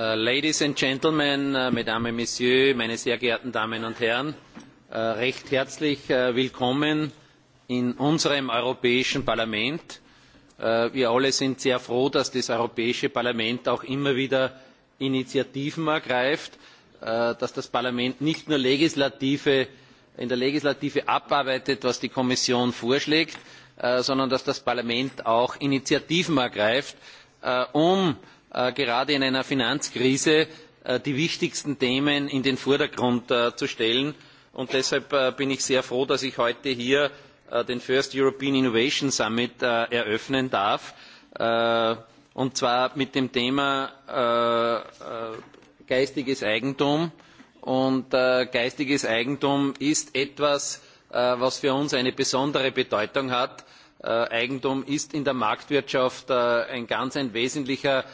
Uh, ladies and gentlemen uh, mesdames et messieurs meine sehr geehrten damen und herren uh, recht herzlich uh, willkommen in unserem europäischen parlament. Uh, wir alle sind sehr froh dass das europäische parlament auch immer wieder initiativen ergreift uh, dass das parlament nicht nur in der legislative abarbeitet was die kommission vorschlägt sondern dass das parlament auch initiativen ergreift um Äh, gerade in einer finanzkrise äh, die wichtigsten themen in den vordergrund äh, zu stellen. Und deshalb bin ich sehr froh dass ich heute hier den first european innovation summit eröffnen darf und zwar mit dem thema geistiges eigentum. Und geistiges eigentum ist etwas was für uns eine besondere bedeutung hat. eigentum ist in der marktwirtschaft ein ganz wesentlicher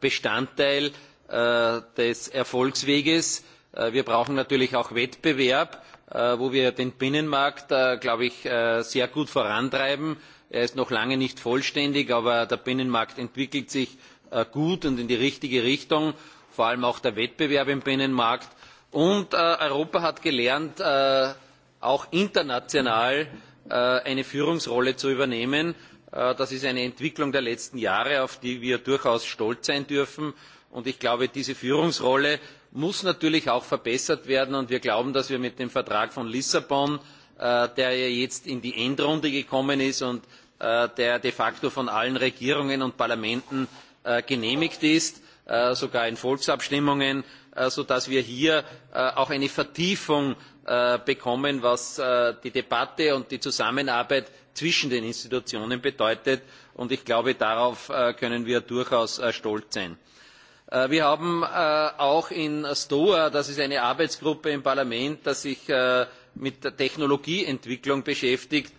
Bestandteil äh, des Erfolgsweges. Äh, wir brauchen natürlich auch Wettbewerb, äh, wo wir den Binnenmarkt, glaube ich, sehr gut vorantreiben. Er ist noch lange nicht vollständig, aber der Binnenmarkt entwickelt sich gut und in die richtige Richtung, vor allem auch der Wettbewerb im Binnenmarkt. Und Europa hat gelernt, auch international eine Führungsrolle zu übernehmen Äh, das ist eine entwicklung der letzten jahre auf die wir durchaus stolz sein dürfen und ich glaube diese führungsrolle muss natürlich auch verbessert werden und wir glauben dass wir mit dem vertrag von lissabon äh, der jetzt in die endrunde gekommen ist und äh, der de facto von allen regierungen und parlamenten genehmigt ist sogar in volksabstimmungen sodass wir hier auch eine vertiefung bekommen was die debatte und die zusammenarbeit zwischen den institutionen bedeutet und ich glaube darauf äh, können wir durchaus äh, stolz sein. Äh, wir haben auch in stoa das ist eine arbeitsgruppe im parlament die sich mit der technologieentwicklung beschäftigt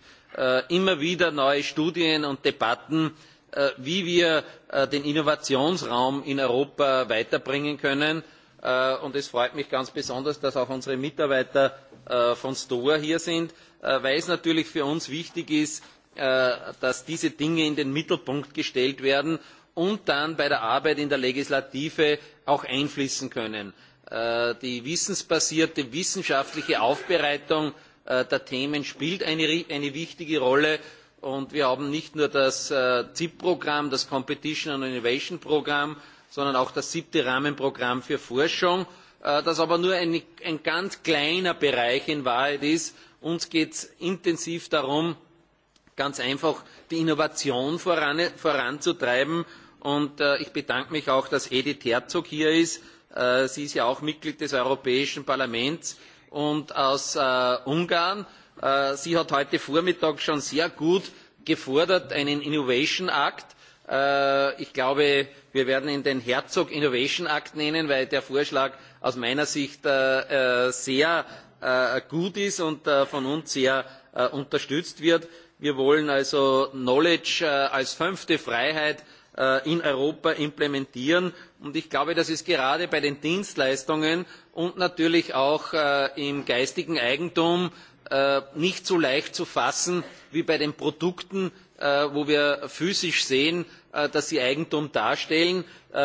immer wieder neue studien und debatten wie wir den innovationsraum in europa weiterbringen können und es freut mich ganz besonders dass auch unsere mitarbeiter von stoa hier sind. Äh, weil es natürlich für uns wichtig ist äh, dass diese dinge in den mittelpunkt gestellt werden und dann bei der arbeit in der legislative auch einfließen können. Äh, die wissensbasierte wissenschaftliche aufbereitung der themen spielt eine wichtige rolle und wir haben nicht nur das cip programm das competition and innovation programm sondern auch das siebte rahmenprogramm für forschung das aber nur ein ganz kleiner bereich in wahrheit ist Uns geht es intensiv darum, ganz einfach die Innovation voran, voranzutreiben. Und äh, ich bedanke mich auch, dass Edith Herzog hier ist. Äh, sie ist ja auch Mitglied des Europäischen Parlaments und aus äh, Ungarn. Äh, sie hat heute Vormittag schon sehr gut gefordert, einen Innovation Act. Äh, ich glaube, wir werden ihn den Herzog Innovation Act nennen, weil der Vorschlag aus meiner Sicht äh, äh sehr Äh, gut ist und äh, von uns sehr äh, unterstützt wird. Wir wollen also Knowledge als fünfte Freiheit in Europa implementieren. Und ich glaube, dass es gerade bei den Dienstleistungen und natürlich auch im geistigen Eigentum nicht so leicht zu fassen wie bei den Produkten, wo wir physisch sehen, dass sie Eigentum darstellen.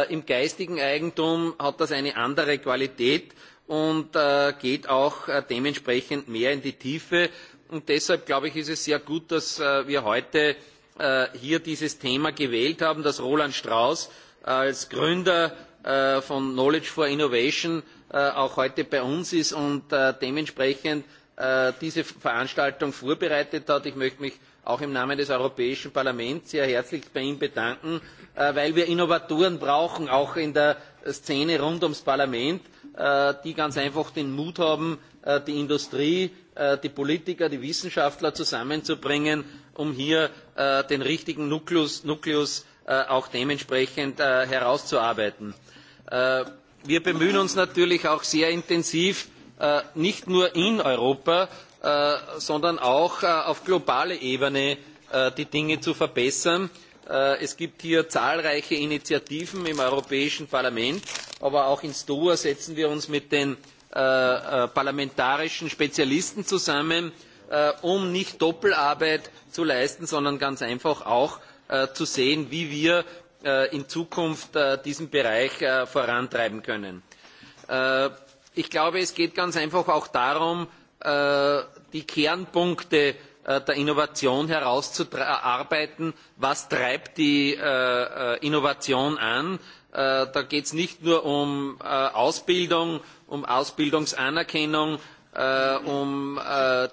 Im geistigen Eigentum hat das eine andere Qualität und äh, geht auch äh, dementsprechend mehr in die Tiefe. Und deshalb glaube ich, ist es sehr gut, dass äh, wir heute äh, hier dieses Thema gewählt haben, dass Roland Strauß als Gründer äh, von Knowledge for Innovation äh, auch heute bei uns ist und äh, dementsprechend äh, diese Veranstaltung vorbereitet hat. Ich möchte mich auch im Namen des Europäischen Parlaments sehr herzlich bei ihm bedanken, äh, weil wir Innovatoren brauchen, auch in der Szene rund ums Parlament Äh, die ganz einfach den Mut haben, äh, die Industrie, äh, die Politiker, die Wissenschaftler zusammenzubringen, um hier den richtigen Nukleus, Nukleus auch dementsprechend herauszuarbeiten. Wir bemühen uns natürlich auch sehr intensiv, nicht nur in Europa, sondern auch auf globaler Ebene die Dinge zu verbessern Äh, es gibt hier zahlreiche Initiativen im Europäischen Parlament, aber auch in Stoa setzen wir uns mit den äh, äh, parlamentarischen Spezialisten zusammen, um nicht Doppelarbeit zu leisten, sondern ganz einfach auch zu sehen, wie wir in Zukunft diesen Bereich vorantreiben können. Ich glaube, es geht ganz einfach auch darum, die Kernpunkte Äh, der Innovation herauszuarbeiten, was treibt die äh, äh, Innovation an. Da geht es nicht nur um Ausbildung, um Ausbildungsanerkennung, um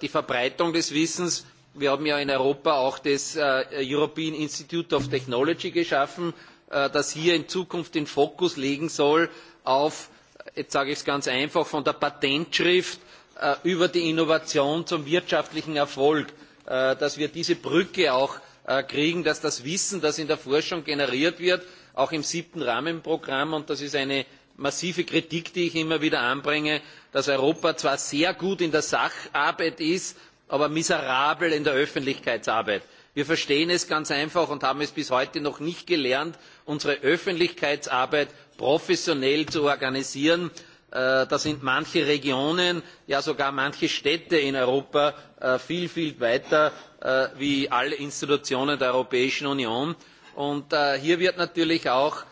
die Verbreitung des Wissens. Wir haben ja in Europa auch das European Institute of Technology geschaffen, das hier in Zukunft den Fokus legen soll auf, jetzt sage ich es ganz einfach, von der Patentschrift Äh, über die innovation zum wirtschaftlichen erfolg äh, dass wir diese brücke auch äh, kriegen dass das wissen das in der forschung generiert wird auch im siebten rahmenprogramm und das ist eine massive kritik die ich immer wieder anbringe dass europa zwar sehr gut in der sacharbeit ist aber miserabel in der öffentlichkeitsarbeit. wir verstehen es ganz einfach und haben es bis heute noch nicht gelernt unsere öffentlichkeitsarbeit professionell zu organisieren. Äh, da sind manche regionen ja sogar manche städte in europa äh, viel viel weiter als äh, alle institutionen der europäischen union. und hier wird natürlich auch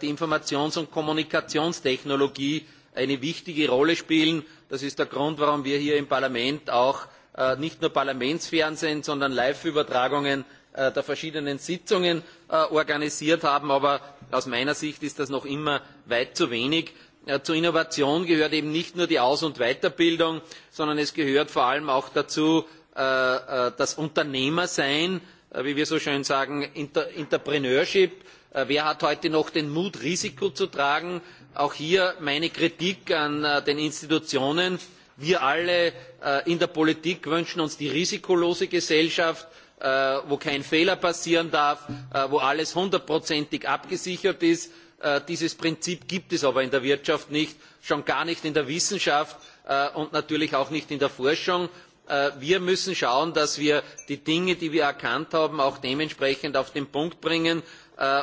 die informations und kommunikationstechnologie eine wichtige rolle spielen. das ist der grund warum wir hier im parlament auch nicht nur parlamentsfernsehen sondern live übertragungen der verschiedenen sitzungen organisiert haben. aber aus meiner sicht ist das noch immer weit zu wenig zu innovation gehört eben nicht nur die aus und weiterbildung sondern es gehört vor allem auch dazu äh, äh, das unternehmersein äh, wie wir so schön sagen entrepreneurship wer hat heute noch den mut risiko zu tragen? auch hier meine kritik an den institutionen wir alle in der politik wünschen uns die risikolose gesellschaft wo kein fehler passieren darf wo alles hundertprozentig abgesichert ist. Äh, dieses prinzip gibt es aber in der wirtschaft nicht schon gar nicht in der wissenschaft äh, und natürlich auch nicht in der forschung. Äh, wir müssen schauen dass wir die dinge die wir erkannt haben auch dementsprechend auf den punkt bringen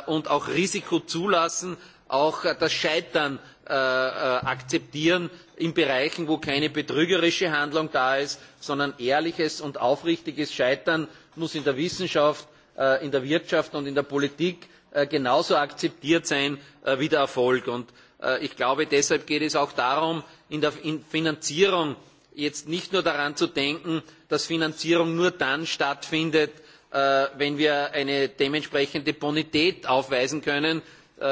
und auch risiko zulassen auch das scheitern akzeptieren in bereichen wo keine betrügerische handlung da ist sondern ehrliches und aufrichtiges scheitern muss in der wissenschaft in der wirtschaft und in der politik Äh, genauso akzeptiert sein äh, wie der erfolg. Und äh, ich glaube deshalb geht es auch darum in der finanzierung jetzt nicht nur daran zu denken dass finanzierung nur dann stattfindet wenn wir eine dementsprechende bonität aufweisen können.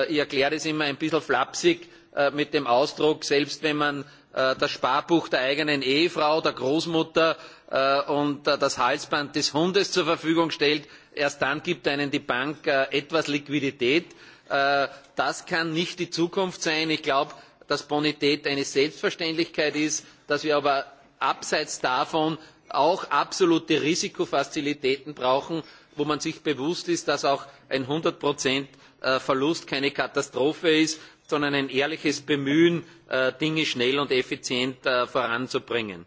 ich erkläre das immer ein bisschen flapsig mit dem ausdruck selbst wenn man das sparbuch der eigenen ehefrau der großmutter Äh, und das Halsband des Hundes zur Verfügung stellt, erst dann gibt einem die Bank äh, etwas Liquidität. Äh, das kann nicht die Zukunft sein. Ich glaube, dass Bonität eine Selbstverständlichkeit ist, dass wir aber abseits davon auch absolute Risikofazilitäten brauchen, wo man sich bewusst ist, dass auch ein 100% Verlust keine Katastrophe ist, sondern ein ehrliches Bemühen, Dinge schnell und effizient voranzubringen.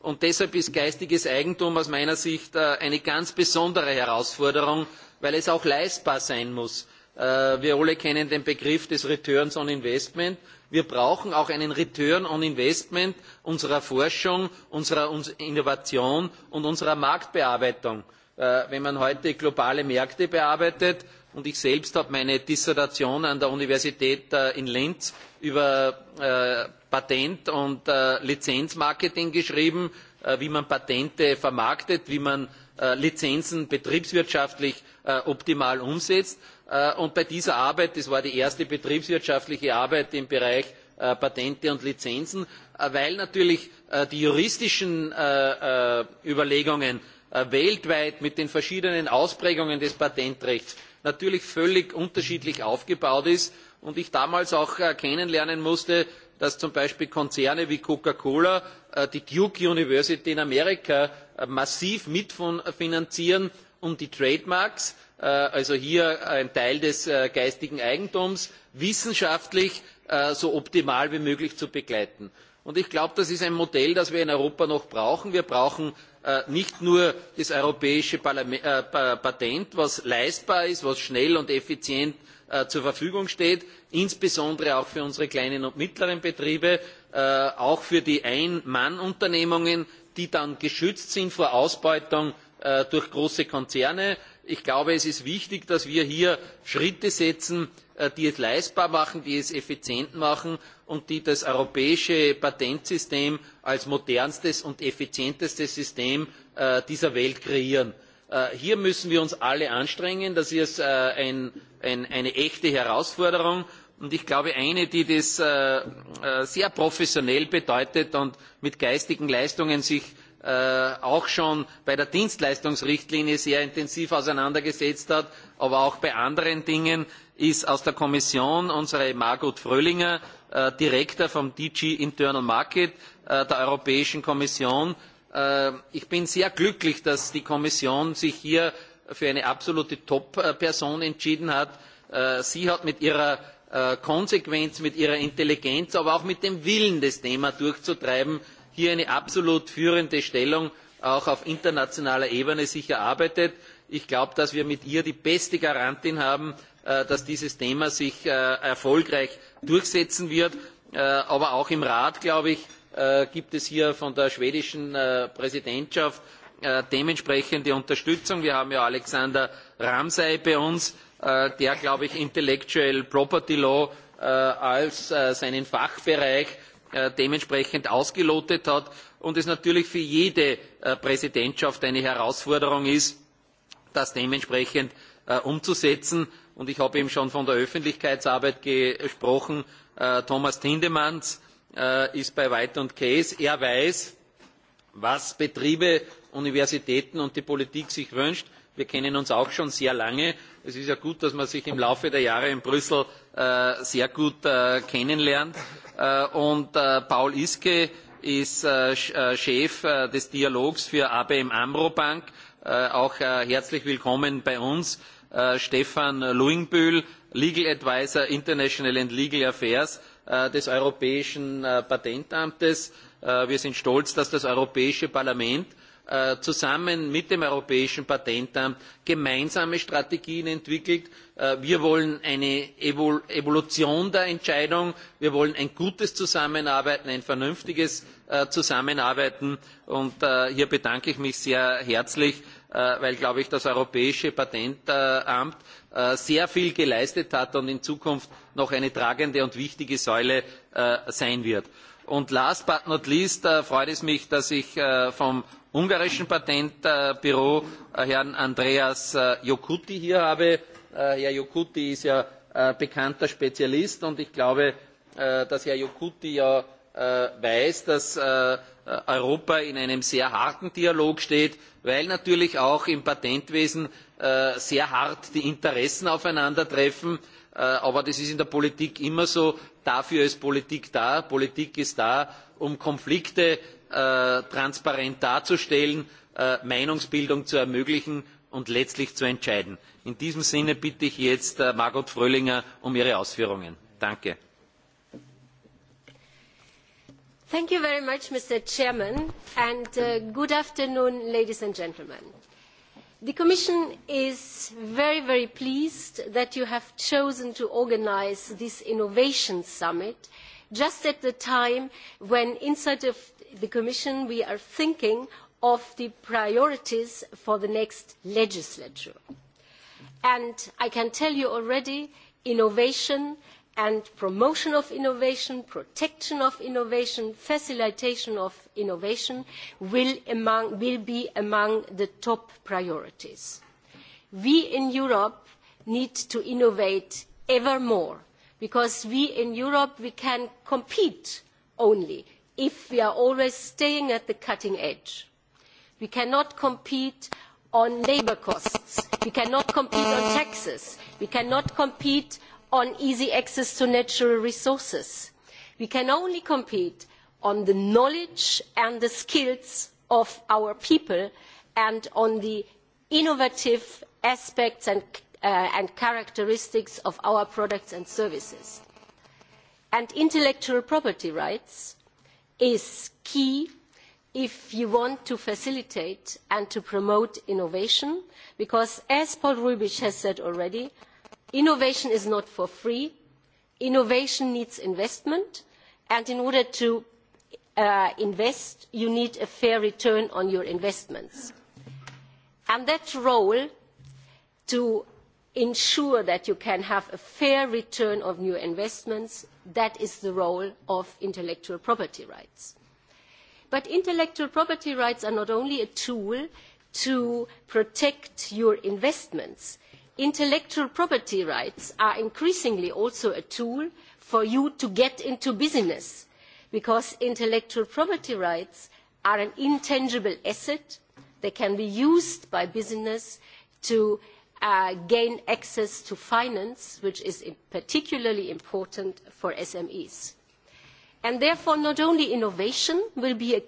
Und deshalb ist geistiges Eigentum aus meiner Sicht äh, eine ganz besondere Herausforderung, weil es auch leistbar sein muss. Äh, wir alle kennen den Begriff des Returns on Investment. Wir brauchen auch einen Return on Investment unserer Forschung, unserer Innovation und unserer Marktbearbeitung. Äh, wenn man heute globale Märkte bearbeitet, Und ich selbst habe meine Dissertation an der Universität äh, in Linz über äh, Patent- und äh, Lizenzmarketing geschrieben, wie man Patente vermarktet, wie man Lizenzen betriebswirtschaftlich optimal umsetzt. Und bei dieser Arbeit, das war die erste betriebswirtschaftliche Arbeit im Bereich Patente und Lizenzen, weil natürlich die juristischen Überlegungen weltweit mit den verschiedenen Ausprägungen des Patentrechts natürlich völlig unterschiedlich aufgebaut ist und ich damals auch kennenlernen musste dass zum beispiel konzerne wie coca cola äh, die duke university in amerika äh, massiv mitfinanzieren um die trademarks äh, also hier ein teil des geistigen eigentums wissenschaftlich so optimal wie möglich zu begleiten. Und ich glaube, das ist ein Modell, das wir in Europa noch brauchen. Wir brauchen äh, nicht nur das europäische Parlament, äh, Patent, was leistbar ist, was schnell und effizient äh, zur Verfügung steht, insbesondere auch für unsere kleinen und mittleren Betriebe, äh, auch für die Ein-Mann-Unternehmungen, die dann geschützt sind vor Ausbeutung äh, durch große Konzerne. Ich glaube, es ist wichtig, dass wir hier Schritte setzen, äh, die es leistbar machen, die es effizient machen und die das europäische Patentsystem als modernstes und effizientestes System äh, dieser Welt kreieren. Äh, hier müssen wir uns alle anstrengen. Das ist äh, ein, ein, eine echte Herausforderung und ich glaube eine, die das äh, äh sehr professionell bedeutet und mit geistigen Leistungen sich äh, auch schon bei der Dienstleistungsrichtlinie sehr intensiv auseinandergesetzt hat, aber auch bei anderen Dingen, ist aus der Kommission unsere Margot Fröhlinger, Äh, direktor vom dg internal market äh, der europäischen kommission. Äh, ich bin sehr glücklich dass die kommission sich hier für eine absolute top person entschieden hat. sie hat mit ihrer konsequenz mit ihrer intelligenz aber auch mit dem willen das thema durchzutreiben hier eine absolut führende stellung auch auf internationaler ebene sich erarbeitet. ich glaube dass wir mit ihr die beste garantin haben dass dieses thema sich erfolgreich durchsetzen wird. Äh, aber auch im rat glaube ich äh, gibt es hier von der schwedischen äh, präsidentschaft dementsprechende unterstützung. wir haben ja alexander ramsay bei uns der glaube ich intellectual property law als seinen fachbereich dementsprechend ausgelotet hat und es natürlich für jede präsidentschaft eine herausforderung ist das dementsprechend umzusetzen und ich habe eben schon von der öffentlichkeitsarbeit gesprochen äh, thomas tindemans äh, ist bei white case er weiß was betriebe universitäten und die politik sich wünschen. wir kennen uns auch schon sehr lange. es ist ja gut dass man sich im laufe der jahre in brüssel äh, sehr gut kennenlernt. und paul iske ist chef des dialogs für abm amro bank auch herzlich willkommen bei uns. Äh, Stefan Luingbühl, Legal Advisor International and Legal Affairs äh, des Europäischen äh, Patentamtes. Wir sind stolz, dass das Europäische Parlament zusammen mit dem Europäischen Patentamt gemeinsame Strategien entwickelt. Wir wollen eine Evolution der Entscheidung. Wir wollen ein gutes Zusammenarbeiten, ein vernünftiges Zusammenarbeiten. Und hier bedanke ich mich sehr herzlich Äh, weil, glaube ich, das Europäische Patentamt äh, sehr viel geleistet hat und in Zukunft noch eine tragende und wichtige Säule äh, sein wird. Und last but not least freut es mich, dass ich vom ungarischen Patentbüro Herrn Andreas Jokuti hier habe. Herr Jokuti ist ja bekannter Spezialist und ich glaube, dass Herr Jokuti ja weiß, dass Äh, Europa in einem sehr harten Dialog steht, weil natürlich auch im Patentwesen äh, sehr hart die Interessen aufeinandertreffen. Äh, aber das ist in der Politik immer so. Dafür ist Politik da. Politik ist da, um Konflikte transparent darzustellen, Meinungsbildung zu ermöglichen und letztlich zu entscheiden. In diesem Sinne bitte ich jetzt Margot Fröhlinger um ihre Ausführungen. Danke. Thank you very much, Mr. Chairman, and uh, good afternoon, ladies and gentlemen. The Commission is very, very pleased that you have chosen to organize this Innovation Summit just at the time when inside of the Commission we are thinking of the priorities for the next legislature. And I can tell you already, innovation and promotion of innovation, protection of innovation, facilitation of innovation will, among, will be among the top priorities. We in Europe need to innovate ever more because we in Europe we can compete only if we are always staying at the cutting edge. We cannot compete on labour costs. We cannot compete on taxes. We cannot compete on easy access to natural resources. We can only compete on the knowledge and the skills of our people and on the innovative aspects and, uh, and characteristics of our products and services. And intellectual property rights is key if you want to facilitate and to promote innovation because as Paul Rubich has said already, innovation is not for free innovation needs investment and in order to uh, invest you need a fair return on your investments and that role to ensure that you can have a fair return on your investments that is the role of intellectual property rights but intellectual property rights are not only a tool to protect your investments intellectual property rights are increasingly also a tool for you to get into business because intellectual property rights are an intangible asset they can be used by business to uh, gain access to finance which is particularly important for SMEs and therefore not only innovation will be a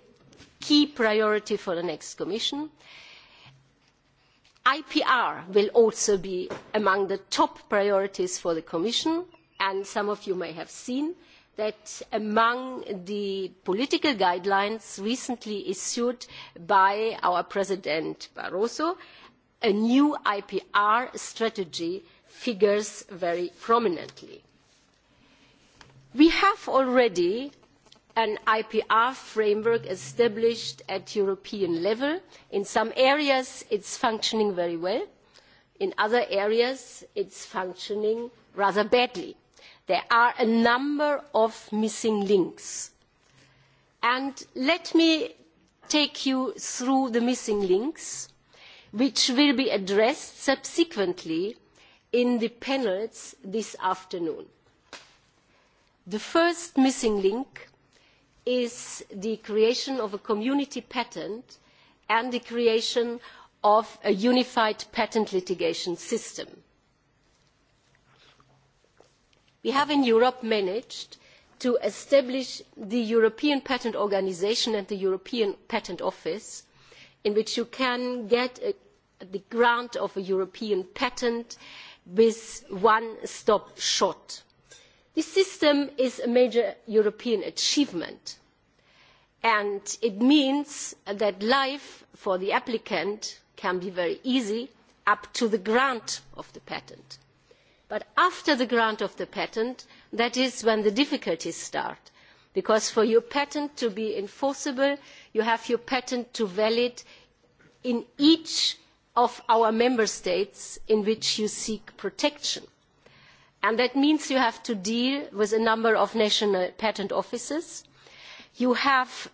key priority for the next commission but ipr will also be among the top priorities for the commission and some of you may have seen that among the political guidelines recently issued by our president barroso a new ipr strategy figures very prominently. we have already an ipr framework established at european level. in some areas it is functioning very well in other areas it is functioning rather badly. there are a number of missing links. And let me take you through the missing links which will be addressed subsequently in the panels this afternoon. the first missing link is the creation of a community patent and the creation of a unified patent litigation system. We have in Europe managed to establish the European Patent Organisation and the European Patent Office, in which you can get a, the grant of a European patent with one stop shot This system is a major European achievement and it means that life for the applicant can be very easy up to the grant of the patent. But after the grant of the patent, that is when the difficulties start. Because for your patent to be enforceable, you have your patent to valid in each of our member states in which you seek protection and that means you have to deal with a number of national patent offices. You have,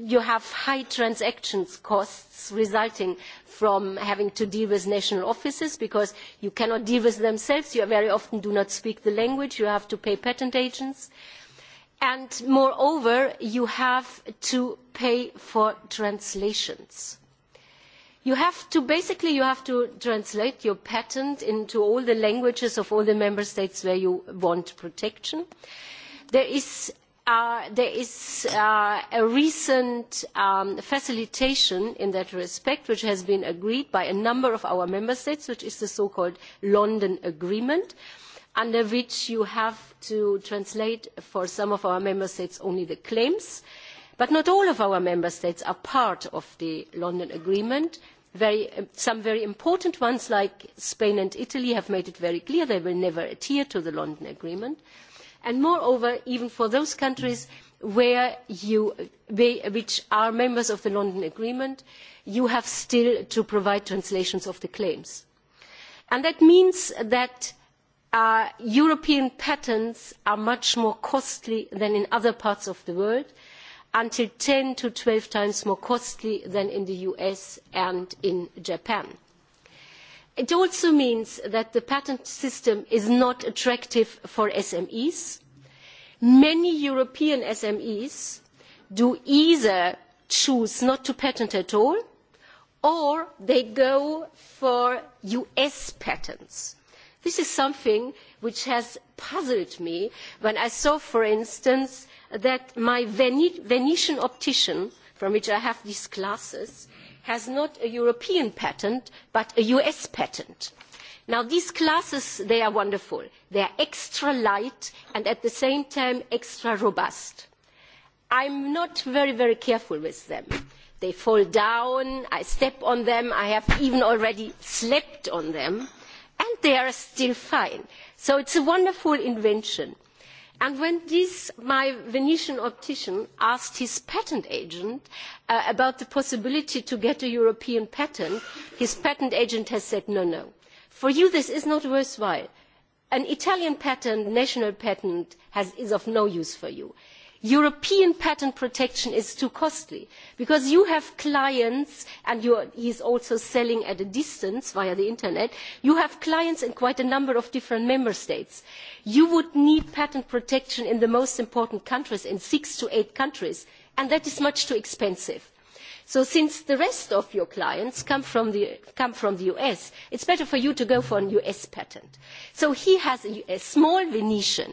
you have high transaction costs resulting from having to deal with national offices because you cannot deal with themselves. You very often do not speak the language. You have to pay patent agents. And moreover, you have to pay for translations you have to basically you have to translate your patent into all the languages of all the member states where you want protection. There is uh, there is uh, a recent um, facilitation in that respect which has been agreed by a number of our member states which is the so-called London Agreement under which you have to translate for some of our member states only the claims but not all of our member states are part of the London Agreement very, some very important ones like Spain and Italy have made it very clear they will never adhere to the London Agreement. And moreover, even for those countries where you, which are members of the London Agreement, you have still to provide translations of the claims. And that means that uh, European patents are much more costly than in other parts of the world, uh, until 10 to 12 times more costly than in the US and in Japan. It also means that the patent system is not attractive for SMEs. Many European SMEs do either choose not to patent at all or they go for US patents. This is something which has puzzled me when I saw, for instance, that my Venetian optician, from which I have these glasses, has not a European patent, but a US patent. Now, these glasses, they are wonderful. They are extra light and at the same time extra robust. I'm not very, very careful with them. They fall down, I step on them, I have even already slept on them, and they are still fine. So it's a wonderful invention And when this, my Venetian optician asked his patent agent uh, about the possibility to get a European patent, his patent agent has said, no, no. For you, this is not worthwhile. An Italian patent, national patent, has, is of no use for you european patent protection is too costly because you have clients and he is also selling at a distance via the internet you have clients in quite a number of different member states. you would need patent protection in the most important countries in six to eight countries and that is much too expensive. so since the rest of your clients come from the, come from the us it is better for you to go for a us patent. so he has a, a small venetian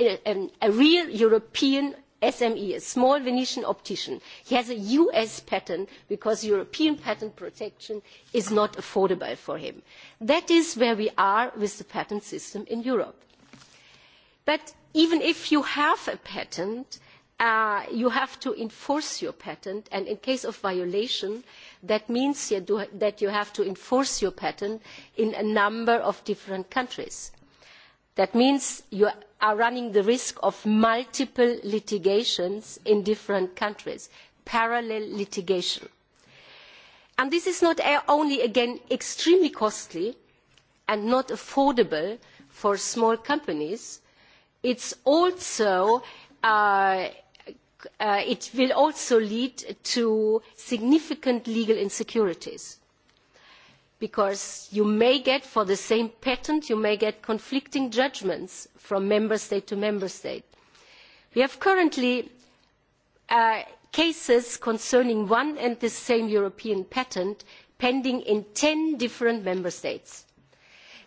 a, a real European SME, a small Venetian optician. He has a US patent because European patent protection is not affordable for him. That is where we are with the patent system in Europe. But even if you have a patent, uh, you have to enforce your patent, and in case of violation, that means you do, that you have to enforce your patent in a number of different countries That means you are running the risk of multiple litigations in different countries, parallel litigation. And this is not only, again, extremely costly and not affordable for small companies, it's also uh, uh, it will also lead to significant legal insecurities because you may get for the same patent you may get conflicting judgments from member state to member state. we have currently uh, cases concerning one and the same european patent pending in ten different member states.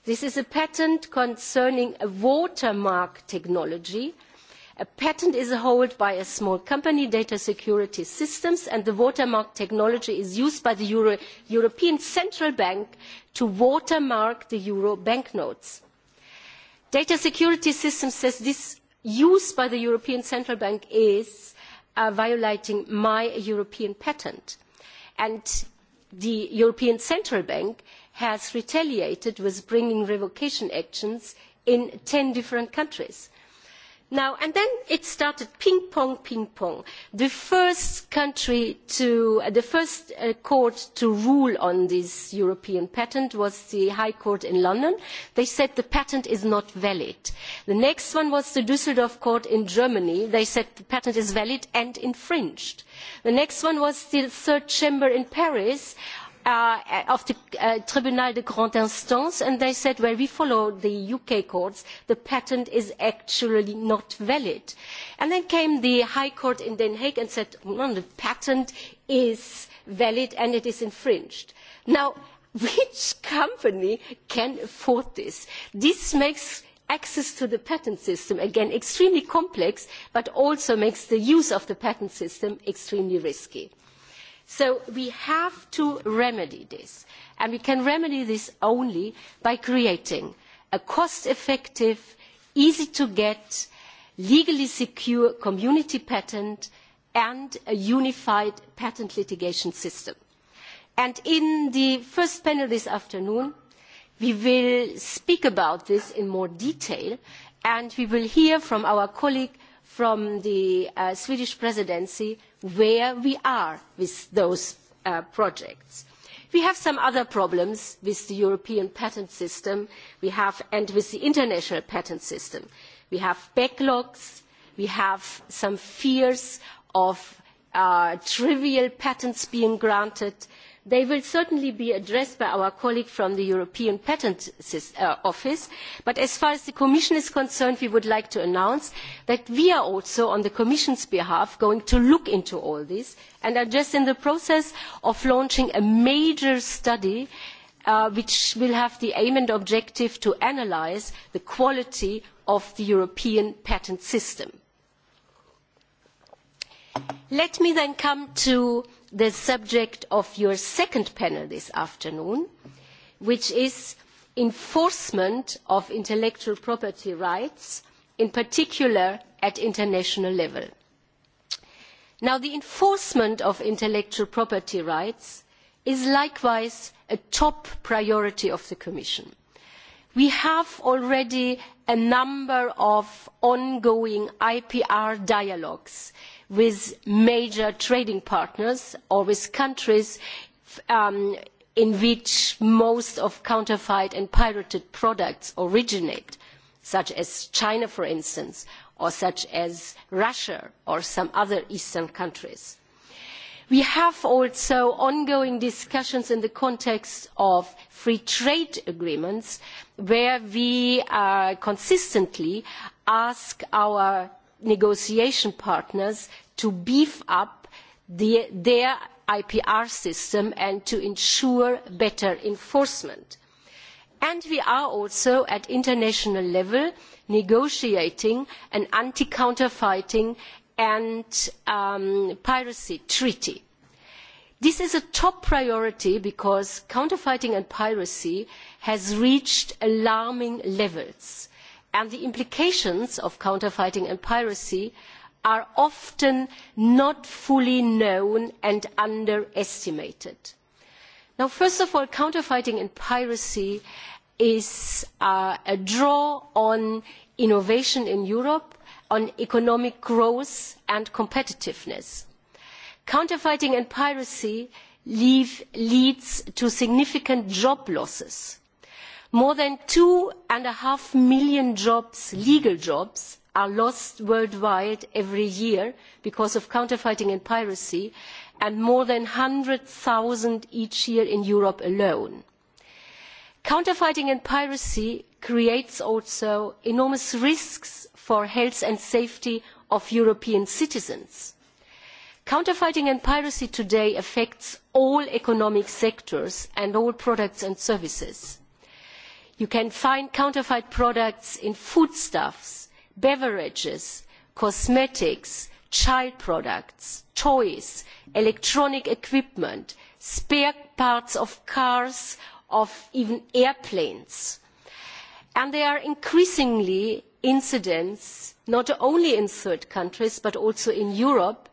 this is a patent concerning a watermark technology a patent is held by a small company data security systems and the watermark technology is used by the Euro european central bank to watermark the euro banknotes. data security systems says this use by the european central bank is uh, violating my european patent and the european central bank has retaliated with bringing revocation actions in ten different countries Now, and then it started ping pong, ping pong. The first country to, uh, the first uh, court to rule on this European patent was the High Court in London. They said the patent is not valid. The next one was the Düsseldorf Court in Germany. They said the patent is valid and infringed. The next one was the Third Chamber in Paris uh, of the uh, Tribunal de Grande Instance, and they said, well, we follow the UK courts. The patent is actually not valid. And then came the High Court in Den Haag and said, no, the patent is valid and it is infringed. Now, which company can afford this? This makes access to the patent system again extremely complex but also makes the use of the patent system extremely risky. So we have to remedy this. And we can remedy this only by creating a cost-effective, easy-to-get, legally secure community patent and a unified patent litigation system. And in the first panel this afternoon, we will speak about this in more detail and we will hear from our colleague from the uh, Swedish presidency where we are with those uh, projects. We have some other problems with the European patent system we have, and with the international patent system. We have backlogs, we have some fears of uh, trivial patents being granted, uh, they will certainly be addressed by our colleague from the european patent uh, office but as far as the commission is concerned we would like to announce that we are also on the commission's behalf going to look into all this and are just in the process of launching a major study uh, which will have the aim and objective to analyse the quality of the european patent system Let me then come to the subject of your second panel this afternoon, which is enforcement of intellectual property rights, in particular at international level. Now, the enforcement of intellectual property rights is likewise a top priority of the Commission. We have already a number of ongoing IPR dialogues uh, with major trading partners or with countries um, in which most of counterfeit and pirated products originate, such as China, for instance, or such as Russia or some other eastern countries. We have also ongoing discussions in the context of free trade agreements where we uh, consistently ask our negotiation partners to beef up the, their IPR system and to ensure better enforcement. And we are also at international level negotiating an anti-counterfeiting and um, piracy treaty. This is a top priority because counterfeiting and piracy has reached alarming levels and the implications of counterfeiting and piracy are often not fully known and underestimated. Now, first of all counterfeiting and piracy is uh, a draw on innovation in europe on economic growth and competitiveness. counterfeiting and piracy leave, leads to significant job losses more than two and a half million jobs, legal jobs are lost worldwide every year because of counterfeiting and piracy and more than 100,000 each year in Europe alone. Counterfeiting and piracy creates also enormous risks for health and safety of European citizens. Counterfeiting and piracy today affects all economic sectors and all products and services you can find counterfeit products in foodstuffs beverages cosmetics child products toys electronic equipment spare parts of cars of even airplanes and there are increasingly incidents not only in third countries but also in europe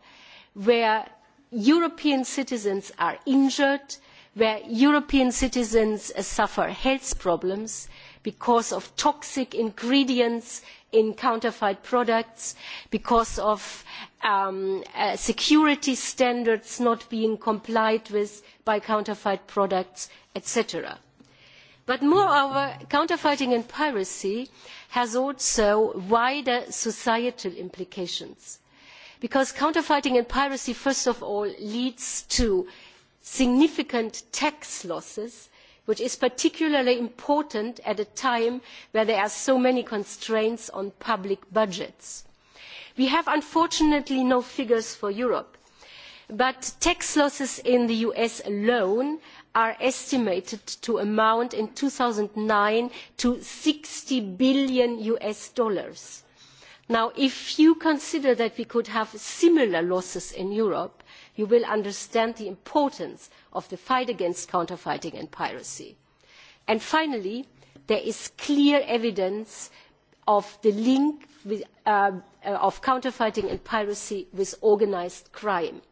where european citizens are injured and where European citizens suffer health problems because of toxic ingredients in counterfeit products, because of um, uh, security standards not being complied with by counterfeit products, etc. But moreover, counterfeiting and piracy has also wider societal implications. Because counterfeiting and piracy, first of all, leads to significant tax losses which is particularly important at a time when there are so many constraints on public budgets. we have unfortunately no figures for europe but tax losses in the us alone are estimated to amount in two thousand and nine to us sixty billion. now if you consider that we could have similar losses in europe you will understand the importance of the fight against counterfeiting and piracy. And finally, there is clear evidence of the link with, um, uh, of counterfeiting and piracy with organized crime.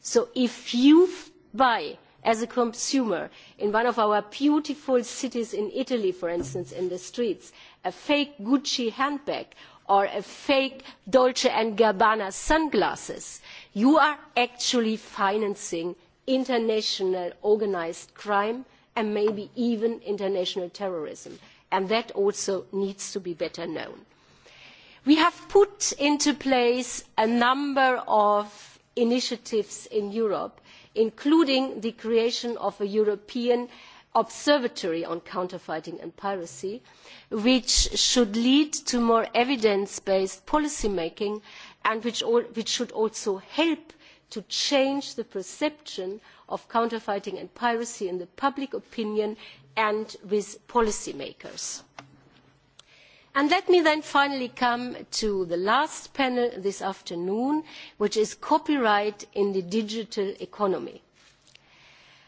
So if you buy as a consumer in one of our beautiful cities in Italy, for instance, in the streets, a fake Gucci handbag or a fake Dolce and Gabbana sunglasses, you are actually financing international organised crime and maybe even international terrorism. And that also needs to be better known. We have put into place a number of initiatives in Europe, including the creation of a European observatory on counterfeiting and piracy, which should lead to more evidence-based policy making and which, all, which should also help to change the perception of counterfeiting and piracy in the public opinion and with policymakers. And let me then finally come to the last panel this afternoon, which is copyright in the digital economy.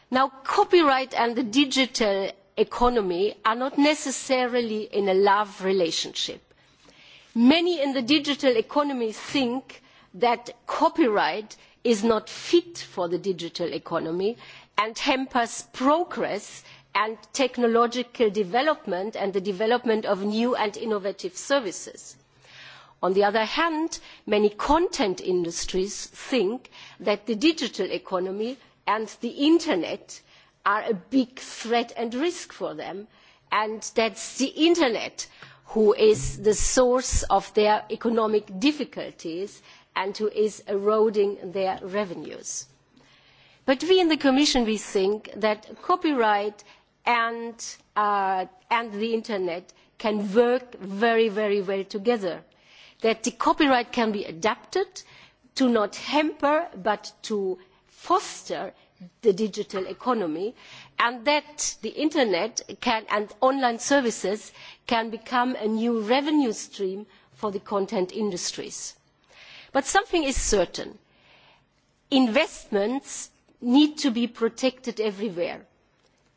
Now, copyright and the digital economy are not necessarily in a love relationship many in the digital economy think that copyright is not fit for the digital economy and hampers progress and technological development and the development of new and innovative services. On the other hand, many content industries think that the digital economy and the internet are a big threat and risk for them and that the internet who is the source of their economic difficulties and who is eroding their revenues. But we in the Commission, we think that copyright and, uh, and the Internet can work very, very well together. That the copyright can be adapted to not hamper but to foster the digital economy. Uh, and that the internet can, and online services can become a new revenue stream for the content industries. But something is certain. Investments need to be protected everywhere,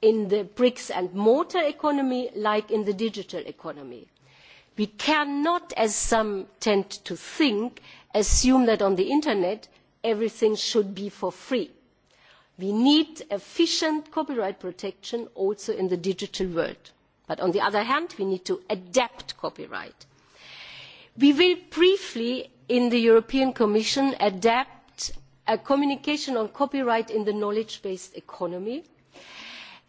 in the bricks and mortar economy like in the digital economy. We cannot, as some tend to think, assume that on the internet everything should be for free we need efficient copyright protection also in the digital world but on the other hand we need to adapt copyright. we will briefly in the european commission adapt a communication on copyright in the knowledge based economy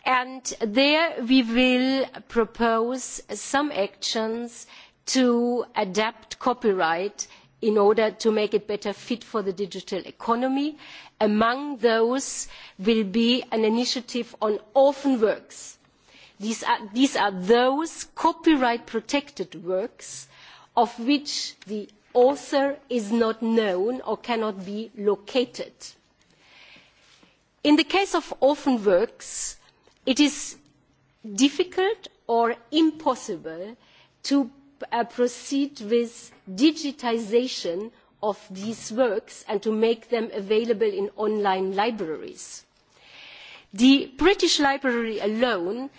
and there we will propose some actions to adapt copyright in order to make it better fit for the digital economy. Among those will be an initiative on orphan works. These are, these are those copyright protected works of which the author is not known or cannot be located. In the case of orphan works, it is difficult or impossible to uh, proceed with digitization of these works and to make them available in online libraries. The British Library alone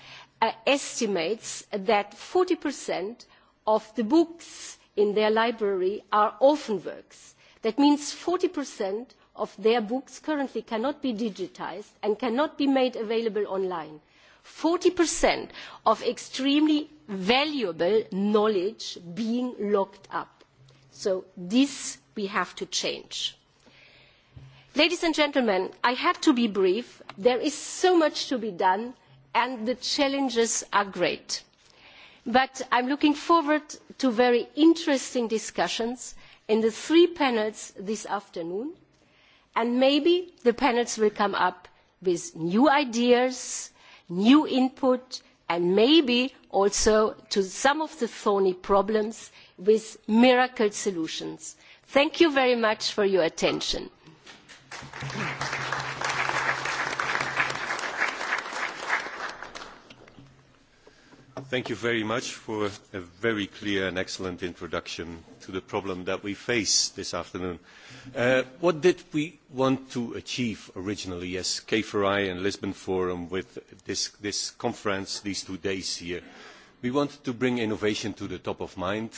uh, estimates that 40% of the books in their library are orphan works. That means 40% of their books currently cannot be digitized and cannot be made available online. 40% of extremely valuable knowledge being locked up. So this we have to change. Ladies and gentlemen, I had to be brief. There is so much to be done and the challenges are great. But I'm looking forward to very interesting discussions in the three panels this afternoon and maybe the panels will come up with new ideas, new input, and maybe also to some of the thorny problems with miracle solutions. thank you very much for your attention. Thank you very much for a very clear and excellent introduction to the problem that we face this afternoon. Uh, what did we want to achieve originally as K4I and Lisbon Forum with this, this conference, these two days here? We wanted to bring innovation to the top of mind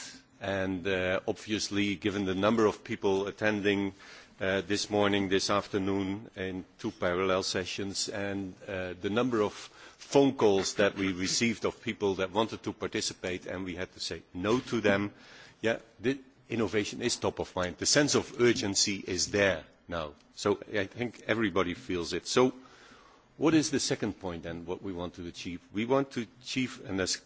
and uh, obviously given the number of people attending uh, this morning, this afternoon in two parallel sessions and uh, the number of uh, phone calls that we received of people that wanted to participate and we had to say no to them. Yeah, the innovation is top of mind. The sense of urgency is there now. So I think everybody feels it. So what is the second point then, what we want to achieve? We want to achieve an as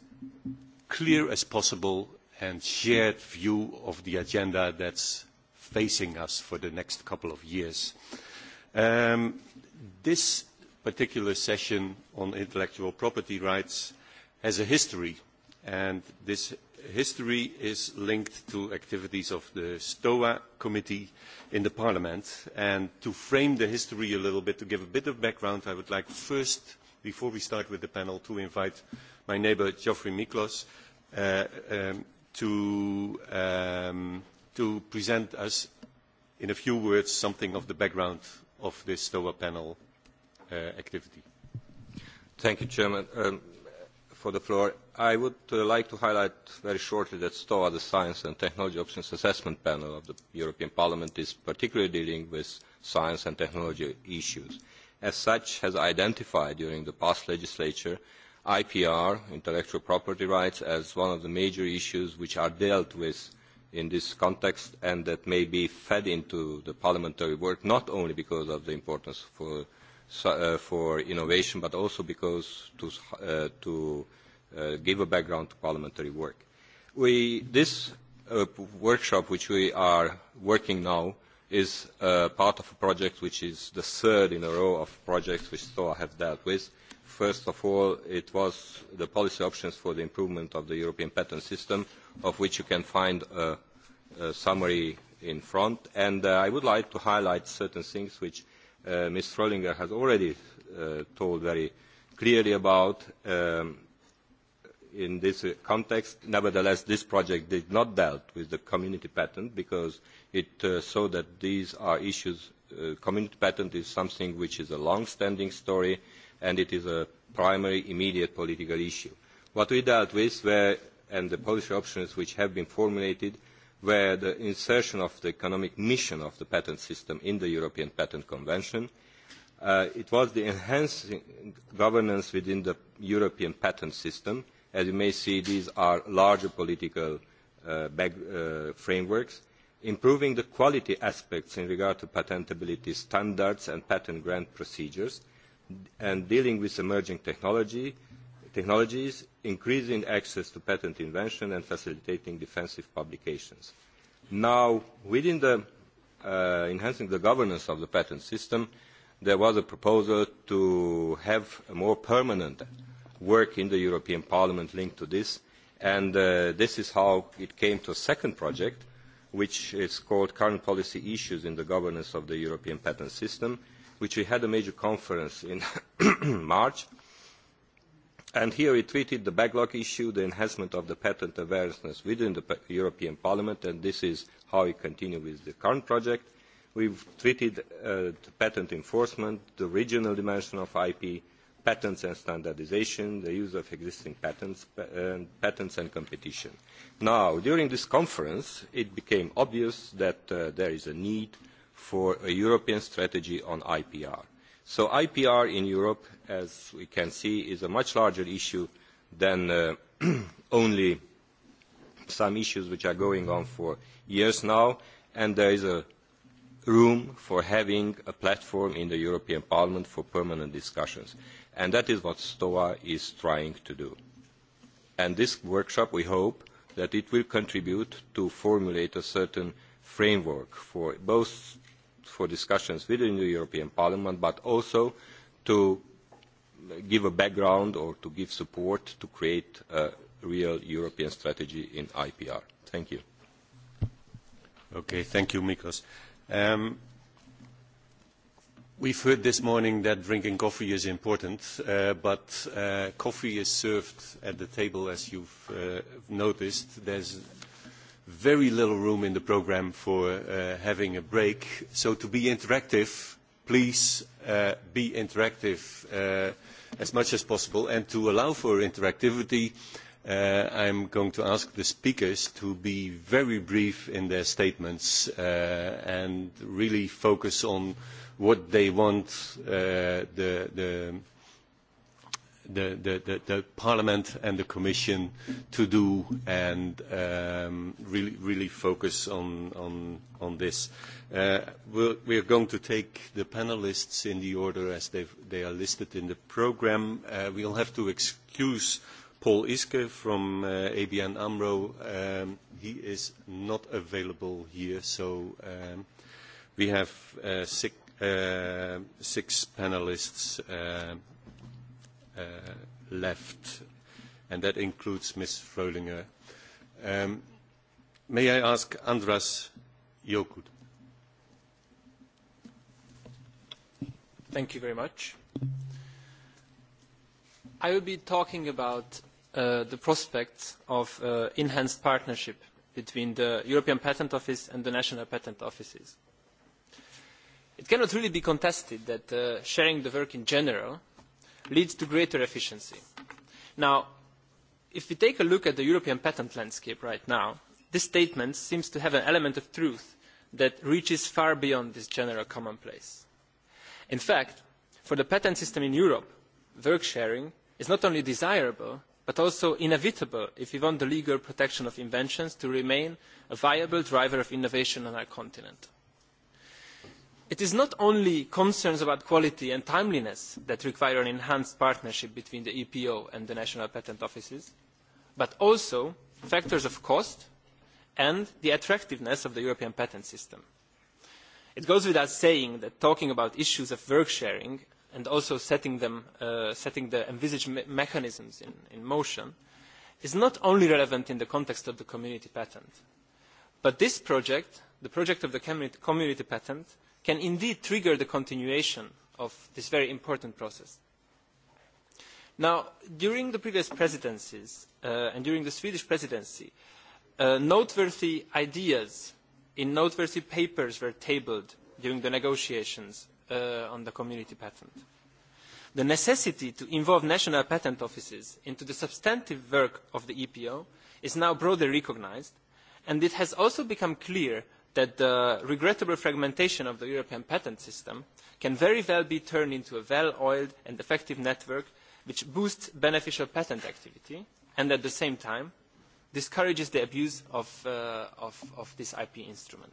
clear as possible and shared view of the agenda that's facing us for the next couple of years. Um, this particular session on intellectual property rights has a history, and this history is linked to activities of the STOA committee in the Parliament. And to frame the history a little bit, to give a bit of background, I would like first, before we start with the panel, to invite my neighbour Geoffrey Miklos uh, um, to, um, to present us in a few words something of the background of this STOA panel uh, activity. Thank you, Chairman, um, for the floor. I would uh, like to highlight very shortly that STOA, the Science and Technology Options Assessment Panel of the European Parliament, is particularly dealing with science and technology issues. As such, has identified during the past legislature IPR, intellectual property rights, as one of the major issues which are dealt with in this context and that may be fed into the parliamentary work, not only because of the importance for uh, so, uh, for innovation, but also because to, uh, to uh, give a background to parliamentary work. We, this uh, workshop, which we are working now, is uh, part of a project which is the third in a row of projects which STOA has dealt with. First of all, it was the policy options for the improvement of the European patent system, of which you can find a, a summary in front. And uh, I would like to highlight certain things which uh, Ms. Fröllinger has already uh, told very clearly about um, in this context. Nevertheless, this project did not dealt with the community patent because it uh, saw that these are issues. Uh, community patent is something which is a long-standing story and it is a primary immediate political issue. What we dealt with were, and the policy options which have been formulated where the insertion of the economic mission of the patent system in the European Patent Convention. Uh, it was the enhancing governance within the European patent system. As you may see, these are larger political uh, back, uh, frameworks. Improving the quality aspects in regard to patentability standards and patent grant procedures, and dealing with emerging technology, technologies, increasing access to patent invention and facilitating defensive publications. Now, within the uh, enhancing the governance of the patent system, there was a proposal to have a more permanent work in the European Parliament linked to this, and uh, this is how it came to a second project, which is called Current Policy Issues in the Governance of the European Patent System, which we had a major conference in March, uh, and here we treated the backlog issue the enhancement of the patent awareness within the european parliament and this is how we continue with the current project we have treated uh, patent enforcement the regional dimension of ip patents and standardisation the use of existing patents and patents and competition. now during this conference it became obvious that uh, there is a need for a european strategy on ipr So IPR in Europe, as we can see, is a much larger issue than uh, only some issues which are going on for years now, and there is a room for having a platform in the European Parliament for permanent discussions. And that is what STOA is trying to do. And this workshop, we hope, that it will contribute to formulate a certain framework for both for discussions within the European Parliament, but also to give a background or to give support to create a real European strategy in IPR. Thank you. Okay, thank you, Mikos. Um, we've heard this morning that drinking coffee is important, uh, but uh, coffee is served at the table, as you've uh, noticed. There's very little room in the program for uh, having a break. So to be interactive, please uh, be interactive uh, as much as possible. And to allow for interactivity, uh, I'm going to ask the speakers to be very brief in their statements uh, and really focus on what they want uh, the, the the, the, the, the Parliament and the Commission to do and um, really, really focus on, on, on this. Uh, we're, we're going to take the panelists in the order as they are listed in the program. Uh, we'll have to excuse Paul Iske from uh, ABN AMRO. Um, he is not available here, so um, we have uh, six, uh, six panelists uh, Uh, left, and that includes Ms. Fröhlinger. Um, may I ask Andras Jokud? Thank you very much. I will be talking about uh, the prospects of uh, enhanced partnership between the European Patent Office and the national patent offices. It cannot really be contested that uh, sharing the work in general leads to greater efficiency. Now, if we take a look at the European patent landscape right now, this statement seems to have an element of truth that reaches far beyond this general commonplace. In fact, for the patent system in Europe, work sharing is not only desirable, but also inevitable if we want the legal protection of inventions to remain a viable driver of innovation on our continent it is not only concerns about quality and timeliness that require an enhanced partnership between the epo and the national patent offices but also factors of cost and the attractiveness of the european patent system. it goes without saying that talking about issues of work sharing and also setting, them, uh, setting the envisaged me mechanisms in, in motion is not only relevant in the context of the community patent but this project the project of the community patent can indeed trigger the continuation of this very important process. Now, during the previous presidencies uh, and during the Swedish presidency, uh, noteworthy ideas in noteworthy papers were tabled during the negotiations uh, on the community patent. The necessity to involve national patent offices into the substantive work of the EPO is now broadly recognized, and it has also become clear that the regrettable fragmentation of the European patent system can very well be turned into a well-oiled and effective network which boosts beneficial patent activity and at the same time discourages the abuse of, uh, of, of this IP instrument.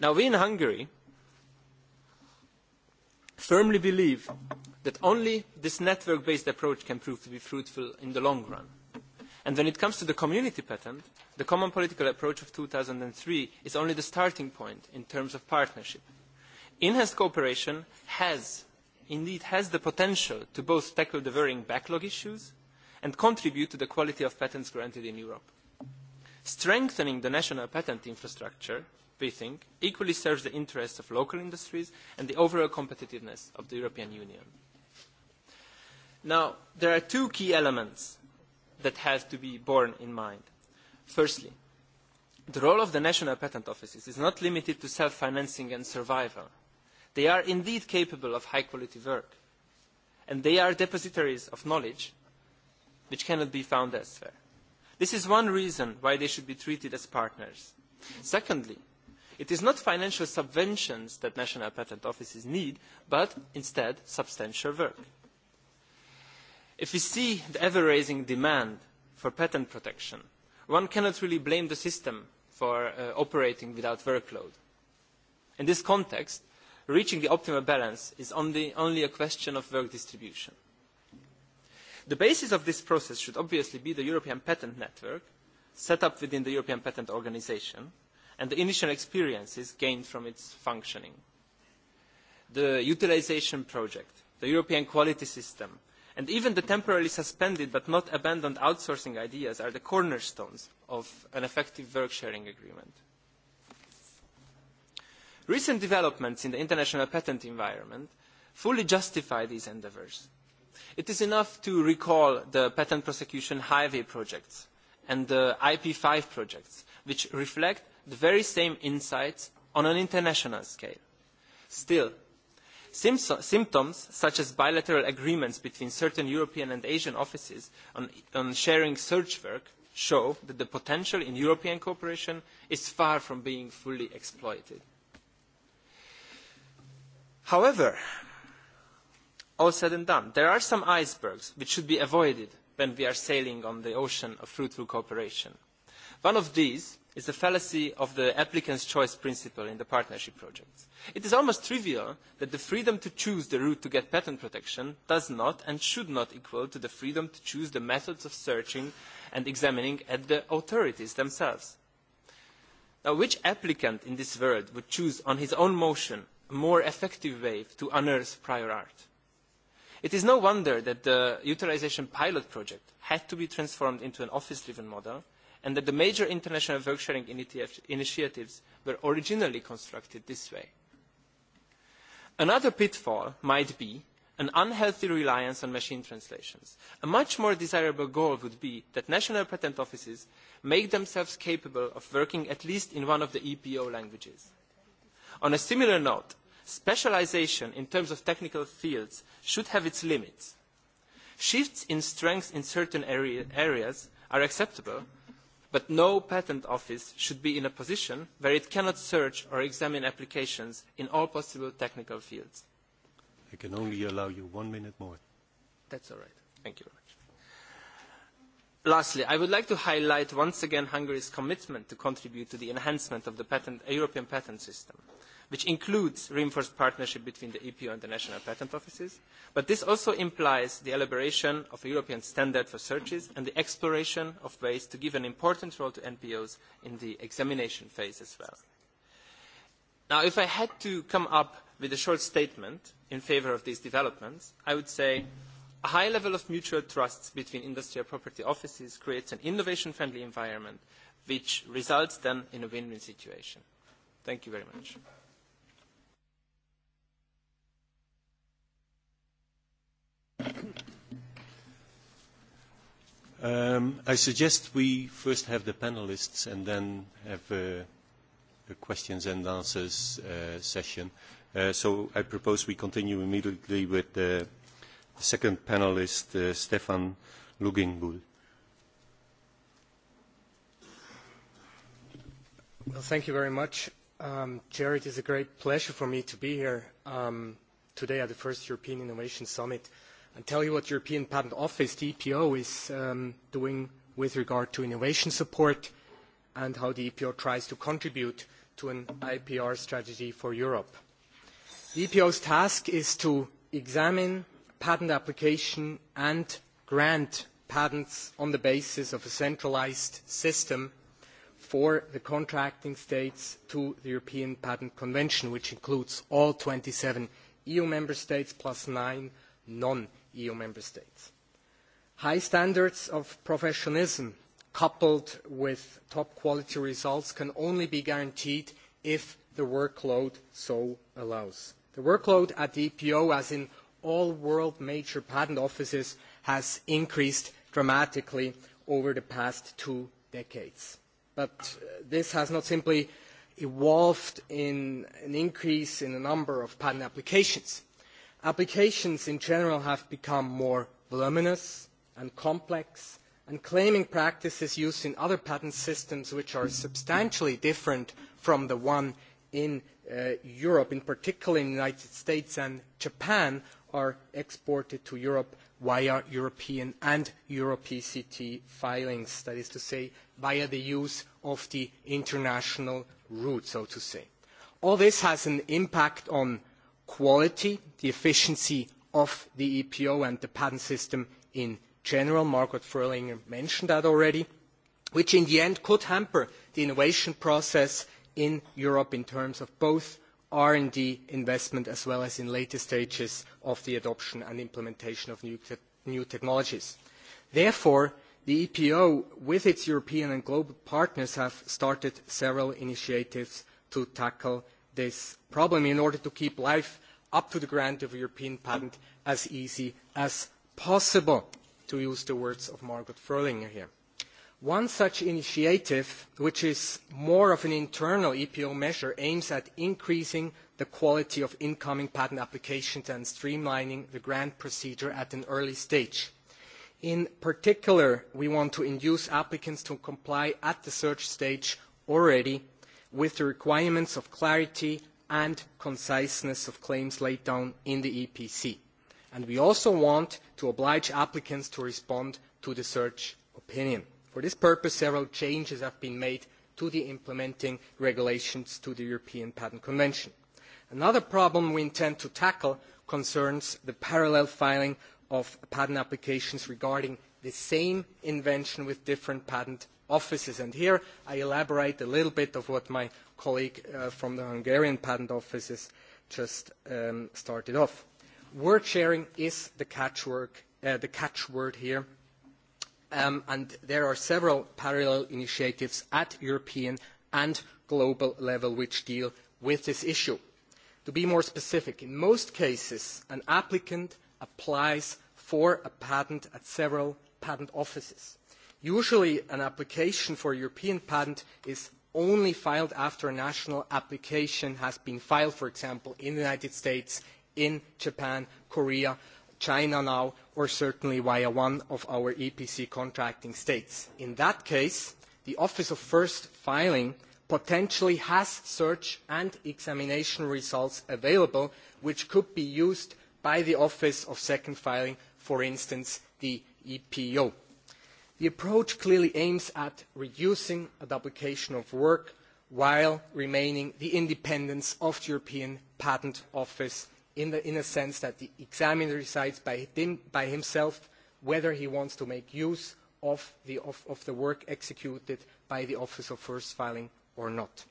Now we in Hungary firmly believe that only this network-based approach can prove to be fruitful in the long run And when it comes to the community patent, the common political approach of 2003 is only the starting point in terms of partnership. Enhanced cooperation has, indeed has the potential to both tackle the varying backlog issues and contribute to the quality of patents granted in Europe. Strengthening the national patent infrastructure, we think, equally serves the interests of local industries and the overall competitiveness of the European Union. Now, there are two key elements that has to be borne in mind. Firstly, the role of the national patent offices is not limited to self-financing and survival. They are indeed capable of high-quality work, and they are depositories of knowledge which cannot be found elsewhere. This is one reason why they should be treated as partners. Secondly, it is not financial subventions that national patent offices need, but instead substantial work. If we see the ever-raising demand for patent protection, one cannot really blame the system for uh, operating without workload. In this context, reaching the optimal balance is only, only a question of work distribution. The basis of this process should obviously be the European Patent Network, set up within the European Patent Organization, and the initial experiences gained from its functioning. The utilization project, the European quality system, And even the temporarily suspended but not abandoned outsourcing ideas are the cornerstones of an effective work-sharing agreement. Recent developments in the international patent environment fully justify these endeavours. It is enough to recall the patent prosecution highway projects and the IP5 projects, which reflect the very same insights on an international scale. Still, Sim symptoms such as bilateral agreements between certain European and Asian offices on, on sharing search work show that the potential in European cooperation is far from being fully exploited. However, all said and done, there are some icebergs which should be avoided when we are sailing on the ocean of fruitful cooperation. One of these is the fallacy of the applicant's choice principle in the partnership projects. It is almost trivial that the freedom to choose the route to get patent protection does not and should not equal to the freedom to choose the methods of searching and examining at the authorities themselves. Now, which applicant in this world would choose on his own motion a more effective way to unearth prior art? It is no wonder that the utilization pilot project had to be transformed into an office-driven model and that the major international work-sharing initiatives were originally constructed this way. Another pitfall might be an unhealthy reliance on machine translations. A much more desirable goal would be that national patent offices make themselves capable of working at least in one of the EPO languages. On a similar note, specialization in terms of technical fields should have its limits. Shifts in strength in certain area, areas are acceptable, but no patent office should be in a position where it cannot search or examine applications in all possible technical fields. I can only allow you one minute more. That's all right. Thank you very much. Lastly, I would like to highlight once again Hungary's commitment to contribute to the enhancement of the patent, European patent system which includes reinforced partnership between the EPO and the national patent offices, but this also implies the elaboration of a European standard for searches and the exploration of ways to give an important role to NPOs in the examination phase as well. Now, if I had to come up with a short statement in favour of these developments, I would say a high level of mutual trust between industrial property offices creates an innovation-friendly environment which results then in a win-win situation. Thank you very much. Mm-hmm. Um, I suggest we first have the panelists and then have a, uh, a questions and answers uh, session. Uh, so I propose we continue immediately with the second panelist, uh, Stefan Lugingbul. Well, thank you very much. Um, Jared, it's a great pleasure for me to be here um, today at the first European Innovation Summit. Uh, and tell you what European Patent Office, the EPO, is um, doing with regard to innovation support and how the EPO tries to contribute to an IPR strategy for Europe. The EPO's task is to examine patent application and grant patents on the basis of a centralized system for the contracting states to the European Patent Convention, which includes all 27 EU member states plus nine non EU member states. High standards of professionalism coupled with top quality results can only be guaranteed if the workload so allows. The workload at the EPO, as in all world major patent offices, has increased dramatically over the past two decades. But uh, this has not simply evolved in an increase in the number of patent applications. Applications in general have become more voluminous and complex, and claiming practices used in other patent systems which are substantially different from the one in uh, Europe, in particular in the United States and Japan, are exported to Europe via European and EuroPCT filings, that is to say, via the use of the international route, so to say. All this has an impact on quality, the efficiency of the EPO and the patent system in general. Margot Fröhlinger mentioned that already, which in the end could hamper the innovation process in Europe in terms of both R&D investment as well as in later stages of the adoption and implementation of new, te new technologies. Therefore, the EPO, with its European and global partners, have started several initiatives to tackle this problem in order to keep life up to the grant of a European patent as easy as possible, to use the words of Margot Fröhlinger here. One such initiative, which is more of an internal EPO measure, aims at increasing the quality of incoming patent applications and streamlining the grant procedure at an early stage. In particular, we want to induce applicants to comply at the search stage already with the requirements of clarity and conciseness of claims laid down in the EPC. And we also want to oblige applicants to respond to the search opinion. For this purpose, several changes have been made to the implementing regulations to the European Patent Convention. Another problem we intend to tackle concerns the parallel filing of patent applications regarding the same invention with different patent offices. And here I elaborate a little bit of what my colleague uh, from the Hungarian patent offices just um, started off. Word sharing is the catchword, uh, the catchword here. Um, and there are several parallel initiatives at European and global level which deal with this issue. To be more specific, in most cases, an applicant applies for a patent at several patent offices Usually, an application for a European patent is only filed after a national application has been filed, for example, in the United States, in Japan, Korea, China now, or certainly via one of our EPC contracting states. In that case, the Office of First Filing potentially has search and examination results available, which could be used by the Office of Second Filing, for instance, the EPO. The approach clearly aims at reducing a duplication of work while remaining the independence of the European Patent Office in, the, in a sense that the examiner decides by, him, by himself whether he wants to make use of the, of, of the work executed by the Office of First Filing or not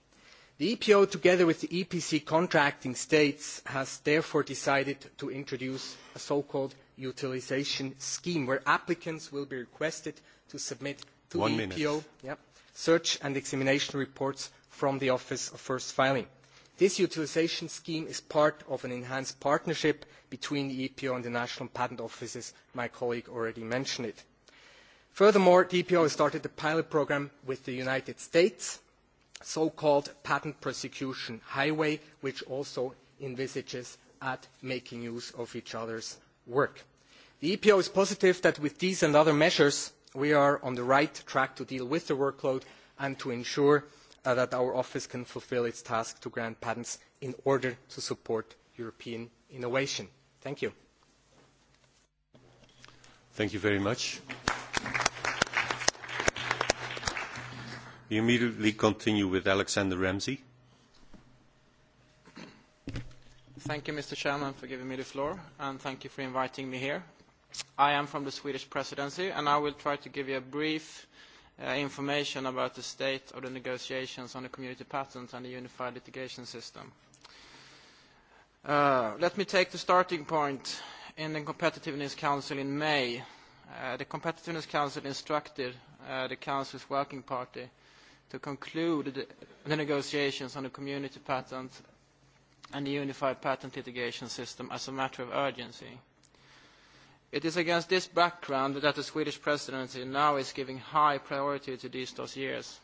the epo together with the epc contracting states has therefore decided to introduce a so called utilisation scheme where applicants will be requested to submit to One the epo e yep, search and examination reports from the office of first filing. This utilisation scheme is part of an enhanced partnership between the EPO and the national patent offices. My colleague already mentioned it. Furthermore, the EPO has started a pilot programme with the United States so-called patent prosecution highway, which also envisages at making use of each other's work. The EPO is positive that with these and other measures, we are on the right track to deal with the workload and to ensure uh, that our office can fulfill its task to grant patents in order to support European innovation. Thank you. Thank you very much. We immediately continue with Alexander Ramsey. Thank you, Mr. Chairman, for giving me the floor, and thank you for inviting me here. I am from the Swedish presidency, and I will try to give you a brief uh, information about the state of the negotiations on the community patent and the unified litigation system. Uh, let me take the starting point in the Competitiveness Council in May. Uh, the Competitiveness Council instructed uh, the Council's working party to conclude the negotiations on the community patent and the unified patent litigation system as a matter of urgency. It is against this background that the Swedish presidency now is giving high priority to these dossiers.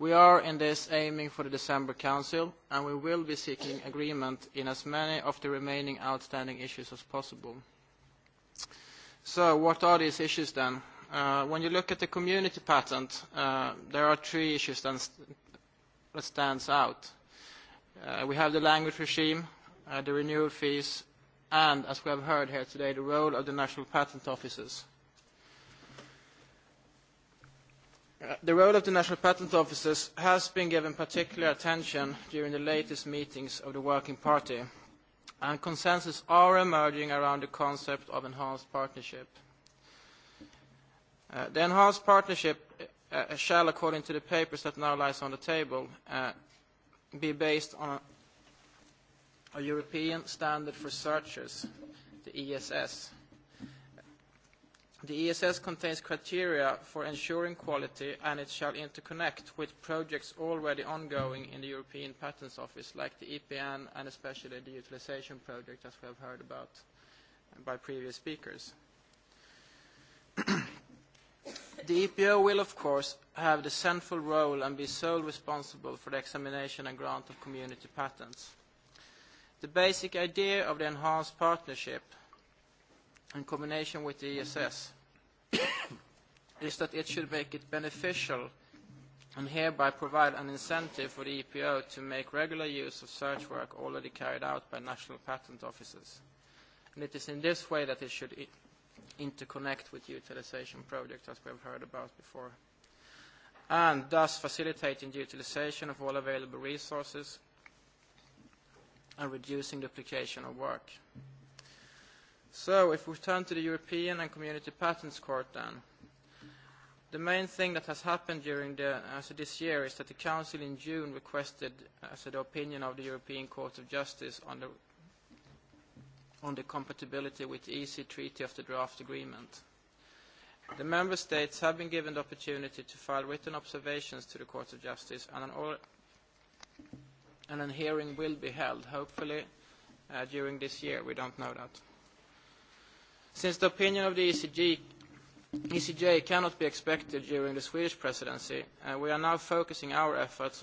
We are in this aiming for the December Council, and we will be seeking agreement in as many of the remaining outstanding issues as possible. So what are these issues then? Uh, when you look at the community patent, uh, there are three issues that, st that stands out. Uh, we have the language regime, uh, the renewal fees, and, as we have heard here today, the role of the national patent offices. Uh, the role of the national patent offices has been given particular attention during the latest meetings of the working party, and consensus are emerging around the concept of enhanced partnership. Uh, Uh, the enhanced partnership uh, uh, shall, according to the papers that now lies on the table, uh, be based on a, a European standard for searches, the ESS. The ESS contains criteria for ensuring quality, and it shall interconnect with projects already ongoing in the European Patents Office, like the EPN and especially the utilization project, as we have heard about by previous speakers. Uh, the EPO will, of course, have the central role and be sole responsible for the examination and grant of community patents. The basic idea of the enhanced partnership in combination with the ESS is that it should make it beneficial and hereby provide an incentive for the EPO to make regular use of search work already carried out by national patent offices. And it is in this way that it should interconnect with utilization projects as we have heard about before, and thus facilitating the utilization of all available resources and reducing duplication of work. So if we turn to the European and Community Patents Court then, the main thing that has happened during the, as uh, this year is that the Council in June requested as uh, the opinion of the European Court of Justice on the on the compatibility with the EC Treaty of the draft agreement. The Member States have been given the opportunity to file written observations to the Court of Justice and an, oral, and an hearing will be held, hopefully uh, during this year. We don't know that. Since the opinion of the ECG, ECJ cannot be expected during the Swedish presidency, uh, we are now focusing our efforts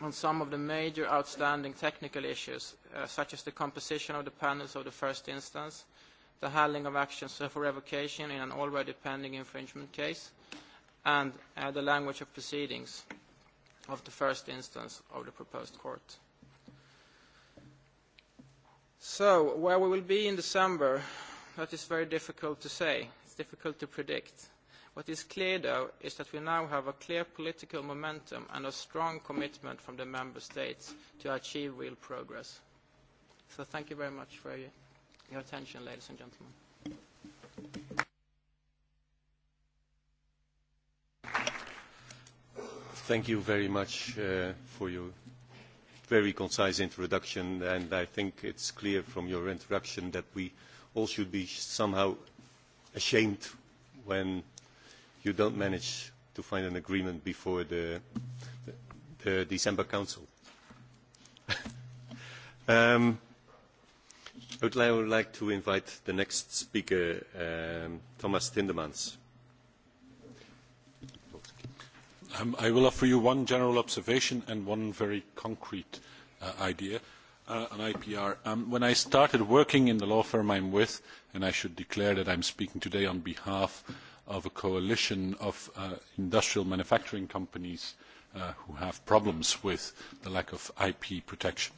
on some of the major outstanding technical issues, uh, such as the composition of the panels of the first instance, the handling of actions for revocation in an already pending infringement case, and uh, the language of proceedings of the first instance of the proposed court. So, where we will be in December, that is very difficult to say. It's difficult to predict What is clear, though, is that we now have a clear political momentum and a strong commitment from the member states to achieve real progress. So thank you very much for your attention, ladies and gentlemen. Thank you very much uh, for your very concise introduction, and I think it's clear from your introduction that we all should be somehow ashamed when you don't manage to find an agreement before the, the, the December Council. um, I would, I would like to invite the next speaker, um, Thomas Tindemans. Um, I will offer you one general observation and one very concrete uh, idea uh, on IPR. Um, when I started working in the law firm I'm with, and I should declare that I'm speaking today on behalf of a coalition of uh, industrial manufacturing companies uh, who have problems with the lack of IP protection.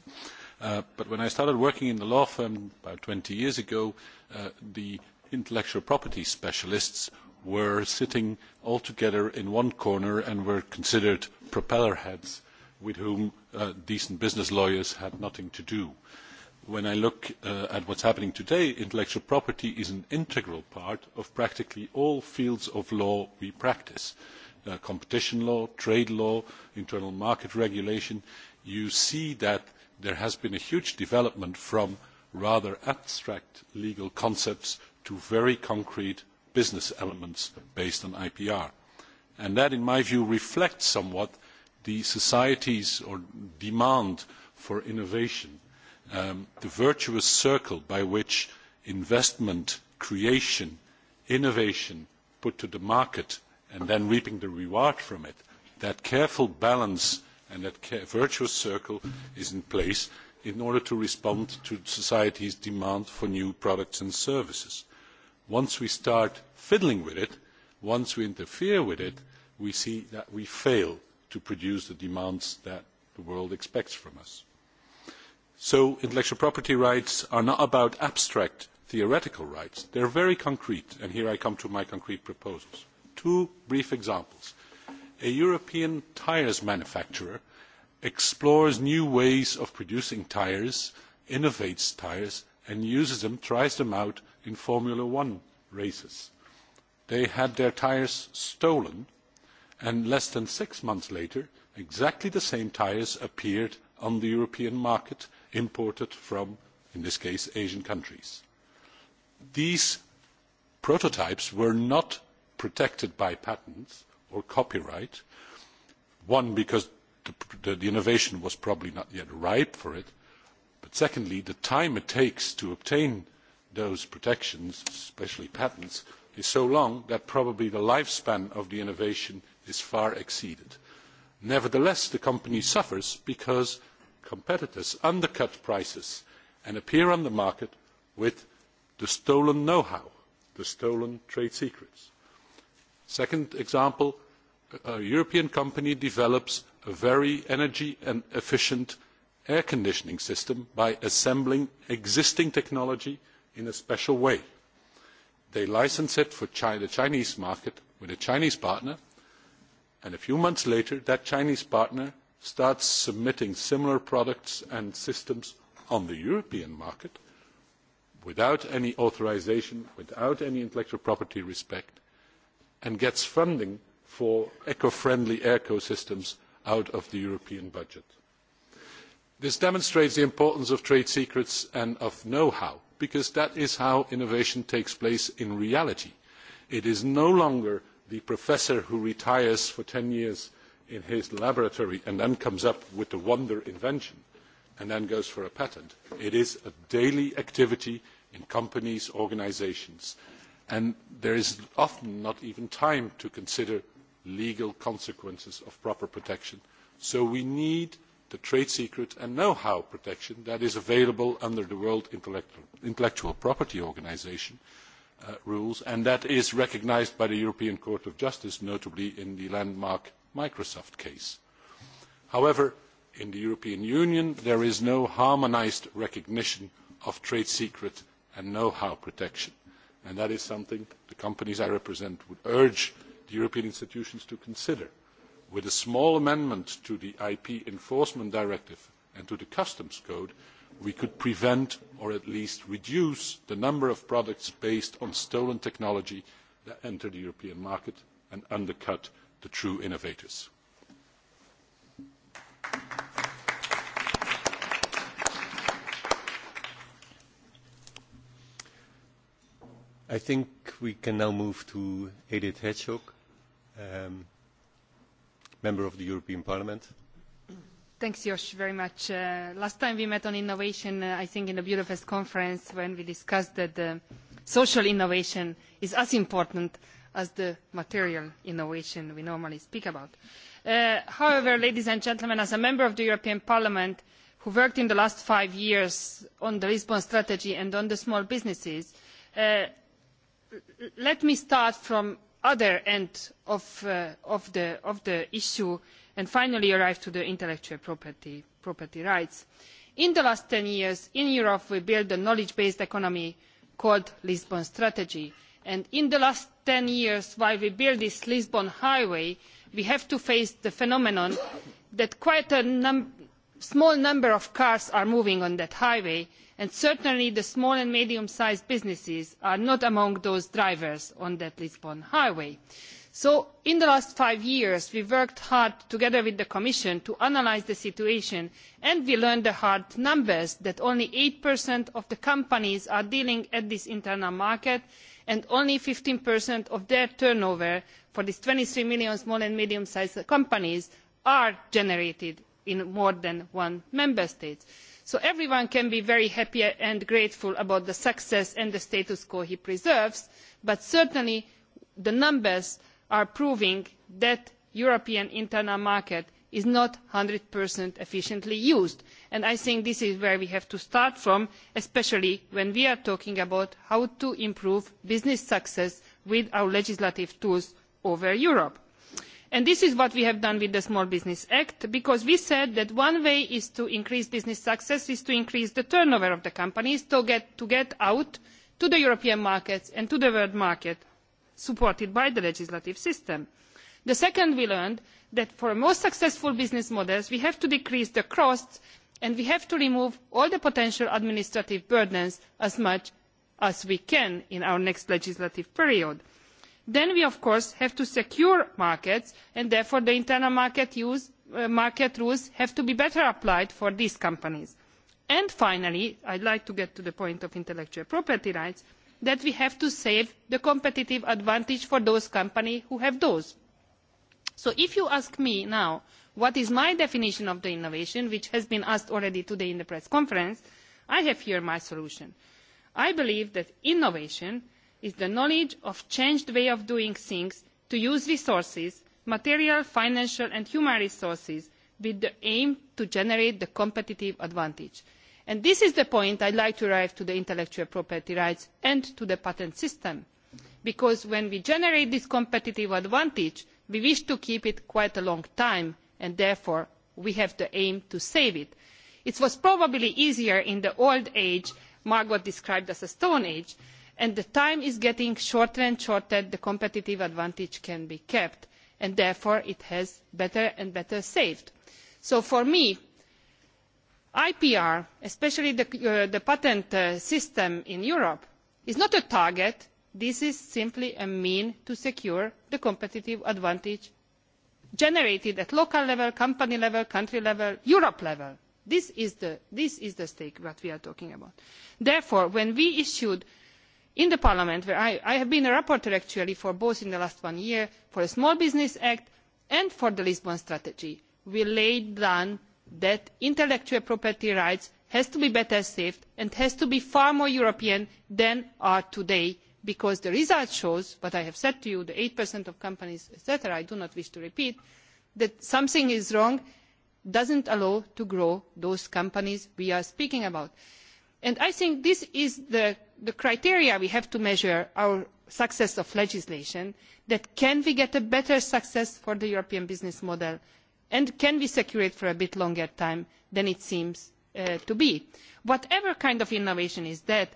Uh, but when I started working in the law firm about 20 years ago, uh, the intellectual property specialists were sitting all together in one corner and were considered propeller heads with whom uh, decent business lawyers had nothing to do. Uh, when i look uh, at what is happening today intellectual property is an integral part of practically all fields of law we practise uh, competition law trade law internal market regulation you see that there has been a huge development from rather abstract legal concepts to very concrete business elements based on ipr and that in my view reflects somewhat the society's or demand for innovation um, the virtuous circle by which investment, creation, innovation put to the market and then reaping the reward from it, that careful balance and that virtuous circle is in place in order to respond to society's demand for new products and services. Once we start fiddling with it, once we interfere with it, we see that we fail to produce the demands that the world expects from us So intellectual property rights are not about abstract theoretical rights. They are very concrete, and here I come to my concrete proposals. Two brief examples. A European tyres manufacturer explores new ways of producing tyres, innovates tyres, and uses them, tries them out in Formula One races. They had their tyres stolen, and less than six months later, exactly the same tyres appeared on the European market imported from, in this case, Asian countries. These prototypes were not protected by patents or copyright, one, because the, the, the innovation was probably not yet ripe for it, but secondly, the time it takes to obtain those protections, especially patents, is so long that probably the lifespan of the innovation is far exceeded. Nevertheless, the company suffers because competitors undercut prices and appear on the market with the stolen know how the stolen trade secrets. second example a european company develops a very energy efficient air conditioning system by assembling existing technology in a special way. they license it for the chinese market with a chinese partner and a few months later that chinese partner starts submitting similar products and systems on the european market without any authorisation without any intellectual property respect and gets funding for eco friendly ecosystems out of the european budget. this demonstrates the importance of trade secrets and of know how because that is how innovation takes place in reality. it is no longer the professor who retires for ten years in his laboratory and then comes up with the wonder invention and then goes for a patent. It is a daily activity in companies, organizations, and there is often not even time to consider legal consequences of proper protection. So we need the trade secret and know-how protection that is available under the World Intellectual, Intellectual Property Organization uh, rules, and that is recognized by the European Court of Justice, notably in the landmark microsoft case. however in the european union there is no harmonised recognition of trade secret and know how protection and that is something the companies i represent would urge the european institutions to consider with a small amendment to the ip enforcement directive and to the customs code we could prevent or at least reduce the number of products based on stolen technology that enter the european market and undercut the true innovators. I think we can now move to Edith Hedgehog, um, member of the European Parliament. Thanks, Josh, very much. Uh, last time we met on innovation, uh, I think in the Budapest conference, when we discussed that uh, social innovation is as important as the material innovation we normally speak about. Uh, however, ladies and gentlemen, as a member of the European Parliament who worked in the last five years on the Lisbon strategy and on the small businesses, uh, let me start from other end of, uh, of, the, of the issue and finally arrive to the intellectual property, property rights. In the last 10 years, in Europe, we built a knowledge-based economy called Lisbon Strategy. And in the last ten years while we build this lisbon highway we have to face the phenomenon that quite a num small number of cars are moving on that highway and certainly the small and medium sized businesses are not among those drivers on that lisbon highway. so in the last five years we worked hard together with the commission to analyse the situation and we learned the hard numbers that only eight of the companies are dealing at this internal market and and only fifteen of their turnover for these twenty three million small and medium sized companies are generated in more than one member state. so everyone can be very happy and grateful about the success and the status quo he preserves but certainly the numbers are proving that the european internal market is not one hundred efficiently used and i think this is where we have to start from especially when we are talking about how to improve business success with our legislative tools over europe. And this is what we have done with the small business act because we said that one way is to increase business success is to increase the turnover of the companies to get, to get out to the european markets and to the world market supported by the legislative system. the second we learned that for more successful business models we have to decrease the costs and we have to remove all the potential administrative burdens as much as we can in our next legislative period. then we of course have to secure markets and therefore the internal market, use, uh, market rules have to be better applied for these companies. and finally i would like to get to the point of intellectual property rights that we have to save the competitive advantage for those companies who have those So if you ask me now, what is my definition of the innovation, which has been asked already today in the press conference, I have here my solution. I believe that innovation is the knowledge of changed way of doing things to use resources, material, financial and human resources with the aim to generate the competitive advantage. And this is the point I'd like to arrive to the intellectual property rights and to the patent system. Because when we generate this competitive advantage, we wish to keep it quite a long time and therefore we have to aim to save it. it was probably easier in the old age margot described as a stone age and the time is getting shorter and shorter the competitive advantage can be kept and therefore it has better and better saved. so for me ipr especially the, uh, the patent uh, system in europe is not a target this is simply a means to secure the competitive advantage generated at local level company level country level europe level. this is the, this is the stake that we are talking about. therefore when we issued in the parliament where I, i have been a rapporteur actually for both in the last one year for the small business act and for the lisbon strategy we laid down that intellectual property rights has to be better saved and has to be far more european than are today because the result shows what i have said to you the eight of companies etc. i do not wish to repeat that something is wrong does not allow to grow those companies we are speaking about. And i think this is the, the criteria we have to measure our success of legislation that can we get a better success for the european business model and can we secure it for a bit longer time than it seems uh, to be? whatever kind of innovation is that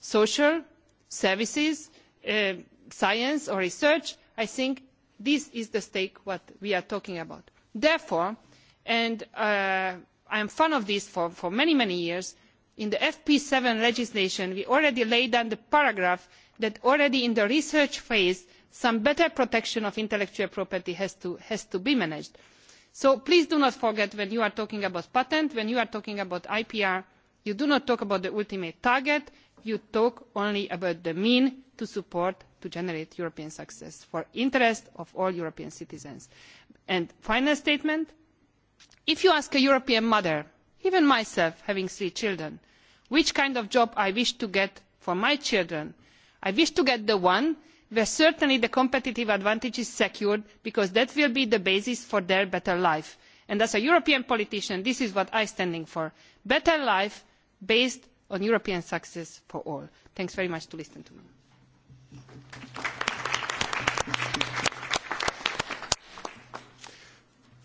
social services uh, science or research i think this is the stake what we are talking about. therefore and uh, i am a fan of this for, for many many years in the fp seven legislation we already laid down the paragraph that already in the research phase some better protection of intellectual property has to, has to be managed. so please do not forget when you are talking about patents when you are talking about ipr you do not talk about the ultimate target you talk only about the means to support to generate european success for the interest of all european citizens. and final statement if you ask a european mother even myself having three children which kind of job i wish to get for my children i wish to get the one where certainly the competitive advantage is secured because that will be the basis for their better life and as a european politician this is what i stand for a better life based on European success for all. Thanks very much to listen to me.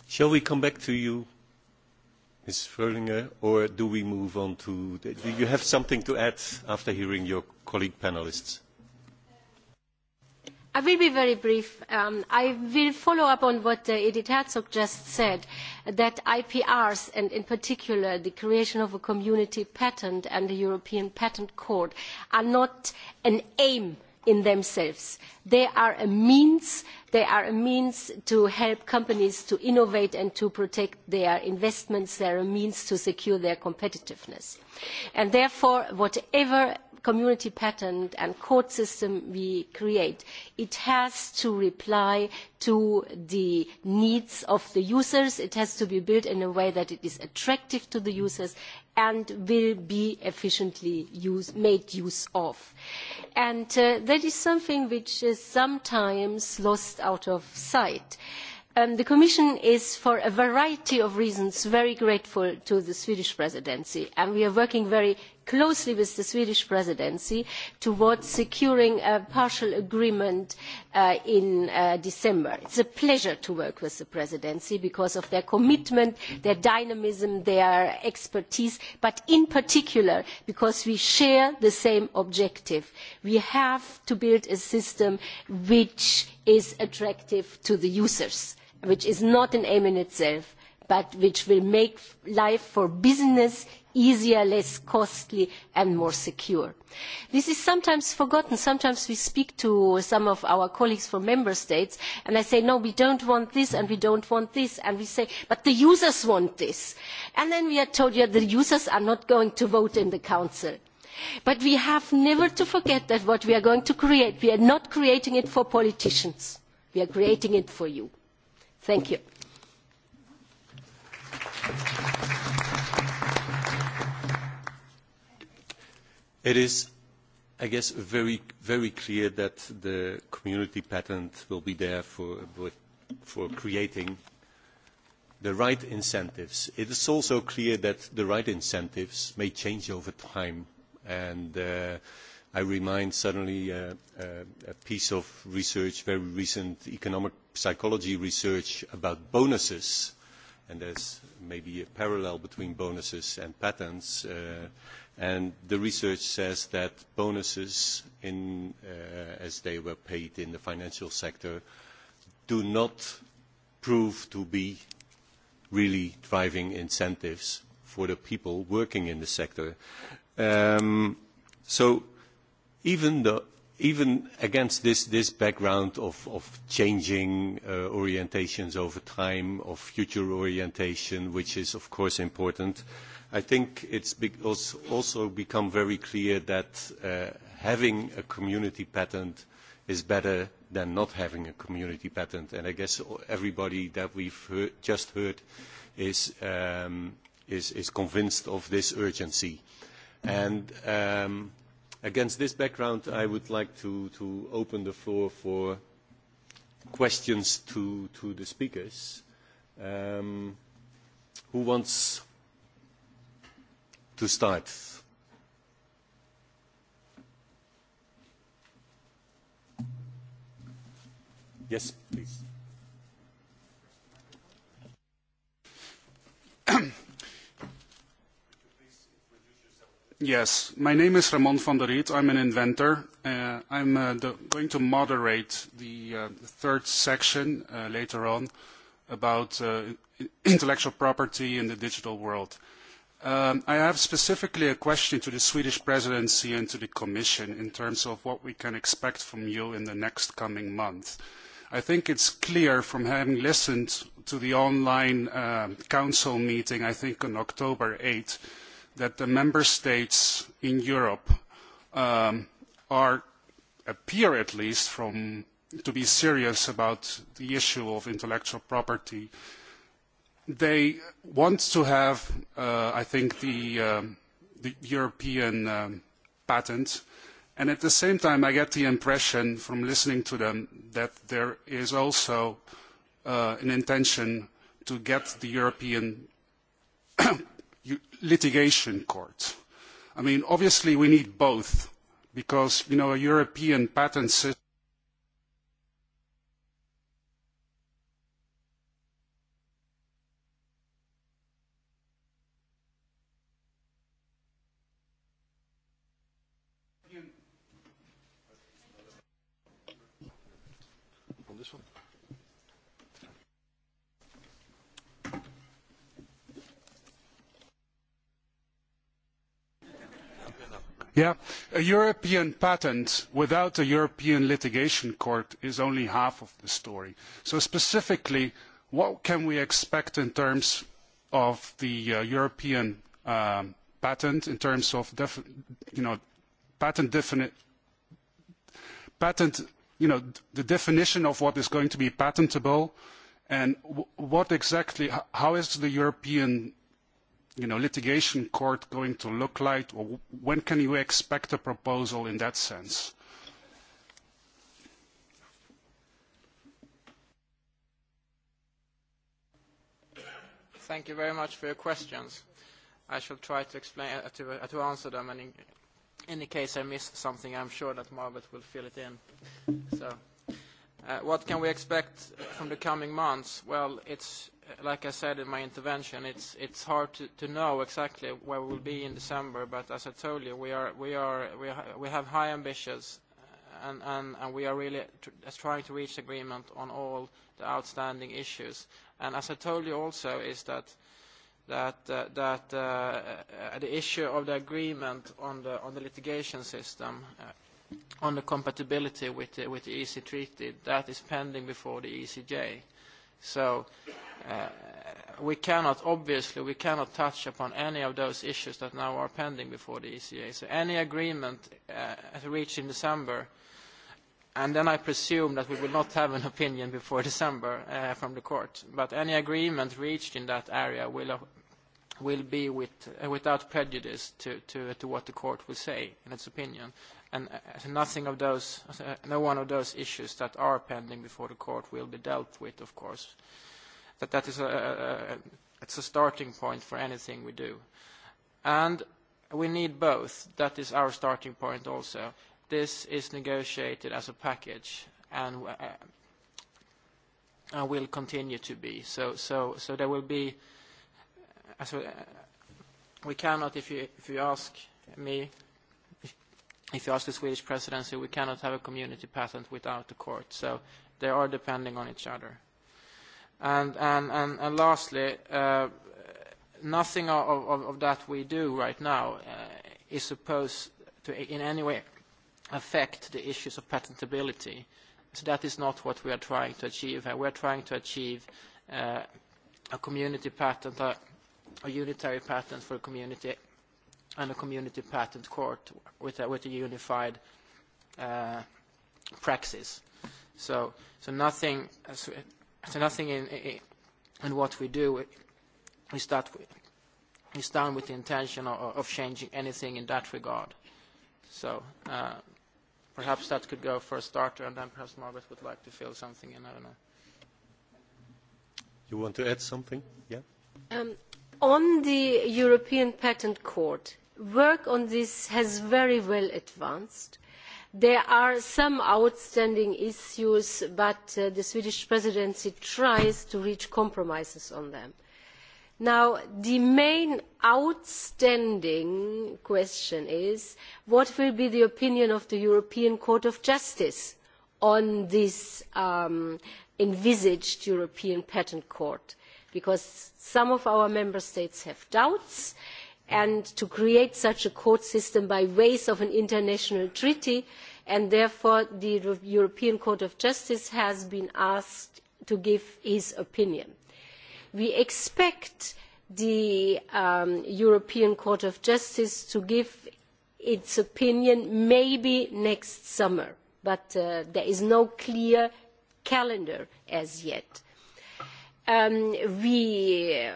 Shall we come back to you, Ms. Fröhlinger, or do we move on to... Do you have something to add after hearing your colleague panelists? I will be very brief. Um, I will follow up on what uh, Edith Herzog just said. Uh, that IPRs, and in particular the creation of a community patent and the European Patent Court, are not an aim in themselves. They are a means, they are a means to help companies to innovate and to protect their investments. They are a means to secure their competitiveness. And therefore, whatever community patent and court system we create, it has to reply to the needs of the users. It has to be built in a way that it is attractive to the users and will be efficiently use, made use of. And uh, that is something which is sometimes lost out of sight. Um, the Commission is, for a variety of reasons, very grateful to the Swedish presidency, and we are working very closely with the Swedish presidency towards securing a partial agreement uh, in uh, December. It's a pleasure to work with the presidency because of their commitment, their dynamism, their expertise, but in particular because we share the same objective. We have to build a system which is attractive to the users, which is not an aim in itself, but which will make life for business easier, less costly and more secure. This is sometimes forgotten. Sometimes we speak to some of our colleagues from member states and I say, no, we don't want this and we don't want this. And we say, but the users want this. And then we are told, yeah, the users are not going to vote in the council. But we have never to forget that what we are going to create, we are not creating it for politicians. We are creating it for you. Thank you. Thank you. It is, I guess, very, very clear that the community patent will be there for, for creating the right incentives. It is also clear that the right incentives may change over time. And uh, I remind suddenly uh, uh, a piece of research, very recent economic psychology research about bonuses. And there's maybe a parallel between bonuses and patents. Uh, And the research says that bonuses, in, uh, as they were paid in the financial sector, do not prove to be really driving incentives for the people working in the sector. Um, so even, the, even against this, this background of, of changing uh, orientations over time, of future orientation, which is of course important, uh, I think it's also become very clear that uh, having a community patent is better than not having a community patent. And I guess everybody that we've heard, just heard is, um, is, is convinced of this urgency. And um, against this background, I would like to, to open the floor for questions to, to the speakers. Um, who wants to start. Yes, please. Yes. My name is Ramon van der Riet. I'm an inventor. Uh, I'm uh, the, going to moderate the, uh, the third section uh, later on about uh, intellectual property in the digital world. Uh, Um, I have specifically a question to the Swedish presidency and to the Commission in terms of what we can expect from you in the next coming month. I think it's clear from having listened to the online uh, council meeting, I think on October 8, that the member states in Europe um, are, appear at least, from, to be serious about the issue of intellectual property uh, they want to have, uh, I think, the, um, the European um, patent. And at the same time, I get the impression from listening to them that there is also uh, an intention to get the European litigation court. I mean, obviously, we need both because, you know, a European patent system Yeah. A European patent without a European litigation court is only half of the story. So specifically, what can we expect in terms of the uh, European um, patent, in terms of def you know, patent definite patent, you know, the definition of what is going to be patentable, and what exactly, how is the European you know, litigation court going to look like? Or when can you expect a proposal in that sense? Thank you very much for your questions. I shall try to explain uh, to, uh, to answer them, and in, in the case I miss something, I'm sure that Margaret will fill it in. So, uh, what can we expect from the coming months? Well, it's Uh, like I said in my intervention, it's, it's hard to, to know exactly where we'll be in December, but as I told you, we, are, we, are, we, ha we have high ambitions, uh, and, and, and we are really tr trying to reach agreement on all the outstanding issues. And as I told you also, is that that uh, that uh, uh, the issue of the agreement on the on the litigation system uh, on the compatibility with the, with the EC treaty that is pending before the ECJ so Uh, we cannot, obviously, we cannot touch upon any of those issues that now are pending before the ECA. So any agreement uh, reached in December, and then I presume that we will not have an opinion before December uh, from the court, but any agreement reached in that area will, uh, will be with, uh, without prejudice to, to, to what the court will say in its opinion. And uh, nothing of those, uh, no one of those issues that are pending before the court will be dealt with, of course. Uh, that that is a, a, a, it's a starting point for anything we do. And we need both. That is our starting point also. This is negotiated as a package, and uh, and will continue to be. So, so, so there will be. So, uh, we cannot, if you, if you ask me, if you ask the Swedish presidency, we cannot have a community patent without the court. So they are depending on each other. And, and, and, and lastly, uh, nothing of, of, of that we do right now uh, is supposed to in any way affect the issues of patentability. So that is not what we are trying to achieve here. We're trying to achieve uh, a community patent, a, a unitary patent for a community, and a community patent court with a, with a unified uh, praxis. So, so nothing, uh, so nothing in, in, in what we do is, that is done with the intention of, of changing anything in that regard. So uh, perhaps that could go for a starter, and then perhaps Margaret would like to fill something in. I don't know. You want to add something? Yeah. Um, on the European Patent Court, work on this has very well advanced. Uh, there are some outstanding issues but uh, the swedish presidency tries to reach compromises on them. Now, the main outstanding question is what will be the opinion of the european court of justice on this um, envisaged european patent court because some of our member states have doubts and and to create such a court system by ways of an international treaty and therefore the European Court of Justice has been asked to give his opinion. We expect the um, European Court of Justice to give its opinion maybe next summer, but uh, there is no clear calendar as yet. Um, we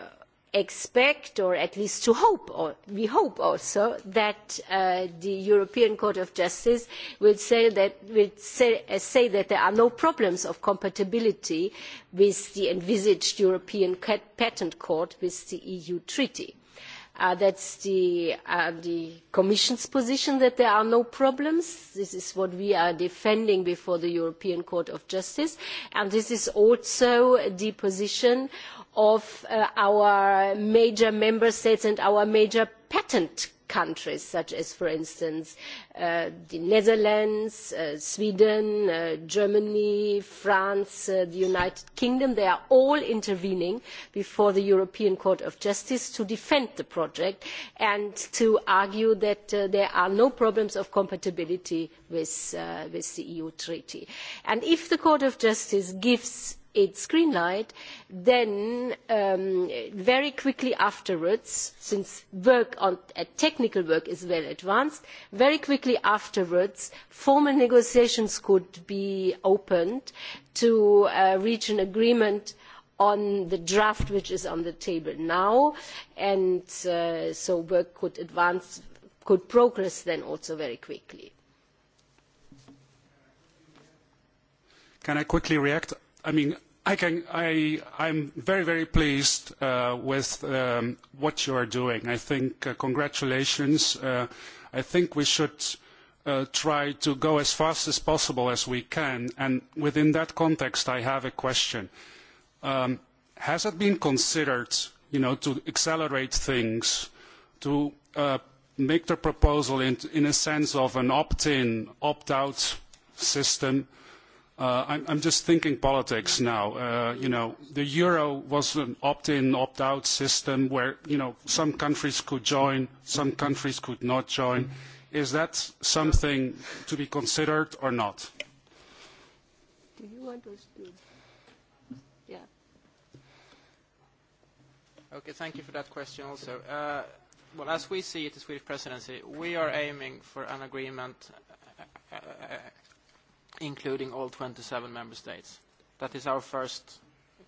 expect or at least to hope or we hope also that uh, the European Court of Justice will say that will say, uh, say that there are no problems of compatibility with the envisaged European Patent Court with the EU treaty. Uh, that's the, uh, the Commission's position that there are no problems. This is what we are defending before the European Court of Justice. And this is also the position uh, of uh, our major member states and our major patent countries, such as, for instance, uh, the Netherlands, uh, Sweden, uh, Germany, France, uh, the United Kingdom. They are all intervening before the European Court of Justice to defend the project and to argue that uh, there are no problems of compatibility with, uh, with the EU treaty. And if the Court of Justice gives its green light, then um, very quickly afterwards, since work on uh, technical work is well advanced, very quickly afterwards, formal negotiations could be opened to uh, reach an agreement on the draft which is on the table now, and uh, so work could advance, could progress then also very quickly. Can I quickly react? I mean, I can, I, I'm very, very pleased uh, with um, what you are doing. I think uh, congratulations. Uh, I think we should uh, try to go as fast as possible as we can. And within that context, I have a question. Um, has it been considered, you know, to accelerate things, to uh, make the proposal in, in a sense of an opt-in, opt-out system uh, Uh, I'm, I'm just thinking politics now. Uh, you know, the euro was an opt-in, opt-out system where you know some countries could join, some countries could not join. Is that something to be considered or not? Do you want us to? Yeah. Okay, thank you for that question. Also, uh, well, as we see it, the Swedish presidency, we are aiming for an agreement. Uh, uh, including all 27 member states. That is our first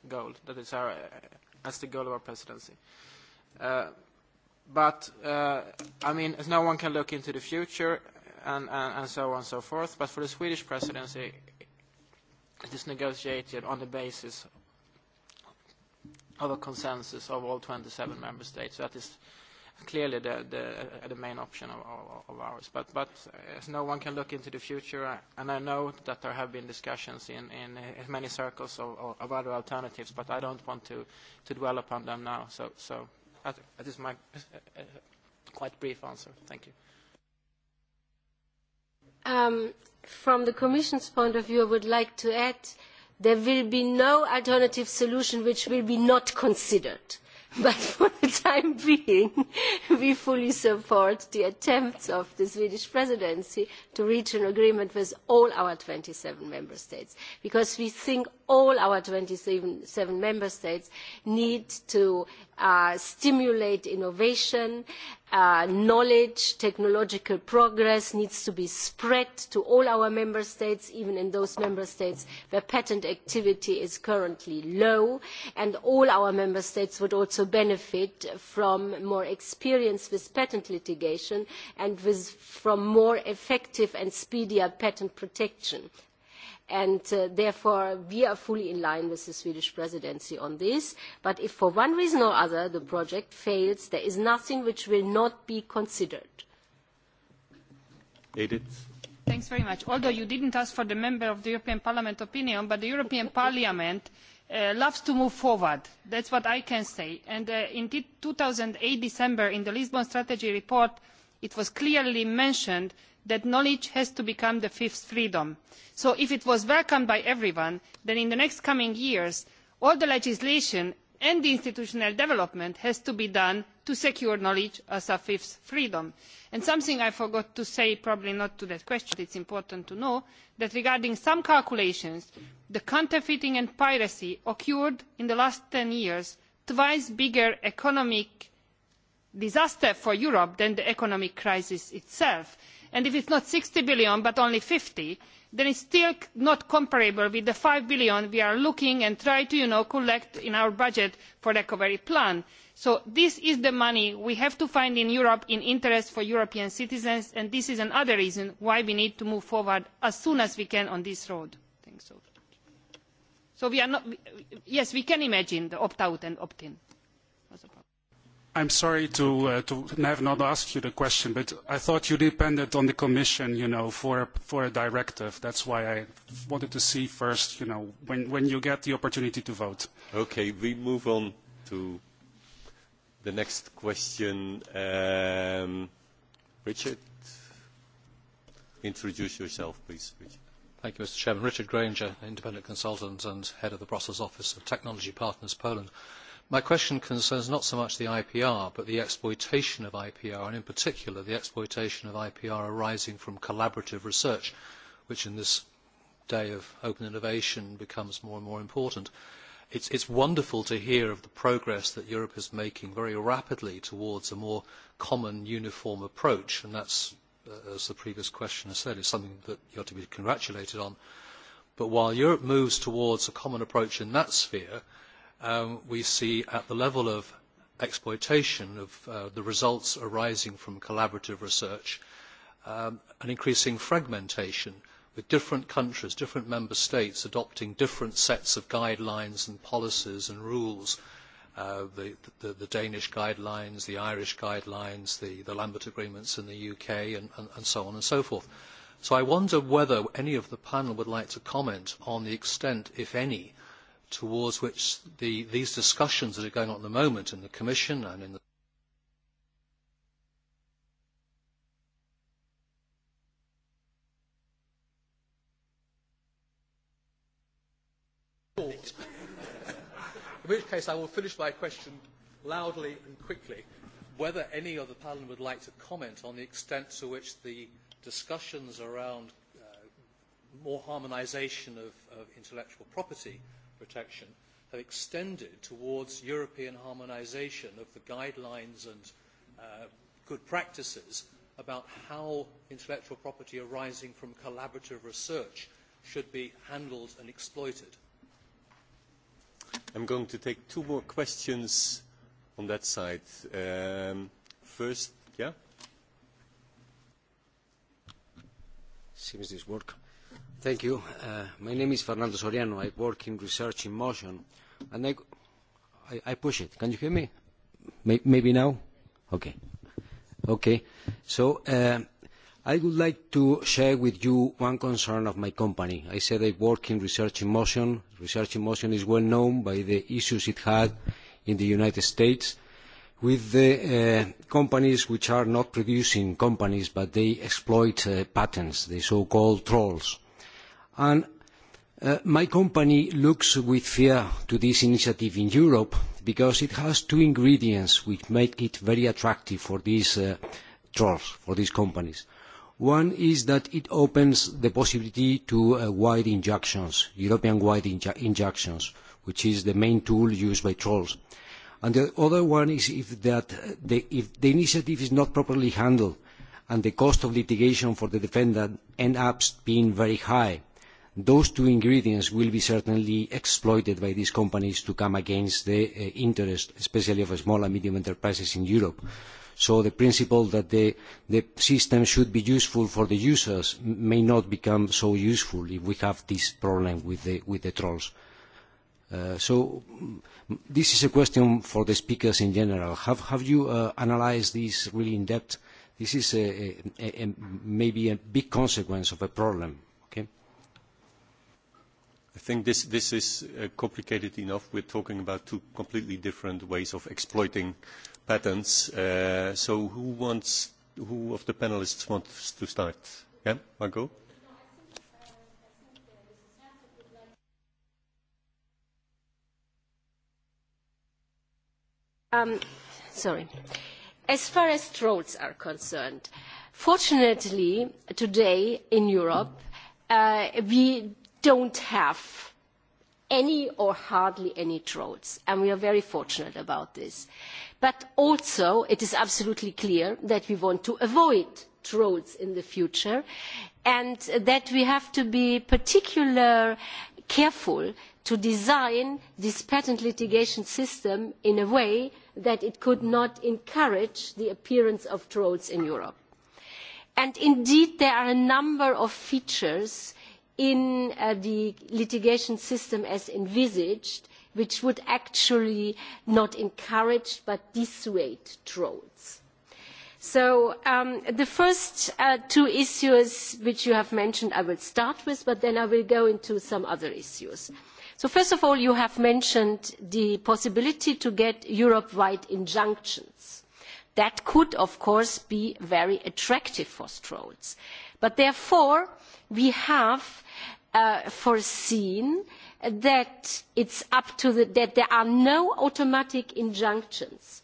goal. That is our, uh, that's the goal of our presidency. Uh, but, uh, I mean, as no one can look into the future and, and, and so on and so forth, but for the Swedish presidency, it is negotiated on the basis of a consensus of all 27 member states. So that is clearly the, the, the main option of, of, of ours. But, but as no one can look into the future, and I know that there have been discussions in, in many circles of, of other alternatives, but I don't want to, to dwell upon them now. So, so that is my uh, uh, quite brief answer. Thank you. Um, from the Commission's point of view, I would like to add there will be no alternative solution which will be not considered but for the time being we fully support the attempts of the swedish presidency to reach an agreement with all our twenty seven member states because we think all our 27 member states need to uh, stimulate innovation, uh, knowledge, technological progress needs to be spread to all our member states, even in those member states where patent activity is currently low, and all our member states would also benefit from more experience with patent litigation and with, from more effective and speedier patent protection and uh, therefore we are fully in line with the Swedish presidency on this. But if for one reason or other the project fails, there is nothing which will not be considered. Edith. Thanks very much. Although you didn't ask for the member of the European Parliament opinion, but the European Parliament uh, loves to move forward. That's what I can say. And uh, in 2008 December, in the Lisbon Strategy report, it was clearly mentioned that knowledge has to become the fifth freedom. so if it was welcomed by everyone then in the next coming years all the legislation and the institutional development has to be done to secure knowledge as a fifth freedom. And something i forgot to say probably not to that question but it is important to know that regarding some calculations the counterfeiting and piracy occurred in the last ten years twice bigger economic disaster for europe than the economic crisis itself and if it is not eur sixty billion but only eur fifty then it is still not comparable with the eur five billion we are looking at and trying to you know, collect in our budget for the recovery plan. so this is the money we have to find in europe in the interest of european citizens and this is another reason why we need to move forward as soon as we can on this road. So. So we not, yes we can imagine the opt out and opt in. I'm sorry to, uh, to have not asked you the question, but I thought you depended on the Commission, you know, for, for a directive. That's why I wanted to see first, you know, when, when you get the opportunity to vote. Okay, we move on to the next question. Um, Richard, introduce yourself, please. Richard. Thank you, Mr. Chairman. Richard Granger, independent consultant and head of the Brussels office of Technology Partners Poland. Uh, My question concerns not so much the IPR, but the exploitation of IPR, and in particular the exploitation of IPR arising from collaborative research, which in this day of open innovation becomes more and more important. It's, it's wonderful to hear of the progress that Europe is making very rapidly towards a more common, uniform approach, and that's, uh, as the previous questioner said, is something that you ought to be congratulated on. But while Europe moves towards a common approach in that sphere, um, we see at the level of exploitation of uh, the results arising from collaborative research um, an increasing fragmentation with different countries, different member states adopting different sets of guidelines and policies and rules. Uh, the, the, the Danish guidelines, the Irish guidelines, the, the Lambert agreements in the UK, and, and, and so on and so forth. So I wonder whether any of the panel would like to comment on the extent, if any, uh, towards which the, these discussions that are going on at the moment in the Commission and in the In which case I will finish my question loudly and quickly whether any of the Parliament would like to comment on the extent to which the discussions around uh, more harmonisation of, of intellectual property protection have extended towards European harmonisation of the guidelines and uh, good practices about how intellectual property arising from collaborative research should be handled and exploited. I'm going to take two more questions on that side. Um, first, yeah? Seems this work. Thank you. Uh, my name is Fernando Soriano. I work in research in motion, and I, I, I push it. Can you hear me? May, maybe now. Okay. Okay. So uh, I would like to share with you one concern of my company. I said I work in research in motion. Research in motion is well known by the issues it had in the United States with the uh, companies which are not producing companies, but they exploit uh, patents, the so-called trolls And uh, my company looks with fear to this initiative in Europe because it has two ingredients which make it very attractive for these uh, trolls, for these companies. One is that it opens the possibility to uh, wide injunctions, European-wide inju injunctions, which is the main tool used by trolls. And the other one is if, that uh, the, if the initiative is not properly handled and the cost of litigation for the defendant ends up being very high – those two ingredients will be certainly exploited by these companies to come against the uh, interest, especially of small and medium enterprises in Europe. So the principle that the, the system should be useful for the users may not become so useful if we have this problem with the, with the trolls. Uh, so mm, this is a question for the speakers in general. Have, have you uh, analyzed this really in depth? This is a, a, a, maybe a big consequence of a problem. Okay? I think this, this is uh, complicated enough. We're talking about two completely different ways of exploiting patents. Uh, so who wants, who of the panelists wants to start? Yeah, Margot? Um, sorry. As far as trolls are concerned, fortunately today in Europe, uh, we don't have any or hardly any droughts, and we are very fortunate about this. But also, it is absolutely clear that we want to avoid droughts in the future, and that we have to be particularly careful to design this patent litigation system in a way that it could not encourage the appearance of droughts in Europe. And indeed, there are a number of features in uh, the litigation system as envisaged, which would actually not encourage but dissuade trolls. So um, the first uh, two issues which you have mentioned I will start with, but then I will go into some other issues. So first of all, you have mentioned the possibility to get Europe-wide injunctions. That could, of course, be very attractive for trolls. But therefore, we have uh, foreseen that it's up to the, that there are no automatic injunctions.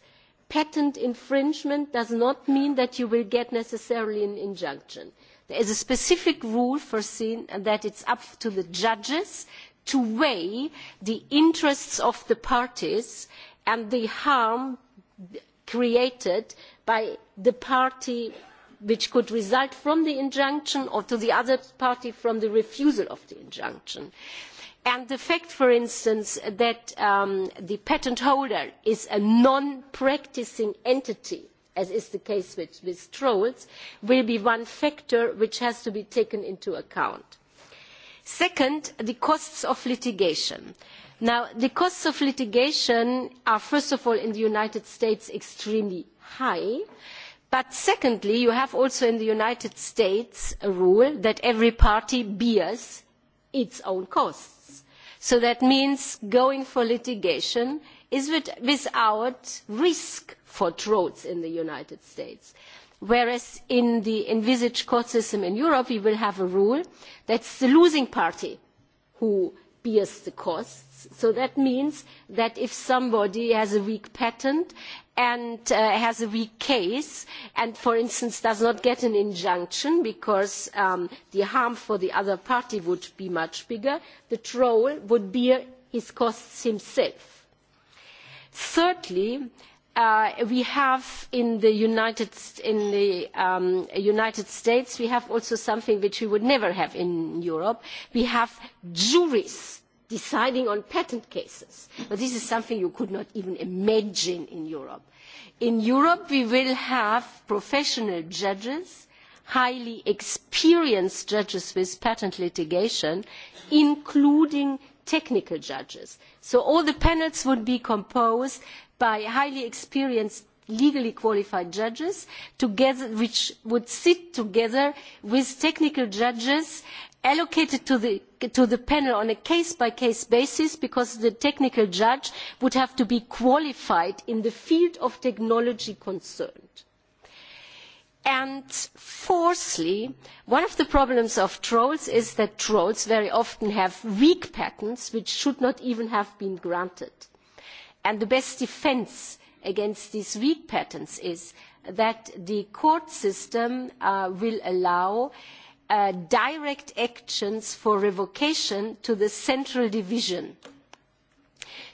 Patent infringement does not mean that you will get necessarily an injunction. There is a specific rule foreseen that it's up to the judges to weigh the interests of the parties and the harm created by the party which could result from the injunction or to the other party from the refusal of the injunction. And the fact, for instance, that um, the patent holder is a non-practicing entity, as is the case with, with trolls, will be one factor which has to be taken into account. Second, the costs of litigation. Now, the costs of litigation are, first of all, in the United States extremely high. Uh, but secondly you have also in the united states a rule that every party bears its own costs so that means going for litigation is without risk for torts in the united states whereas in the envisaged court system in europe we will have a rule that it is the losing party who bears the cost patents. So that means that if somebody has a weak patent and uh, has a weak case and, for instance, does not get an injunction because um, the harm for the other party would be much bigger, the troll would bear uh, his costs himself. Thirdly, uh, we have in the, United, in the um, United States, we have also something which we would never have in Europe. We have juries deciding on patent cases. But this is something you could not even imagine in Europe. In Europe, we will have professional judges, highly experienced judges with patent litigation, including technical judges. So all the panels would be composed by highly experienced legally qualified judges together, which would sit together with technical judges allocated to the, to the panel on a case-by-case -case basis because the technical judge would have to be qualified in the field of technology concerned. And fourthly, one of the problems of trolls is that trolls very often have weak patents which should not even have been granted. And the best defense against these weak patents is that the court system uh, will allow uh, direct actions for revocation to the central division.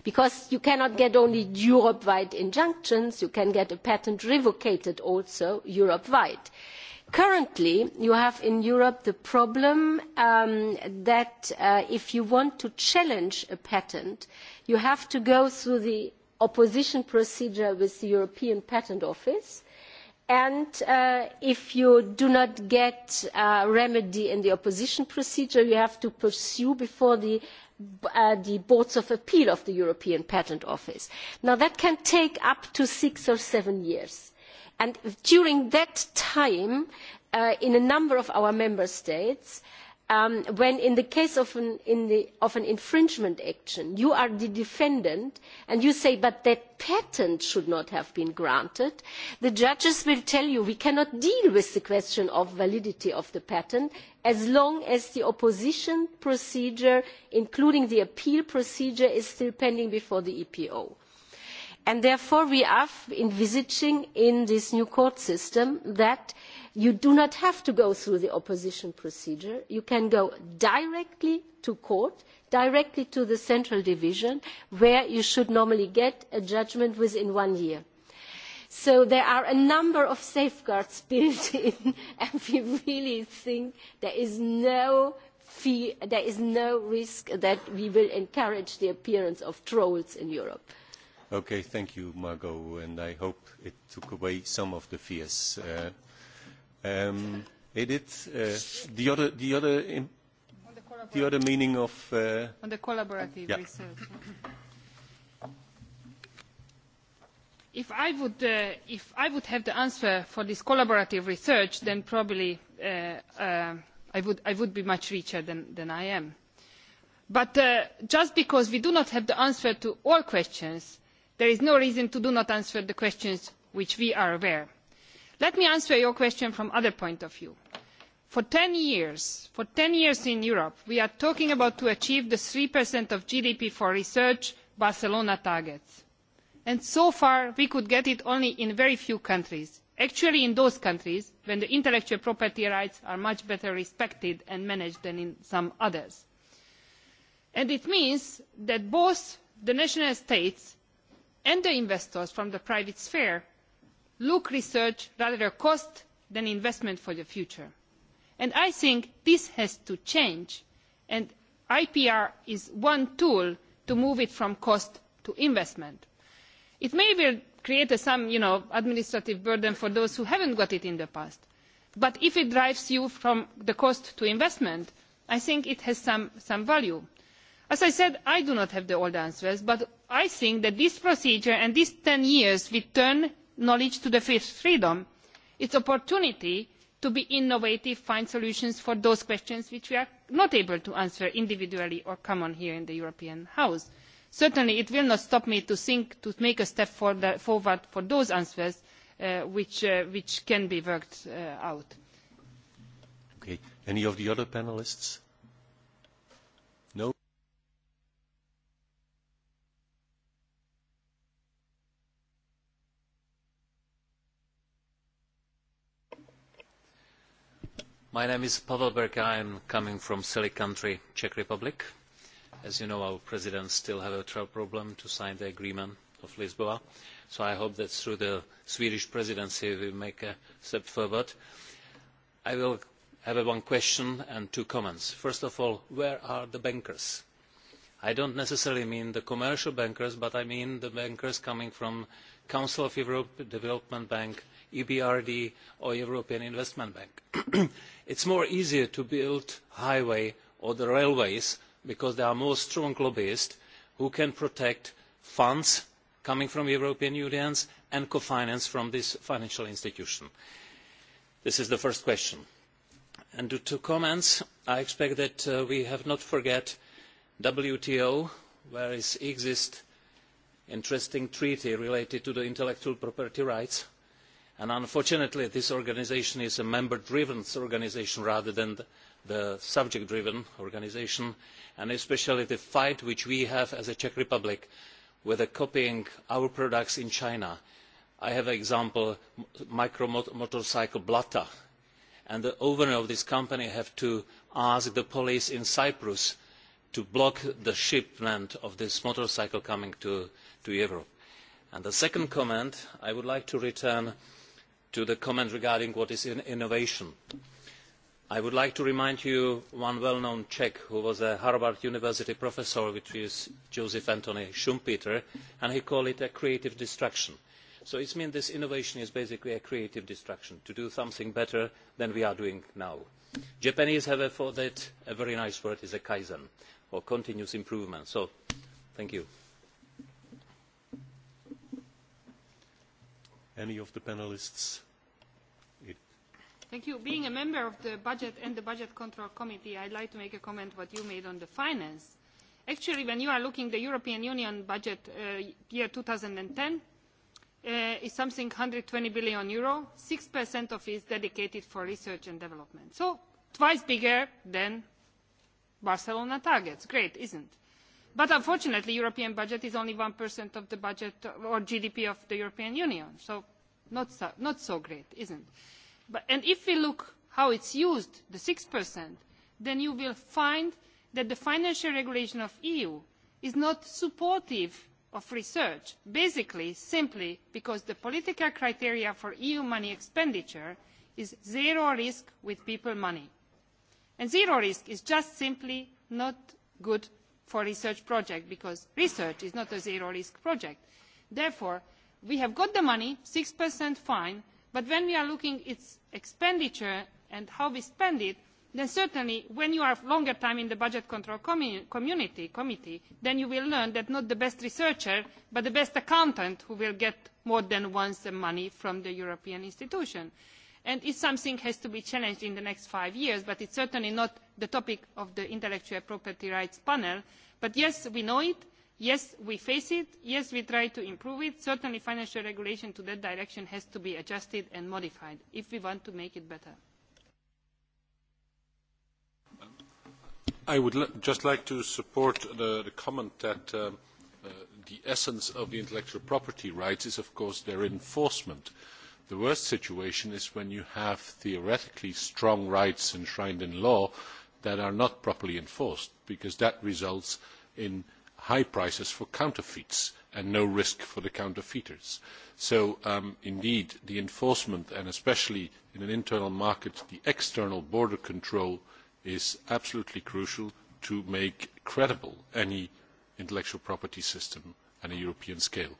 Because you cannot get only Europe-wide injunctions, you can get a patent revocated also Europe-wide. Currently, you have in Europe the problem um, that uh, if you want to challenge a patent, you have to go through the opposition procedure with the European Patent Office. And uh, if you do not get a remedy in the opposition procedure, you have to pursue before the, uh, the Boards of Appeal of the European Patent Office. Now that can take up to six or seven years. And during that time, uh, in a number of our member states, uh, um, when in the case of an, in the, of an infringement action, you are the defendant and you say, but that patent should not have been granted, the judges will tell you we cannot deal with the question of validity of the patent as long as the opposition procedure, including the appeal procedure, is still pending before the EPO. And therefore, we are envisaging in this new court system that uh, you do not have to go through the opposition procedure you can go directly to court directly to the central division where you should normally get a judgment within one year. so there are a number of safeguards built in and we really think there is no fee, there is no risk that we will encourage the appearance of trolls in europe. okay, thank you, margot, and i hope it took away some of the fears. Uh, Um, Edith, uh, the other, the other, in, the, the other meaning of uh, on the collaborative yeah. research. If I would, uh, if I would have the answer for this collaborative research, then probably uh, uh, I would, I would be much richer than, than I am. But uh, just because we do not have the answer to all questions, there is no reason to do not answer the questions which we are aware of let me answer your question from another point of view. for ten years for ten years in europe we are talking about to achieve the three of gdp for research barcelona targets and so far we could get it only in very few countries actually in those countries where the intellectual property rights are much better respected and managed than in some others. And it means that both the national states and the investors from the private sphere look research rather a cost than investment for the future. And I think this has to change and IPR is one tool to move it from cost to investment. It may well create a, some you know, administrative burden for those who haven't got it in the past. But if it drives you from the cost to investment, I think it has some, some value. As I said, I do not have the old answers, but I think that this procedure and these 10 years will turn knowledge to the fifth freedom it is an opportunity to be innovative and find solutions for those questions which we are not able to answer individually or common here in the european house. certainly it will not stop me from thinking to make a step for the, forward for those answers uh, which, uh, which can be worked uh, out. Okay. any of the other panellists? My name is Pavel Berka. I'm coming from silly country, Czech Republic. As you know, our president still have a problem to sign the agreement of Lisboa. So I hope that through the Swedish presidency we make a step forward. I will have one question and two comments. First of all, where are the bankers? I don't necessarily mean the commercial bankers, but I mean the bankers coming from council of europe development bank ebrd or european investment bank. it is more easier to build highways or railways because there are more strong lobbyists who can protect funds coming from the european union and co finance from this financial institution. this is the first question. and to two comments i expect that uh, we have not forgotten the wto where exists interesting treaty related to intellectual property rights and unfortunately this organisation is a member driven organisation rather than the subject driven organisation and especially the fight which we have as the czech republic with copying our products in china. i have an example micro motorcycle blatta and the owner of this company had to ask the police in cyprus to block the shipment of this motorcycle coming to, to Europe. And the second comment, I would like to return to the comment regarding what is in innovation. I would like to remind you one well-known Czech who was a Harvard University professor, which is Joseph Anthony Schumpeter, and he called it a creative destruction. So it means this innovation is basically a creative destruction, to do something better than we are doing now. Japanese have for that a very nice word, is a kaizen or continuous improvement. So, thank you. Any of the panelists? It... Thank you. Being a member of the Budget and the Budget Control Committee, I'd like to make a comment what you made on the finance. Actually, when you are looking at the European Union budget uh, year 2010, uh, is something 120 billion euro. 6% of it is dedicated for research and development. So twice bigger than Barcelona targets. Great, isn't? But unfortunately, European budget is only 1% of the budget or GDP of the European Union. So not so, not so great, isn't? But, and if we look how it's used, the 6%, then you will find that the financial regulation of EU is not supportive of research, basically simply because the political criteria for EU money expenditure is zero risk with people money And zero risk is just simply not good for research projects because research is not a zero risk project. Therefore, we have got the money, 6% fine, but when we are looking at its expenditure and how we spend it, then certainly when you are a longer time in the budget control commun community committee then you will learn that not the best researcher but the best accountant who will get more than once the money from the european institution and it's something that has to be challenged in the next five years but it's certainly not the topic of the intellectual property rights panel but yes we know it yes we face it yes we try to improve it certainly financial regulation to that direction has to be adjusted and modified if we want to make it better I would l just like to support the, the comment that um, uh, the essence of the intellectual property rights is, of course, their enforcement. Uh, The worst situation is when you have theoretically strong rights enshrined in law that are not properly enforced, because that results in high prices for counterfeits and no risk for the counterfeiters. So um, indeed, the enforcement, and especially in an internal market, the external border control is absolutely crucial to make credible any intellectual property system at a European scale.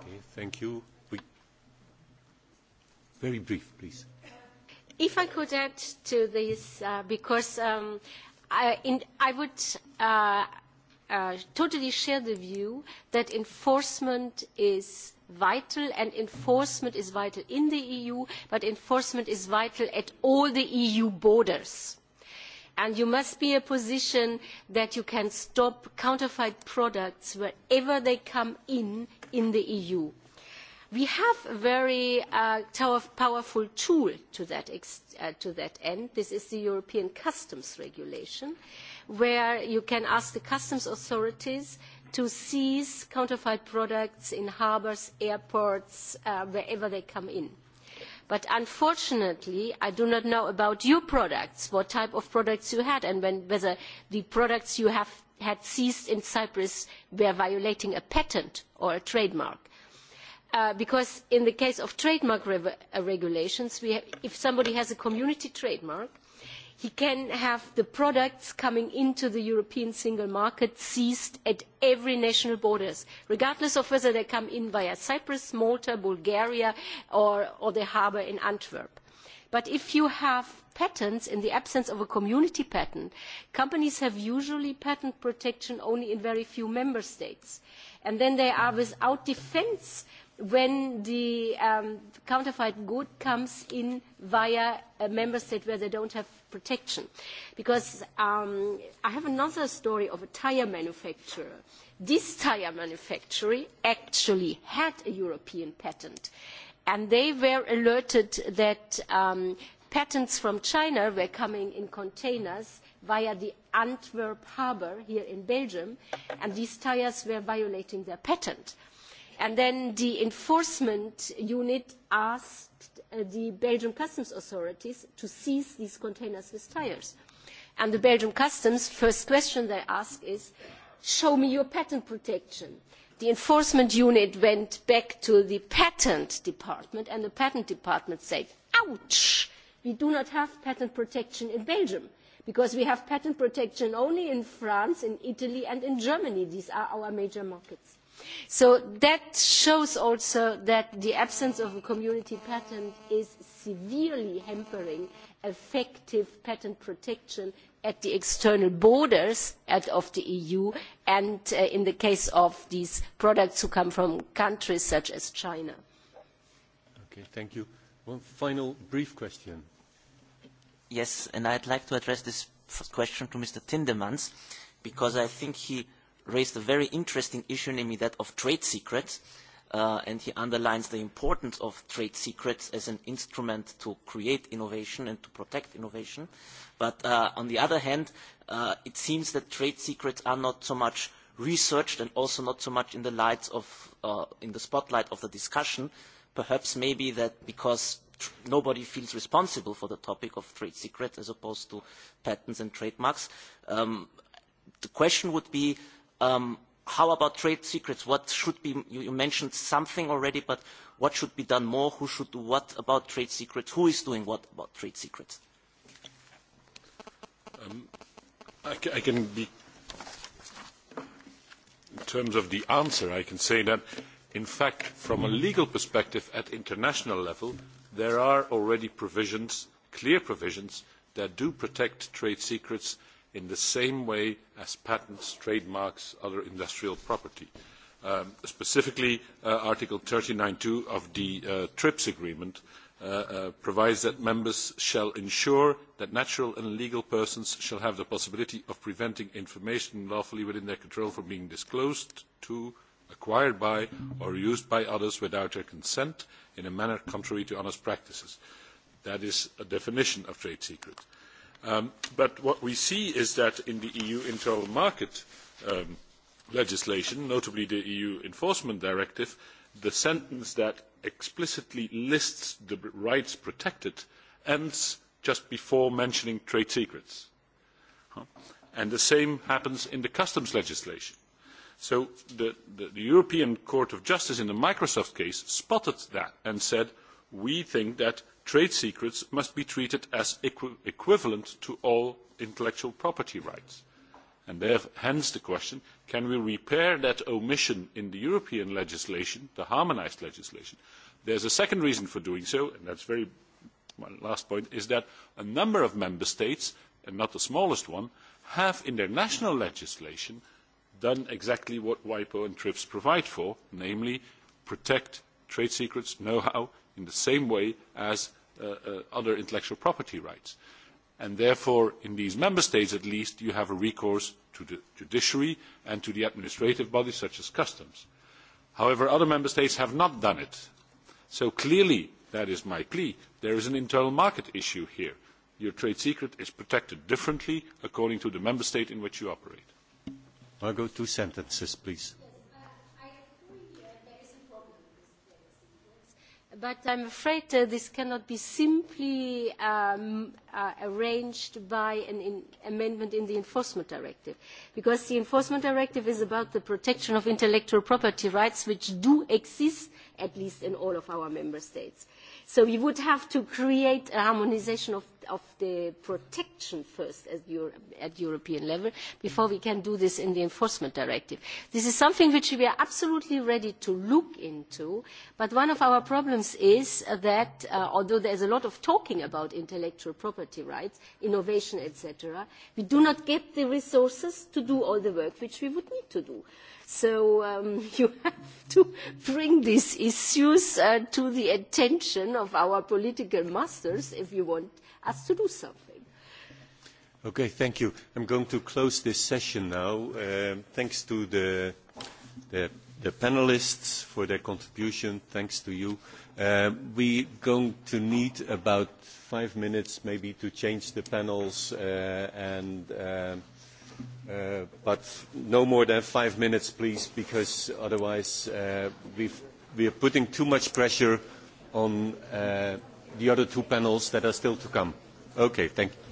Okay, thank you. Very brief, please. If I could add to this, uh, because um, I, in, I would uh, uh, totally share the view that enforcement is vital and enforcement is vital in the EU, but enforcement is vital at all the EU borders. And you must be in a position that you can stop counterfeit products wherever they come in in the EU We have a very uh, powerful tool to that, ex uh, to that end. This is the European Customs Regulation, where you can ask the customs authorities to seize counterfeit products in harbours, airports, uh, wherever they come in. But unfortunately, I do not know about your products, what type of products you had, and when, whether the products you have had seized in Cyprus were violating a patent or a trademark Uh, because in the case of trademark re uh, regulations, we have, if somebody has a community trademark, he can have the products coming into the European single market seized at every national borders, regardless of whether they come in via Cyprus, Malta, Bulgaria, or, or the harbour in Antwerp. But if you have patents in the absence of a community patent, companies have usually patent protection only in very few member states. And then they are without defence uh, when the um, counterfeit good comes in via a member state where they don't have protection. Because um, I have another story of a tire manufacturer. This tire manufacturer actually had a European patent. And they were alerted that um, patents from China were coming in containers via the Antwerp harbour here in Belgium, and these tires were violating their patent. And then the enforcement unit asked uh, the Belgian customs authorities to seize these containers with tires. And the Belgian customs first question they ask is, show me your patent protection. The enforcement unit went back to the patent department and the patent department said, ouch, we do not have patent protection in Belgium because we have patent protection only in France, in Italy and in Germany. These are our major markets So that shows also that the absence of a community patent is severely hampering effective patent protection at the external borders at, of the EU and uh, in the case of these products who come from countries such as China. Okay, thank you. One final brief question. Yes, and I'd like to address this question to Mr. Tindemans because I think he – raised a very interesting issue, namely that of trade secrets, uh, and he underlines the importance of trade secrets as an instrument to create innovation and to protect innovation. But uh, on the other hand, uh, it seems that trade secrets are not so much researched and also not so much in the, lights of, uh, in the spotlight of the discussion. Perhaps maybe that because nobody feels responsible for the topic of trade secrets as opposed to patents and trademarks. Um, the question would be Um, how about trade secrets? What should be, you, you mentioned something already, but what should be done more? Who should do what about trade secrets? Who is doing what about trade secrets? Um, I, I can be, in terms of the answer, I can say that, in fact, from a legal perspective at international level, there are already provisions, clear provisions, that do protect trade secrets uh, in the same way as patents, trademarks, other industrial property. Um, specifically, uh, Article 39.2 of the uh, TRIPS agreement uh, uh, provides that members shall ensure that natural and legal persons shall have the possibility of preventing information lawfully within their control from being disclosed to, acquired by, or used by others without their consent in a manner contrary to honest practices. That is a definition of trade secret. Uh, Um, but what we see is that in the EU internal market um, legislation, notably the EU Enforcement Directive, the sentence that explicitly lists the rights protected ends just before mentioning trade secrets. And the same happens in the customs legislation. So the, the, the European Court of Justice in the Microsoft case spotted that and said, we think that trade secrets must be treated as equi equivalent to all intellectual property rights. And there, hence the question, can we repair that omission in the European legislation, the harmonized legislation? There's a second reason for doing so, and that's very my last point, is that a number of member states, and not the smallest one, have in their national legislation done exactly what WIPO and TRIPS provide for, namely protect trade secrets, know-how, in the same way as uh, uh, other intellectual property rights. And therefore, in these member states at least, you have a recourse to the judiciary and to the administrative bodies such as customs. However, other member states have not done it. So clearly, that is my plea, there is an internal market issue here. Your trade secret is protected differently according to the member state in which you operate. Margot, two sentences, please. but I'm afraid uh, this cannot be simply um, uh, arranged by an in amendment in the Enforcement Directive, because the Enforcement Directive is about the protection of intellectual property rights, which do exist, at least in all of our member states. Uh, So you would have to create a harmonization of, of the protection first at, Euro, at European level before we can do this in the enforcement directive. This is something which we are absolutely ready to look into, but one of our problems is that uh, although there is a lot of talking about intellectual property rights, innovation, etc., we do not get the resources to do all the work which we would need to do. Uh, So um, you have to bring these issues uh, to the attention of our political masters if you want us to do something. Okay, thank you. I'm going to close this session now. Uh, thanks to the, the, the panelists for their contribution. Thanks to you. Uh, we're going to need about five minutes maybe to change the panels uh, and... Uh, um, Uh, but no more than five minutes, please, because otherwise uh, we've, we are putting too much pressure on uh, the other two panels that are still to come. Okay, thank you.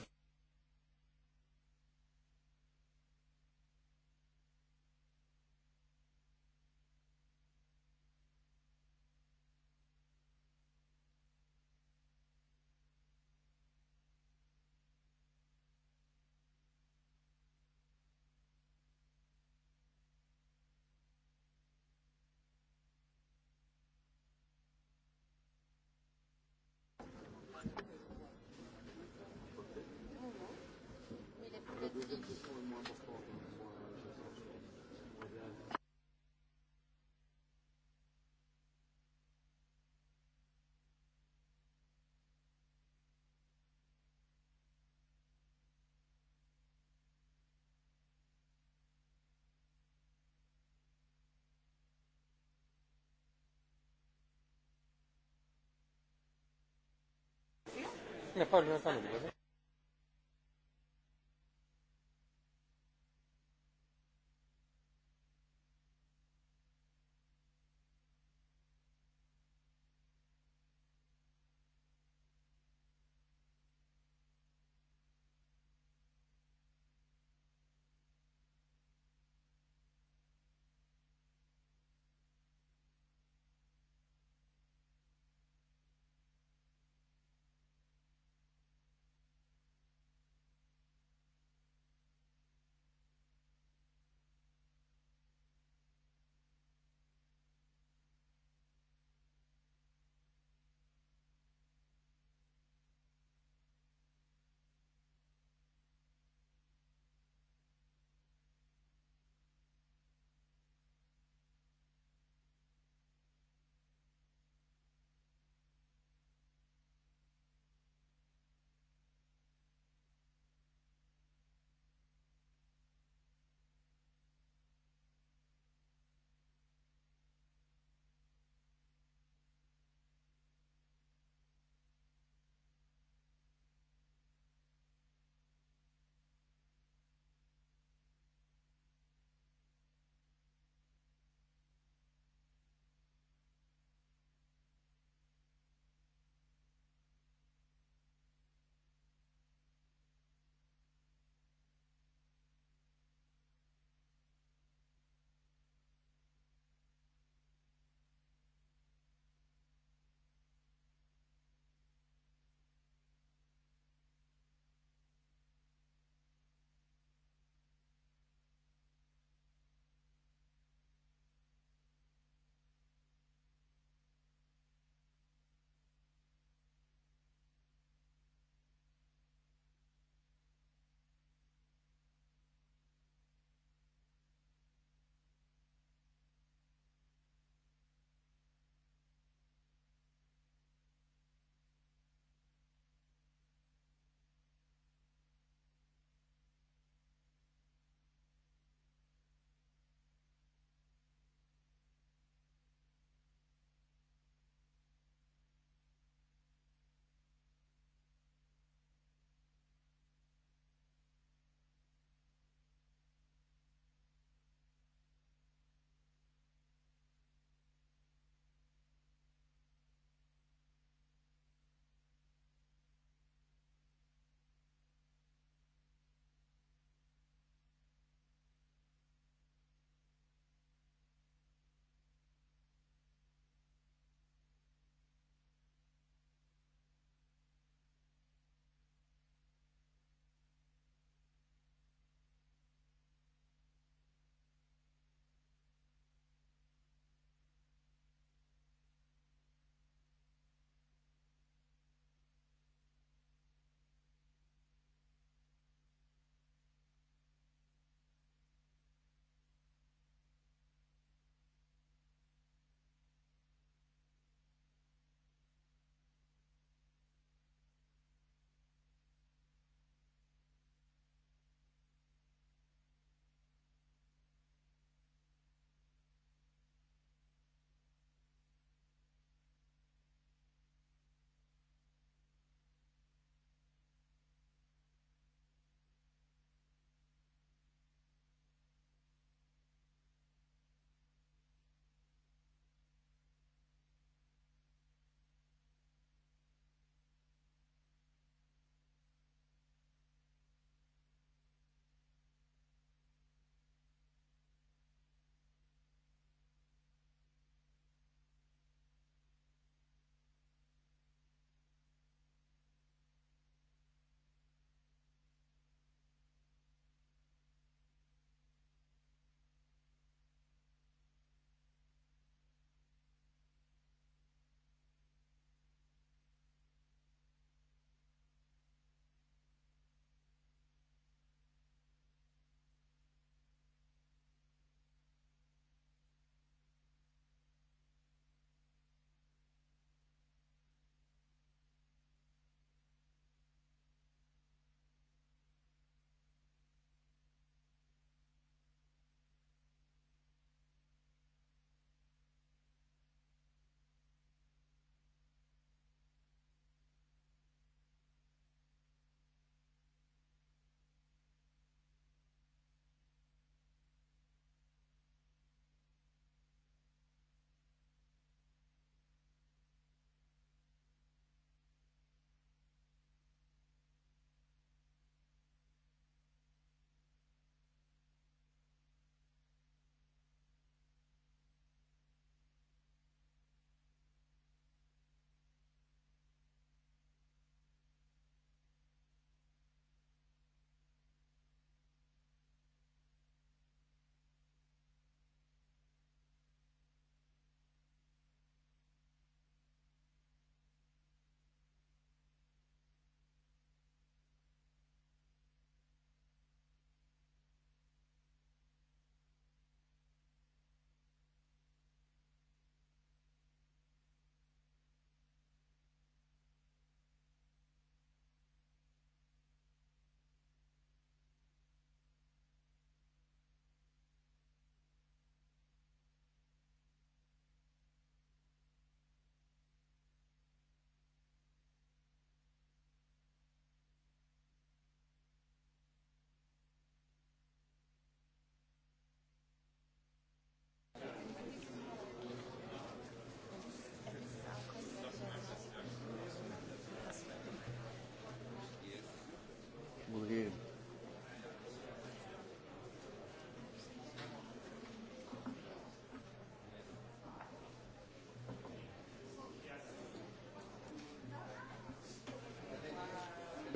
n'est pas lui-même.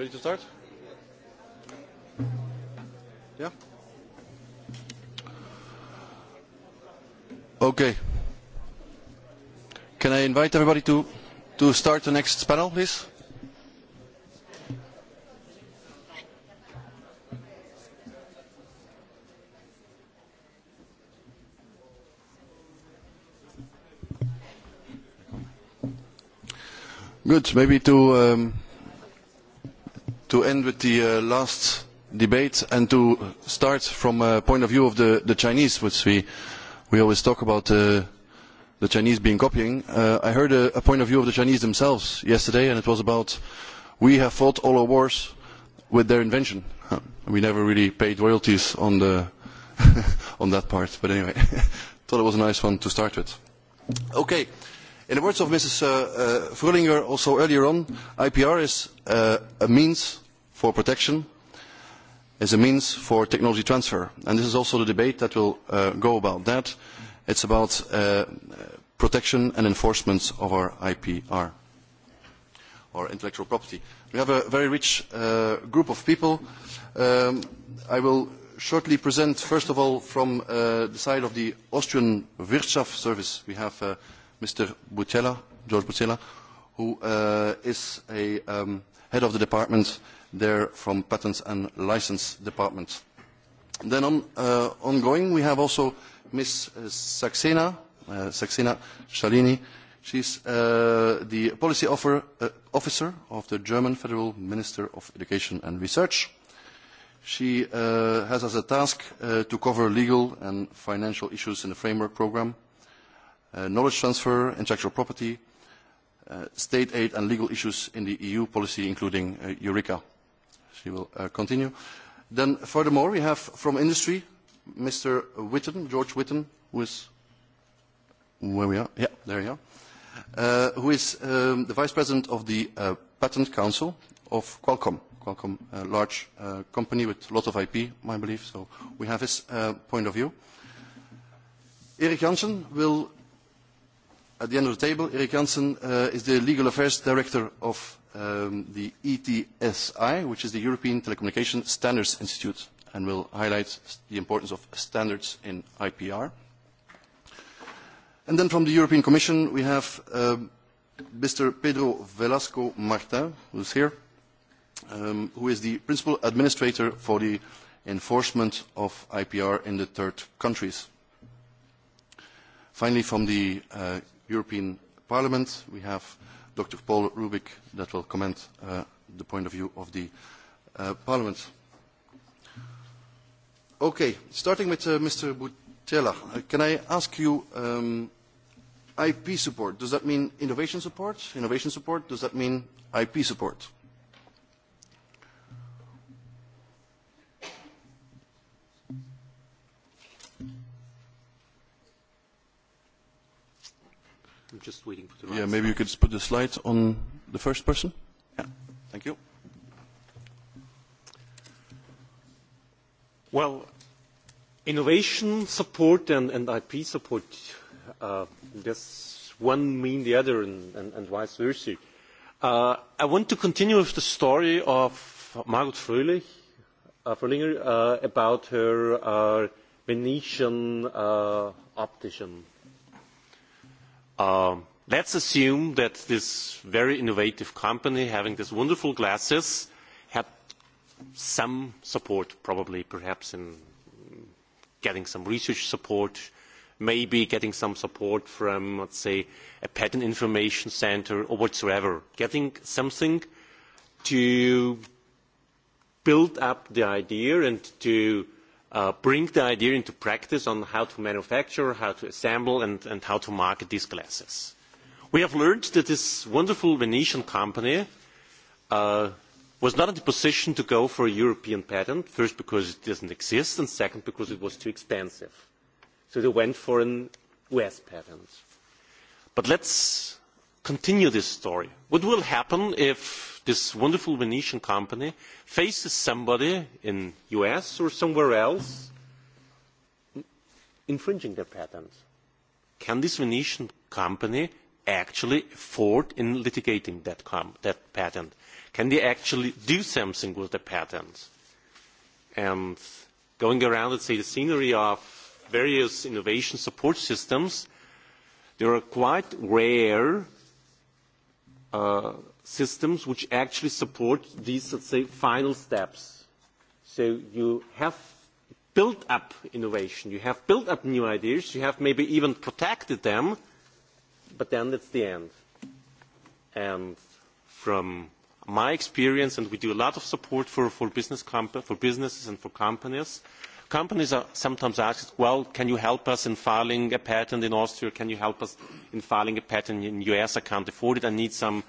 Ready to start? Yeah? Okay. Can I invite everybody to, to start the next panel, please? Good. Maybe to um, to end with the uh, last debate and to start from a point of view of the, the Chinese, which we, we always talk about uh, the Chinese being copying. Uh, I heard a, a point of view of the Chinese themselves yesterday, and it was about we have fought all our wars with their invention. We never really paid royalties on, the on that part, but anyway, thought it was a nice one to start with. Okay. In the words of Mrs. Uh, uh, Frullinger also earlier on, IPR is uh, a means for protection as a means for technology transfer. And this is also the debate that will uh, go about that. It's about uh, protection and enforcement of our IPR, or intellectual property. We have a very rich uh, group of people. Um, I will shortly present, first of all, from uh, the side of the Austrian Wirtschaft Service, we have uh, Mr. Butella, George Butella, who uh, is a um, head of the department uh, there from Patents and License Department. Then on, uh, ongoing, we have also Ms. Uh, Saxena, uh, Saxena Shalini. She's uh, the policy offer, uh, officer of the German Federal Minister of Education and Research. She uh, has as a task uh, to cover legal and financial issues in the framework program, uh, knowledge transfer, intellectual property, uh, state aid and legal issues in the EU policy, including uh, Eureka she will uh, continue. Then furthermore, we have from industry, Mr. Witten, George Witten, who is, where we are, yeah, there you are, uh, who is um, the Vice President of the uh, Patent Council of Qualcomm. Qualcomm, a large uh, company with a lot of IP, I believe, so we have his uh, point of view. Erik Janssen will, at the end of the table, Erik Janssen uh, is the Legal Affairs Director of um, the ETSI, which is the European Telecommunication Standards Institute, and will highlight the importance of standards in IPR. And then from the European Commission, we have um, Mr. Pedro Velasco Martin, who's here, um, who is the Principal Administrator for the enforcement of IPR in the third countries. Finally, from the uh, European Parliament, we have uh, Dr. Paul Rubik that will comment uh, the point of view of the uh, Parliament. Okay, starting with uh, Mr. Butela, uh, can I ask you um, IP support, does that mean innovation support? Innovation support, does that mean IP support? Uh, I'm just waiting for the right. Yeah, maybe you could put the slide on the first person. Yeah, thank you. Well, innovation support and, and IP support, uh, does one mean the other and, and, and vice versa? Uh, I want to continue with the story of Margot Fröhlich, uh, Fröhlinger uh, about her uh, Venetian uh, optician Uh, um, let us assume that this very innovative company having these wonderful glasses had some support probably perhaps in getting some research support maybe getting some support from let's say a patent information centre or whatsoever getting something to build up the idea and to uh, Uh, bring the idea into practice on how to manufacture, how to assemble, and, and how to market these glasses. We have learned that this wonderful Venetian company uh, was not in the position to go for a European patent, first because it doesn't exist, and second because it was too expensive. So they went for an US patent. But let's continue this story. What will happen if this wonderful Venetian company faces somebody in US or somewhere else infringing their patents? Can this Venetian company actually afford in litigating that, com- that patent? Can they actually do something with the patent? And going around, let's say, the scenery of various innovation support systems, there are quite rare uh, systems which actually support these, let's say, final steps. So you have built up innovation, you have built up new ideas, you have maybe even protected them, but then it's the end. And from my experience, and we do a lot of support for, for, business comp- for businesses and for companies, uh, companies are sometimes asked well can you help us in filing a patent in austria can you help us in filing a patent in the us i can't afford it i need some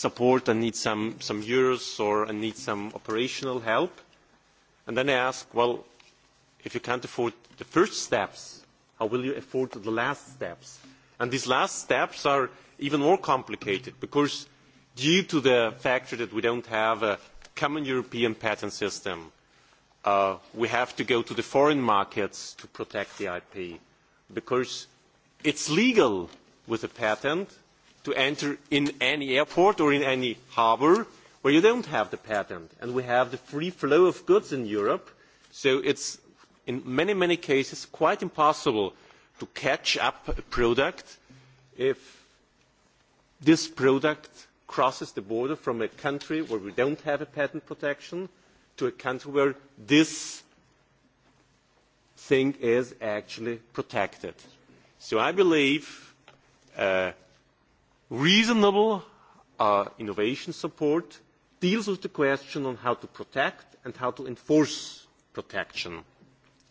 support i need some, some euros or i need some operational help and then i ask well if you can't afford the first steps how will you afford the last steps and these last steps are even more complicated because due to the fact that we don't have a common european patent system uh, we have to go to the foreign markets to protect the IP because it's legal with a patent to enter in any airport or in any harbour where you don't have the patent. And we have the free flow of goods in Europe, so it's in many, many cases quite impossible to catch up a product if this product crosses the border from a country where we don't have a patent protection to a country where this thing is actually protected. So I believe uh, reasonable uh, innovation support deals with the question on how to protect and how to enforce protection.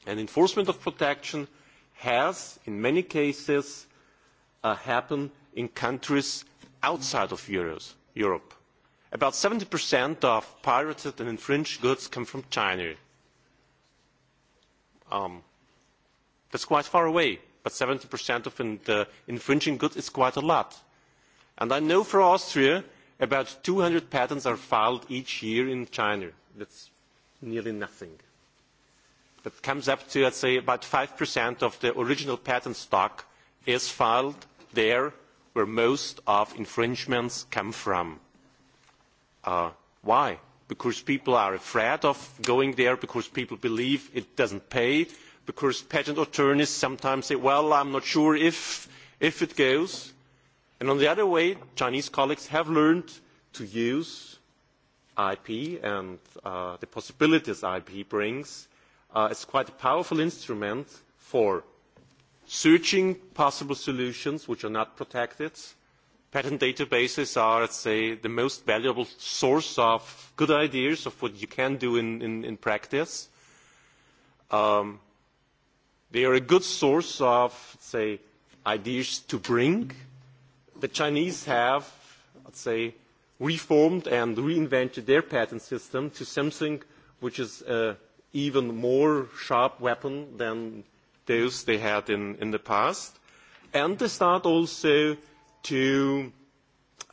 And enforcement of protection has, in many cases, uh, happened in countries outside of Euros, Europe about 70% of pirated and infringed goods come from China. Um, that's quite far away, but 70% of in the infringing goods is quite a lot. And I know for Austria, about 200 patents are filed each year in China. That's nearly nothing. That comes up to, let's say, about 5% of the original patent stock is filed there where most of infringements come from Uh, why? Because people are afraid of going there, because people believe it doesn't pay, because patent attorneys sometimes say, well, I'm not sure if, if it goes. And on the other way, Chinese colleagues have learned to use IP and uh, the possibilities IP brings uh, as quite a powerful instrument for searching possible solutions which are not protected, uh, patent databases are, let's say, the most valuable source of good ideas of what you can do in, in, in practice. Um, they are a good source of, say, ideas to bring. The Chinese have, let's say, reformed and reinvented their patent system to something which is an even more sharp weapon than those they had in, in the past. And they start also to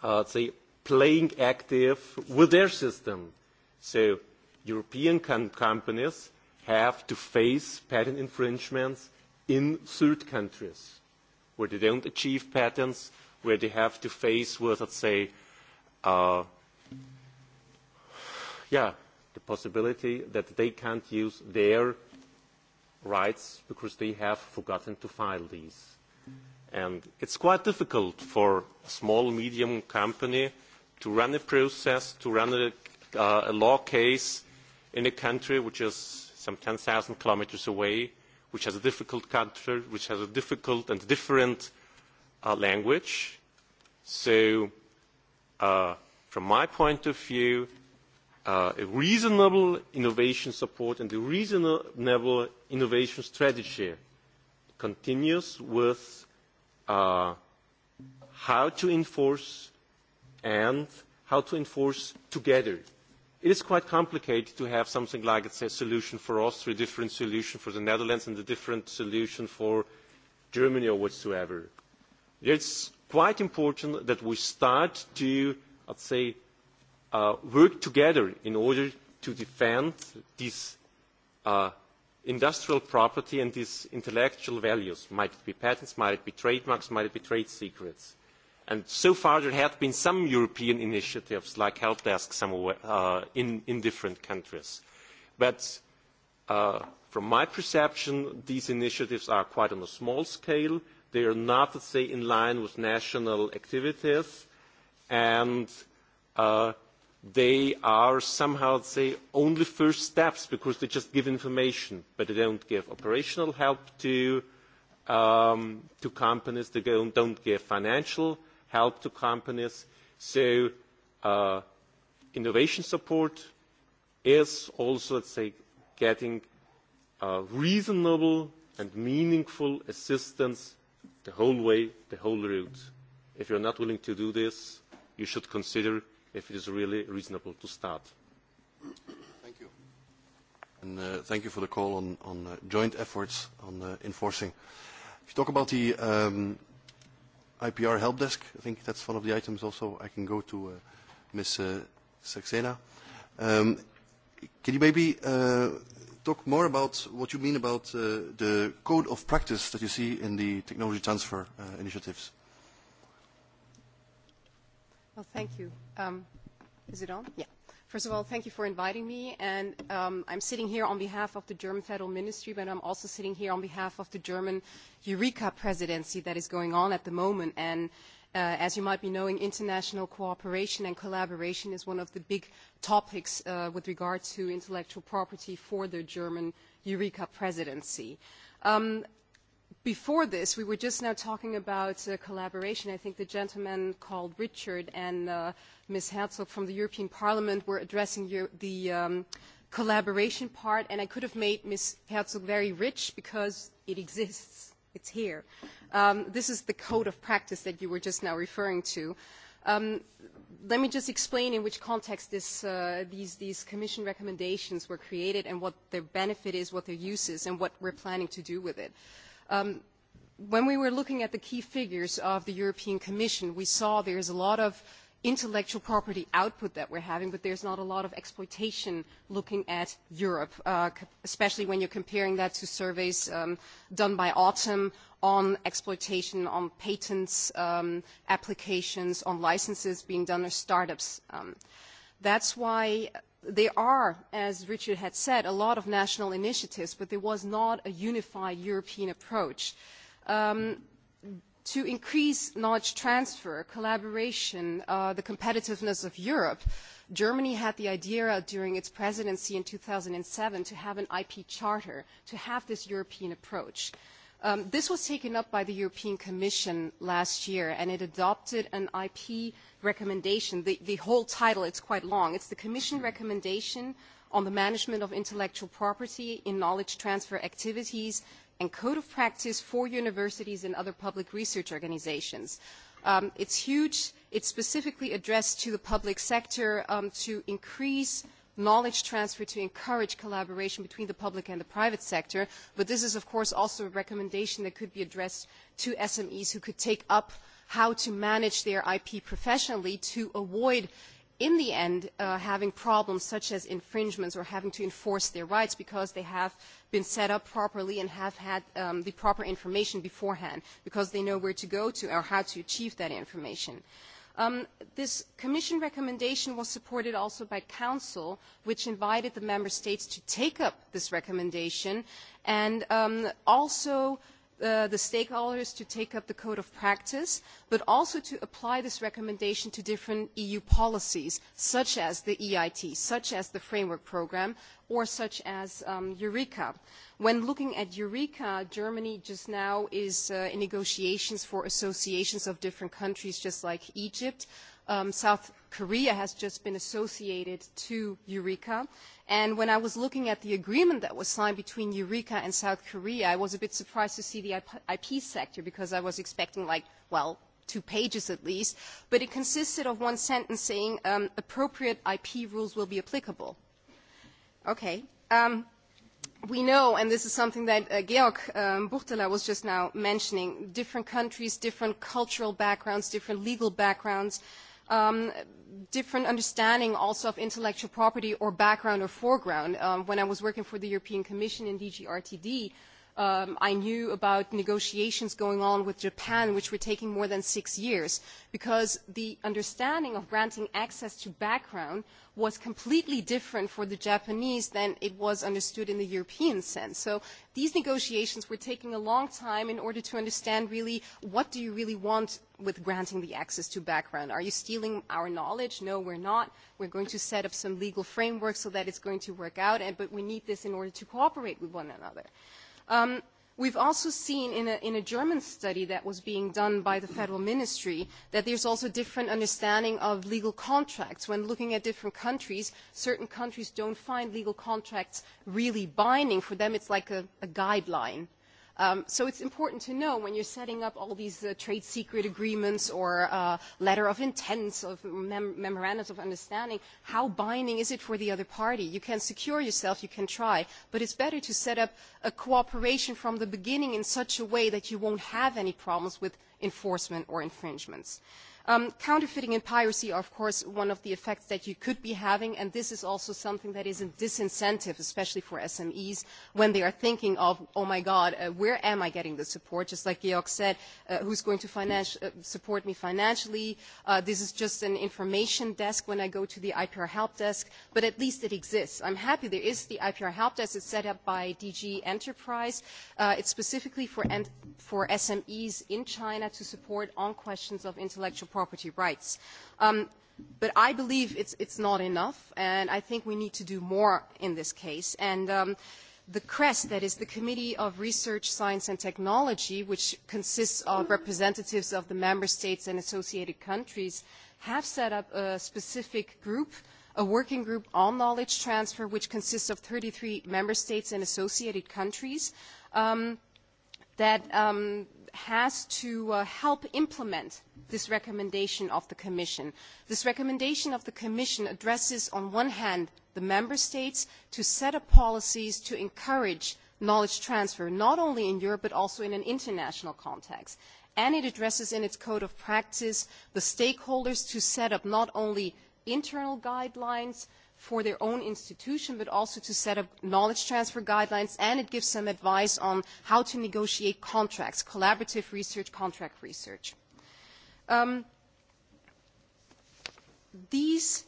uh, say playing active with their system. So European com- companies have to face patent infringements in third countries where they don't achieve patents, where they have to face with, let's say, uh, yeah, the possibility that they can't use their rights because they have forgotten to file these. Mm-hmm And it's quite difficult for a small, medium company to run a process, to run a, uh, a law case in a country which is some 10,000 kilometers away, which has a difficult culture, which has a difficult and different uh, language. So, uh, from my point of view, uh, a reasonable innovation support and a reasonable innovation strategy continues with uh, how to enforce and how to enforce together. It is quite complicated to have something like it's a solution for Austria, a different solution for the Netherlands, and a different solution for Germany or whatsoever. It's quite important that we start to, let's say, uh, work together in order to defend these uh, industrial property and these intellectual values might it be patents might it be trademarks might it be trade secrets and so far there have been some european initiatives like help desk somewhere uh, in, in different countries but uh, from my perception these initiatives are quite on a small scale they are not let's say in line with national activities and uh, they are somehow say, only first steps because they just give information, but they don't give operational help to, um, to companies, they don't, don't give financial help to companies. So uh, innovation support is also, let's say, getting uh, reasonable and meaningful assistance the whole way, the whole route. If you're not willing to do this, you should consider if it is really reasonable to start. Thank you. And, uh, thank you for the call on, on uh, joint efforts on uh, enforcing. If you talk about the um, IPR help desk, I think that's one of the items also I can go to uh, Ms. Uh, Saxena. Um, can you maybe uh, talk more about what you mean about uh, the code of practice that you see in the technology transfer uh, initiatives? Well, thank you. Um, is it on? Yeah. First of all, thank you for inviting me. And um, I'm sitting here on behalf of the German Federal Ministry, but I'm also sitting here on behalf of the German Eureka presidency that is going on at the moment. And uh, as you might be knowing, international cooperation and collaboration is one of the big topics uh, with regard to intellectual property for the German Eureka presidency. Um, before this, we were just now talking about uh, collaboration. I think the gentleman called Richard and uh, Ms. Herzog from the European Parliament were addressing your, the um, collaboration part, and I could have made Ms. Herzog very rich because it exists. It's here. Um, this is the code of practice that you were just now referring to. Um, let me just explain in which context this, uh, these, these Commission recommendations were created and what their benefit is, what their use is, and what we're planning to do with it. Uh, Um, when we were looking at the key figures of the European Commission, we saw there's a lot of intellectual property output that we're having, but there's not a lot of exploitation looking at Europe, uh, especially when you're comparing that to surveys um, done by Autumn on exploitation, on patents um, applications, on licenses being done or startups. Um, that's why there are, as Richard had said, a lot of national initiatives, but there was not a unified European approach. Um, to increase knowledge transfer, collaboration, uh, the competitiveness of Europe, Germany had the idea during its presidency in 2007 to have an IP charter, to have this European approach. Uh, Um, this was taken up by the European Commission last year, and it adopted an IP recommendation. The, the whole title, it's quite long. It's the Commission hmm. Recommendation on the Management of Intellectual Property in Knowledge Transfer Activities and Code of Practice for Universities and Other Public Research Organizations. Um, it's huge. It's specifically addressed to the public sector um, to increase – knowledge transfer to encourage collaboration between the public and the private sector. But this is, of course, also a recommendation that could be addressed to SMEs who could take up how to manage their IP professionally to avoid in the end uh, having problems such as infringements or having to enforce their rights because they have been set up properly and have had um, the proper information beforehand because they know where to go to or how to achieve that information. Uh, Um, this Commission recommendation was supported also by Council, which invited the Member States to take up this recommendation and um, also uh, the stakeholders to take up the code of practice, but also to apply this recommendation to different EU policies, such as the EIT, such as the framework program, or such as um, Eureka. When looking at Eureka, Germany just now is uh, in negotiations for associations of different countries, just like Egypt, um, South Korea has just been associated to Eureka. And when I was looking at the agreement that was signed between Eureka and South Korea, I was a bit surprised to see the IP sector because I was expecting, like, well, two pages at least. But it consisted of one sentence saying um, appropriate IP rules will be applicable. Okay. Um, we know, and this is something that uh, Georg um, Buchtela was just now mentioning, different countries, different cultural backgrounds, different legal backgrounds. Um, different understanding also of intellectual property or background or foreground. Um, when I was working for the European Commission in DG RTD, um, I knew about negotiations going on with Japan, which were taking more than six years, because the understanding of granting access to background was completely different for the Japanese than it was understood in the European sense. So these negotiations were taking a long time in order to understand really what do you really want with granting the access to background. Are you stealing our knowledge? No, we're not. We're going to set up some legal framework so that it's going to work out, and, but we need this in order to cooperate with one another. Uh, Um, We've also seen in a, in a German study that was being done by the federal ministry that there's also different understanding of legal contracts. When looking at different countries, certain countries don't find legal contracts really binding. For them, it's like a, a guideline. Uh, Um, so it's important to know when you're setting up all these uh, trade secret agreements or uh, letter of intents of mem- memorandums of understanding, how binding is it for the other party? You can secure yourself, you can try, but it's better to set up a cooperation from the beginning in such a way that you won't have any problems with enforcement or infringements. Uh, Um, counterfeiting and piracy are, of course, one of the effects that you could be having, and this is also something that is a disincentive, especially for SMEs, when they are thinking of, oh my God, uh, where am I getting the support? Just like Georg said, uh, who's going to finance, uh, support me financially? Uh, this is just an information desk when I go to the IPR help desk, but at least it exists. I'm happy there is the IPR help desk. It's set up by DG Enterprise. Uh, it's specifically for, for SMEs in China to support on questions of intellectual property rights. Um, but I believe it's, it's not enough, and I think we need to do more in this case. And um, the CREST, that is the Committee of Research, Science and Technology, which consists of representatives of the member states and associated countries, have set up a specific group, a working group on knowledge transfer, which consists of 33 member states and associated countries. Um, that um, has to uh, help implement this recommendation of the Commission. This recommendation of the Commission addresses, on one hand, the Member States to set up policies to encourage knowledge transfer, not only in Europe but also in an international context. And it addresses in its code of practice the stakeholders to set up not only internal guidelines, uh, for their own institution, but also to set up knowledge transfer guidelines, and it gives some advice on how to negotiate contracts, collaborative research, contract research. Um, these,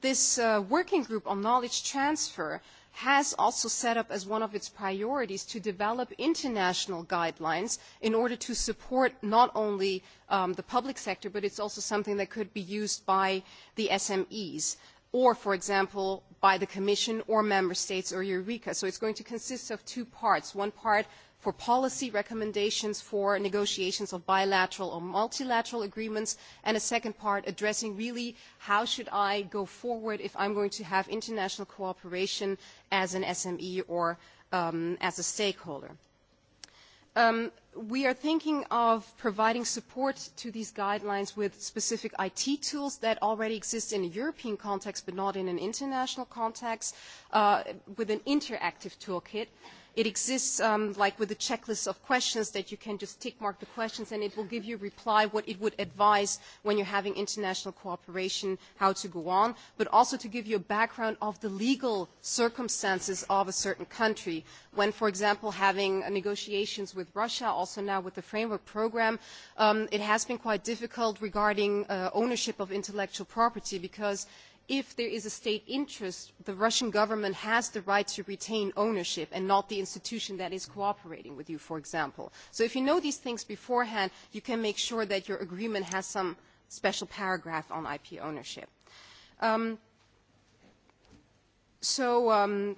this uh, working group on knowledge transfer has also set up as one of its priorities to develop international guidelines in order to support not only um, the public sector, but it's also something that could be used by the SMEs or, for example, by the Commission or Member States or Eureka. So it's going to consist of two parts. One part for policy recommendations for negotiations of bilateral or multilateral agreements, and a second part addressing really how should I go forward if I'm going to have international cooperation as an SME or um, as a stakeholder. Um, we are thinking of providing support to these guidelines with specific IT tools that already exist in a European context but not in an international context uh, with an interactive toolkit. Uh, It exists um, like with a checklist of questions that you can just tick mark the questions and it will give you a reply what it would advise when you're having international cooperation, how to go on, but also to give you a background of the legal circumstances of a certain country. When, for example, having uh, negotiations with Russia, also now with the framework program, um, it has been quite difficult regarding uh, ownership of intellectual property because if there is a state interest, the Russian government has the right to retain ownership and not the institution that is cooperating with you, for example. So if you know these things beforehand, you can make sure that your agreement has some special paragraph on IP ownership. Um, so um,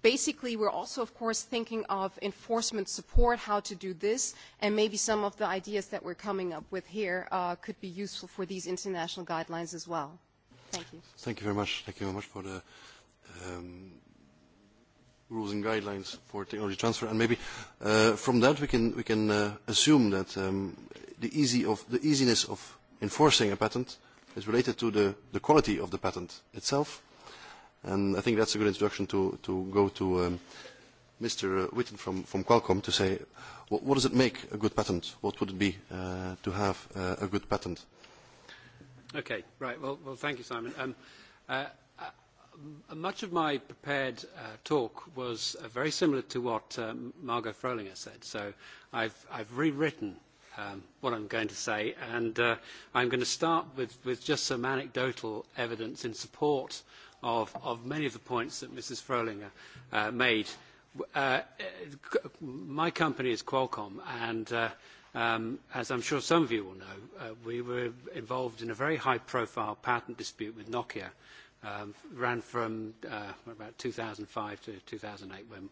basically, we're also, of course, thinking of enforcement support, how to do this, and maybe some of the ideas that we're coming up with here uh, could be useful for these international guidelines as well. Thank you. Thank you very much. Thank you very much for the um, rules and guidelines for technology transfer. And maybe uh, from that we can we can uh, assume that um, the easy of the easiness of enforcing a patent is related to the, the quality of the patent itself. And I think that's a good introduction to, to go to um, Mr. Witten from, from Qualcomm to say, what, what does it make a good patent? What would it be uh, to have uh, a good patent? Uh, Okay. Right. Well, well thank you, Simon. Um, uh, uh, much of my prepared uh, talk was uh, very similar to what um, Margot Frolinger said. So I've, I've rewritten um, what I'm going to say, and uh, I'm going to start with, with just some anecdotal evidence in support of, of many of the points that Mrs. Frolinger uh, made. Uh, uh my company is Qualcomm, and uh, Um, as I'm sure some of you will know, uh, we were involved in a very high-profile patent dispute with Nokia. Um, ran from uh, about 2005 to 2008 when,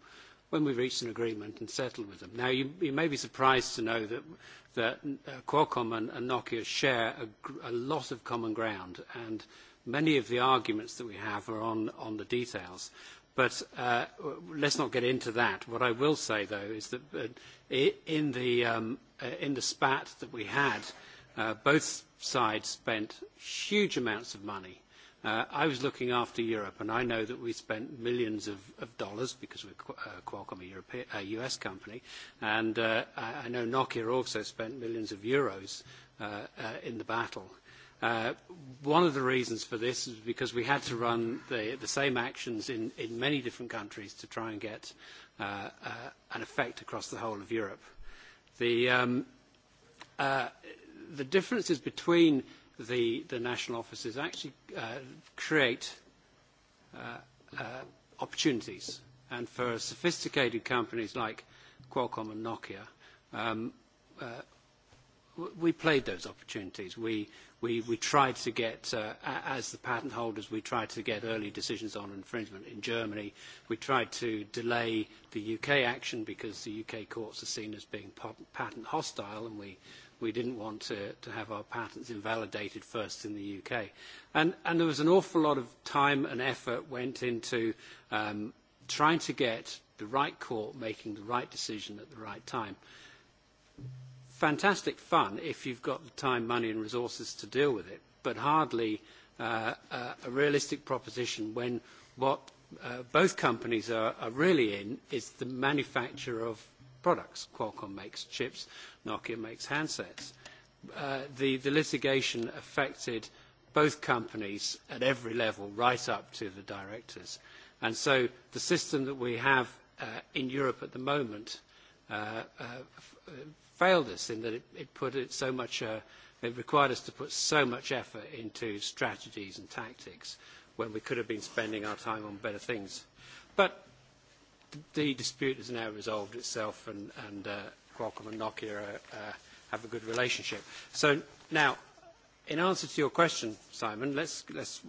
when we reached an agreement and settled with them. Now, you, you may be surprised to know that, that uh, Qualcomm and, and Nokia share a, a lot of common ground, and many of the arguments that we have are on, on the details. But uh, let's not get into that. What I will say, though, is that uh, in, the, um, uh, in the spat that we had, uh, both sides spent huge amounts of money. Uh, I was looking after Europe, and I know that we spent millions of, of dollars because we're uh, Qualcomm, a European, uh, US company, and uh, I, I know Nokia also spent millions of euros uh, uh, in the battle. Uh, Uh, one of the reasons for this is because we had to run the, the same actions in, in many different countries to try and get uh, uh, an effect across the whole of Europe. The, um, uh, the differences between the, the national offices actually uh, create uh, uh, opportunities. And for sophisticated companies like Qualcomm and Nokia, um, uh, we played those opportunities. We, we, we tried to get, uh, as the patent holders, we tried to get early decisions on infringement in Germany. We tried to delay the UK action because the UK courts are seen as being patent hostile, and we, we didn't want to, to have our patents invalidated first in the UK. And, and there was an awful lot of time and effort went into um, trying to get the right court making the right decision at the right time. Uh, fantastic fun if you've got the time, money and resources to deal with it, but hardly uh, uh, a realistic proposition when what uh, both companies are, are really in is the manufacture of products. Qualcomm makes chips, Nokia makes handsets. Uh, the, the litigation affected both companies at every level, right up to the directors. And so the system that we have uh, in Europe at the moment uh, uh, failed us in that it, it put it so much, uh, it required us to put so much effort into strategies and tactics when we could have been spending our time on better things. But the dispute has now resolved itself and, and uh, Qualcomm and Nokia uh, uh, have a good relationship. So now, in answer to your question, Simon, let's, let's,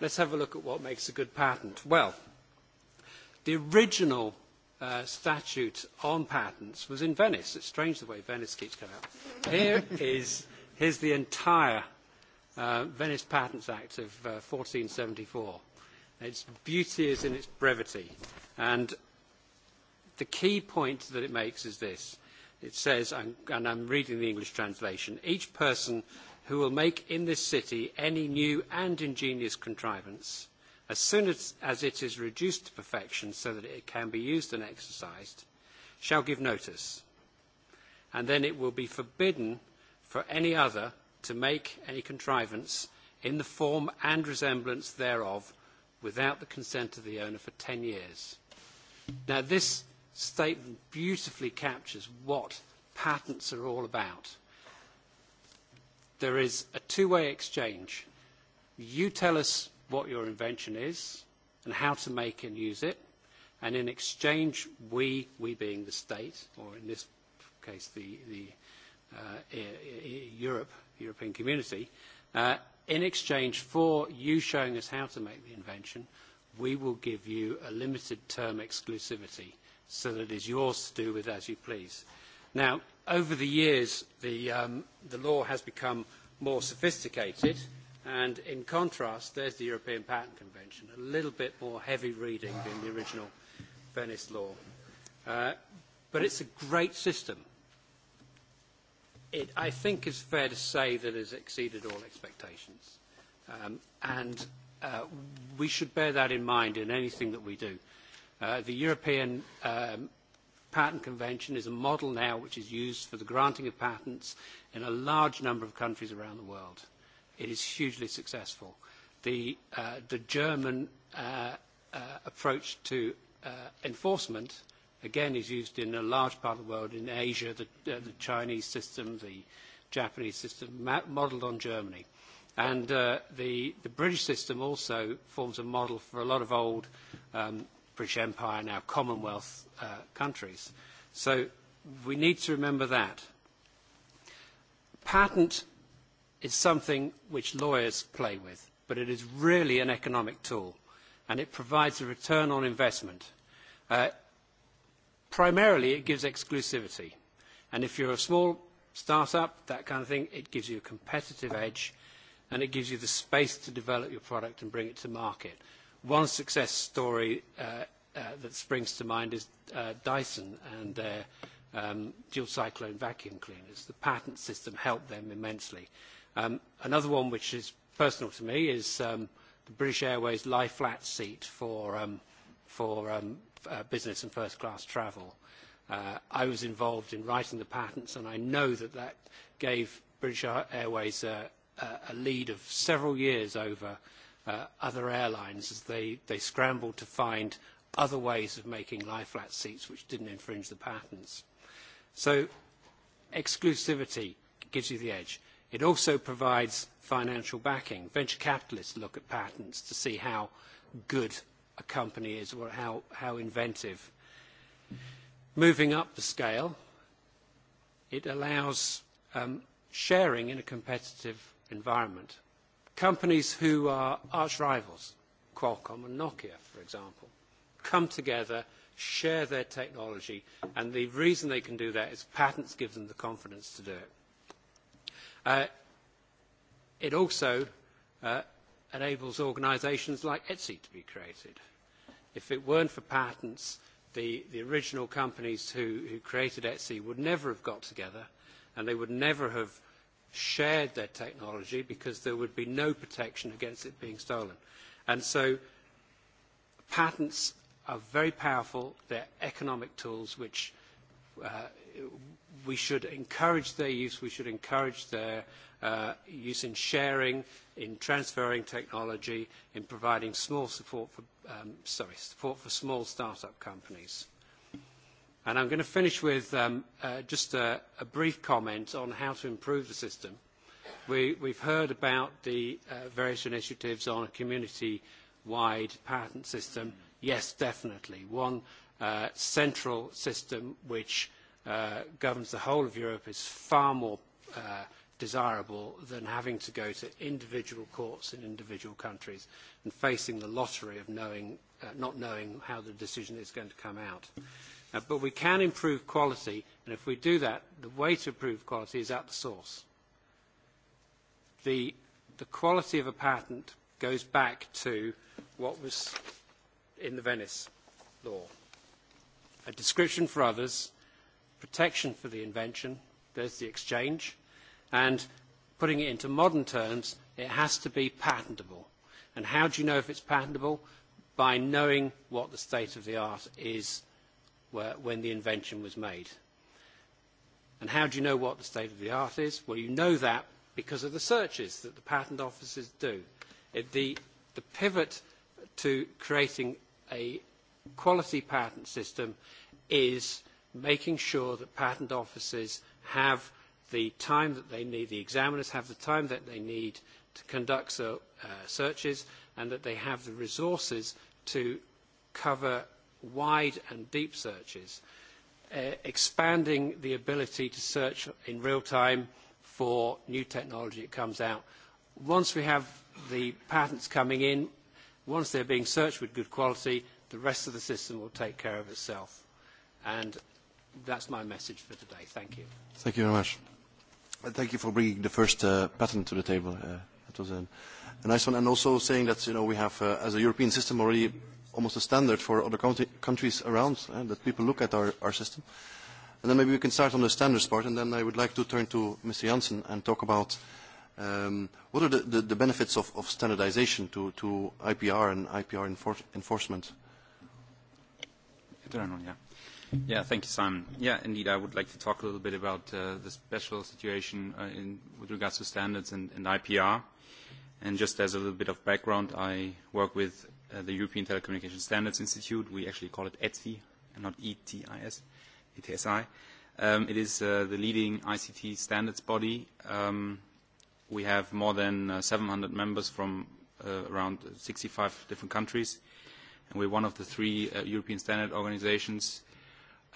let's have a look at what makes a good patent. Well, the original uh, statute on patents was in Venice. It's strange the way Venice keeps coming up. Here is here's the entire uh, Venice Patents Act of uh, 1474. Its beauty is in its brevity. And the key point that it makes is this. It says, I'm, and I'm reading the English translation, each person who will make in this city any new and ingenious contrivance As soon as, as it is reduced to perfection so that it can be used and exercised, shall give notice. And then it will be forbidden for any other to make any contrivance in the form and resemblance thereof without the consent of the owner for 10 years. Now, this statement beautifully captures what patents are all about. There is a two-way exchange. You tell us what your invention is and how to make and use it. And in exchange, we, we being the state, or in this case, the, the uh, e, e, Europe, European community, uh, in exchange for you showing us how to make the invention, we will give you a limited term exclusivity so that it is yours to do with as you please. Now, over the years, the, um, the law has become more sophisticated. Mm-hmm And in contrast, there's the European Patent Convention, a little bit more heavy reading than the original Venice law. Uh, but it's a great system. It, I think it's fair to say that it has exceeded all expectations. Um, and uh, we should bear that in mind in anything that we do. Uh, the European um, Patent Convention is a model now which is used for the granting of patents in a large number of countries around the world. Uh, It is hugely successful. The, uh, the German uh, uh, approach to uh, enforcement, again, is used in a large part of the world, in Asia, the, uh, the Chinese system, the Japanese system, modelled on Germany. And uh, the, the British system also forms a model for a lot of old um, British Empire, now Commonwealth uh, countries. So we need to remember that. Patent is something which lawyers play with, but it is really an economic tool, and it provides a return on investment. Uh, primarily, it gives exclusivity, and if you're a small startup, that kind of thing, it gives you a competitive edge, and it gives you the space to develop your product and bring it to market. One success story uh, uh, that springs to mind is uh, Dyson and their um, dual cyclone vacuum cleaners. The patent system helped them immensely. Uh, Um, another one which is personal to me is um, the British Airways lie flat seat for, um, for um, uh, business and first class travel. Uh, I was involved in writing the patents and I know that that gave British Airways a, a, a lead of several years over uh, other airlines as they, they scrambled to find other ways of making lie flat seats which didn't infringe the patents. So exclusivity gives you the edge. It also provides financial backing. Venture capitalists look at patents to see how good a company is or how, how inventive. Moving up the scale, it allows um, sharing in a competitive environment. Companies who are arch rivals, Qualcomm and Nokia, for example, come together, share their technology, and the reason they can do that is patents give them the confidence to do it. Uh, it also uh, enables organisations like Etsy to be created. If it weren't for patents, the, the original companies who, who created Etsy would never have got together and they would never have shared their technology because there would be no protection against it being stolen. And so patents are very powerful. They're economic tools which uh, we should encourage their use, we should encourage their uh, use in sharing, in transferring technology, in providing small support for, um, sorry, support for small startup companies. And I'm going to finish with um, uh, just a, a brief comment on how to improve the system. We, we've heard about the uh, various initiatives on a community-wide patent system. Yes, definitely. One uh, central system which uh, governs the whole of Europe is far more uh, desirable than having to go to individual courts in individual countries and facing the lottery of knowing, uh, not knowing how the decision is going to come out. Uh, but we can improve quality, and if we do that, the way to improve quality is at the source. The, the quality of a patent goes back to what was in the Venice law. A description for others, protection for the invention, there's the exchange, and putting it into modern terms, it has to be patentable. And how do you know if it's patentable? By knowing what the state of the art is where, when the invention was made. And how do you know what the state of the art is? Well, you know that because of the searches that the patent offices do. It, the, the pivot to creating a quality patent system is making sure that patent offices have the time that they need, the examiners have the time that they need to conduct so, uh, searches and that they have the resources to cover wide and deep searches, uh, expanding the ability to search in real time for new technology that comes out. Once we have the patents coming in, once they're being searched with good quality, the rest of the system will take care of itself. And that's my message for today. Thank you. Thank you very much. And thank you for bringing the first uh, patent to the table. Uh, that was a, a nice one. And also saying that you know, we have, uh, as a European system, already almost a standard for other country, countries around, uh, that people look at our, our system. And then maybe we can start on the standards part, and then I would like to turn to Mr. Janssen and talk about um, what are the, the, the benefits of, of standardization to, to IPR and IPR enfor enforcement? Eternal, yeah. Yeah, thank you, Simon. Yeah, indeed, I would like to talk a little bit about uh, the special situation uh, in, with regards to standards and, and IPR. And just as a little bit of background, I work with uh, the European Telecommunication Standards Institute. We actually call it ETSI, and not ETIS, ETSI. Um, it is uh, the leading ICT standards body. Um, we have more than uh, 700 members from uh, around 65 different countries, and we're one of the three uh, European standard organizations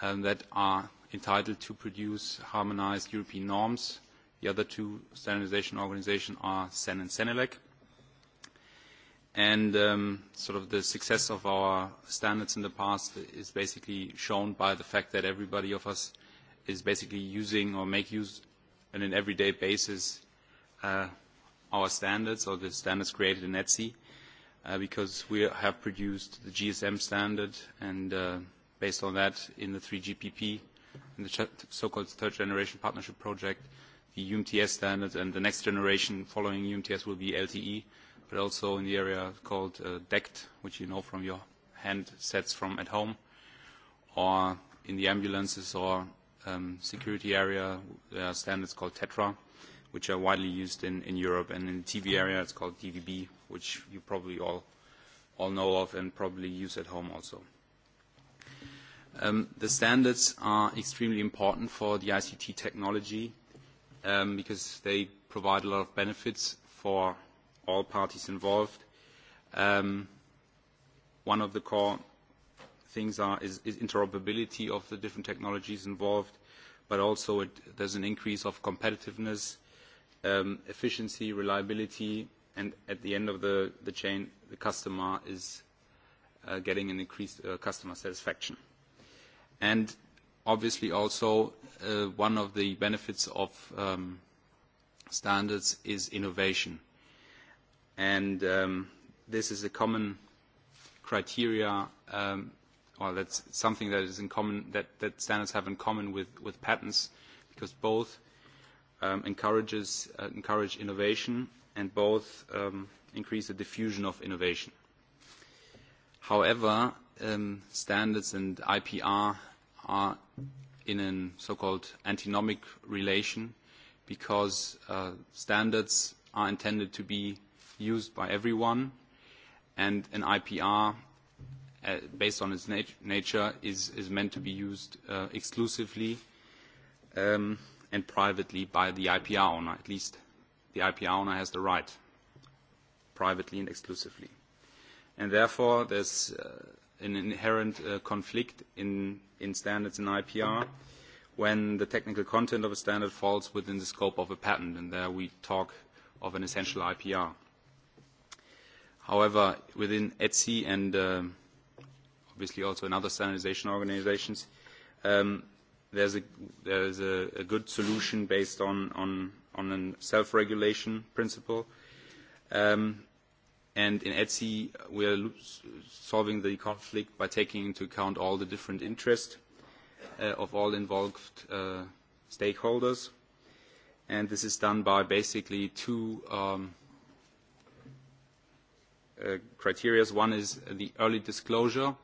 um, that are entitled to produce harmonized European norms. The other two standardization organizations are CEN and CENELEC. And um, sort of the success of our standards in the past is basically shown by the fact that everybody of us is basically using or make use on an everyday basis uh, our standards or the standards created in ETSI uh, because we have produced the GSM standard and uh, based on that in the 3GPP, in the so-called third generation partnership project, the UMTS standard and the next generation following UMTS will be LTE, but also in the area called uh, DECT, which you know from your handsets from at home, or in the ambulances or um, security area, there are standards called TETRA, which are widely used in, in Europe, and in the TV area it's called DVB, which you probably all, all know of and probably use at home also. Um, the standards are extremely important for the ICT technology um, because they provide a lot of benefits for all parties involved. Um, one of the core things are, is, is interoperability of the different technologies involved, but also it, there's an increase of competitiveness, um, efficiency, reliability, and at the end of the, the chain, the customer is uh, getting an increased uh, customer satisfaction. Uh, And obviously also uh, one of the benefits of um, standards is innovation. And um, this is a common criteria, um, or that's something that is in common, that, that standards have in common with, with patents, because both um, encourages, uh, encourage innovation and both um, increase the diffusion of innovation. However, um, standards and IPR are in a so-called antinomic relation because uh, standards are intended to be used by everyone and an IPR uh, based on its nat nature is, is meant to be used uh, exclusively um, and privately by the IPR owner. At least the IPR owner has the right privately and exclusively. And therefore, there's uh, an inherent uh, conflict in, in standards in IPR when the technical content of a standard falls within the scope of a patent, and there we talk of an essential IPR. However, within ETSI and uh, obviously also in other standardization organizations, um, there's, a, there's a, a good solution based on, on, on a self-regulation principle. Um, And in ETSI, we are solving the conflict by taking into account all the different interests uh, of all involved uh, stakeholders. And this is done by basically two um, uh, criteria. One is the early disclosure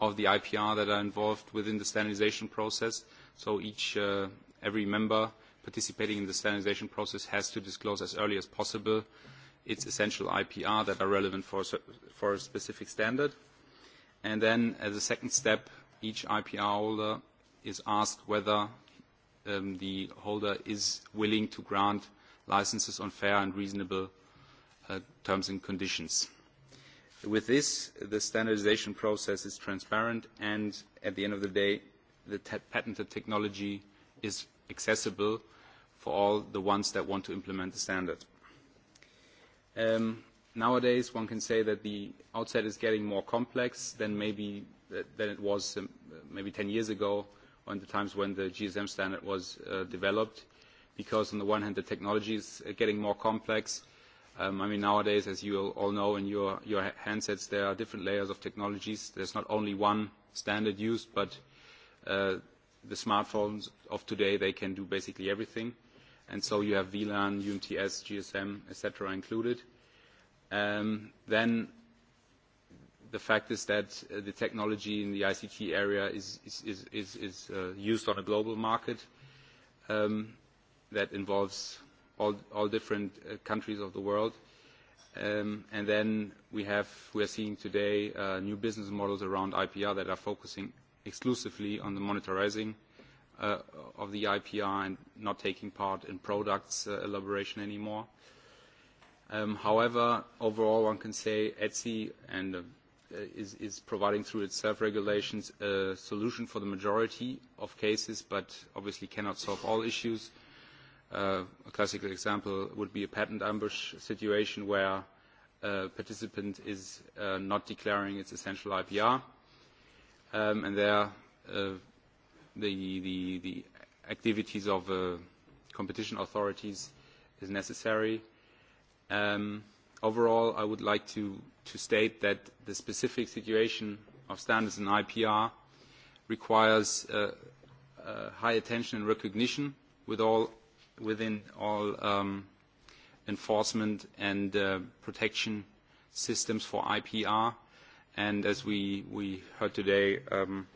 of the IPR that are involved within the standardization process. So each, uh, every member participating in the standardization process has to disclose as early as possible uh, its essential IPR that are relevant for, for a specific standard. And then as a second step, each IPR holder is asked whether um, the holder is willing to grant licenses on fair and reasonable uh, terms and conditions. With this, the standardization process is transparent and at the end of the day, the te patented technology is accessible for all the ones that want to implement the standard. Um, nowadays, one can say that the outset is getting more complex than maybe uh, than it was um, uh, maybe 10 years ago or in the times when the GSM standard was uh, developed, because on the one hand, the technology is uh, getting more complex. Um, I mean, nowadays, as you all know, in your, your handsets, there are different layers of technologies. There's not only one standard used, but uh, the smartphones of today, they can do basically everything and so you have VLAN, UMTS, GSM, etc. included. Um, then the fact is that uh, the technology in the ICT area is, is, is, is, is uh, used on a global market um, that involves all, all different uh, countries of the world. Um, and then we have, we are seeing today uh, new business models around IPR that are focusing exclusively on the monetizing uh, uh, of the IPR and not taking part in products uh, elaboration anymore. Um, however, overall, one can say ETSI and uh, is, is providing through its self-regulations a solution for the majority of cases, but obviously cannot solve all issues. Uh, a classical example would be a patent ambush situation where a participant is uh, not declaring its essential IPR, um, and there uh, the, the, the activities of uh, competition authorities is necessary. Um, overall, I would like to, to state that the specific situation of standards in IPR requires uh, uh, high attention and recognition with all, within all um, enforcement and uh, protection systems for IPR. And as we, we heard today, um,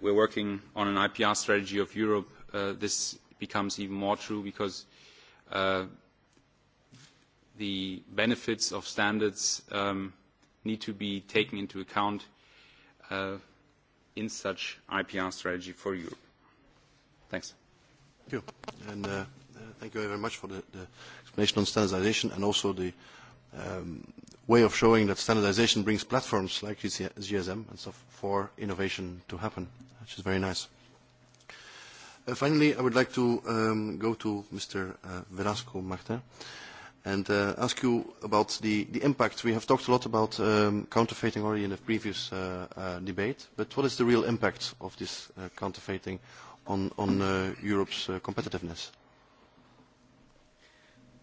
we're working on an IPR strategy of Europe, uh, this becomes even more true because uh, the benefits of standards um, need to be taken into account uh, in such IPR strategy for Europe. Thanks. Thank you. And, uh, uh, thank you very much for the, the explanation on standardization and also the um, way of showing that standardization brings platforms like GSM and stuff for innovation to happen, which is very nice. Uh, finally, I would like to um, go to Mr. Uh, Velasco Martin and uh, ask you about the, the impact. We have talked a lot about um, counterfeiting already in the previous uh, uh, debate, but what is the real impact of this uh, counterfeiting on, on uh, Europe's uh, competitiveness?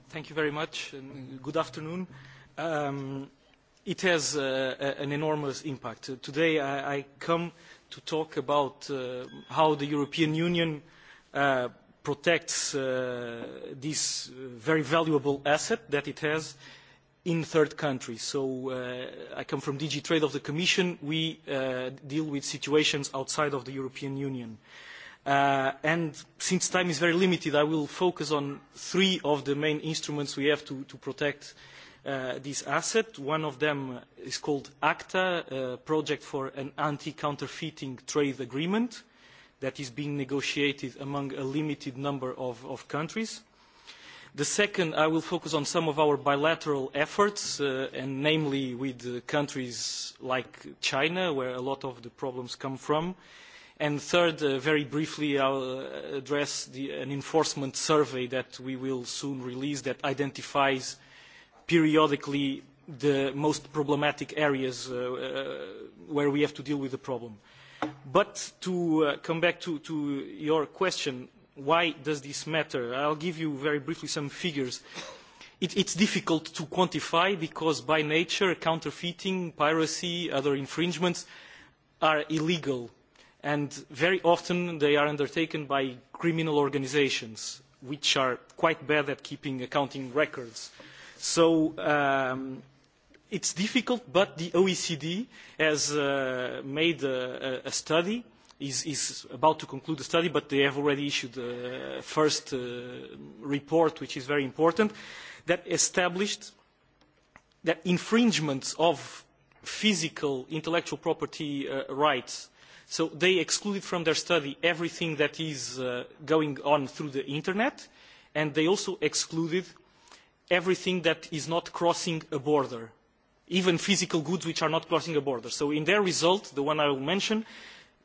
Thank you very much and good afternoon. Uh, um, it has uh, a, an enormous impact. Uh, today I, I come to talk about uh, how the European Union uh, protects uh, this very valuable asset that it has in third countries. So uh, I come from DG Trade of the Commission. We uh, deal with situations outside of the European Union. Uh, and since time is very limited, I will focus on three of the main instruments we have to, to protect uh, uh, these assets. One of them is called ACTA, uh, Project for an Anti-Counterfeiting Trade Agreement, that is being negotiated among a limited number of, of countries. The second, I will focus on some of our bilateral efforts, uh, and namely with uh, countries like China, where a lot of the problems come from. And third, uh, very briefly, I'll uh, address the, an enforcement survey that we will soon release that identifies periodically the most problematic areas uh, uh, where we have to deal with the problem. But to uh, come back to, to your question, why does this matter? I'll give you very briefly some figures. It, it's difficult to quantify because by nature counterfeiting, piracy, other infringements are illegal and very often they are undertaken by criminal organizations which are quite bad at keeping accounting records. Uh, So um, it's difficult, but the OECD has uh, made a, a study, is, is about to conclude the study, but they have already issued the uh, first uh, report, which is very important, that established that infringements of physical intellectual property uh, rights so they excluded from their study everything that is uh, going on through the internet and they also excluded uh, everything that is not crossing a border, even physical goods which are not crossing a border. So in their result, the one I will mention,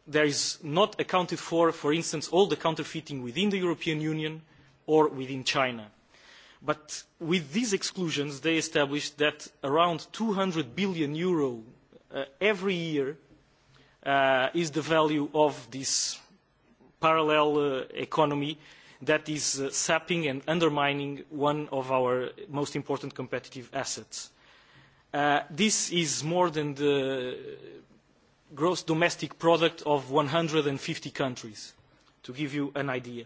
there is not accounted for, for instance, all the counterfeiting within the European Union or within China. But with these exclusions, they established that around 200 billion euro uh, every year uh, is the value of this parallel uh, economy uh, that is uh, sapping and undermining one of our most important competitive assets. Uh, this is more than the gross domestic product of 150 countries, to give you an idea.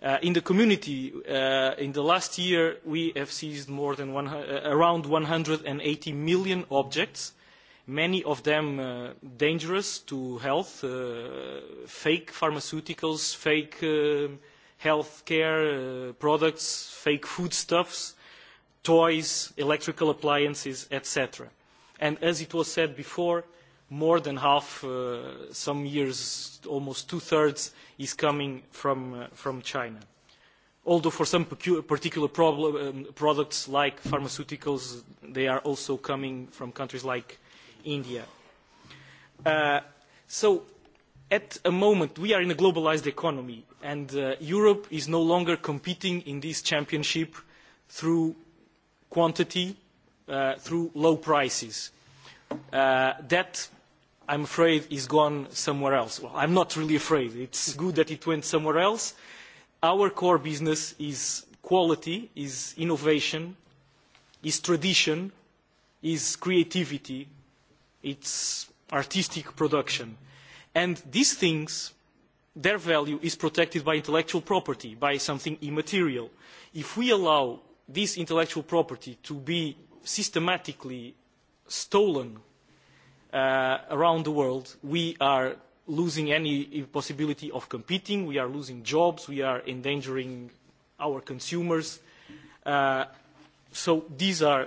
Uh, in the community, uh, in the last year, we have seized more than one, uh, around 180 million objects, many of them uh, dangerous to health, uh, fake pharmaceuticals, fake uh, healthcare uh, products, fake foodstuffs, toys, electrical appliances, etc. And as it was said before, more than half, uh, some years, almost two-thirds, is coming from, uh, from China. Although for some particular problem, um, products like pharmaceuticals, they are also coming from countries like India. Uh, so at a moment, we are in a globalized economy and uh, Europe is no longer competing in this championship through quantity, uh, through low prices. Uh, that, I'm afraid, is gone somewhere else. Well, I'm not really afraid. It's good that it went somewhere else. Our core business is quality, is innovation, is tradition, is creativity, it's artistic production. And these things their value is protected by intellectual property, by something immaterial. If we allow this intellectual property to be systematically stolen uh, around the world, we are losing any possibility of competing, we are losing jobs, we are endangering our consumers. Uh, so these are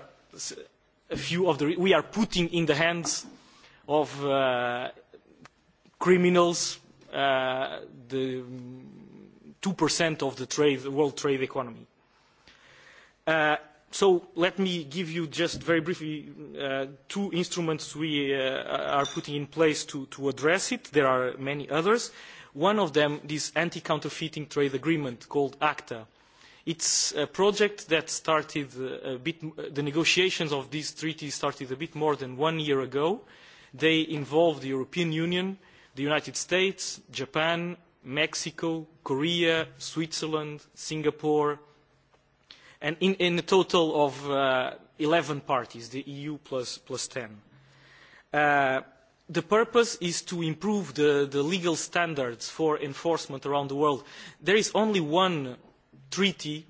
a few of the... We are putting in the hands of uh, criminals, uh, the 2% of the trade, the world trade economy. Uh, so let me give you just very briefly uh, two instruments we uh, are putting in place to, to address it. There are many others. One of them, this anti-counterfeiting trade agreement called ACTA. It's a project that started uh, a bit, the negotiations of this treaty started a bit more than one year ago. They involved the European Union, uh, the united states japan mexico korea switzerland singapore and in, in a total of uh, 11 parties the eu plus, plus 10 uh, the purpose is to improve the, the legal standards for enforcement around the world. There is only one treaty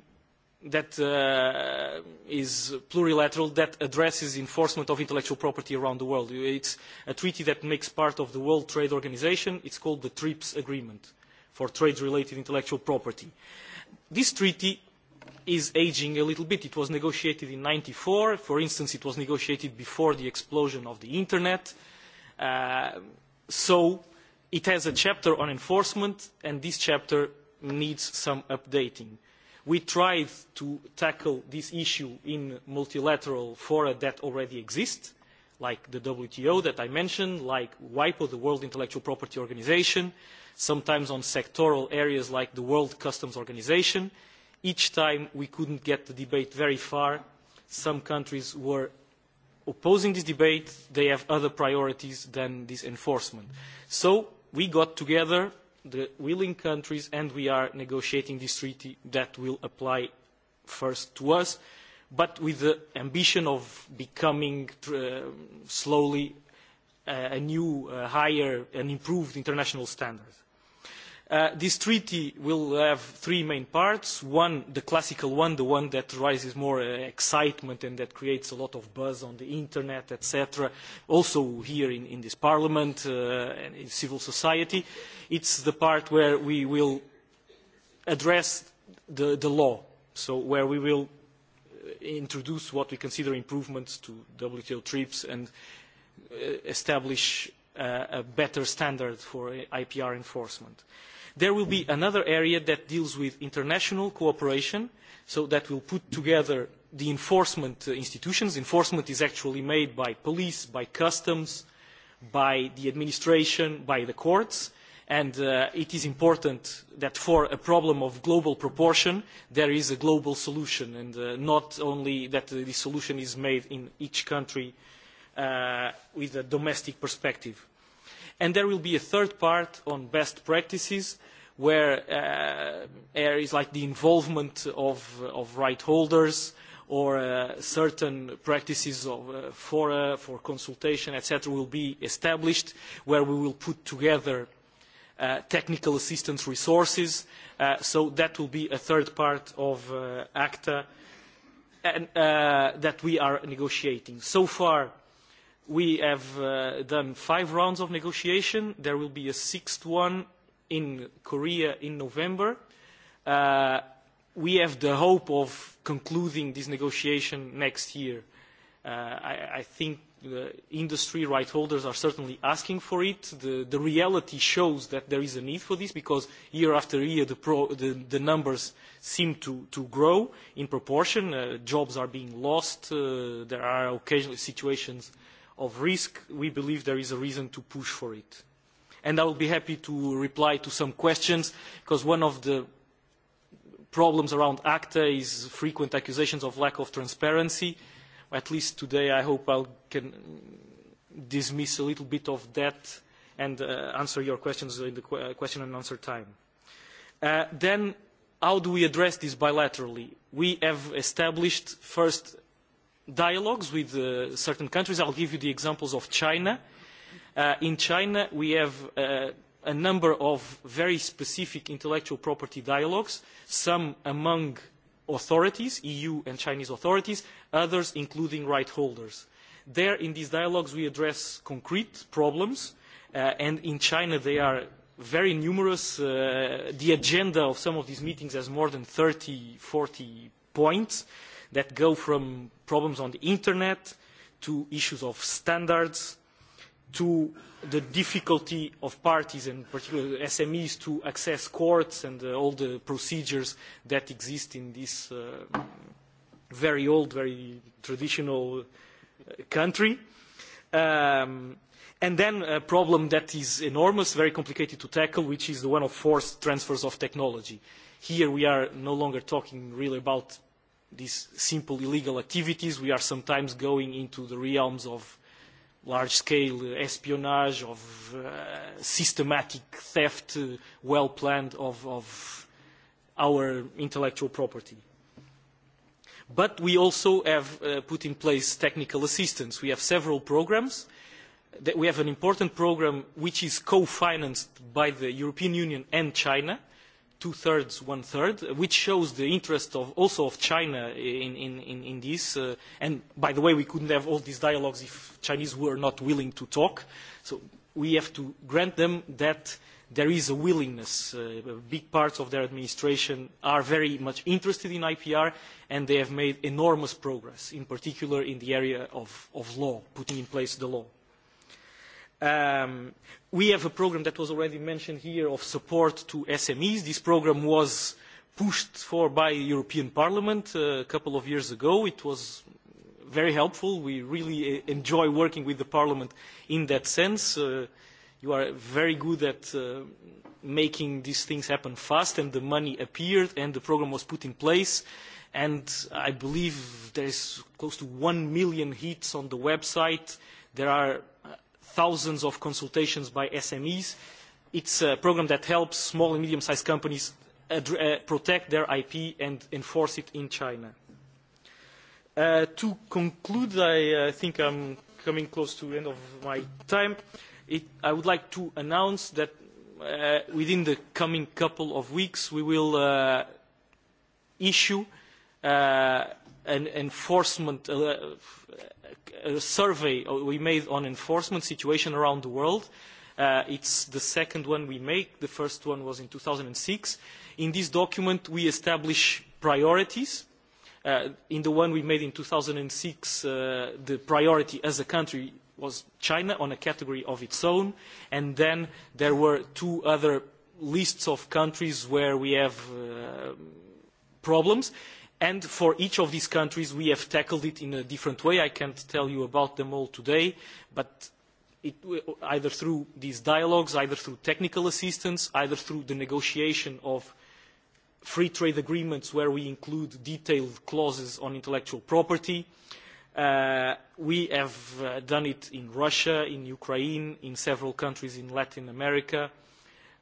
that uh, is plurilateral that addresses enforcement of intellectual property around the world. It's a treaty that makes part of the World Trade Organization. It's called the TRIPS Agreement for trade-related intellectual property. This treaty is aging a little bit. It was negotiated in 94. For instance, it was negotiated before the explosion of the Internet. Uh, so it has a chapter on enforcement, and this chapter needs some updating. Uh, We tried to tackle this issue in multilateral fora that already exist, like the WTO that I mentioned, like WIPO, the World Intellectual Property Organization, sometimes on sectoral areas like the World Customs Organization. Each time we couldn't get the debate very far. Some countries were opposing this debate. They have other priorities than this enforcement. So we got together the willing countries, and we are negotiating this treaty that will apply first to us, but with the ambition of becoming uh, slowly uh, a new, uh, higher, and improved international standard Uh, this treaty will have three main parts. One, the classical one, the one that rises more uh, excitement and that creates a lot of buzz on the internet, etc., also here in, in this parliament uh, and in civil society. It's the part where we will address the, the law, so where we will uh, introduce what we consider improvements to WTO TRIPS and uh, establish uh, a better standard for IPR enforcement. Uh, There will be another area that deals with international cooperation, so that will put together the enforcement uh, institutions. Enforcement is actually made by police, by customs, by the administration, by the courts, and uh, it is important that for a problem of global proportion, there is a global solution, and uh, not only that the solution is made in each country uh, with a domestic perspective. And there will be a third part on best practices where uh, areas like the involvement of, of right holders or uh, certain practices of, uh, for, uh, for consultation, etc., will be established, where we will put together uh, technical assistance resources. Uh, so that will be a third part of uh, ACTA and, uh, that we are negotiating. So far, we have uh, done five rounds of negotiation. There will be a sixth one in Korea in November. Uh, we have the hope of concluding this negotiation next year. Uh, I, I think the industry right holders are certainly asking for it. The, the reality shows that there is a need for this because year after year the, pro, the, the numbers seem to, to grow in proportion. Uh, jobs are being lost. Uh, there are occasionally situations uh, of risk, we believe there is a reason to push for it. And I will be happy to reply to some questions, because one of the problems around ACTA is frequent accusations of lack of transparency. At least today, I hope I can dismiss a little bit of that and uh, answer your questions in the qu uh, question and answer time. Uh, then, how do we address this bilaterally? We have established, first, dialogues with uh, certain countries. I'll give you the examples of China. Uh, in China, we have uh, a number of very specific intellectual property dialogues, some among authorities, EU and Chinese authorities, others including right holders. There, in these dialogues, we address concrete problems, uh, and in China they are very numerous. Uh, the agenda of some of these meetings has more than 30, 40 points. Uh, that go from problems on the internet to issues of standards to the difficulty of parties and particularly SMEs to access courts and uh, all the procedures that exist in this uh, very old, very traditional uh, country. Um, and then a problem that is enormous, very complicated to tackle, which is the one of forced transfers of technology. Here we are no longer talking really about these simple illegal activities. We are sometimes going into the realms of large-scale uh, espionage, of uh, systematic theft, uh, well-planned of, of our intellectual property. But we also have uh, put in place technical assistance. We have several programs. We have an important program which is co-financed by the European Union and China – two-thirds, one-third, which shows the interest of also of China in, in, in, in this. Uh, and by the way, we couldn't have all these dialogues if Chinese were not willing to talk. So we have to grant them that there is a willingness. Uh, big parts of their administration are very much interested in IPR, and they have made enormous progress, in particular in the area of, of law, putting in place the law. Um, we have a program that was already mentioned here of support to SMEs. This program was pushed for by the European Parliament uh, a couple of years ago. It was very helpful. We really uh, enjoy working with the Parliament in that sense. Uh, you are very good at uh, making these things happen fast, and the money appeared, and the program was put in place. And I believe there is close to one million hits on the website. There are thousands of consultations by SMEs. It's a program that helps small and medium-sized companies uh, protect their IP and enforce it in China. Uh, to conclude, I uh, think I'm coming close to the end of my time. It, I would like to announce that uh, within the coming couple of weeks we will uh, issue uh, an enforcement uh, a survey we made on enforcement situation around the world. Uh, it's the second one we make. The first one was in 2006. In this document, we establish priorities. Uh, in the one we made in 2006, uh, the priority as a country was China on a category of its own. And then there were two other lists of countries where we have uh, problems. Uh, and for each of these countries we have tackled it in a different way. I can't tell you about them all today, but it, either through these dialogues, either through technical assistance, either through the negotiation of free trade agreements where we include detailed clauses on intellectual property. Uh, we have uh, done it in Russia, in Ukraine, in several countries in Latin America.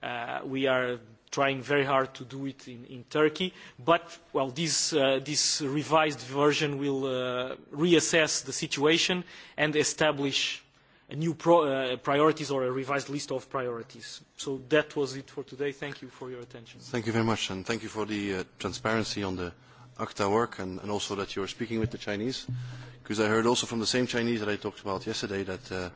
Uh, we are trying very hard to do it in, in Turkey. But, well, this, uh, this revised version will uh, reassess the situation and establish a new pro uh, priorities or a revised list of priorities. So that was it for today. Thank you for your attention. Thank you very much, and thank you for the uh, transparency on the ACTA work and, and also that you're speaking with the Chinese, because I heard also from the same Chinese that I talked about yesterday that uh,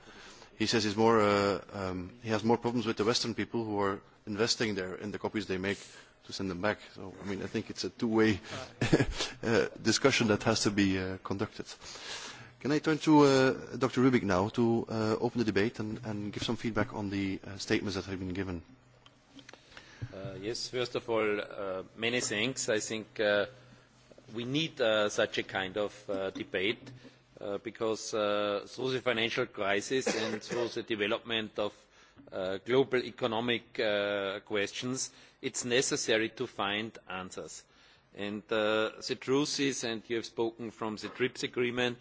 he says he's more, uh, um, he has more problems with the Western people who are – investing there in the copies they make to send them back. So, I mean, I think it's a two-way uh, discussion that has to be uh, conducted. Can I turn to uh, Dr. Rubik now to uh, open the debate and, and give some feedback on the uh, statements that have been given? Uh, yes, first of all, uh, many thanks. I think uh, we need uh, such a kind of uh, debate uh, because uh, through the financial crisis and through the development of uh, uh, global economic uh, questions, it's necessary to find answers. And uh, the truth is, and you have spoken from the TRIPS agreement,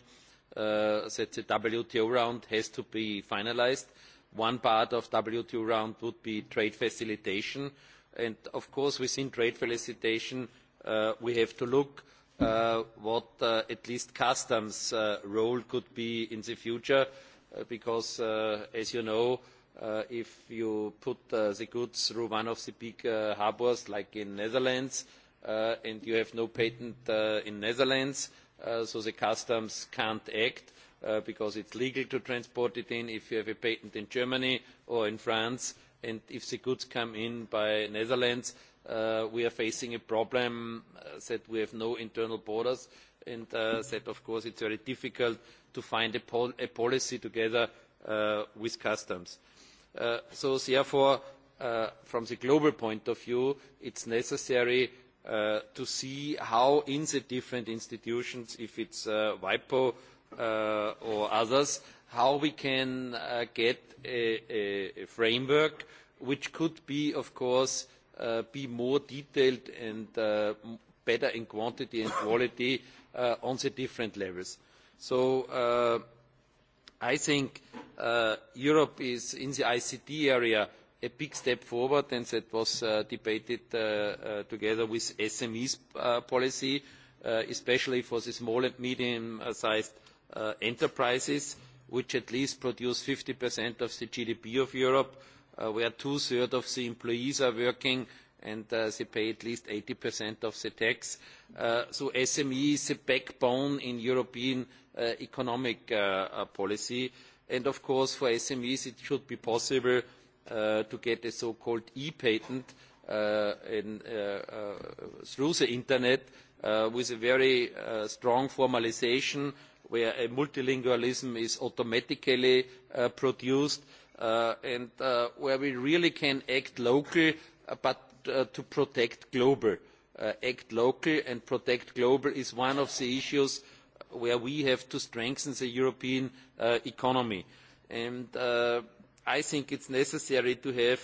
uh, that the WTO round has to be finalized. One part of WTO round would be trade facilitation. And of course, within trade facilitation, uh, we have to look uh, what uh, at least customs uh, role could be in the future, uh, because uh, as you know, uh, uh, if you put uh, the goods through one of the big uh, harbors like in Netherlands uh, and you have no patent uh, in Netherlands uh, so the customs can't act uh, because it's legal to transport it in if you have a patent in Germany or in France and if the goods come in by Netherlands uh, we are facing a problem uh, that we have no internal borders and uh, that of course it's very difficult to find a, pol a policy together uh, with customs. Uh, Uh, so therefore, uh, from the global point of view, it's necessary uh, to see how in the different institutions, if it's uh, WIPO uh, or others, how we can uh, get a, a, a framework which could be, of course, uh, be more detailed and uh, better in quantity and quality uh, on the different levels. So uh, I think uh, Europe is in the ICT area a big step forward and that was uh, debated uh, uh, together with SMEs uh, policy, uh, especially for the small and medium-sized uh, enterprises, which at least produce 50% of the GDP of Europe, uh, where two-thirds of the employees are working and uh, they pay at least 80% of the tax. Uh, so SME is the backbone in European uh, uh, economic uh, uh, policy. And of course, for SMEs, it should be possible uh, to get a so-called e-patent uh, in, uh, uh, through the Internet uh, with a very uh, strong formalization where a multilingualism is automatically uh, produced uh, and uh, where we really can act local uh, but uh, to protect global. Uh, act local and protect global is one of the issues uh, where we have to strengthen the European uh, economy. And uh, I think it's necessary to have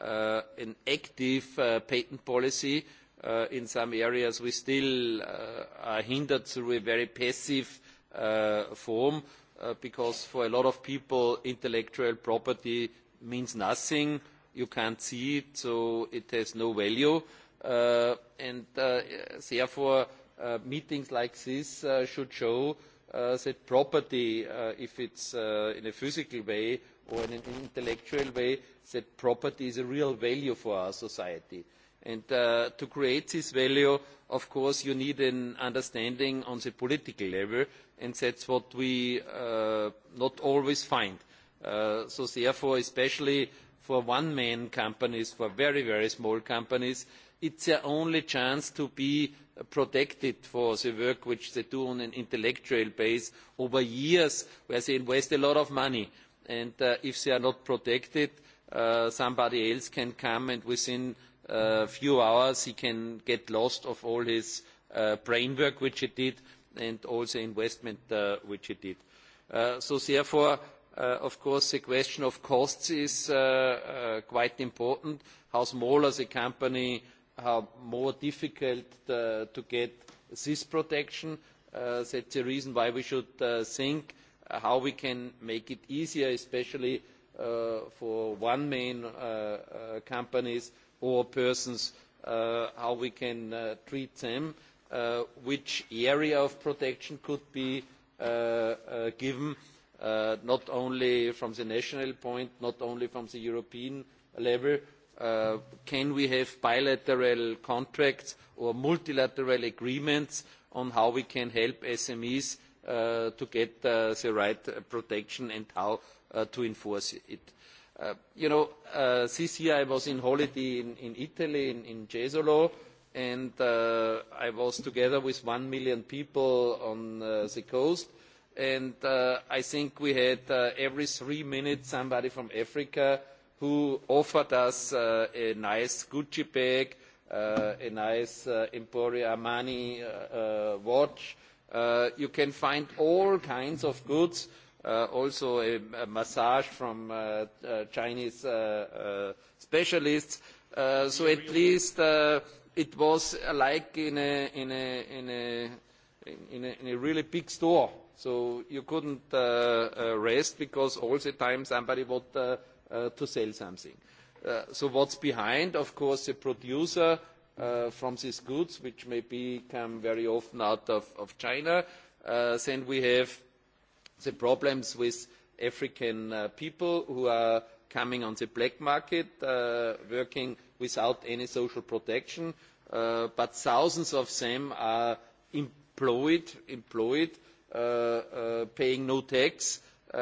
uh, an active uh, patent policy. Uh, in some areas we still uh, are hindered through a very passive uh, form uh, because for a lot of people intellectual property means nothing. You can't see it, so it has no value. Uh, and uh, therefore, uh, uh, meetings like this uh, should show uh, that property, uh, if it's uh, in a physical way or in an intellectual way, that property is a real value for our society. And uh, to create this value, of course, you need an understanding on the political level, and that's what we uh, not always find. Uh, so therefore, especially for one-man companies, for very, very small companies, uh, it is their only chance to be protected for the work which they do on an intellectual base over years where they invest a lot of money and uh, if they are not protected uh, somebody else can come and within a uh, few hours he can get lost of all his uh, brain work which he did and also investment uh, which he did. Uh, so therefore uh, of course the question of costs is uh, uh, quite important. How smaller the company uh, how more difficult uh, to get this protection. Uh, that's the reason why we should uh, think uh, how we can make it easier, especially uh, for one-man uh, uh, companies or persons, uh, how we can uh, treat them, uh, which area of protection could be uh, uh, given, uh, not only from the national point, not only from the European level, uh, Uh, can we have bilateral contracts or multilateral agreements on how we can help SMEs uh, to get uh, the right protection and how uh, to enforce it. Uh, you know, uh, this year I was in holiday in, in Italy, in, in Jesolo, and uh, I was together with one million people on uh, the coast, and uh, I think we had uh, every three minutes somebody from Africa who offered us uh, a nice Gucci bag, uh, a nice uh, Emporio Armani uh, uh, watch. Uh, you can find all kinds of goods, uh, also a, a massage from uh, uh, Chinese uh, uh, specialists. Uh, so at least uh, it was like in a, in a, in a in a, in a really big store. So you couldn't uh, uh, rest because all the time somebody would uh, uh, to sell something. Uh, so what's behind, of course, a producer uh, from these goods, which may be come very often out of, of China. Uh, then we have the problems with African uh, people who are coming on the black market, uh, working without any social protection, uh, but thousands of them are employed, employed uh, uh, paying no tax, uh, uh,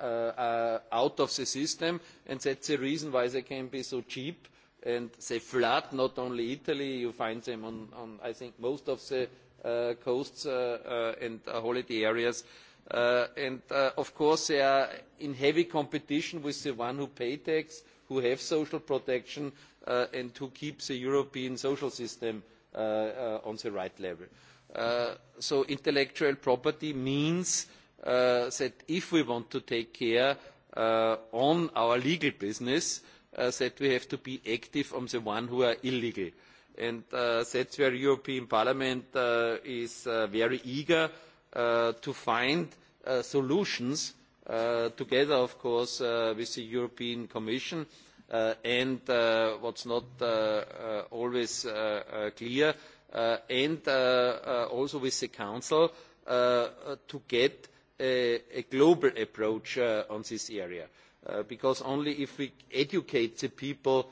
uh, out of the system and that's the reason why they can be so cheap and they flood not only Italy, you find them on, on I think most of the uh, coasts uh, uh, and uh, holiday areas. Uh, and uh, of course they are in heavy competition with the one who pay tax, who have social protection uh, and who keep the European social system uh, uh, on the right level. Uh, so intellectual property means uh, uh, that if we want to take care uh, on our legal business, uh, that we have to be active on the one who are illegal. And uh, that's where European Parliament uh, is uh, very eager uh, to find uh, solutions uh, together, of course, uh, with the European Commission uh, and uh, what's not uh, uh, always uh, uh, clear, uh, and uh, uh, also with the Council uh, uh to get a, a global approach uh, on this area. Uh, because only if we educate the people,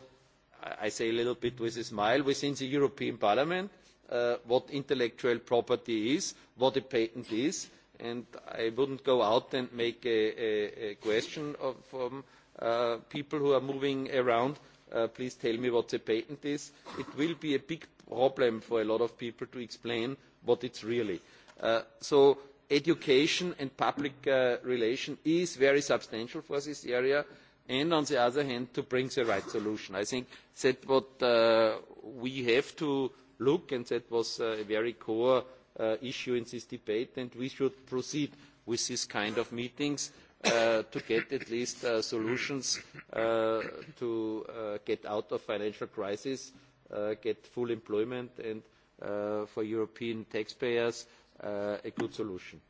I say a little bit with a smile, within the European Parliament, uh, what intellectual property is, what a patent is, and I wouldn't go out and make a, a, a question of, from uh, people who are moving around, uh, please tell me what a patent is. It will be a big problem for a lot of people to explain what it's really. Uh, so education and public uh, relations is very substantial for this area and on the other hand to bring the right solution. i think that what uh, we have to look and that was uh, a very core uh, issue in this debate and we should proceed with these kind of meetings uh, to get at least uh, solutions uh, to uh, get out of financial crisis, uh, get full employment and uh, for European taxpayers uh, a good solution.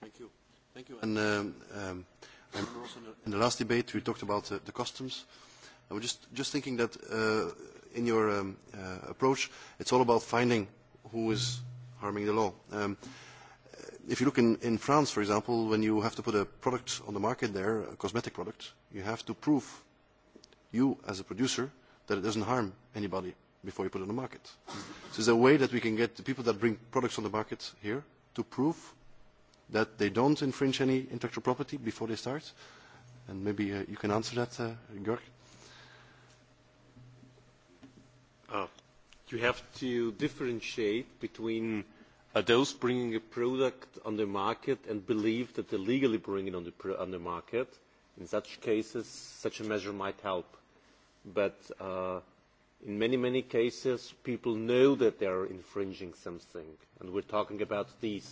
Thank you. Thank you. And um, um, and in the last debate, we talked about uh, the customs. I was just just thinking that uh, in your um, uh, approach, it's all about finding who is harming the law. Um, if you look in, in France, for example, when you have to put a product on the market there, a cosmetic product, you have to prove you as a producer that it doesn't harm anybody before you put it on the market. So there's a way that we can get the people that bring products on the market here to prove that they don't infringe any intellectual property before they start. And maybe uh, you can answer that, uh, Georg. Uh, you have to differentiate between uh, those bringing a product on the market and believe that they legally bring it on the, pro on the market. In such cases, such a measure might help. But uh, in many, many cases, people know that they are infringing something, and we're talking about these.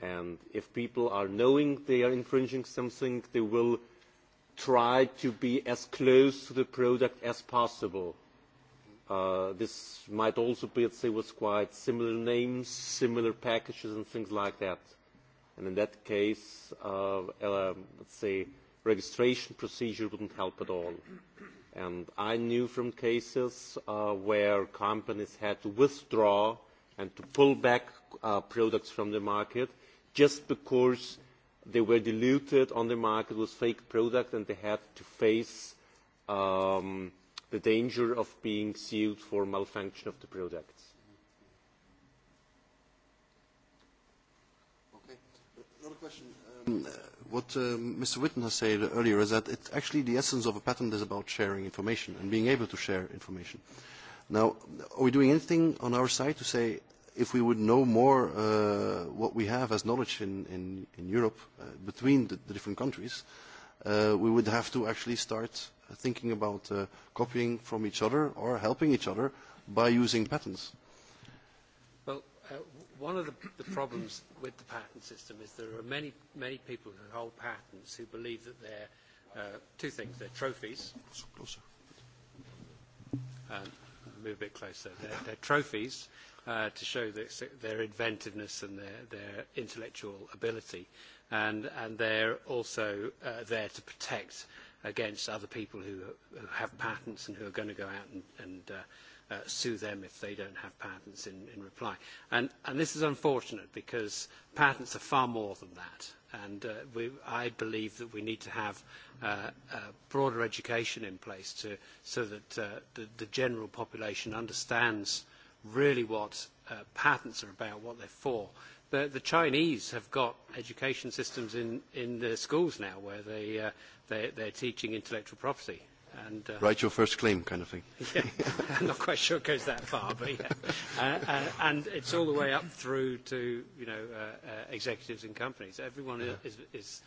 And if people are knowing they are infringing something, they will try to be as close to the product as possible. Uh, this might also be, let's say, with quite similar names, similar packages, and things like that. And in that case, uh, uh, let's say, registration procedure wouldn't help at all. And I knew from cases uh, where companies had to withdraw and to pull back uh, products from the market just because they were diluted on the market with fake products and they had to face um, the danger of being sued for malfunction of the products. Okay. Another question. Um, what um, uh, Mr. Witten has said earlier is that it, actually the essence of a patent is about sharing information and being able to share information. Now, are we doing anything on our side to say if we would know more uh, what we have as knowledge in, in, in Europe uh, between the, the different countries, uh, we would have to actually start thinking about uh, copying from each other or helping each other by using patents one of the, the problems with the patent system is there are many, many people who hold patents who believe that they're uh, two things. They're trophies. So closer. Um, move a bit closer. They're, they're trophies uh, to show their, their inventiveness and their, their intellectual ability. And, and they're also uh, there to protect against other people who, who have patents and who are going to go out and, and uh, uh, sue them if they don't have patents in, in reply. And, and this is unfortunate because patents are far more than that. And uh, we, I believe that we need to have uh, uh, broader education in place to, so that uh, the, the general population understands really what uh, patents are about, what they're for. The, the Chinese have got education systems in, in their schools now where they, uh, they, they're teaching intellectual property And, uh, Write your first claim kind of thing. yeah, I'm not quite sure it goes that far, but yeah. Uh, uh, and it's all the way up through to, you know, uh, uh, executives and companies. Everyone yeah. is, is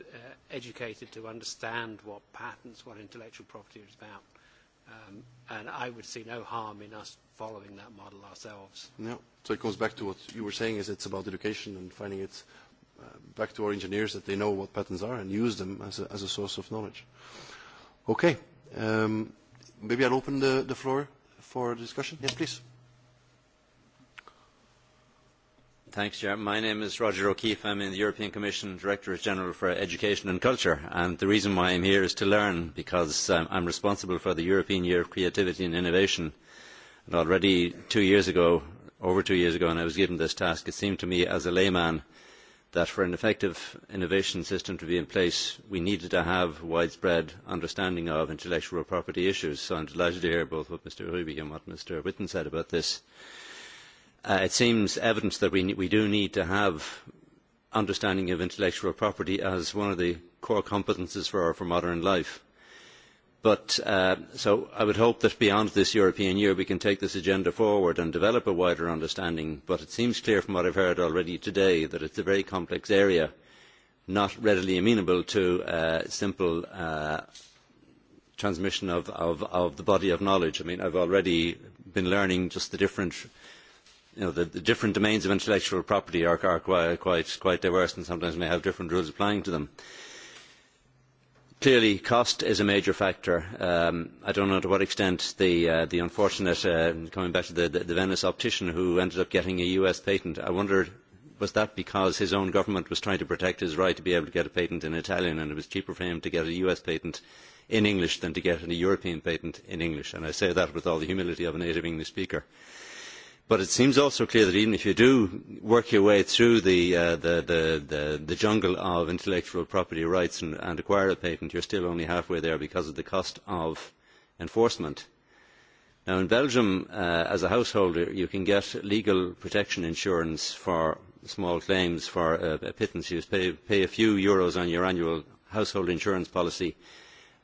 uh, educated to understand what patents, what intellectual property is about. Um, and I would see no harm in us following that model ourselves. Yeah. So it comes back to what you were saying is it's about education and finding it uh, back to our engineers that they know what patents are and use them as a, as a source of knowledge. Okay. Um, maybe I'll open the, the floor for discussion. Yes, please. Thanks, Chair. My name is Roger O'Keefe. I'm in the European Commission Directorate General for Education and Culture. And the reason why I'm here is to learn, because um, I'm responsible for the European Year of Creativity and Innovation. And already two years ago, over two years ago, and I was given this task, it seemed to me as a layman uh, that for an effective innovation system to be in place, we needed to have widespread understanding of intellectual property issues. So I'm delighted to hear both what Mr. Ruby and what Mr. Whitten said about this. Uh, it seems evident that we, we do need to have understanding of intellectual property as one of the core competences for, for modern life But uh, so I would hope that beyond this European year we can take this agenda forward and develop a wider understanding. But it seems clear from what I've heard already today that it's a very complex area, not readily amenable to uh, simple uh, transmission of, of, of the body of knowledge. I mean, I've already been learning just the different you know, the, the different domains of intellectual property are, are quite, quite, quite diverse and sometimes may have different rules applying to them. Uh, Clearly, cost is a major factor. Um, I don't know to what extent the, uh, the unfortunate, uh, coming back to the, the, the Venice optician who ended up getting a US patent, I wondered, was that because his own government was trying to protect his right to be able to get a patent in Italian and it was cheaper for him to get a US patent in English than to get a European patent in English? And I say that with all the humility of a native English speaker. Uh, But it seems also clear that even if you do work your way through the, uh, the, the, the, the jungle of intellectual property rights and, and acquire a patent, you're still only halfway there because of the cost of enforcement. Now in Belgium, uh, as a householder, you can get legal protection insurance for small claims for a, uh, a pittance. You pay, pay a few euros on your annual household insurance policy, uh,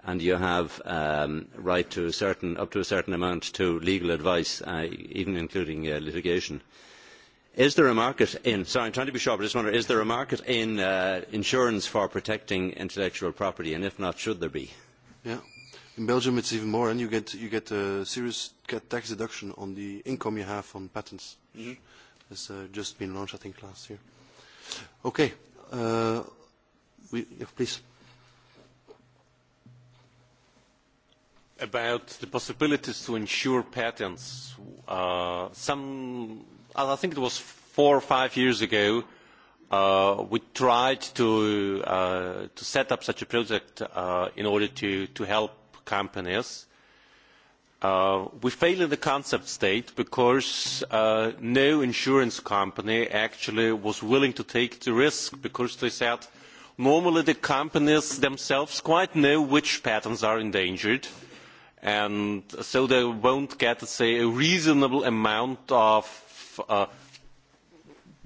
and you have um, right to a certain, up to a certain amount to legal advice, uh, even including uh, litigation. Is there a market in, sorry, I'm trying to be sharp, I just wonder, is there a market in uh, insurance for protecting intellectual property, and if not, should there be? Yeah. In Belgium, it's even more, and you get, you get a serious tax deduction on the income you have on patents. Mm-hmm. It's uh, just been launched, I think, last year. Okay. Uh, we, yeah, please. about the possibilities to ensure patents. Uh, some, I think it was four or five years ago, uh, we tried to, uh, to set up such a project uh, in order to, to help companies. Uh, we failed in the concept state because uh, no insurance company actually was willing to take the risk because they said normally the companies themselves quite know which patents are endangered uh, and so they won't get, say, a reasonable amount of uh,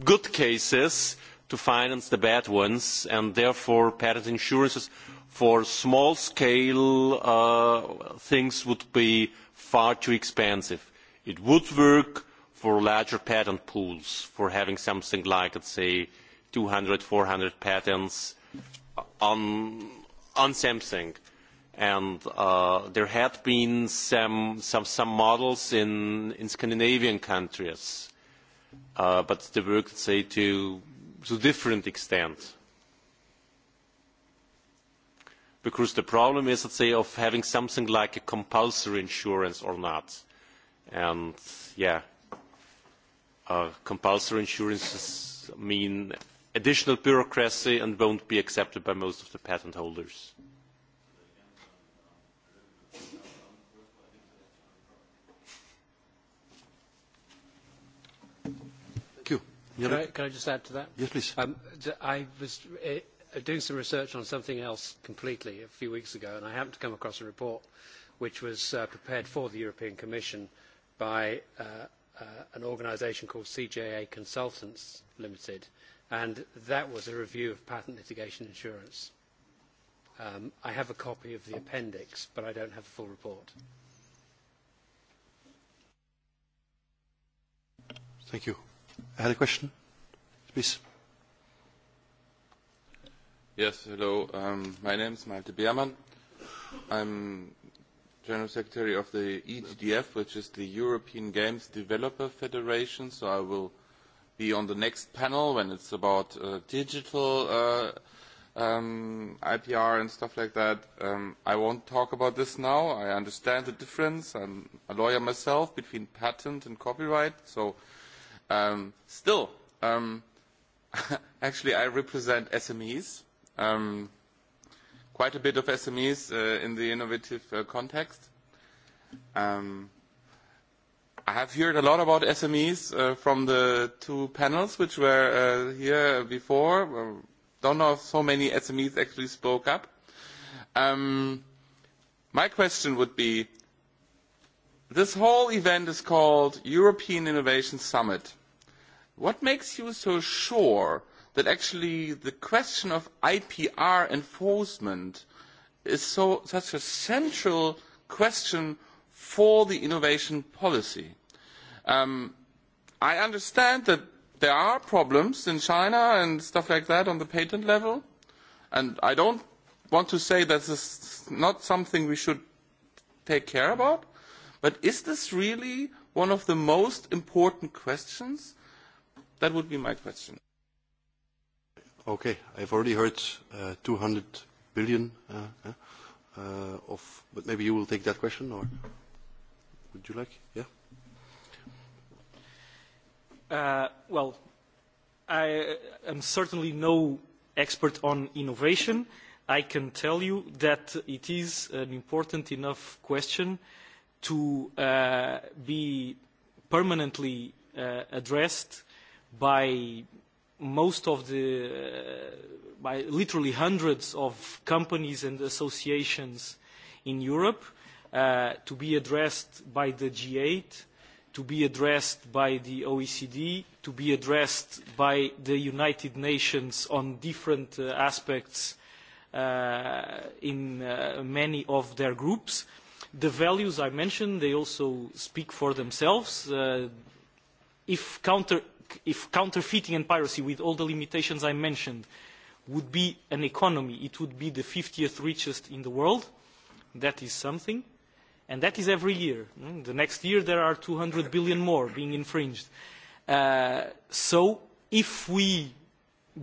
good cases to finance the bad ones, and therefore patent insurances for small-scale uh, things would be far too expensive. It would work for larger patent pools, for having something like, let's say, 200, 400 patents on, on something. Uh, and uh, there had been some some some models in in Scandinavian countries, uh, but they worked say to to different extent. Because the problem is, let's say, of having something like a compulsory insurance or not, and yeah, uh, compulsory insurances mean additional bureaucracy and won't be accepted by most of the patent holders. Mm -hmm. Can I, can I just add to that? Yes, please. Um, I was uh, doing some research on something else completely a few weeks ago, and I happened to come across a report which was uh, prepared for the European Commission by uh, uh, an organisation called CJA Consultants Limited, and that was a review of patent litigation insurance. Um, I have a copy of the appendix, but I don't have a full report. Thank you. I had a question, please. Yes, hello. Um, my name is Malte Biermann. I'm General Secretary of the EGDF, which is the European Games Developer Federation. So I will be on the next panel when it's about uh, digital uh, um, IPR and stuff like that. Um, I won't talk about this now. I understand the difference. I'm a lawyer myself between patent and copyright. So Um, still, um, actually, I represent SMEs, um, quite a bit of SMEs uh, in the innovative uh, context. Um, I have heard a lot about SMEs uh, from the two panels which were uh, here before. Don't know if so many SMEs actually spoke up. Um, my question would be, This whole event is called European Innovation Summit. What makes you so sure that actually the question of IPR enforcement is so, such a central question for the innovation policy? Um, I understand that there are problems in China and stuff like that on the patent level, and I don't want to say that this is not something we should take care about, But is this really one of the most important questions? That would be my question. Okay. I've already heard uh, 200 billion uh, uh, of, but maybe you will take that question, or would you like? Yeah. Uh, well, I am certainly no expert on innovation. I can tell you that it is an important enough question uh, to uh, be permanently uh, addressed by most of the, uh, by literally hundreds of companies and associations in Europe, uh, to be addressed by the G8, to be addressed by the OECD, to be addressed by the United Nations on different uh, aspects uh, in uh, many of their groups. Uh, The values I mentioned, they also speak for themselves. Uh, if, counter, if counterfeiting and piracy, with all the limitations I mentioned, would be an economy, it would be the 50th richest in the world. That is something. And that is every year. Mm, the next year there are 200 billion more being infringed. Uh, so if we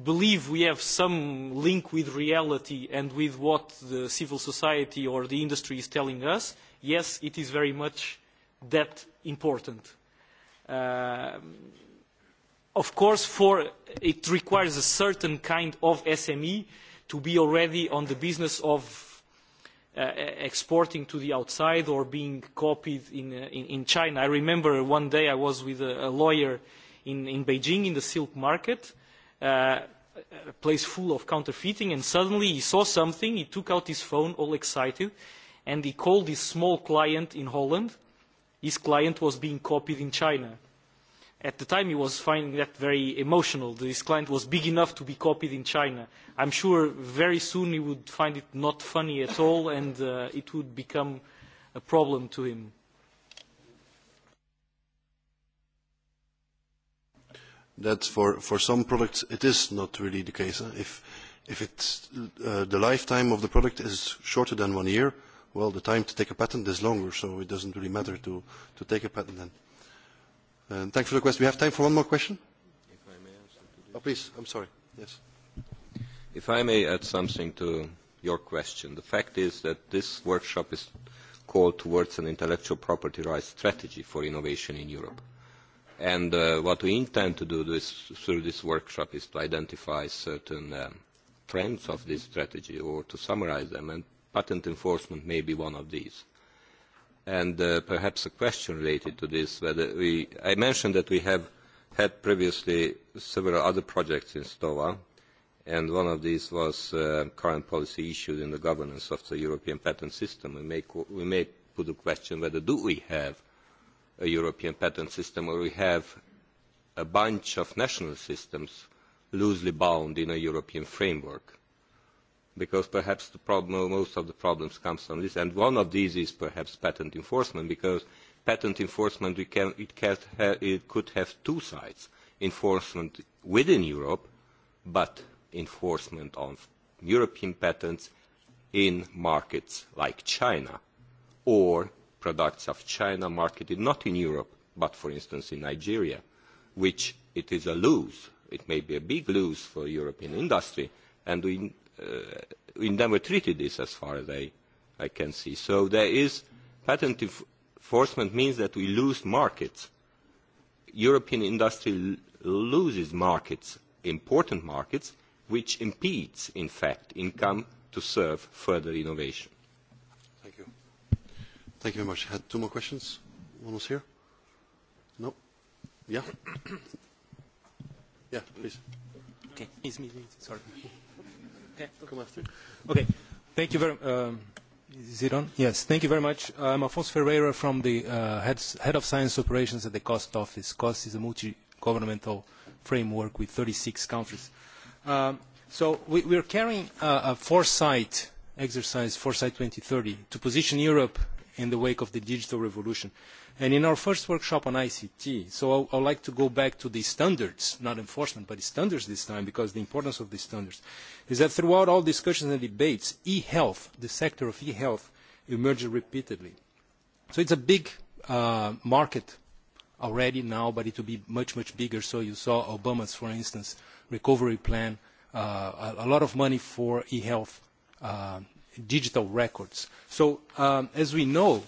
believe we have some link with reality and with what the civil society or the industry is telling us, yes, it is very much that important. Uh, of course, for, it requires a certain kind of SME to be already on the business of uh, exporting to the outside or being copied in, uh, in, in China. I remember one day I was with a, a lawyer in, in Beijing in the silk market, uh, uh, a place full of counterfeiting, and suddenly he saw something, he took out his phone, all excited, and he called his small client in Holland. His client was being copied in China. At the time, he was finding that very emotional. His client was big enough to be copied in China. I'm sure very soon he would find it not funny at all, and uh, it would become a problem to him. that for, for some products it is not really the case. Huh? If, if it's, uh, the lifetime of the product is shorter than one year, well, the time to take a patent is longer, so it doesn't really matter to, to take a patent then. Um, thanks for the question. We have time for one more question? If I may answer to this. Oh, please, I'm sorry. Yes. If I may add something to your question, the fact is that this workshop is called towards an intellectual property rights strategy for innovation in Europe. Mm-hmm And uh, what we intend to do this, through this workshop is to identify certain um, trends of this strategy or to summarize them, and patent enforcement may be one of these. And uh, perhaps a question related to this, whether we, I mentioned that we have had previously several other projects in STOA, and one of these was uh, current policy issued in the governance of the European patent system. We may, we may put a question whether do we have – a European patent system where we have a bunch of national systems loosely bound in a European framework. Because perhaps the problem, most of the problems comes from this. And one of these is perhaps patent enforcement, because patent enforcement, we can, it, can ha, it could have two sides. Enforcement within Europe, but enforcement of European patents in markets like China or products of China marketed not in Europe, but for instance in Nigeria, which it is a lose. It may be a big lose for European industry, and we, uh, we never treated this as far as I, I can see. So there is patent enforcement means that we lose markets. European industry loses markets, important markets, which impedes, in fact, income to serve further innovation. Thank you very much. I had two more questions. One was here. No? Yeah? yeah, please. Okay. It's me. Sorry. Okay. Come after. Okay. Thank you very um, Is it on? Yes. Thank you very much. Uh, I'm Afonso Ferreira from the uh, head, head of Science Operations at the COST Office. COST is a multi-governmental framework with 36 countries. Um, so we, we're carrying a, a foresight exercise, Foresight 2030, to position Europe in the wake of the digital revolution. And in our first workshop on ICT, so I would like to go back to the standards, not enforcement, but the standards this time, because the importance of the standards is that throughout all discussions and debates, e-health, the sector of e-health, emerges repeatedly. So it's a big uh, market already now, but it will be much, much bigger. So you saw Obama's, for instance, recovery plan, uh, a, a lot of money for e-health uh, digital records. So, um, as we know,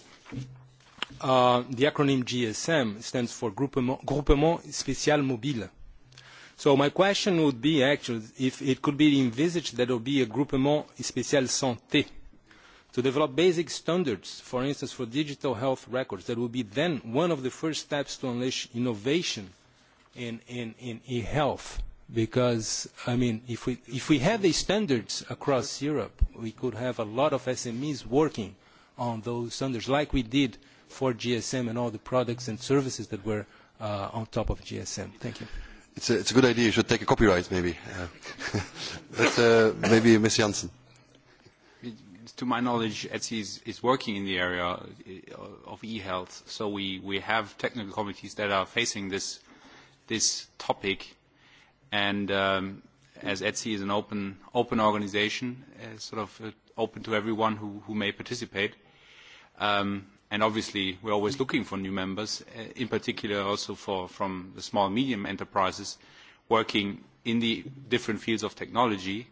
uh, the acronym GSM stands for Groupement, Groupement Spécial Mobile. So my question would be actually if it could be envisaged that there would be a Groupement Spécial Santé to develop basic standards, for instance, for digital health records. That would be then one of the first steps to unleash innovation in, in, in e-health. In because I mean, if we if we had the standards across Europe, we could have a lot of SMEs working on those standards, like we did for GSM and all the products and services that were uh, on top of GSM. Thank you. It's a, it's a good idea. You should take a copyright, maybe. Uh, but uh, maybe Ms. Janssen. To my knowledge, Etsy is, is working in the area uh, of e-health, so we, we have technical committees that are facing this, this topic and um, as Etsy is an open open organization, uh, sort of uh, open to everyone who, who may participate. Um, and obviously, we're always looking for new members, uh, in particular also for, from the small medium enterprises working in the different fields of technology.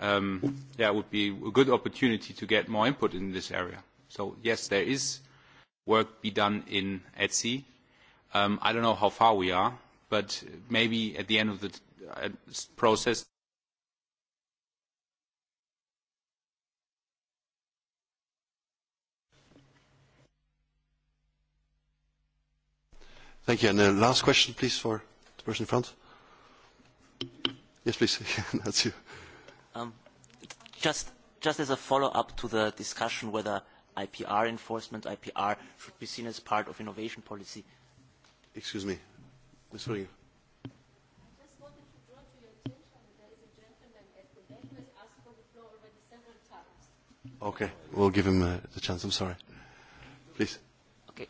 Um, yeah, it would be a good opportunity to get more input in this area. So yes, there is work be done in Etsy. Um, I don't know how far we are, but maybe at the end of the process Thank you. And the last question, please, for the person in front. Yes, please. That's you. Um, just, just as a follow-up to the discussion whether IPR enforcement, IPR, should be seen as part of innovation policy. Excuse me. Ms. Ring. Okay, we'll give him uh, the chance. I'm sorry. Please. Okay.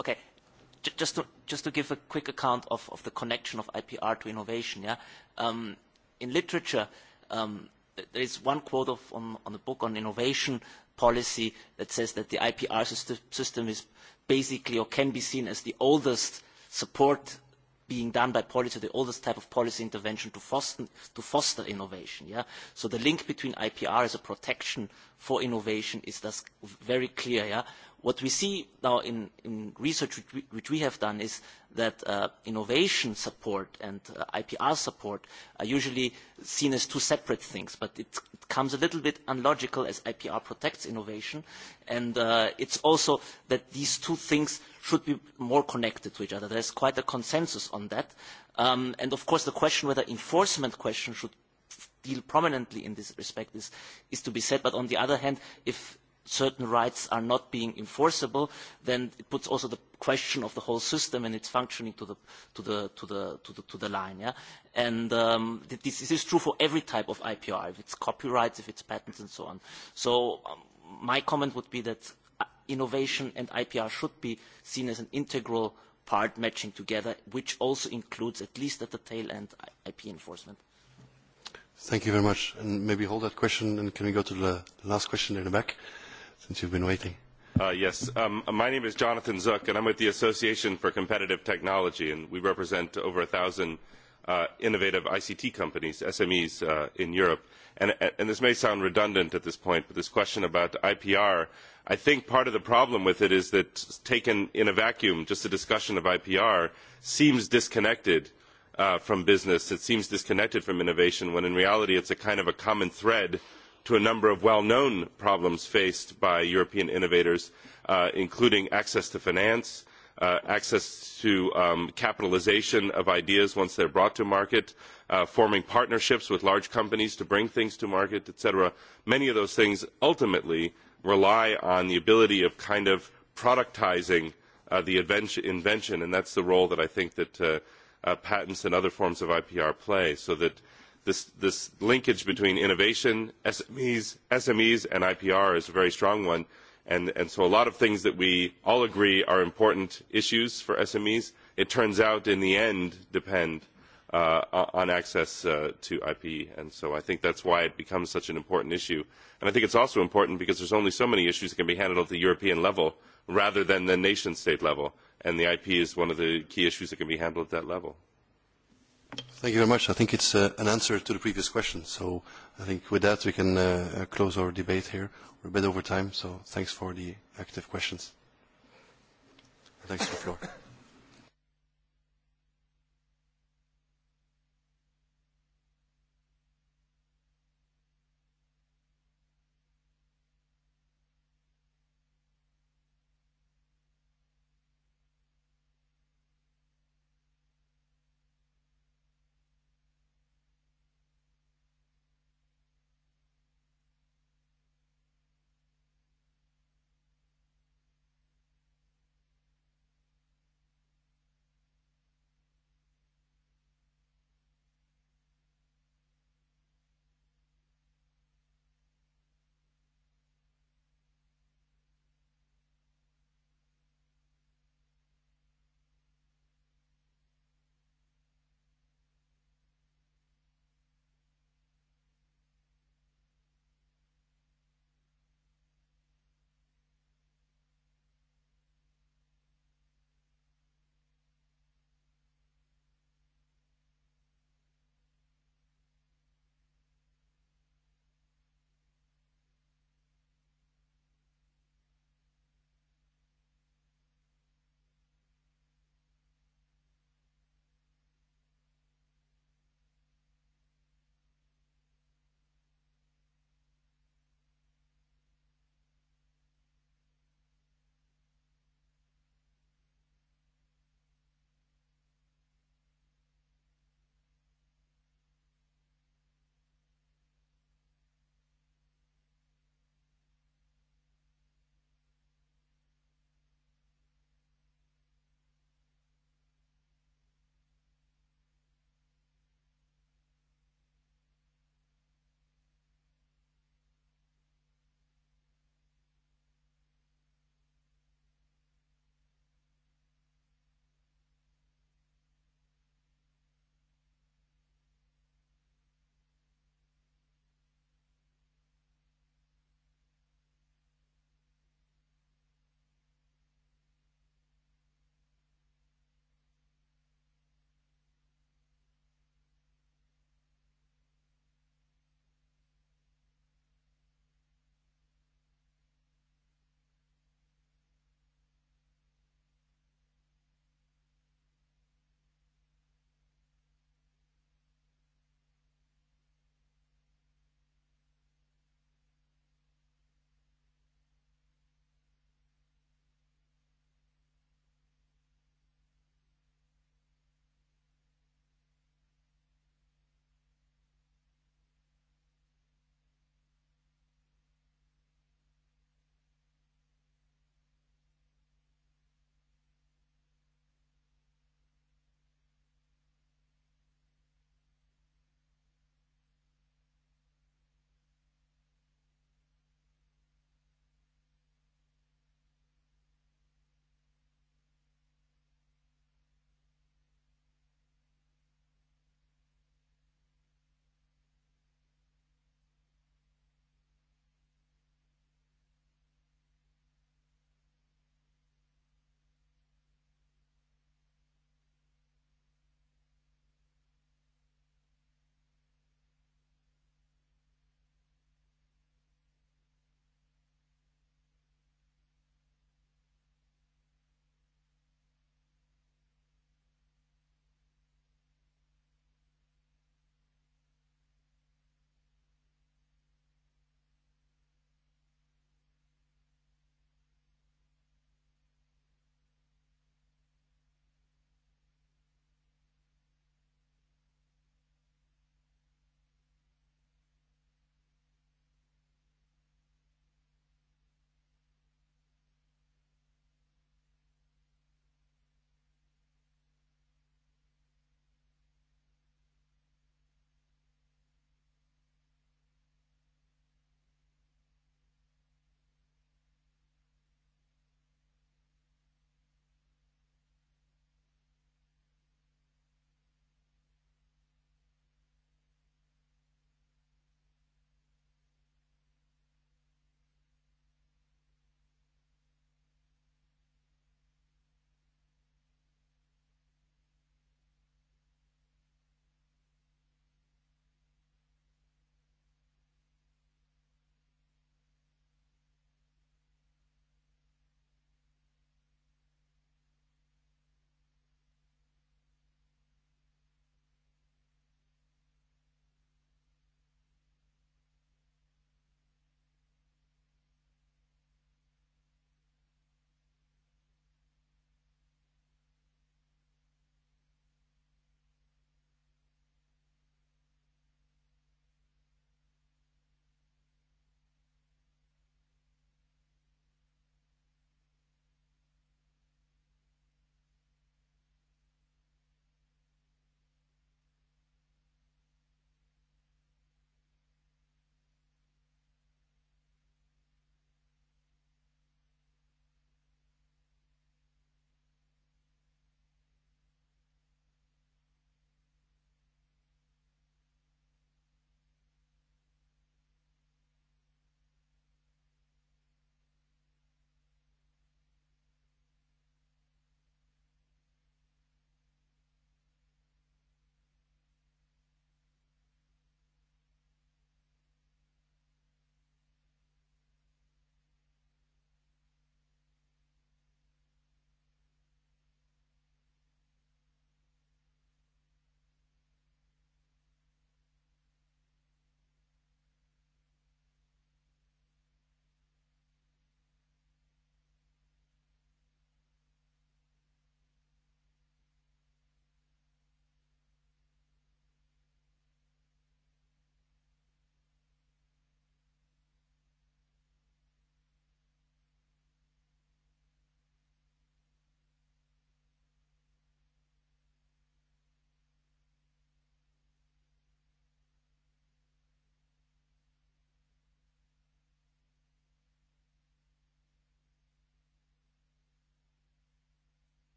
Okay. J just to just to give a quick account of, of the connection of IPR to innovation. Yeah. Um, in literature, um, there is one quote of, on on the book on innovation policy that says that the IPR system, system is basically or can be seen as the oldest support being done by policy, the oldest type of policy intervention to foster, to foster innovation. Yeah? So the link between IPR as a protection for innovation is thus very clear. Yeah? What we see now in, in research which we, which we have done is that uh, innovation support and uh, IPR support are usually seen as two separate things, but it, it comes a little bit unlogical as IPR protects innovation, and uh, it's also that these two things – should be more connected to each other. There is quite a consensus on that. Um, and of course the question whether enforcement question should deal prominently in this respect is, is to be said. But on the other hand, if certain rights are not being enforceable, then it puts also the question of the whole system and its functioning to the, to the, to the, to the, to the line. Yeah? And um, this, this is true for every type of IPR, if it's copyrights, if it's patents and so on. So um, my comment would be that innovation and IPR should be seen as an integral part matching together, which also includes, at least at the tail end, IP enforcement. Thank you very much. And maybe hold that question, and can we go to the last question in the back, since you've been waiting? Uh, yes. Um, my name is Jonathan Zook, and I'm with the Association for Competitive Technology, and we represent over 1,000 uh, innovative ICT companies, SMEs uh, in Europe. And, and this may sound redundant at this point, but this question about IPR, I think part of the problem with it is that taken in a vacuum, just a discussion of IPR seems disconnected uh, from business. It seems disconnected from innovation, when in reality it's a kind of a common thread to a number of well-known problems faced by European innovators, uh, including access to finance, uh, uh, access to um, capitalization of ideas once they're brought to market, uh, forming partnerships with large companies to bring things to market, etc. Many of those things ultimately rely on the ability of kind of productizing uh, the invention, invention, and that's the role that I think that uh, uh, patents and other forms of IPR play, so that this, this linkage between innovation, SMEs, SMEs, and IPR is a very strong one And, and so a lot of things that we all agree are important issues for SMEs, it turns out in the end depend uh, on access uh, to IP. And so I think that's why it becomes such an important issue. And I think it's also important because there's only so many issues that can be handled at the European level rather than the nation state level. And the IP is one of the key issues that can be handled at that level. Thank you very much. I think it's uh, an answer to the previous question. So I think with that we can uh, uh close our debate here. We're a bit over time, so thanks for the active questions. Thanks to the floor.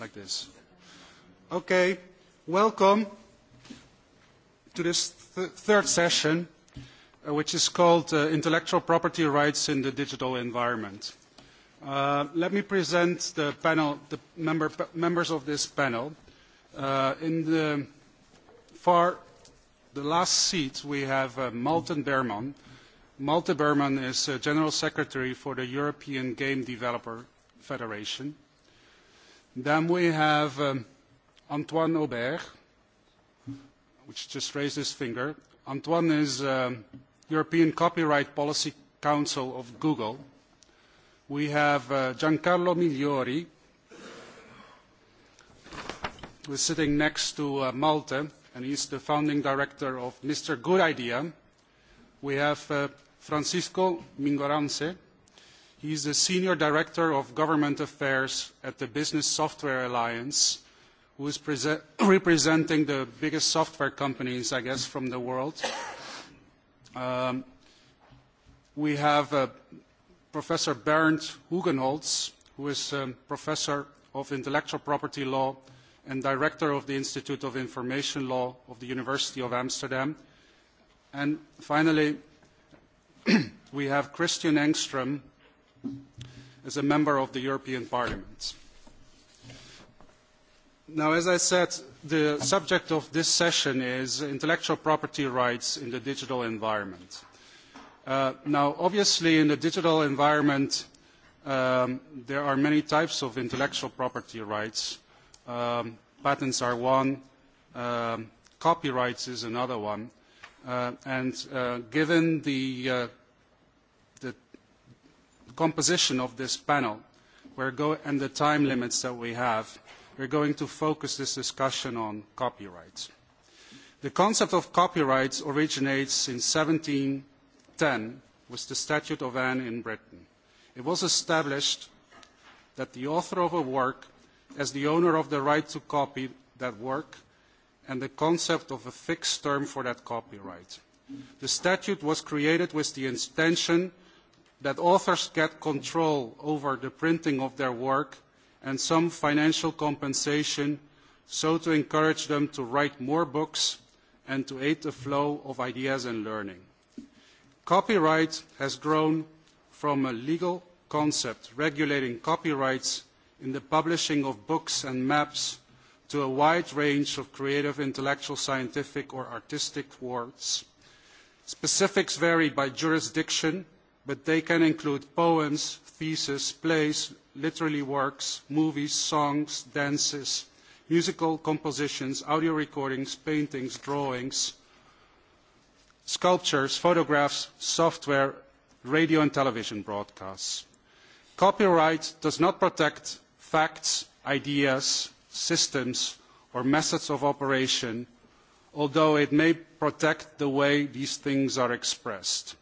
like this. Okay, welcome to this th third session, uh, which is called uh, Intellectual Property Rights in the Digital Environment. Uh, let me present the panel, the member, members of this panel. Uh, in the far, the last seat, we have uh, Malten Berman. Malte Berman is uh, General Secretary for the European Game Developer Federation. Uh, Then we have um, Antoine Aubert, which just raised his finger. Antoine is um, European Copyright Policy Council of Google. We have uh, Giancarlo Migliori, who is sitting next to uh, Malte, and he's the founding director of Mr. Good Idea. We have uh, Francisco Mingorance, He is the Senior Director of Government Affairs at the Business Software Alliance, who is representing the biggest software companies, I guess, from the world. Um, we have uh, Professor Bernd Hugenholz, who is um, Professor of Intellectual Property Law and Director of the Institute of Information Law of the University of Amsterdam. And finally, we have Christian Engström, as a member of the European Parliament. Now, as I said, the subject of this session is intellectual property rights in the digital environment. Uh, now, obviously, in the digital environment, um, there are many types of intellectual property rights. Um, patents are one, um, copyrights is another one. Uh, and uh, given the uh, composition of this panel we're go and the time limits that we have, we're going to focus this discussion on copyright. The concept of copyright originates in 1710 with the Statute of Anne in Britain. It was established that the author of a work as the owner of the right to copy that work and the concept of a fixed term for that copyright. The statute was created with the intention that authors get control over the printing of their work and some financial compensation, so to encourage them to write more books and to aid the flow of ideas and learning. Copyright has grown from a legal concept regulating copyrights in the publishing of books and maps to a wide range of creative, intellectual, scientific or artistic works. Specifics vary by jurisdiction but they can include poems, theses, plays, literary works, movies, songs, dances, musical compositions, audio recordings, paintings, drawings, sculptures, photographs, software, radio and television broadcasts. Copyright does not protect facts, ideas, systems, or methods of operation, although it may protect the way these things are expressed.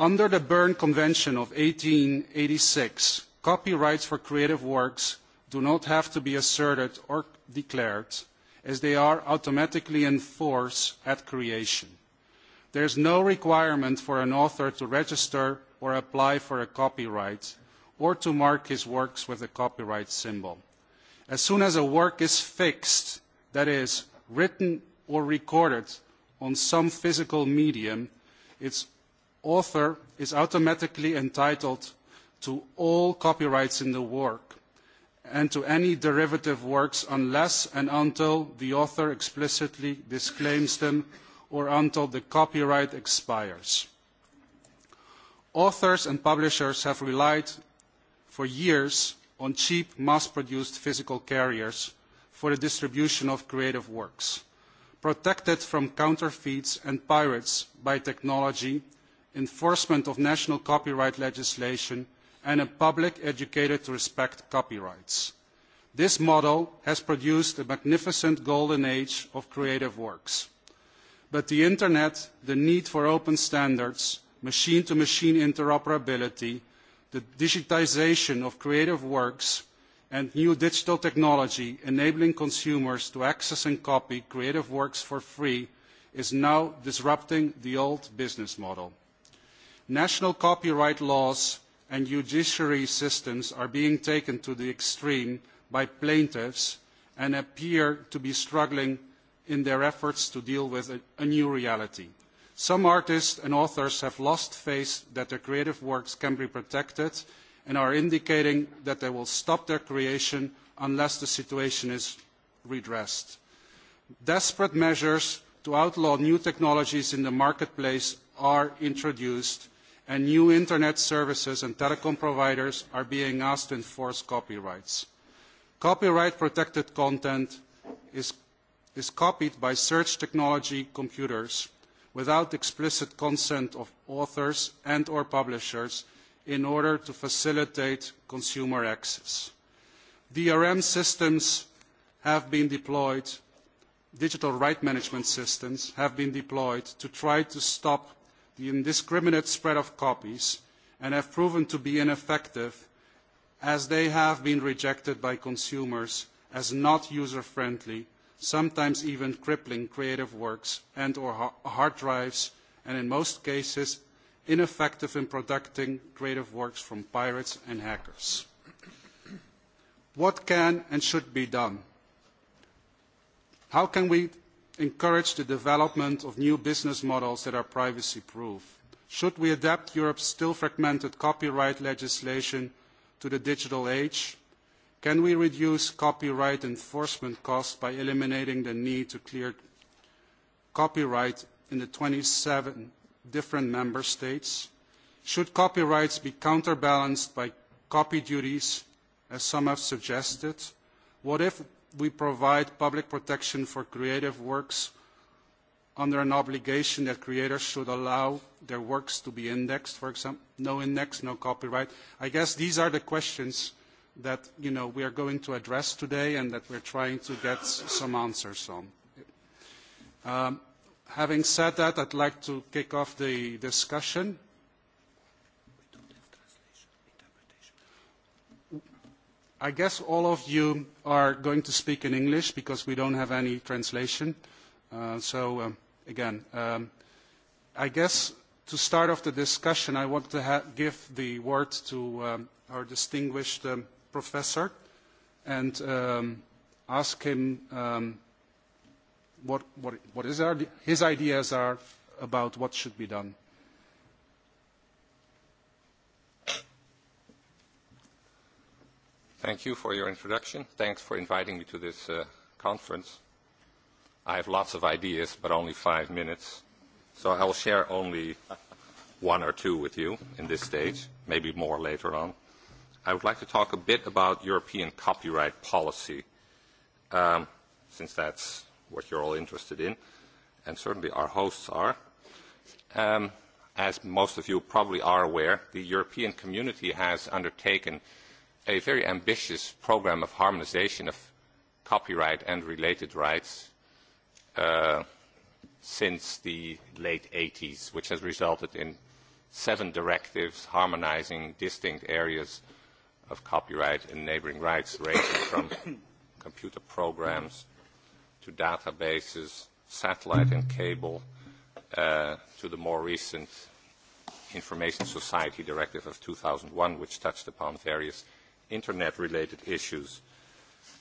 Under the Berne Convention of 1886, copyrights for creative works do not have to be asserted or declared, as they are automatically in force at creation. There is no requirement for an author to register or apply for a copyright, or to mark his works with a copyright symbol. As soon as a work is fixed, that is, written or recorded on some physical medium, its author is automatically entitled to all copyrights in the work and to any derivative works unless and until the author explicitly disclaims them or until the copyright expires. Authors and publishers have relied for years on cheap mass-produced physical carriers for the distribution of creative works, protected from counterfeits and pirates by technology enforcement of national copyright legislation and a public educated to respect copyrights. This model has produced a magnificent golden age of creative works. But the internet, the need for open standards, machine-to-machine -machine interoperability, the digitization of creative works, and new digital technology enabling consumers to access and copy creative works for free is now disrupting the old business model. National copyright laws and judiciary systems are being taken to the extreme by plaintiffs and appear to be struggling in their efforts to deal with a, a new reality. Some artists and authors have lost faith that their creative works can be protected and are indicating that they will stop their creation unless the situation is redressed. Desperate measures to outlaw new technologies in the marketplace are introduced and new internet services and telecom providers are being asked to enforce copyrights. Copyright protected content is, is copied by search technology computers without explicit consent of authors and or publishers in order to facilitate consumer access. DRM systems have been deployed, digital right management systems have been deployed to try to stop the indiscriminate spread of copies and have proven to be ineffective as they have been rejected by consumers as not user-friendly, sometimes even crippling creative works and or hard drives, and in most cases, ineffective in protecting creative works from pirates and hackers. What can and should be done? How can we encourage the development of new business models that are privacy-proof? Should we adapt Europe's still fragmented copyright legislation to the digital age? Can we reduce copyright enforcement costs by eliminating the need to clear copyright in the 27 different member states? Should copyrights be counterbalanced by copy duties, as some have suggested? What if we provide public protection for creative works under an obligation that creators should allow their works to be indexed, for example. No index, no copyright. I guess these are the questions that you know, we are going to address today and that we're trying to get some answers on. Um, having said that, I'd like to kick off the discussion. I guess all of you are going to speak in English because we don't have any translation. Uh, so, um, again, um, I guess to start off the discussion, I want to ha give the word to um, our distinguished um, professor and um, ask him um, what, what, what is our, his ideas are about what should be done. Thank you for your introduction. Thanks for inviting me to this uh, conference. I have lots of ideas, but only five minutes, so I will share only one or two with you in this stage, maybe more later on. I would like to talk a bit about European copyright policy, um, since that's what you're all interested in, and certainly our hosts are. Um, as most of you probably are aware, the European community has undertaken uh, a very ambitious program of harmonization of copyright and related rights uh, since the late 80s, which has resulted in seven directives harmonizing distinct areas of copyright and neighboring rights, ranging from computer programs to databases, satellite and cable, uh, to the more recent Information Society Directive of 2001, which touched upon various internet related issues.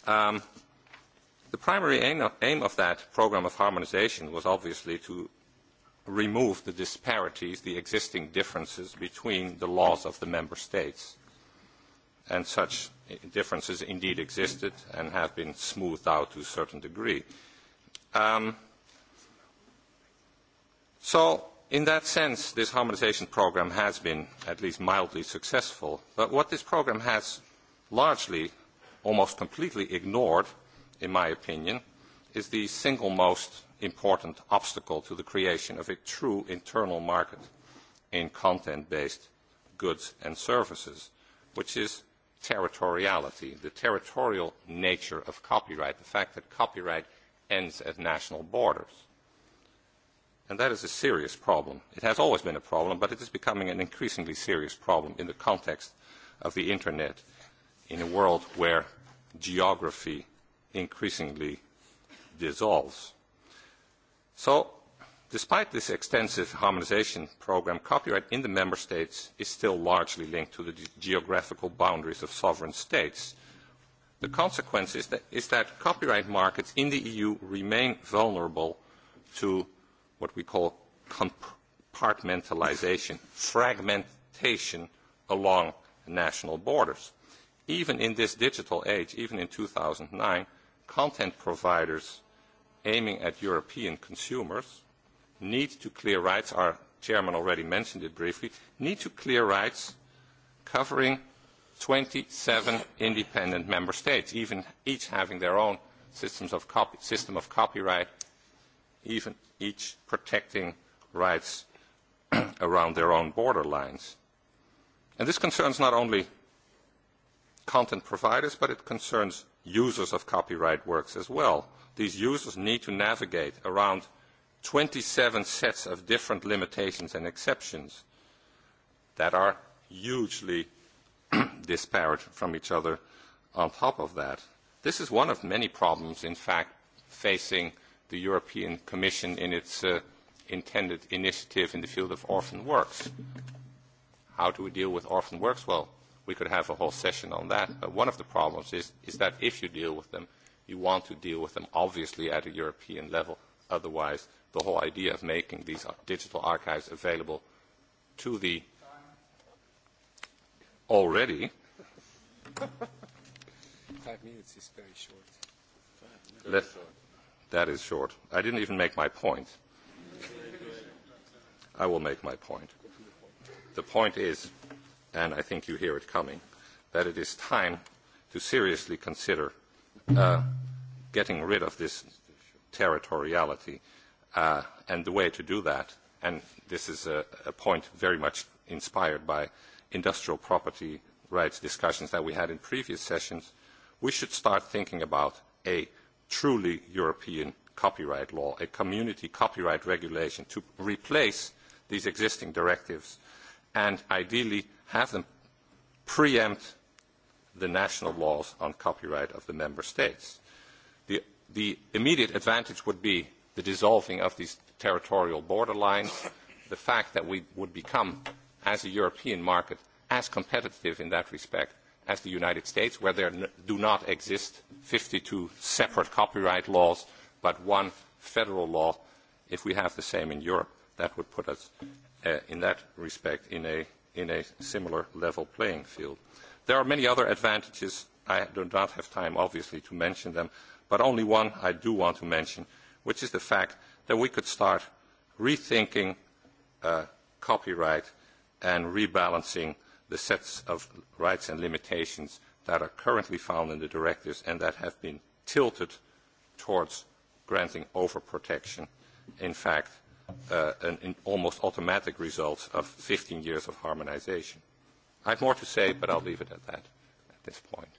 Um, the primary aim of, aim of that program of harmonization was obviously to remove the disparities, the existing differences between the laws of the member states. And such differences indeed existed and have been smoothed out to a certain degree. Um, so in that sense, this harmonization program has been at least mildly successful. But what this program has largely, almost completely ignored, in my opinion, is the single most important obstacle to the creation of a true internal market in content-based goods and services, which is territoriality, the territorial nature of copyright, the fact that copyright ends at national borders. And that is a serious problem. It has always been a problem, but it is becoming an increasingly serious problem in the context of the Internet in a world where geography increasingly dissolves. So, despite this extensive harmonization program, copyright in the member states is still largely linked to the ge geographical boundaries of sovereign states. The consequence is that, is that copyright markets in the EU remain vulnerable to what we call compartmentalization, fragmentation along national borders even in this digital age, even in 2009, content providers aiming at European consumers need to clear rights, our chairman already mentioned it briefly, need to clear rights covering 27 independent member states, even each having their own systems of copy, system of copyright, even each protecting rights around their own border lines. And this concerns not only content providers, but it concerns users of copyright works as well. These users need to navigate around 27 sets of different limitations and exceptions that are hugely disparate from each other on top of that. This is one of many problems, in fact, facing the European Commission in its uh, intended initiative in the field of orphan works. How do we deal with orphan works? Well, we could have a whole session on that. But one of the problems is, is that if you deal with them, you want to deal with them obviously at a European level. Otherwise, the whole idea of making these digital archives available to the already five minutes is very short. Let, that is short. I didn't even make my point. I will make my point. The point is and I think you hear it coming, that it is time to seriously consider uh, getting rid of this territoriality. Uh, and the way to do that, and this is a, a point very much inspired by industrial property rights discussions that we had in previous sessions, we should start thinking about a truly European copyright law, a community copyright regulation to replace these existing directives uh, and ideally have them preempt the national laws on copyright of the member states. The, the immediate advantage would be the dissolving of these territorial borderlines, the fact that we would become, as a European market, as competitive in that respect as the United States, where there do not exist 52 separate copyright laws, but one federal law. If we have the same in Europe, that would put us uh, in that respect in a, in a similar level playing field. There are many other advantages. I do not have time, obviously, to mention them, but only one I do want to mention, which is the fact that we could start rethinking uh, copyright and rebalancing the sets of rights and limitations that are currently found in the directives and that have been tilted towards granting overprotection. In fact, uh, an, an almost automatic result of 15 years of harmonization. I have more to say, but I'll leave it at that at this point.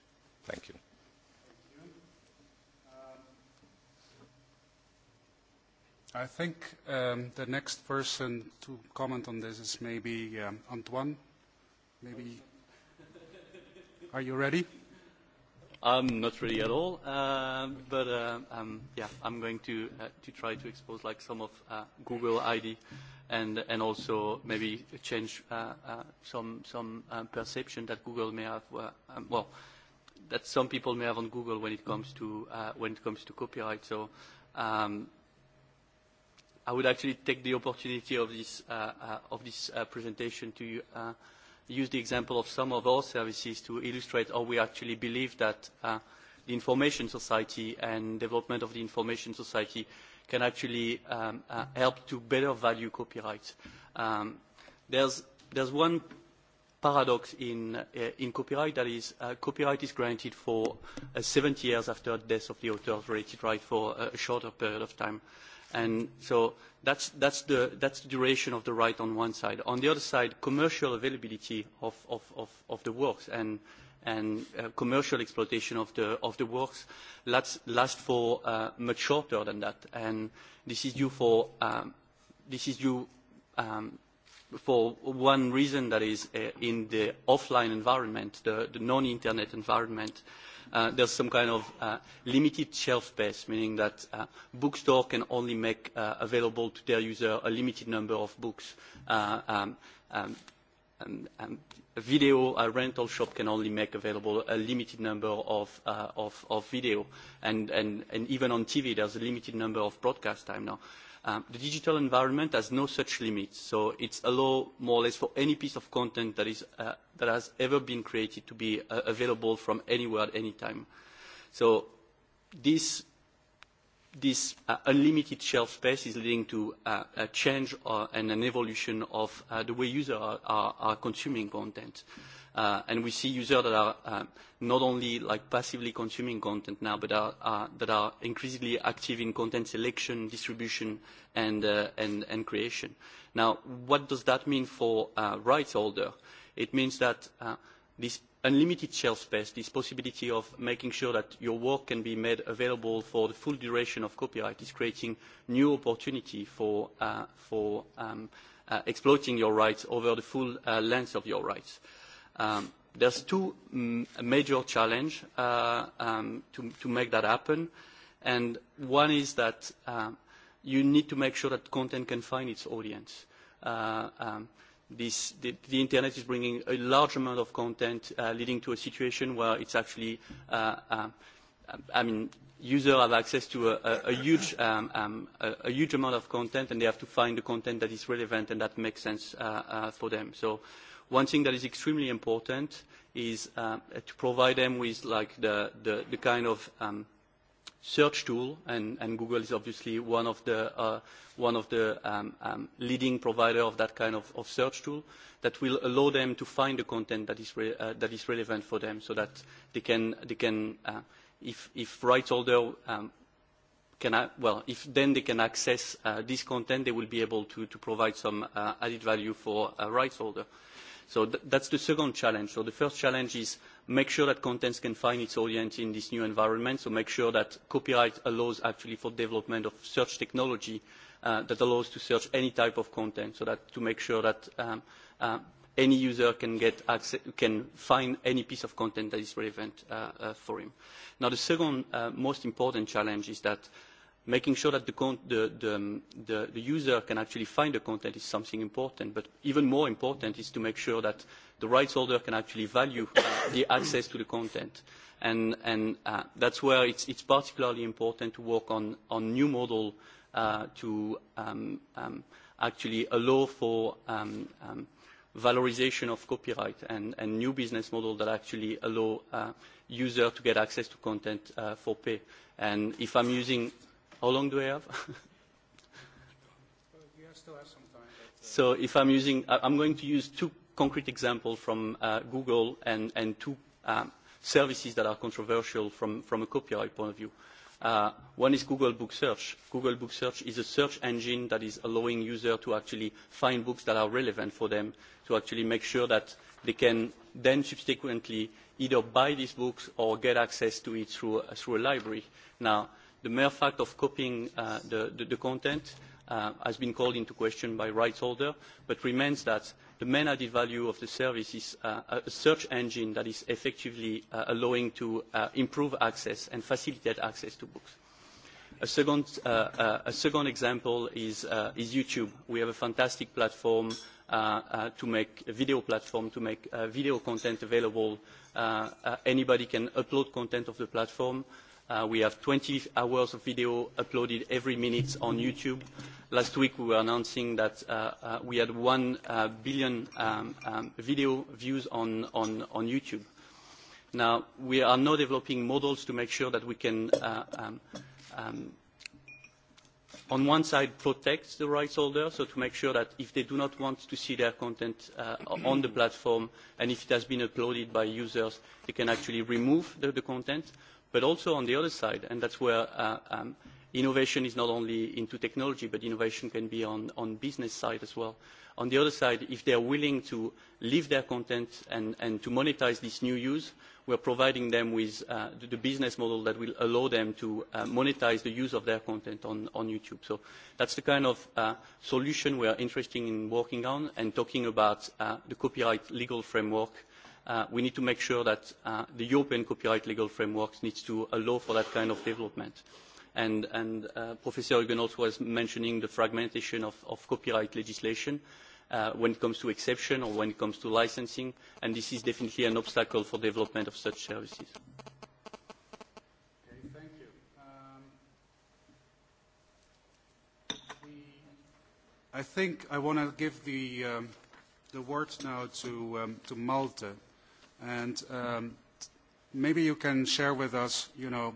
Thank you. I think um, the next person to comment on this is maybe um, Antoine. Maybe. Are you ready? Um, not really at all, uh, but uh, um, yeah, I'm going to uh, to try to expose like some of uh, Google ID, and and also maybe change uh, uh, some some um, perception that Google may have. Uh, um, well, that some people may have on Google when it comes to uh, when it comes to copyright. So. Um, I would actually take the opportunity of this, uh, uh, of this uh, presentation to uh, use the example of some of our services to illustrate how we actually believe that uh, the information society and development of the information society can actually um, uh, help to better value copyright. Um, there's, there's one paradox in, uh, in copyright, that is uh, copyright is granted for uh, 70 years after the death of the author's related right for a, a shorter period of time. Uh, And so that's, that's, the, that's the duration of the right on one side. On the other side, commercial availability of, of, of, of the works and, and uh, commercial exploitation of the, of the works lasts, lasts for uh, much shorter than that. And this is due for, um, this is due, um, for one reason that is uh, in the offline environment, the, the non-internet environment. Uh, uh, there's some kind of uh, limited shelf space, meaning that uh, bookstore can only make uh, available to their user a limited number of books. Uh, um, um, um, um, video a rental shop can only make available a limited number of, uh, of, of video and, and, and even on TV there's a limited number of broadcast time now. Uh, Um, the digital environment has no such limits, so it's a law more or less for any piece of content that, is, uh, that has ever been created to be uh, available from anywhere at any time. So this, this uh, unlimited shelf space is leading to uh, a change uh, and an evolution of uh, the way users are, are, are consuming content. Mm-hmm Uh, and we see users that are um, not only like passively consuming content now, but are, are, that are increasingly active in content selection, distribution, and, uh, and, and creation. Now, what does that mean for uh, rights holder? It means that uh, this unlimited shelf space, this possibility of making sure that your work can be made available for the full duration of copyright is creating new opportunity for, uh, for um, uh, exploiting your rights over the full uh, length of your rights. Uh, Um, there's two m- mm, major challenges uh, um, to, to make that happen. And one is that um, you need to make sure that content can find its audience. Uh, um, this, the, the internet is bringing a large amount of content, uh, leading to a situation where it's actually, uh, uh, I mean, users have access to a, a, a, huge, um, um, a, a huge amount of content, and they have to find the content that is relevant and that makes sense uh, uh, for them. So One thing that is extremely important is uh, to provide them with like the, the, the kind of um, search tool, and, and Google is obviously one of the, uh, one of the um, um, leading provider of that kind of, of search tool that will allow them to find the content that is, re uh, that is relevant for them so that they can, they can uh, if, if rights holder um, can, I, well, if then they can access uh, this content, they will be able to, to provide some uh, added value for a rights holder. Uh, So th that's the second challenge. So the first challenge is make sure that content can find its audience in this new environment, so make sure that copyright allows actually for development of search technology uh, that allows to search any type of content, so that to make sure that um, uh, any user can, get access, can find any piece of content that is relevant uh, uh, for him. Now the second uh, most important challenge is that uh, making sure that the, con the, the, um, the, the user can actually find the content is something important, but even more important is to make sure that the rights holder can actually value the access to the content. And, and uh, that's where it's, it's particularly important to work on, on new model uh, to um, um, actually allow for um, um, valorization of copyright and, and new business model that actually allow uh, user to get access to content uh, for pay. And if I'm using How long do I have? you still have some time. But, uh... So if I'm using, I'm going to use two concrete examples from uh, Google and, and two um, services that are controversial from, from a copyright point of view. Uh, one is Google Book Search. Google Book Search is a search engine that is allowing users to actually find books that are relevant for them, to actually make sure that they can then subsequently either buy these books or get access to it through, uh, through a library. Now, the mere fact of copying uh, the, the, the content uh, has been called into question by rights holder, but remains that the main added value of the service is uh, a search engine that is effectively uh, allowing to uh, improve access and facilitate access to books. A second, uh, uh, a second example is, uh, is YouTube. We have a fantastic platform uh, uh, to make a video platform to make uh, video content available. Uh, uh, anybody can upload content of the platform. Uh, Uh, we have 20 hours of video uploaded every minute on YouTube. Last week we were announcing that uh, uh, we had 1 uh, billion um, um, video views on, on, on YouTube. Now, we are now developing models to make sure that we can, uh, um, um, on one side, protect the rights holder, so to make sure that if they do not want to see their content uh, on the platform and if it has been uploaded by users, they can actually remove the, the content but also on the other side, and that's where uh, um, innovation is not only into technology, but innovation can be on, on business side as well. On the other side, if they are willing to leave their content and, and to monetize this new use, we're providing them with uh, the, the business model that will allow them to uh, monetize the use of their content on, on YouTube. So that's the kind of uh, solution we are interested in working on and talking about uh, the copyright legal framework uh, uh, we need to make sure that uh, the European copyright legal framework needs to allow for that kind of development. And, and uh, Professor Huguenot was mentioning the fragmentation of, of copyright legislation uh, when it comes to exception or when it comes to licensing, and this is definitely an obstacle for development of such services. Um, I think I want to give the, um, the words now to, um, to Malte And um, maybe you can share with us, you know,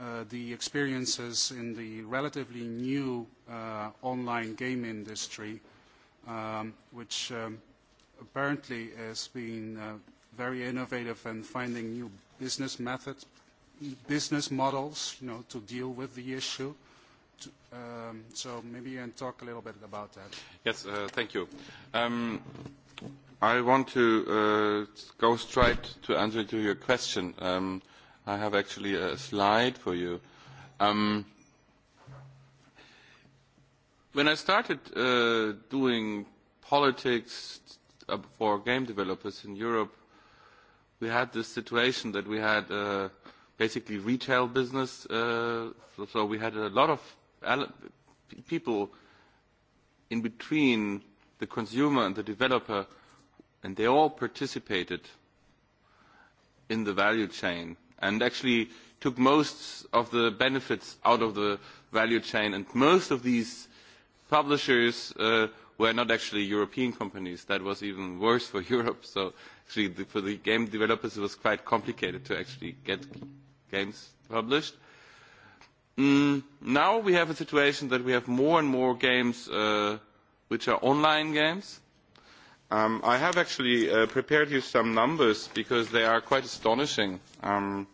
uh, the experiences in the relatively new uh, online game industry, um, which um, apparently is being uh, very innovative and finding new business methods, business models, you know, to deal with the issue. To, um, so maybe you can talk a little bit about that. Yes, uh, thank you. Um, I want to uh, go straight to answer to your question. Um, I have actually a slide for you. Um, when I started uh, doing politics uh, for game developers in Europe, we had this situation that we had uh, basically retail business, uh, so, so we had a lot of people in between the consumer and the developer – and they all participated in the value chain and actually took most of the benefits out of the value chain. And most of these publishers uh, were not actually European companies. That was even worse for Europe. So actually, the, for the game developers, it was quite complicated to actually get games published. Mm, now we have a situation that we have more and more games uh, which are online games Um, I have actually uh, prepared you some numbers because they are quite astonishing. Um,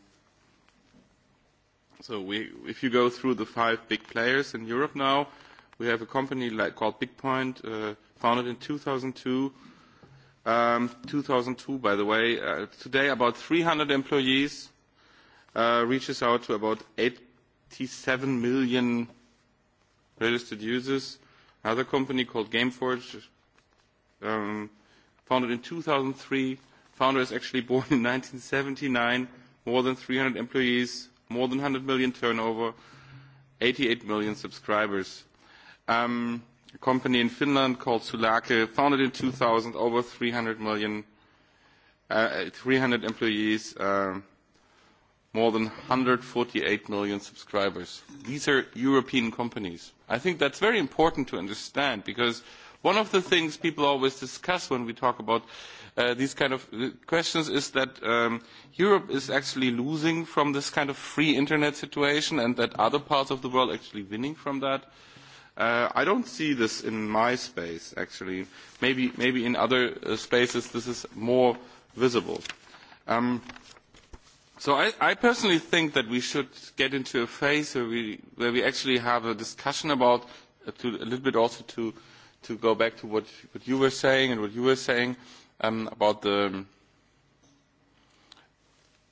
so we, if you go through the five big players in Europe now, we have a company like, called BigPoint, uh, founded in 2002. Um, 2002, by the way. Uh, today, about 300 employees, uh, reaches out to about 87 million registered users. Another company called Gameforge, um, founded in 2003. Founder is actually born in 1979. More than 300 employees, more than 100 million turnover, 88 million subscribers. Um, a company in Finland called Sulake, founded in 2000, over 300 million, uh, 300 employees, uh, more than 148 million subscribers. These are European companies. I think that's very important to understand because uh, One of the things people always discuss when we talk about uh, these kind of uh, questions is that um, Europe is actually losing from this kind of free internet situation and that other parts of the world actually winning from that. Uh, I don't see this in my space, actually. Maybe, maybe in other uh, spaces this is more visible. Um, so I, I personally think that we should get into a phase where we, where we actually have a discussion about, uh, to, a little bit also to uh, to go back to what, what you were saying and what you were saying um, about the um,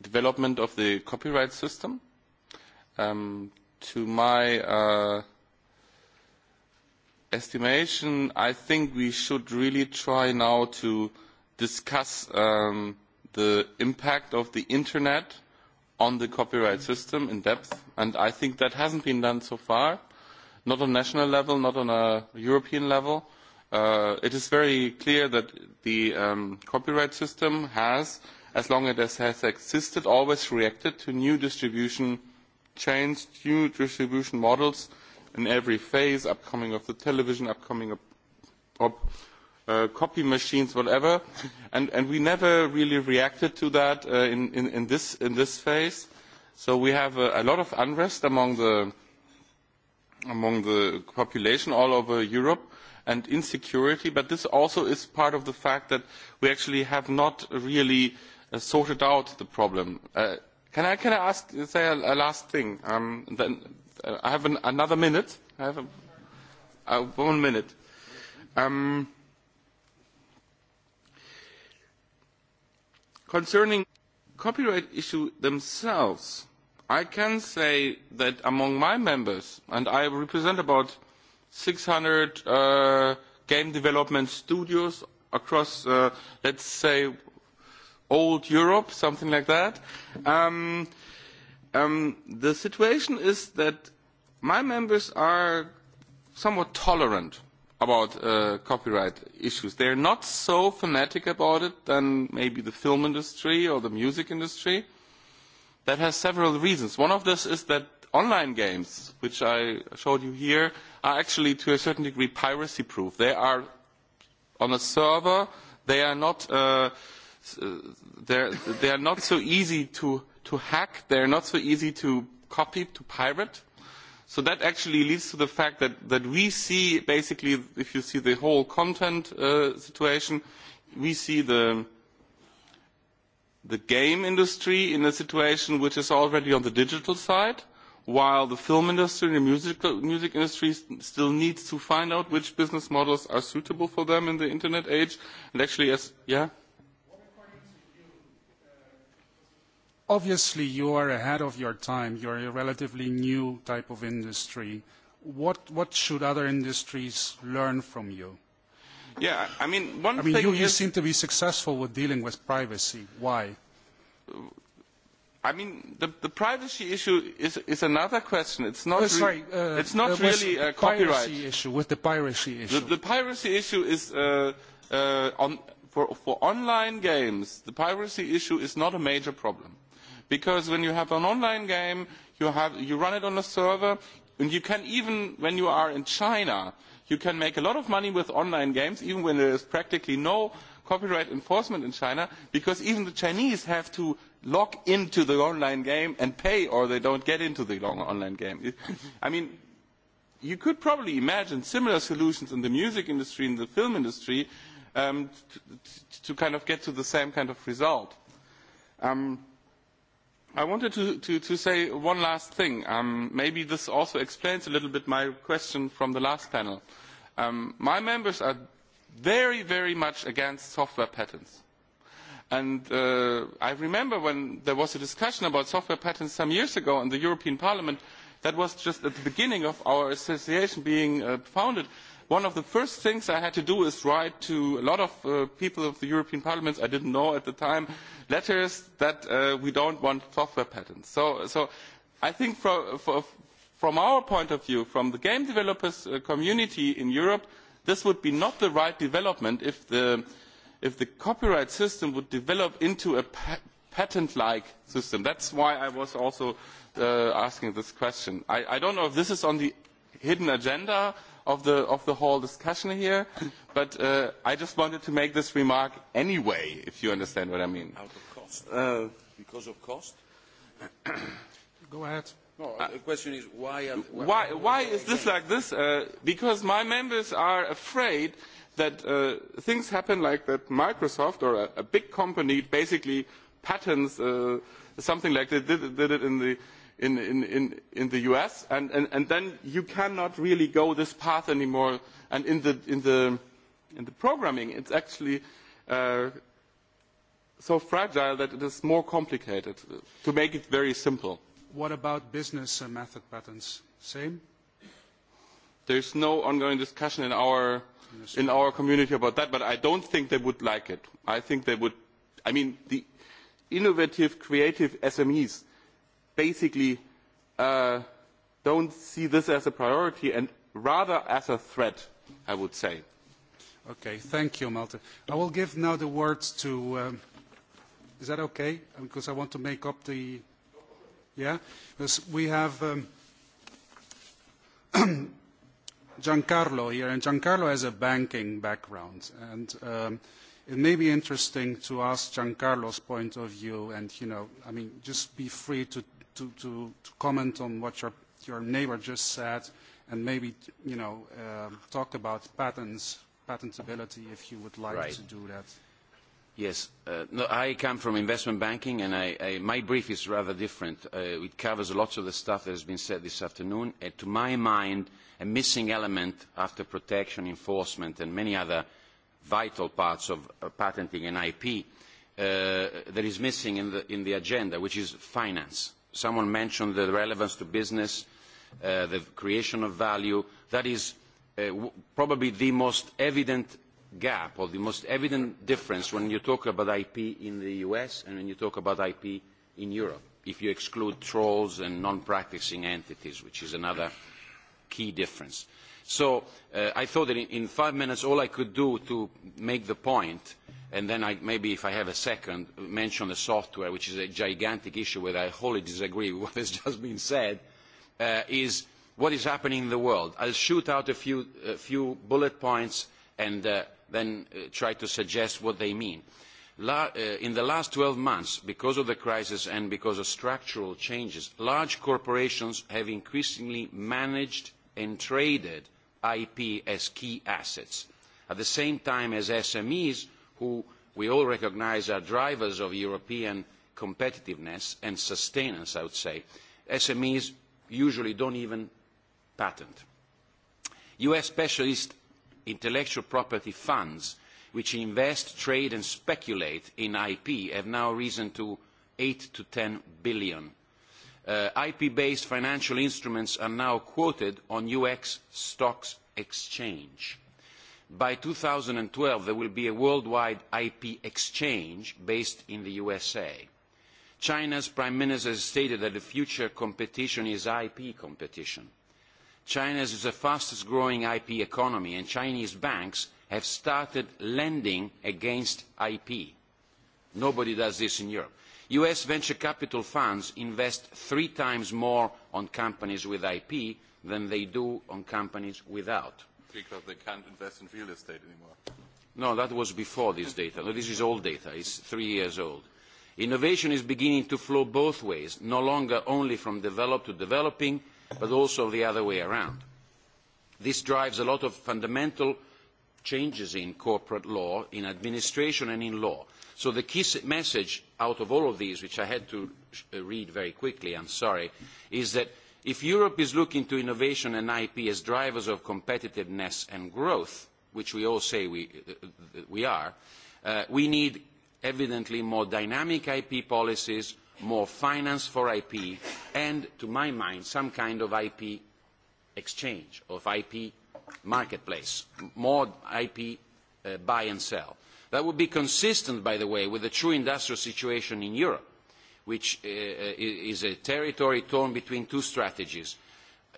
development of the copyright system. Um, to my uh, estimation, I think we should really try now to discuss um, the impact of the internet on the copyright system in depth, and I think that hasn't been done so far. Uh, not on national level, not on a European level. Uh, it is very clear that the um, copyright system has, as long as it has existed, always reacted to new distribution chains, new distribution models in every phase, upcoming of the television, upcoming of, of uh, copy machines, whatever. And, and we never really reacted to that uh, in, in, in, this, in this phase. So we have a, a lot of unrest among the among the population all over Europe and insecurity, but this also is part of the fact that we actually have not really uh, sorted out the problem. Uh, can I can I ask say a, a last thing? Um, then uh, I have an, another minute. I have a, uh, one minute. Um, concerning copyright issue themselves. I can say that among my members, and I represent about 600 uh, game development studios across, uh, let's say, old Europe, something like that. Um, um, the situation is that my members are somewhat tolerant about uh, copyright issues. They're not so fanatic about it than maybe the film industry or the music industry that has several reasons. One of this is that online games, which I showed you here, are actually to a certain degree piracy proof. They are on a server, they are not, uh, uh, they're, they are not so easy to, to hack, they are not so easy to copy, to pirate. So that actually leads to the fact that, that we see basically, if you see the whole content uh, situation, we see the, the game industry in a situation which is already on the digital side, while the film industry and the music, music industry still needs to find out which business models are suitable for them in the internet age. And actually, as yeah. Obviously, you are ahead of your time. You're a relatively new type of industry. What, what should other industries learn from you? Yeah, I mean, one I mean, thing you, you is, seem to be successful with dealing with privacy. Why? I mean, the, the privacy issue is, is another question. It's not, oh, sorry, uh, it's not uh, really a copyright issue. With the piracy issue, the, the piracy issue is uh, uh, on for, for online games. The piracy issue is not a major problem because when you have an online game, you have you run it on a server, and you can even when you are in China. Uh, you can make a lot of money with online games even when there is practically no copyright enforcement in China because even the Chinese have to log into the online game and pay or they don't get into the long online game. I mean, you could probably imagine similar solutions in the music industry, in the film industry, um, to, to kind of get to the same kind of result. Um, I wanted to, to, to say one last thing. Um, maybe this also explains a little bit my question from the last panel. Um, my members are very, very much against software patents. And uh, I remember when there was a discussion about software patents some years ago in the European Parliament, that was just at the beginning of our association being uh, founded, one of the first things I had to do is write to a lot of uh, people of the European Parliament, I didn't know at the time, letters that uh, we don't want software patents. So, so I think for, for, from our point of view, from the game developers uh, community in Europe, this would be not the right development if the, if the copyright system would develop into a pa patent-like system. That's why I was also uh, asking this question. I, I don't know if this is on the hidden agenda of the, of the whole discussion here, but uh, I just wanted to make this remark anyway, if you understand what I mean. Out of cost. Uh, because of cost? Go ahead. No, uh, the question is why. Are, why, why, why is again? this like this? Uh, because my members are afraid that uh, things happen like that. Microsoft or a, a big company basically patents uh, something like they did, did it in the in, in, in, in the US, and, and, and then you cannot really go this path anymore. And in the, in the, in the programming, it's actually uh, so fragile that it is more complicated, to make it very simple. What about business uh, method patents? Same? There's no ongoing discussion in our, in our community about that, but I don't think they would like it. I think they would, I mean, the innovative, creative SMEs, basically uh, don't see this as a priority and rather as a threat, I would say. Okay, thank you, Malte. I will give now the words to... Um, is that okay? Because I want to make up the... Yeah? Because we have... Um, Giancarlo here, and Giancarlo has a banking background, and um, it may be interesting to ask Giancarlo's point of view, and you know, I mean, just be free to to, to, to comment on what your, your neighbor just said and maybe, you know, uh, talk about patents, patentability, if you would like right. to do that. Yes. Uh, no, I come from investment banking, and I, I, my brief is rather different. Uh, it covers lots of the stuff that has been said this afternoon. Uh, to my mind, a missing element after protection, enforcement, and many other vital parts of uh, patenting and IP uh, that is missing in the, in the agenda, which is finance someone mentioned the relevance to business, uh, the creation of value. That is uh, probably the most evident gap or the most evident difference when you talk about IP in the US and when you talk about IP in Europe, if you exclude trolls and non-practicing entities, which is another key difference. Uh, So uh, I thought that in, in five minutes all I could do to make the point, and then I, maybe if I have a second, mention the software, which is a gigantic issue where I wholly disagree with what has just been said, uh, is what is happening in the world. I'll shoot out a few, a few bullet points and uh, then uh, try to suggest what they mean. La uh, in the last 12 months, because of the crisis and because of structural changes, large corporations have increasingly managed and traded IP as key assets, at the same time as SMEs, who we all recognize are drivers of European competitiveness and sustenance, I would say, SMEs usually don't even patent. US specialist intellectual property funds which invest, trade and speculate in IP have now risen to 8 to 10 billion uh, IP-based financial instruments are now quoted on UX stocks exchange. By 2012, there will be a worldwide IP exchange based in the USA. China's Prime Minister has stated that the future competition is IP competition. China is the fastest growing IP economy and Chinese banks have started lending against IP. Nobody does this in Europe. US venture capital funds invest three times more on companies with IP than they do on companies without. Because they can't invest in real estate anymore. No, that was before this data. No, this is old data. It's three years old. Innovation is beginning to flow both ways, no longer only from developed to developing, but also the other way around. This drives a lot of fundamental changes in corporate law, in administration and in law. So the key message out of all of these, which I had to uh, read very quickly, I'm sorry, is that if Europe is looking to innovation and IP as drivers of competitiveness and growth, which we all say we, uh, uh we are, uh, we need evidently more dynamic IP policies, more finance for IP, and, to my mind, some kind of IP exchange, of IP marketplace, more IP uh, buy and sell. That would be consistent, by the way, with the true industrial situation in Europe, which uh, uh, is a territory torn between two strategies.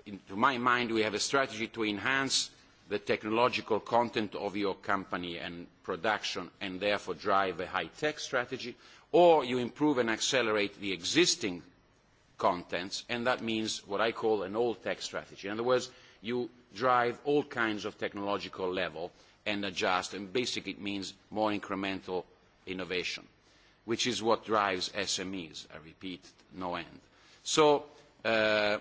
In, to my mind, we have a strategy to enhance the technological content of your company and production and therefore drive a high-tech strategy, or you improve and accelerate the existing contents, and that means what I call an old-tech strategy. In other words, you drive all kinds of technological level uh, and adjust, and basically it means more incremental innovation, which is what drives SMEs, I repeat, no end. So uh,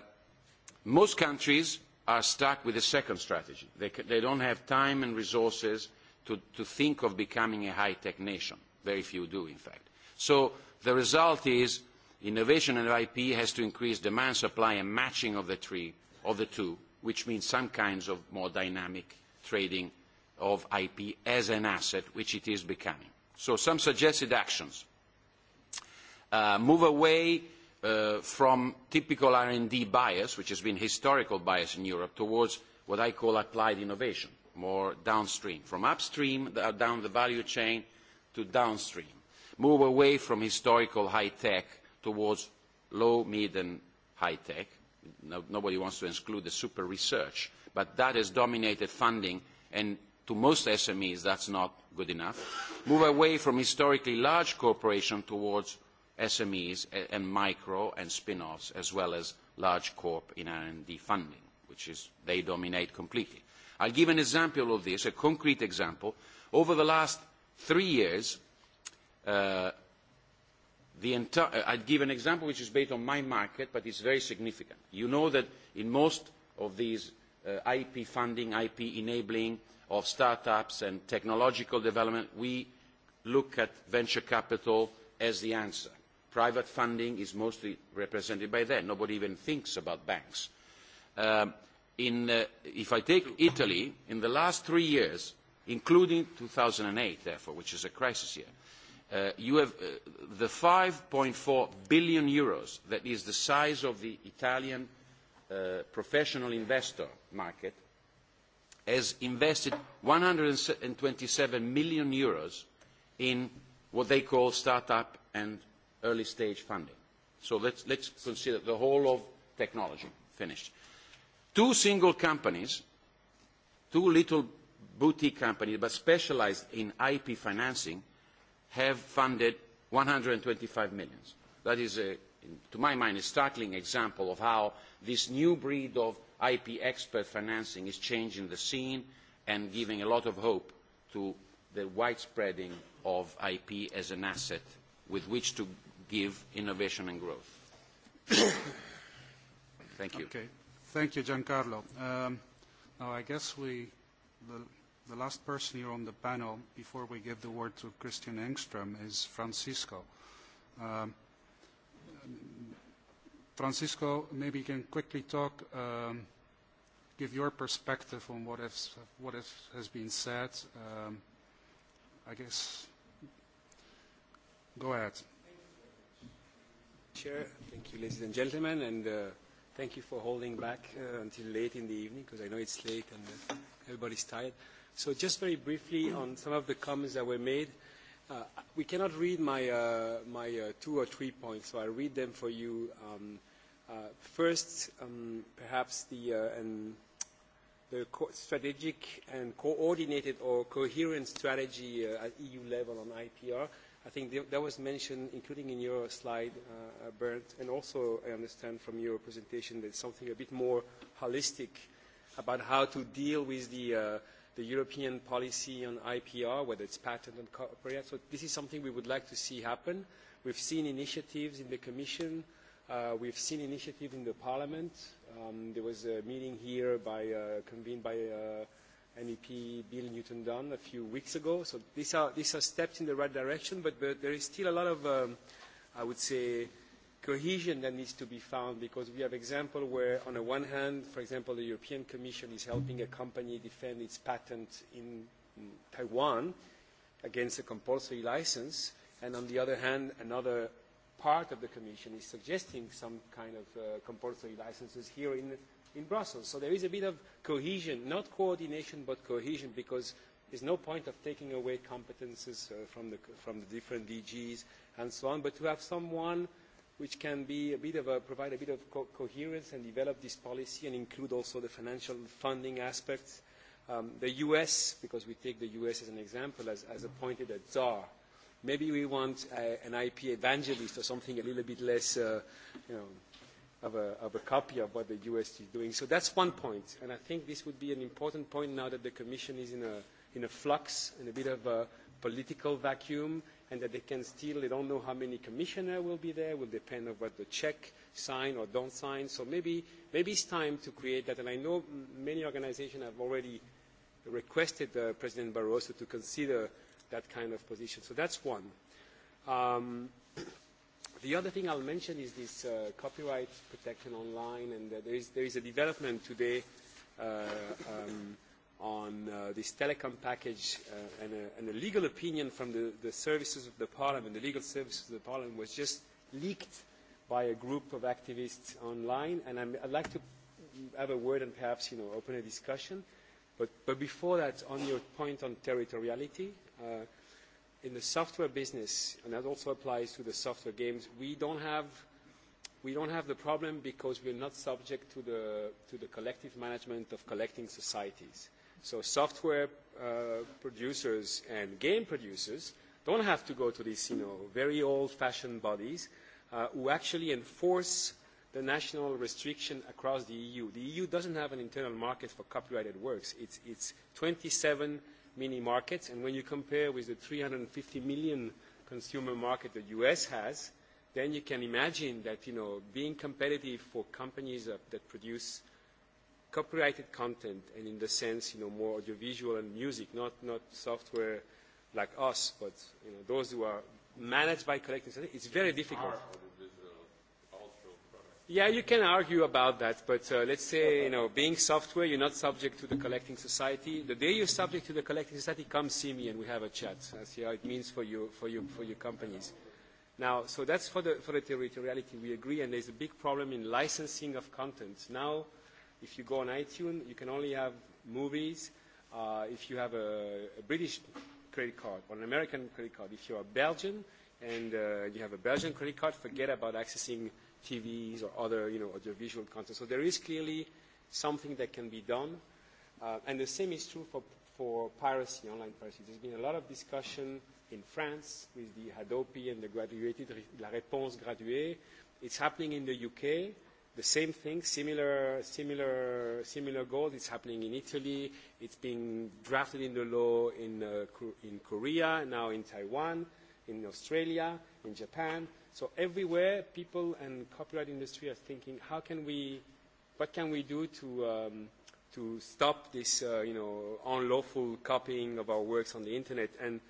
most countries are stuck with the second strategy. They, they don't have time and resources to, to think of becoming a high-tech nation. Very few do, in fact. So the result is innovation and IP has to increase demand, supply, and matching of the, three, of the two, which means some kinds of more dynamic trading of IP as an asset, which it is becoming. So some suggested actions. Uh, move away uh, from typical R&D bias, which has been historical bias in Europe, towards what I call applied innovation, more downstream, from upstream uh, down the value chain to downstream. Move away from historical high-tech towards low, mid, and high-tech. No, nobody wants to exclude the super research, but that has dominated funding and to most SMEs, that's not good enough. Move away from historically large corporations towards SMEs and micro and spin-offs, as well as large corp in R&D funding, which is they dominate completely. I'll give an example of this, a concrete example. Over the last three years, uh, the entire, uh, I'll give an example which is based on my market, but it's very significant. You know that in most of these uh, IP funding, IP enabling, uh, of startups and technological development, we look at venture capital as the answer. Private funding is mostly represented by that. Nobody even thinks about banks. Um, in, uh, if I take Italy, in the last three years, including 2008, therefore, which is a crisis year, uh, you have uh, the 5.4 billion euros, that is the size of the Italian uh, professional investor market, uh, has invested 127 million euros in what they call startup and early stage funding. So let's, let's consider the whole of technology. Finished. Two single companies, two little boutique companies, but specialized in IP financing, have funded 125 million. That is, a, to my mind, a startling example of how this new breed of IP expert financing is changing the scene and giving a lot of hope to the widespreading of IP as an asset with which to give innovation and growth. Thank you. Okay. Thank you, Giancarlo. Um, now I guess we, the, the last person here on the panel before we give the word to Christian Engström is Francisco. Um, Francisco, maybe you can quickly talk, um, give your perspective on what has, what has, has been said. Um, I guess, go ahead. Chair, thank you, ladies and gentlemen, and uh, thank you for holding back uh, until late in the evening, because I know it's late and uh, everybody's tired. So just very briefly on some of the comments that were made. Uh, we cannot read my, uh, my uh, two or three points, so I'll read them for you. Um, Uh, first, um, perhaps the, uh, and the co strategic and coordinated or coherent strategy uh, at EU level on IPR. I think th that was mentioned, including in your slide, uh, uh, Bernd, and also I understand from your presentation that something a bit more holistic about how to deal with the, uh, the European policy on IPR, whether it's patent and copyright. So this is something we would like to see happen. We've seen initiatives in the Commission uh, Uh, we've seen initiative in the parliament. Um, there was a meeting here by, uh, convened by uh, MEP Bill Newton-Dunn a few weeks ago. So these are, these are steps in the right direction, but, but there is still a lot of, um, I would say, cohesion that needs to be found because we have example where on the one hand, for example, the European Commission is helping a company defend its patent in, in Taiwan against a compulsory license, and on the other hand, another part of the Commission is suggesting some kind of uh, compulsory licenses here in, in Brussels. So there is a bit of cohesion, not coordination, but cohesion, because there's no point of taking away competences uh, from, the, from the different DGs and so on, but to have someone which can be a bit of a, provide a bit of co coherence and develop this policy and include also the financial funding aspects. Um, the U.S., because we take the U.S. as an example, has, has appointed a czar, Maybe we want a, an IP evangelist or something a little bit less, uh, you know, of a, of a copy of what the US is doing. So that's one point, and I think this would be an important point now that the Commission is in a, in a flux and a bit of a political vacuum, and that they can still, they don't know how many commissioners will be there, will depend on what the Czech sign or don't sign. So maybe, maybe it's time to create that, and I know many organizations have already requested uh, President Barroso to consider that kind of position. So that's one. Um, the other thing I'll mention is this uh, copyright protection online, and uh, there, is, there is a development today uh, um, on uh, this telecom package uh, and, a, and a legal opinion from the, the services of the parliament, the legal services of the parliament was just leaked by a group of activists online, and I'm, I'd like to have a word and perhaps you know, open a discussion. But, but before that, on your point on territoriality Uh, in the software business, and that also applies to the software games, we don't have we don't have the problem because we're not subject to the to the collective management of collecting societies. So software uh, producers and game producers don't have to go to these you know very old-fashioned bodies uh, who actually enforce the national restriction across the EU. The EU doesn't have an internal market for copyrighted works. It's it's 27 mini markets. And when you compare with the 350 million consumer market the US has, then you can imagine that you know, being competitive for companies that, that produce copyrighted content and in the sense you know, more audiovisual and music, not, not software like us, but you know, those who are managed by collecting, it's very difficult. Hard Yeah, you can argue about that, but uh, let's say, you know, being software, you're not subject to the collecting society. The day you're subject to the collecting society, come see me and we have a chat. I see how it means for you, for you, for your companies. Now, so that's for the, for the territoriality. We agree, and there's a big problem in licensing of content. Now, if you go on iTunes, you can only have movies uh, if you have a, a British credit card or an American credit card. If you're a Belgian and uh, you have a Belgian credit card, forget about accessing TVs or other you know, audiovisual content. So there is clearly something that can be done. Uh, and the same is true for, for piracy, online piracy. There's been a lot of discussion in France with the Hadopi and the graduated, la réponse graduée. It's happening in the UK. The same thing, similar, similar, similar goals. It's happening in Italy. It's being drafted in the law in, uh, in Korea, now in Taiwan, in Australia, in Japan. So everywhere, people and copyright industry are thinking, how can we, what can we do to, um, to stop this, uh, you know, unlawful copying of our works on the internet? And,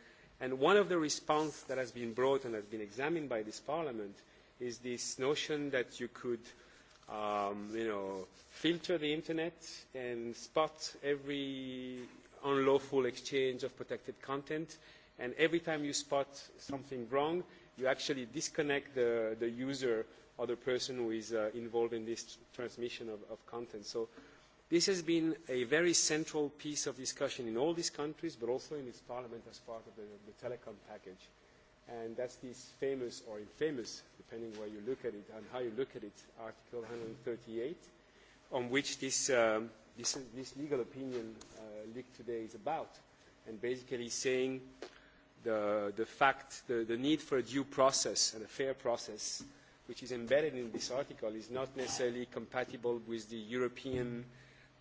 and one of the response that has been brought and has been examined by this parliament is this notion that you could, um, you know, filter the internet and spot every unlawful exchange of protected content. And every time you spot something wrong, you actually disconnect the, the user or the person who is uh, involved in this transmission of, of content. So this has been a very central piece of discussion in all these countries, but also in its parliament as part of the, the telecom package. And that's this famous or infamous, depending where you look at it and how you look at it, Article 138, on which this, um, this, this legal opinion uh, leaked today is about. And basically saying uh, the, the fact, the, the need for a due process and a fair process, which is embedded in this article, is not necessarily compatible with the European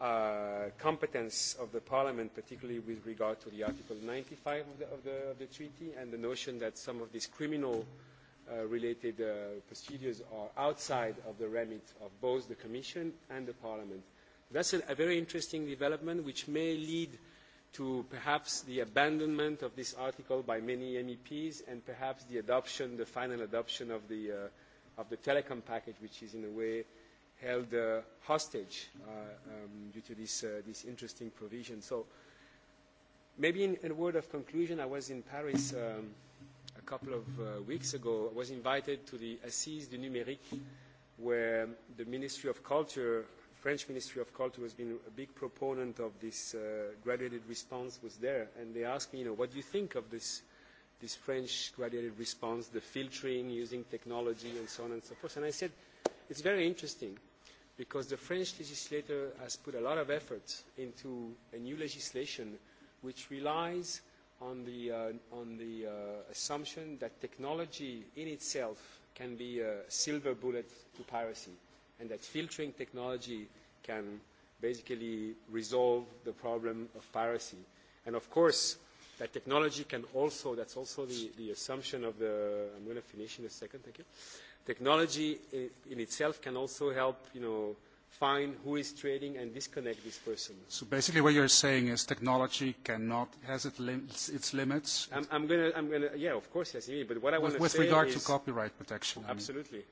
uh, competence of the Parliament, particularly with regard to the Article 95 of the, of the, of the treaty and the notion that some of these criminal uh, related uh, procedures are outside of the remit of both the Commission and the Parliament. That's a, a very interesting development which may lead uh, to perhaps the abandonment of this article by many MEPs and perhaps the adoption, the final adoption of the, uh, of the telecom package, which is in a way held uh, hostage uh, um, due to this, uh, this interesting provision. So maybe in, in a word of conclusion, I was in Paris um, a couple of uh, weeks ago. I was invited to the Assise du Numérique, where the Ministry of Culture French Ministry of Culture has been a big proponent of this uh, graduated response was there, and they asked me, you know, what do you think of this, this French graduated response, the filtering, using technology, and so on and so forth. And I said, it's very interesting because the French legislator has put a lot of effort into a new legislation which relies on the, uh, on the uh, assumption that technology in itself can be a silver bullet to piracy and that filtering technology can basically resolve the problem of piracy. And of course, that technology can also, that's also the, the assumption of the, I'm going to finish in a second, thank you. Technology in itself can also help, you know, find who is trading and disconnect this person. So basically what you're saying is technology cannot, has it lim its limits? I'm, I'm going to, I'm gonna, yeah, of course it has limits, but what I want to say With regard is, to copyright protection. Absolutely. I mean.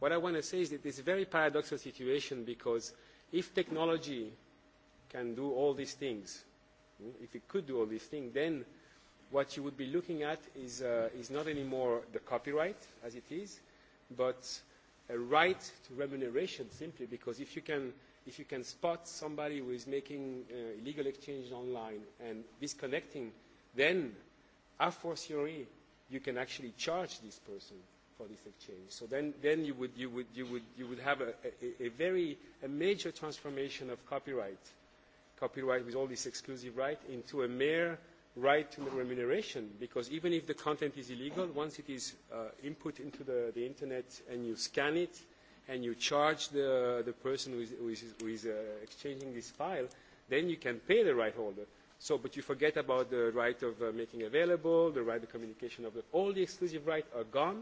What I want to say is that it's a very paradoxical situation because if technology can do all these things, hmm, if it could do all these things, then what you would be looking at is, uh, is not anymore the copyright as it is, but a right to remuneration simply because if you can, if you can spot somebody who is making uh, illegal exchange online and disconnecting, then a fortiori you can actually charge this person product exchange. So then, then you, would, you, would, you, would, you would have a, a, a very a major transformation of copyright, copyright with all this exclusive right, into a mere right to remuneration. Because even if the content is illegal, once it is uh, input into the, the internet and you scan it and you charge the, the person who is, who is, who is uh, exchanging this file, then you can pay the right holder. So, but you forget about the right of uh, making available, the right of communication of the, all the exclusive rights are gone,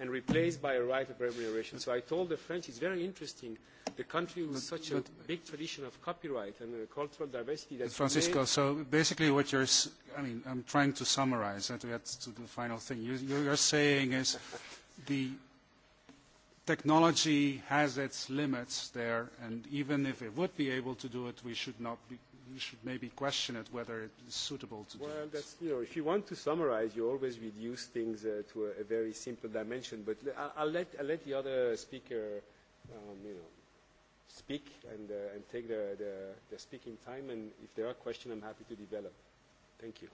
and replaced by a right of remuneration. So I told the French, it's very interesting, the country with but, such but, a big tradition of copyright and uh, cultural diversity. That Francisco, made... so basically what you're, I mean, I'm trying to summarize that to get to the final thing. You, you're saying is the technology has its limits there, and even if it would be able to do it, we should not be you should maybe question it whether it is suitable to well, do Well, that's, you know, if you want to summarize, you always reduce things uh, to a, a very simple dimension. But I'll, I'll, let, I'll let the other speaker, um, you know, speak and, uh, and take the, the, the speaking time. And if there are questions, I'm happy to develop. Thank you.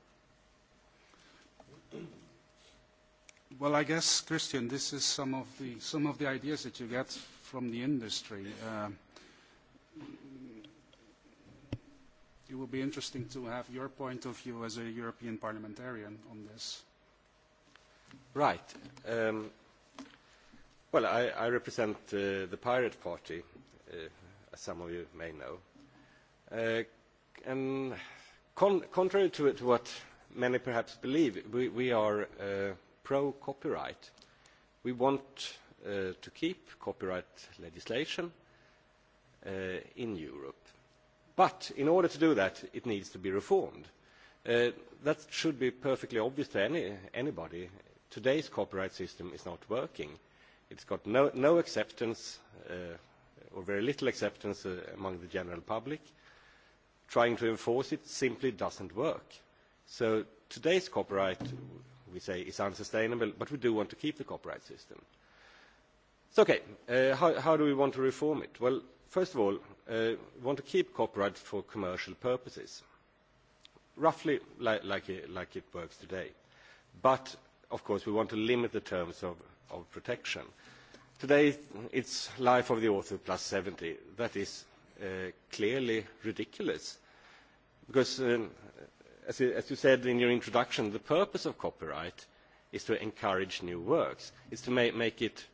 Well, I guess, Christian, this is some of the, some of the ideas that you get from the industry. Uh, um, it would be interesting to have your point of view as a European parliamentarian on this. Right. Um, well, I, I represent uh, the Pirate Party, uh, as some of you may know. Uh, and con contrary to, to what many perhaps believe, we, we are uh, pro-copyright. We want uh, to keep copyright legislation uh, in Europe But in order to do that, it needs to be reformed. Uh, that should be perfectly obvious to any, anybody. Today's copyright system is not working. It's got no, no acceptance, uh, or very little acceptance uh, among the general public. Trying to enforce it simply doesn't work. So today's copyright, we say, is unsustainable, but we do want to keep the copyright system. So, okay, uh, how, how do we want to reform it? Well, First of all, uh, we want to keep copyright for commercial purposes, roughly li like, it, like it works today. But, of course, we want to limit the terms of, of protection. Today, it's life of the author plus 70. That is uh, clearly ridiculous. Because, um, as, you, as you said in your introduction, the purpose of copyright is to encourage new works. It's to ma make it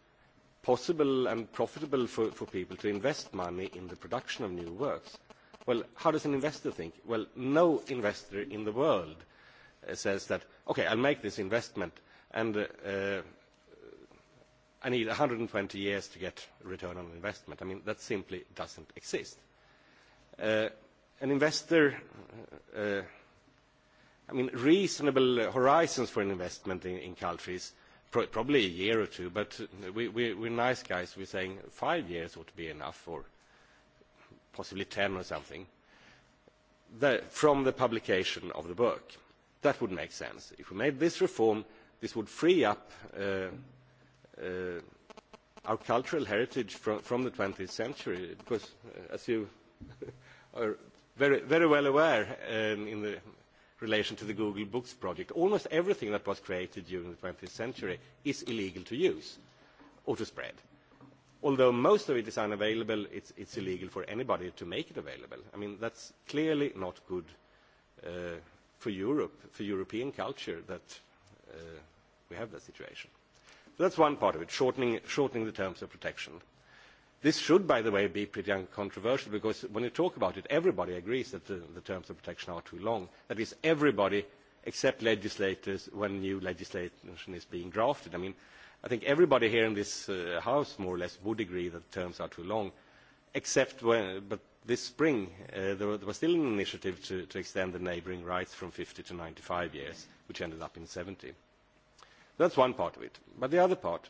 possible and profitable for, for people to invest money in the production of new works. Well, how does an investor think? Well, no investor in the world uh, says that, okay, I'll make this investment and uh, uh, I need 120 years to get return on investment. I mean, that simply doesn't exist. Uh, an investor, uh, uh I mean, reasonable horizons for an investment in, in countries uh, pro probably a year or two, but we, we, we're nice guys. We're saying five years ought to be enough, or possibly ten or something, the, from the publication of the book. That would make sense. If we made this reform, this would free up uh, uh, our cultural heritage from, from the 20th century, because uh, as you are very, very well aware um, in the relation to the Google Books project. Almost everything that was created during the 20th century is illegal to use or to spread. Although most of it is unavailable, it's, it's illegal for anybody to make it available. I mean, that's clearly not good uh, for Europe, for European culture, that uh, we have that situation. So that's one part of it, shortening, shortening the terms of protection. Uh, This should, by the way, be pretty uncontroversial because when you talk about it, everybody agrees that the, the terms of protection are too long. That is, everybody except legislators when new legislation is being drafted. I mean, I think everybody here in this uh, House more or less would agree that terms are too long, except when, but this spring uh, there, were, there was still an initiative to, to extend the neighbouring rights from 50 to 95 years, which ended up in 70. That's one part of it. But the other part,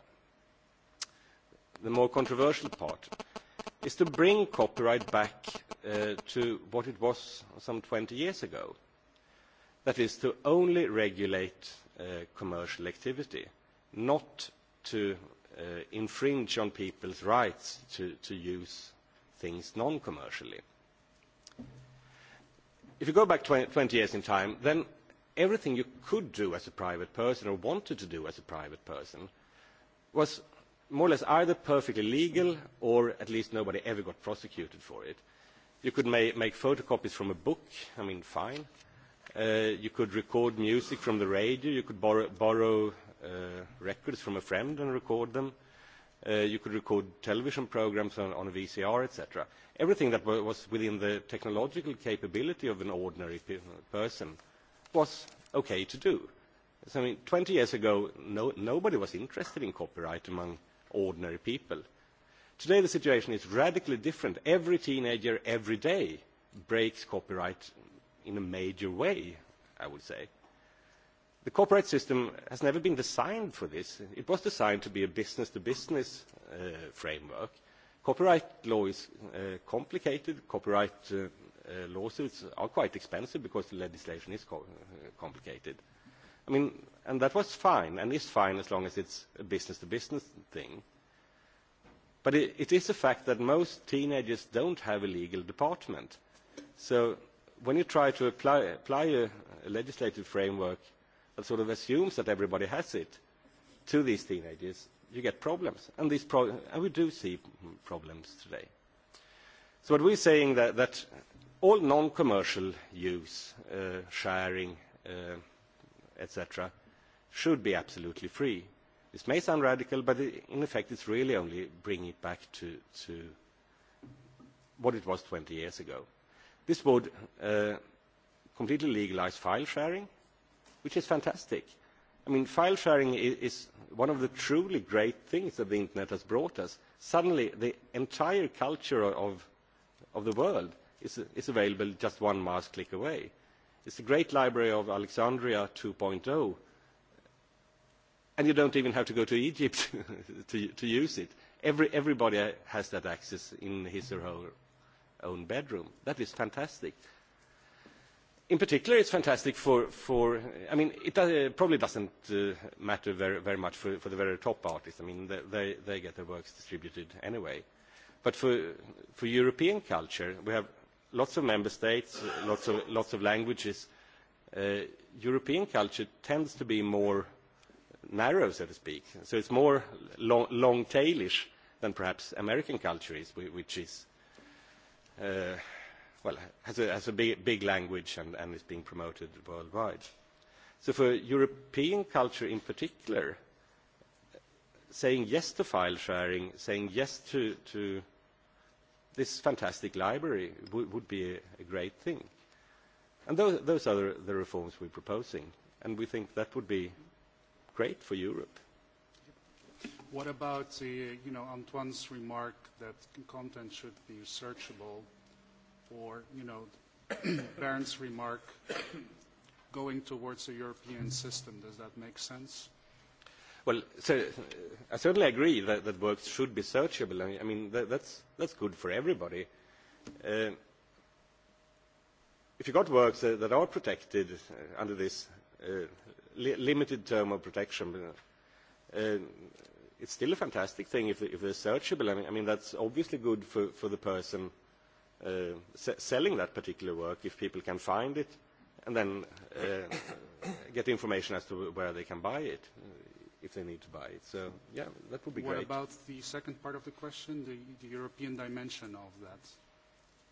the more controversial part, is to bring copyright back uh, to what it was some 20 years ago. That is to only regulate uh, commercial activity, not to uh, infringe on people's rights to, to use things non-commercially. If you go back 20 years in time, then everything you could do as a private person or wanted to do as a private person was more or less either perfectly legal or at least nobody ever got prosecuted for it. You could ma make photocopies from a book, I mean, fine. Uh, you could record music from the radio. You could borrow, borrow uh, records from a friend and record them. Uh, you could record television programs on, on a VCR, etc. Everything that was within the technological capability of an ordinary pe person was okay to do. So, I mean, 20 years ago, no, nobody was interested in copyright among ordinary people. Today the situation is radically different. Every teenager, every day, breaks copyright in a major way, I would say. The copyright system has never been designed for this. It was designed to be a business-to-business -business, uh, framework. Copyright law is uh, complicated. Copyright uh, uh, lawsuits are quite expensive because the legislation is co uh, complicated. Uh, I mean, and that was fine and is fine as long as it's a business-to-business -business thing. But it, it is a fact that most teenagers don't have a legal department. So when you try to apply, apply a, a legislative framework that sort of assumes that everybody has it to these teenagers, you get problems. And, these pro and we do see problems today. So what we're saying that, that all non-commercial use, uh, sharing, uh, etc., should be absolutely free. This may sound radical, but in effect, it's really only bringing it back to, to what it was 20 years ago. This would uh, completely legalize file sharing, which is fantastic. I mean, file sharing is, is one of the truly great things that the Internet has brought us. Suddenly, the entire culture of, of the world is, is available just one mouse click away It's the Great Library of Alexandria 2.0, and you don't even have to go to Egypt to, to use it. Every, everybody has that access in his or her own bedroom. That is fantastic. In particular, it's fantastic for, for I mean, it uh, probably doesn't uh, matter very, very much for, for the very top artists. I mean, they, they, they get their works distributed anyway. But for, for European culture, we have lots of member states, lots of, lots of languages, uh, European culture tends to be more narrow, so to speak. So it's more long, long tailish than perhaps American culture is, which is, uh, well, has a, has a big, big language and, and is being promoted worldwide. So for European culture in particular, saying yes to file sharing, saying yes to, to uh, this fantastic library would, would be a, a great thing. And those, those are the, the reforms we're proposing, and we think that would be great for Europe. What about the, you know, Antoine's remark that content should be searchable, or you know, Baron's remark going towards a European system? Does that make sense? Well, so, I certainly agree that, that works should be searchable. I mean, that, that's, that's good for everybody. Uh, if you got works uh, that are protected uh, under this uh, li limited term of protection, uh, uh, it's still a fantastic thing if, if they're searchable. I mean, I mean that's obviously good for, for the person uh, s selling that particular work if people can find it and then uh, get information as to where they can buy it if they need to buy it. So, yeah, that would be what great. What about the second part of the question, the, the European dimension of that?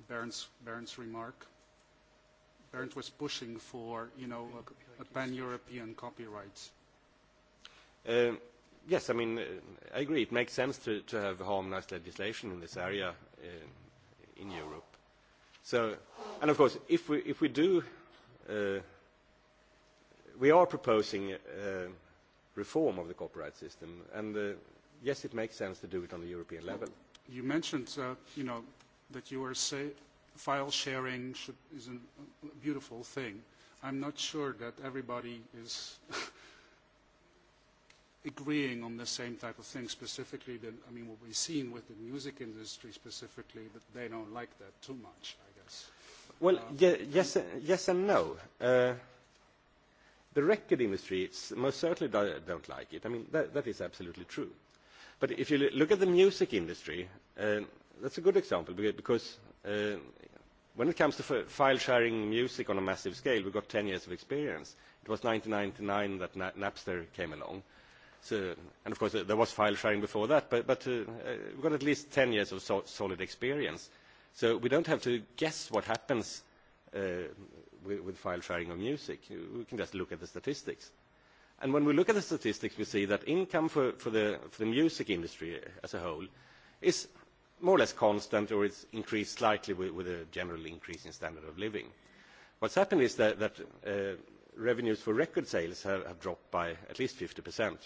Bernd's, Bernd's remark. Bernd was pushing for, you know, a, a pan-European copyright. Uh, yes, I mean, uh, I agree. It makes sense to, to have harmonized legislation in this area uh, in Europe. So, and of course, if we, if we do, uh, we are proposing uh, reform of the copyright system. And uh, yes, it makes sense to do it on the European level. You mentioned, uh, you know, that you were say file sharing should, is a beautiful thing. I'm not sure that everybody is agreeing on the same type of thing specifically. That, I mean, what we've seen with the music industry specifically, but they don't like that too much, I guess. Well, uh, ye yes, yes and no. Uh, The record industry most certainly do, don't like it. I mean, that, that is absolutely true. But if you look at the music industry, uh, that's a good example because uh, when it comes to f file sharing music on a massive scale, we've got 10 years of experience. It was 1999 that Na Napster came along. So, and of course, uh, there was file sharing before that, but, but uh, uh, we've got at least 10 years of so solid experience. So we don't have to guess what happens uh, with, with file sharing of music. We can just look at the statistics. And when we look at the statistics, we see that income for, for, the, for the music industry as a whole is more or less constant, or it's increased slightly with, with a general increase in standard of living. What's happened is that, that uh, revenues for record sales have, have dropped by at least 50%.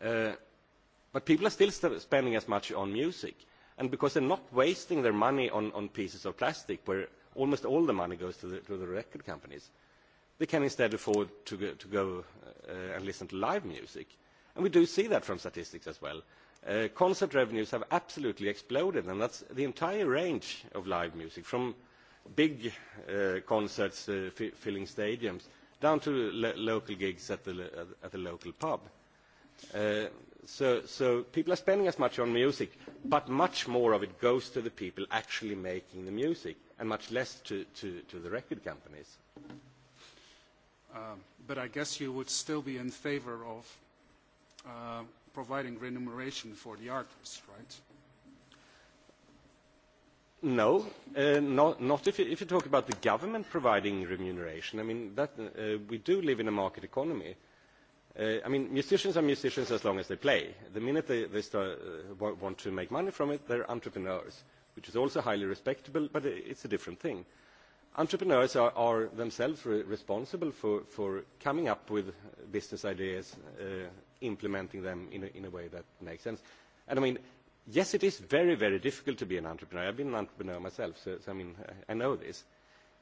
Uh, but people are still st spending as much on music. And because they're not wasting their money on, on pieces of plastic where almost all the money goes to the, to the record companies. They can instead afford to go, to go uh, and listen to live music. And we do see that from statistics as well. Uh, concert revenues have absolutely exploded, and that's the entire range of live music, from big uh, concerts uh, f filling stadiums down to lo local gigs at the, at the local pub. Uh, so, so people are spending as much on music, but much more of it goes to the people actually making the music and much less to, to, to the record companies. Um, but I guess you would still be in favor of uh, providing remuneration for the artists, right? No, uh, not, not if, you, if you talk about the government providing remuneration. I mean, that, uh, we do live in a market economy. Uh, I mean, musicians are musicians as long as they play. The minute they, they start, uh, want to make money from it, they're entrepreneurs. Uh, which is also highly respectable, but it's a different thing. Entrepreneurs are, are themselves re responsible for, for coming up with business ideas, uh, implementing them in a, in a way that makes sense. And I mean, yes, it is very, very difficult to be an entrepreneur. I've been an entrepreneur myself, so, so I mean, I, I know this.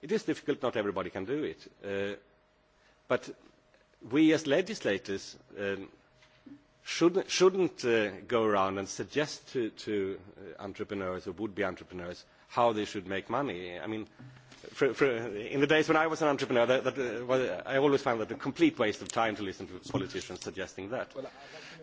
It is difficult, not everybody can do it. Uh, but we as legislators um, shouldn't, shouldn't uh, go around and suggest to, to uh, entrepreneurs or would-be entrepreneurs how they should make money. I mean, for, for, in the days when I was an entrepreneur, that, that, uh, well, I always found that a complete waste of time to listen to politicians suggesting that. Well, like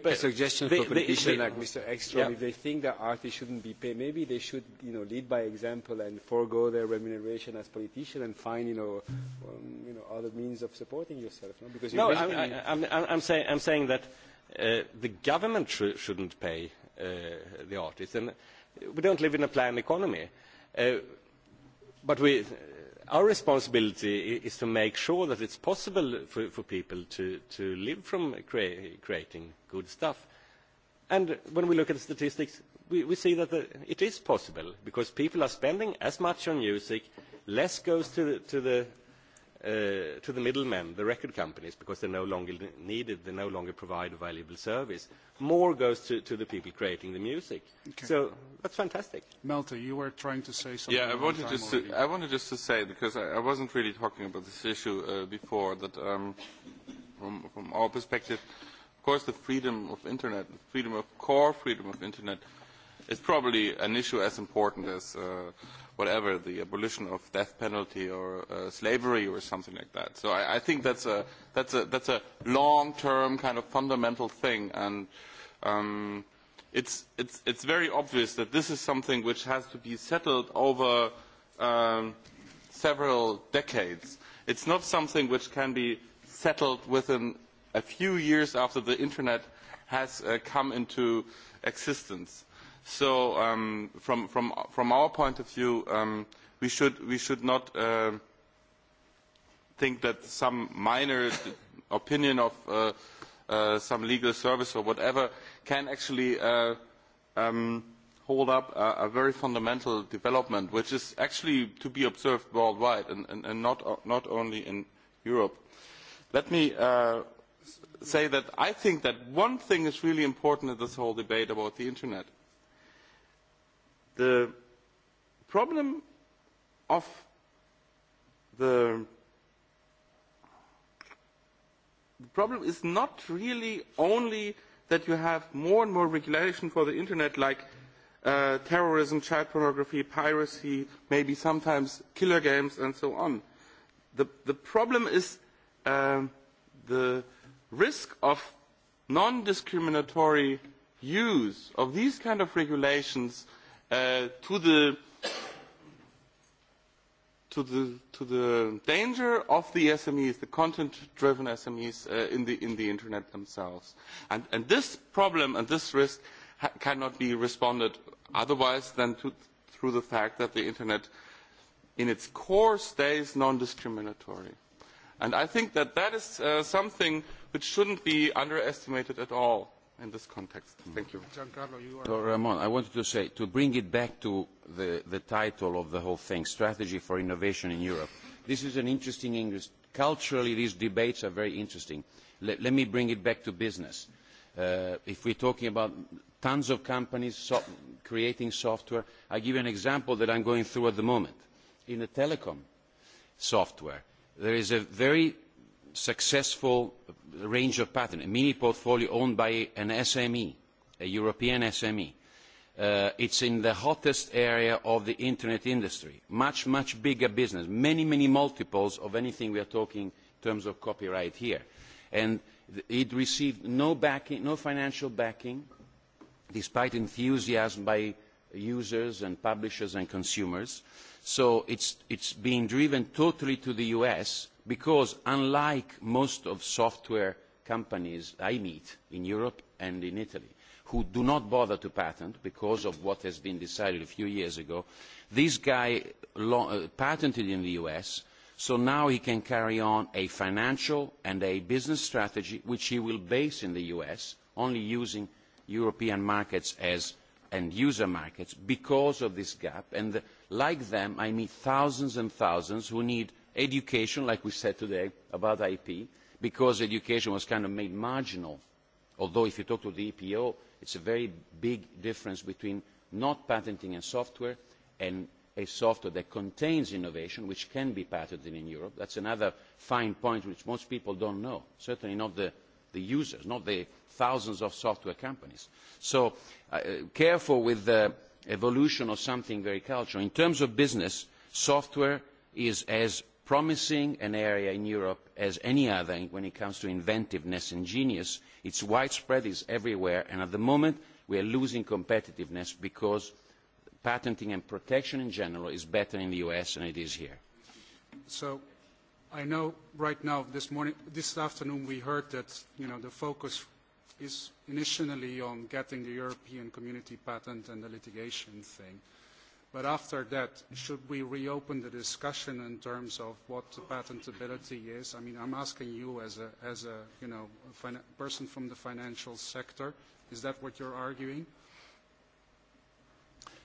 but a suggestion they, for politicians like Mr. Ekstrom, yeah. if they think that artists shouldn't be paid, maybe they should, you know, lead by example and forego their remuneration as politicians and find, you know, um, you know, other means of supporting yourself. No, because no I'm, I'm, I'm, I'm, say, I'm saying that Uh, the government sh shouldn't pay uh, the artists. And we don't live in a planned economy. Uh, but we, uh, our responsibility is to make sure that it's possible for, for people to, to live from crea creating good stuff. And when we look at the statistics, we, we see that the, it is possible because people are spending as much on music, less goes to the, to the uh, to the middlemen, the record companies, because they're no longer needed, they no longer provide a valuable service. More goes to, to the people creating the music. Okay. So that's fantastic. Melter, you were trying to say something. Yeah, I wanted, just already. to, I wanted just to say, because I, I wasn't really talking about this issue uh, before, that um, from, from our perspective, of course, the freedom of Internet, the freedom of core freedom of Internet, is probably an issue as important as uh, whatever, the abolition of death penalty or uh, slavery or something like that. So I, I think that's a, that's a, that's a long-term kind of fundamental thing. And um, it's, it's, it's very obvious that this is something which has to be settled over um, several decades. It's not something which can be settled within a few years after the Internet has uh, come into existence So um, from, from, from our point of view, um, we, should, we should not uh, think that some minor opinion of uh, uh, some legal service or whatever can actually uh, um, hold up a, a very fundamental development, which is actually to be observed worldwide and, and, and not, uh, not only in Europe. Let me uh, say that I think that one thing is really important in this whole debate about the Internet – the problem of the the problem is not really only that you have more and more regulation for the internet like uh, terrorism, child pornography, piracy, maybe sometimes killer games and so on. The, the problem is um, the risk of non-discriminatory use of these kind of regulations uh, uh, to the to the to the danger of the SMEs, the content-driven SMEs uh, in the in the internet themselves, and and this problem and this risk ha cannot be responded otherwise than to, through the fact that the internet, in its core, stays non-discriminatory, and I think that that is uh, something which shouldn't be underestimated at all in this context. Mm. Thank you. Giancarlo, you are... So, Ramon, I wanted to say, to bring it back to the, the title of the whole thing, Strategy for Innovation in Europe, this is an interesting English. Culturally, these debates are very interesting. Let, let me bring it back to business. Uh, if we're talking about tons of companies so creating software, I give you an example that I'm going through at the moment. In the telecom software, there is a very successful range of patents, a mini portfolio owned by an SME, a European SME. Uh, it's in the hottest area of the internet industry. Much, much bigger business, many, many multiples of anything we are talking in terms of copyright here. And it received no, backing, no financial backing, despite enthusiasm by users and publishers and consumers. So it's, it's being driven totally to the US because unlike most of software companies I meet in Europe and in Italy, who do not bother to patent because of what has been decided a few years ago, this guy lo uh, patented in the US, so now he can carry on a financial and a business strategy which he will base in the US, only using European markets as end user markets because of this gap. And the, like them, I meet thousands and thousands who need education, like we said today about IP, because education was kind of made marginal. Although if you talk to the EPO, it's a very big difference between not patenting a software and a software that contains innovation, which can be patented in Europe. That's another fine point which most people don't know, certainly not the, the users, not the thousands of software companies. So uh, careful with the evolution of something very cultural. In terms of business, software is as promising an area in Europe as any other when it comes to inventiveness and genius. It's widespread, it's everywhere, and at the moment we are losing competitiveness because patenting and protection in general is better in the US than it is here. So I know right now, this morning, this afternoon, we heard that you know, the focus is initially on getting the European community patent and the litigation thing. Uh, But after that, should we reopen the discussion in terms of what patentability is? I mean, I'm asking you as a, as a you know, a person from the financial sector, is that what you're arguing?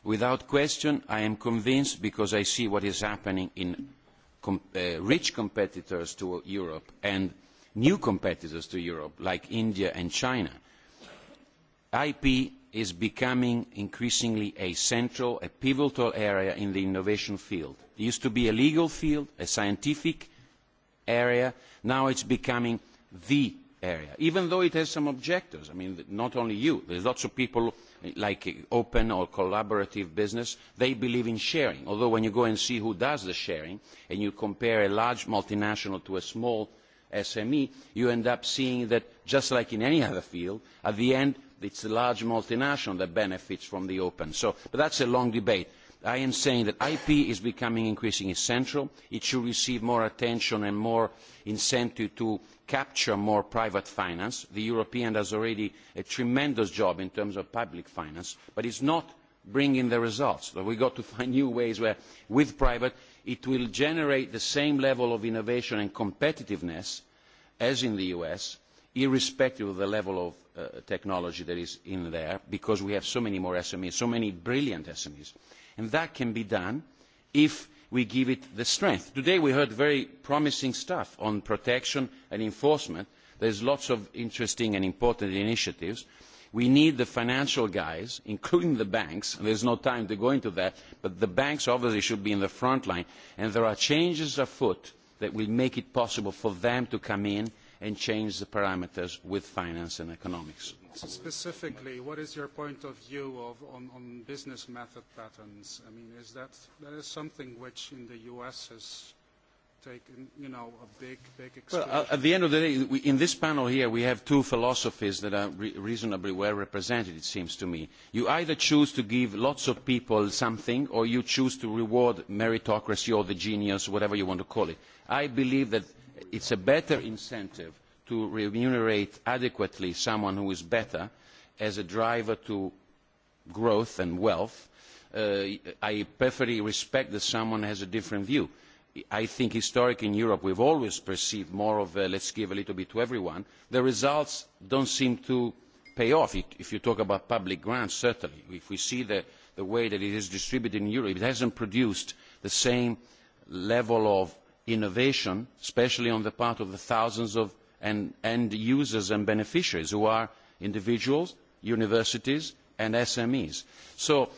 Without question, I am convinced because I see what is happening in com uh, rich competitors to Europe and new competitors to Europe, like India and China. IP is becoming increasingly a central, a pivotal area in the innovation field. It used to be a legal field, a scientific area. Now it's becoming the area, even though it has some objectors. I mean, not only you. There's lots of people eh, like eh, open or collaborative business. They believe in sharing, although when you go and see who does the sharing and you compare a large multinational to a small SME, you end up seeing that, just like in any other field, at the end, it's the large multinational that benefits from the open. So, but that's a long debate. I am saying that IP is becoming increasingly central. It should receive more attention and more incentive to capture more private finance. The European does already a tremendous job in terms of public finance, but it's not bringing the results. So we've got to find new ways where, with private, it will generate the same level of innovation and competitiveness as in the US, irrespective of the level of uh, technology that is in there because we have so many more SMEs, so many brilliant SMEs. And that can be done if we give it the strength. Today we heard very promising stuff on protection and enforcement. There's lots of interesting and important initiatives. We need the financial guys, including the banks. There's no time to go into that, but the banks obviously should be in the front line. And there are changes afoot that will make it possible for them to come in and change the parameters with finance and economics. Specifically, what is your point of view of, on, on business method patterns? I mean, is that, that is something which in the U.S. has taken, you know, a big, big explosion? Well, at the end of the day, we, in this panel here, we have two philosophies that are re reasonably well represented, it seems to me. You either choose to give lots of people something, or you choose to reward meritocracy or the genius, whatever you want to call it. I believe that it is a better incentive to remunerate adequately someone who is better as a driver to growth and wealth. Uh, I perfectly respect that someone has a different view. I think historically in Europe we've always perceived more of a, let's give a little bit to everyone. The results don't seem to pay off. It, if you talk about public grants, certainly. If we see the, the way that it is distributed in Europe, it hasn't produced the same level of innovation especially on the part of the thousands of end, end users and beneficiaries who are individuals universities and smes. so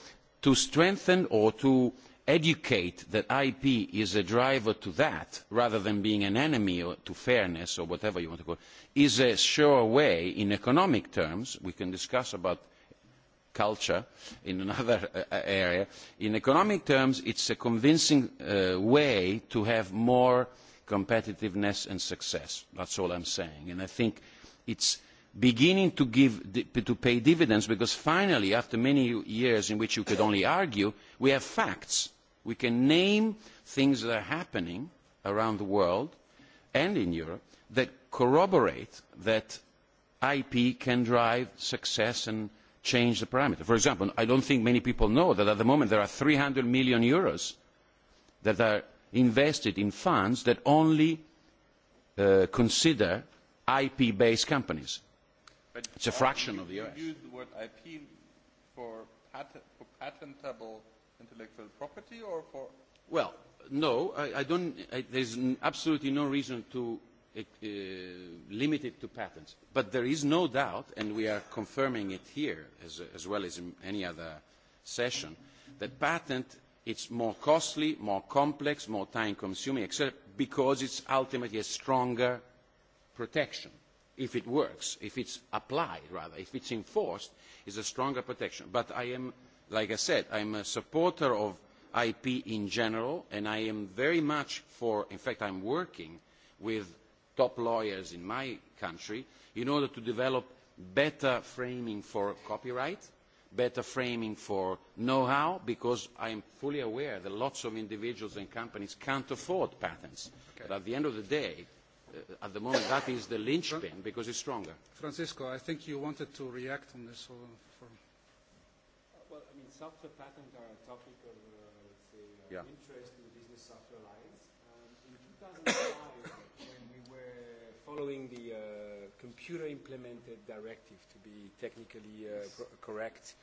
to strengthen or to educate that ip is a driver to that rather than being an enemy to fairness or whatever you want to call it is a sure way in economic terms we can discuss about culture in another uh, uh, area. In economic terms, it's a convincing uh, way to have more competitiveness and success. That's all I'm saying. And I think it's beginning to, give, to pay dividends because finally, after many years in which you could only argue, we have facts. We can name things that are happening around the world and in Europe that corroborate that IP can drive success and change the parameter. For example, I don't think many people know that at the moment there are 300 million euros that are invested in funds that only uh, consider IP-based companies. But it's a fraction you, of the US. You use the word IP for, pat for patentable intellectual property or for... Well, no, I, I don't, I, there's absolutely no reason to uh, limited to patents. But there is no doubt, and we are confirming it here as, as well as in any other session, that patent it's more costly, more complex, more time-consuming, etc., because it's ultimately a stronger protection. If it works, if it's applied, rather, if it's enforced, it's a stronger protection. But I am, like I said, I'm a supporter of IP in general, and I am very much for, in fact, I'm working with top lawyers in my country in order to develop better framing for copyright, better framing for know-how, because I am fully aware that lots of individuals and companies can't afford patents. Okay. But at the end of the day, uh, at the moment, that is the linchpin, because it's stronger. Francisco, I think you wanted to react on this. Or for... Uh, well, I mean, software patents are a topic of, uh, let's say, uh, yeah. interest in the Business Software Alliance. Um, in 2005, following the uh, computer-implemented directive, to be technically uh, yes. correct,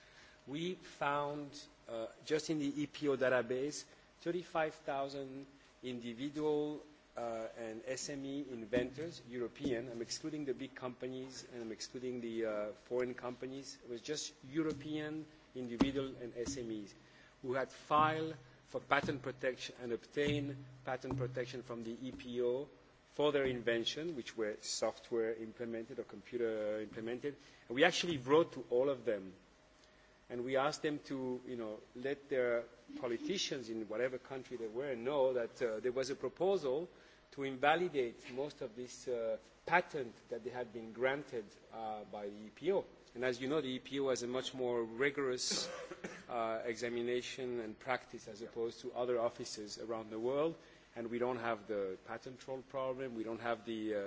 we found uh, just in the EPO database 35,000 individual uh, and SME inventors, European. I'm excluding the big companies and I'm excluding the uh, foreign companies. It was just European individual and SMEs who had filed for patent protection and obtained patent protection from the EPO for their invention, which were software implemented or computer uh, implemented. And we actually wrote to all of them. And we asked them to, you know, let their politicians in whatever country they were know that uh, there was a proposal to invalidate most of this uh, patent that they had been granted uh, by the EPO. And as you know, the EPO has a much more rigorous uh, examination and practice as opposed to other offices around the world. Uh, and we don't have the patent troll problem. We don't have the, uh,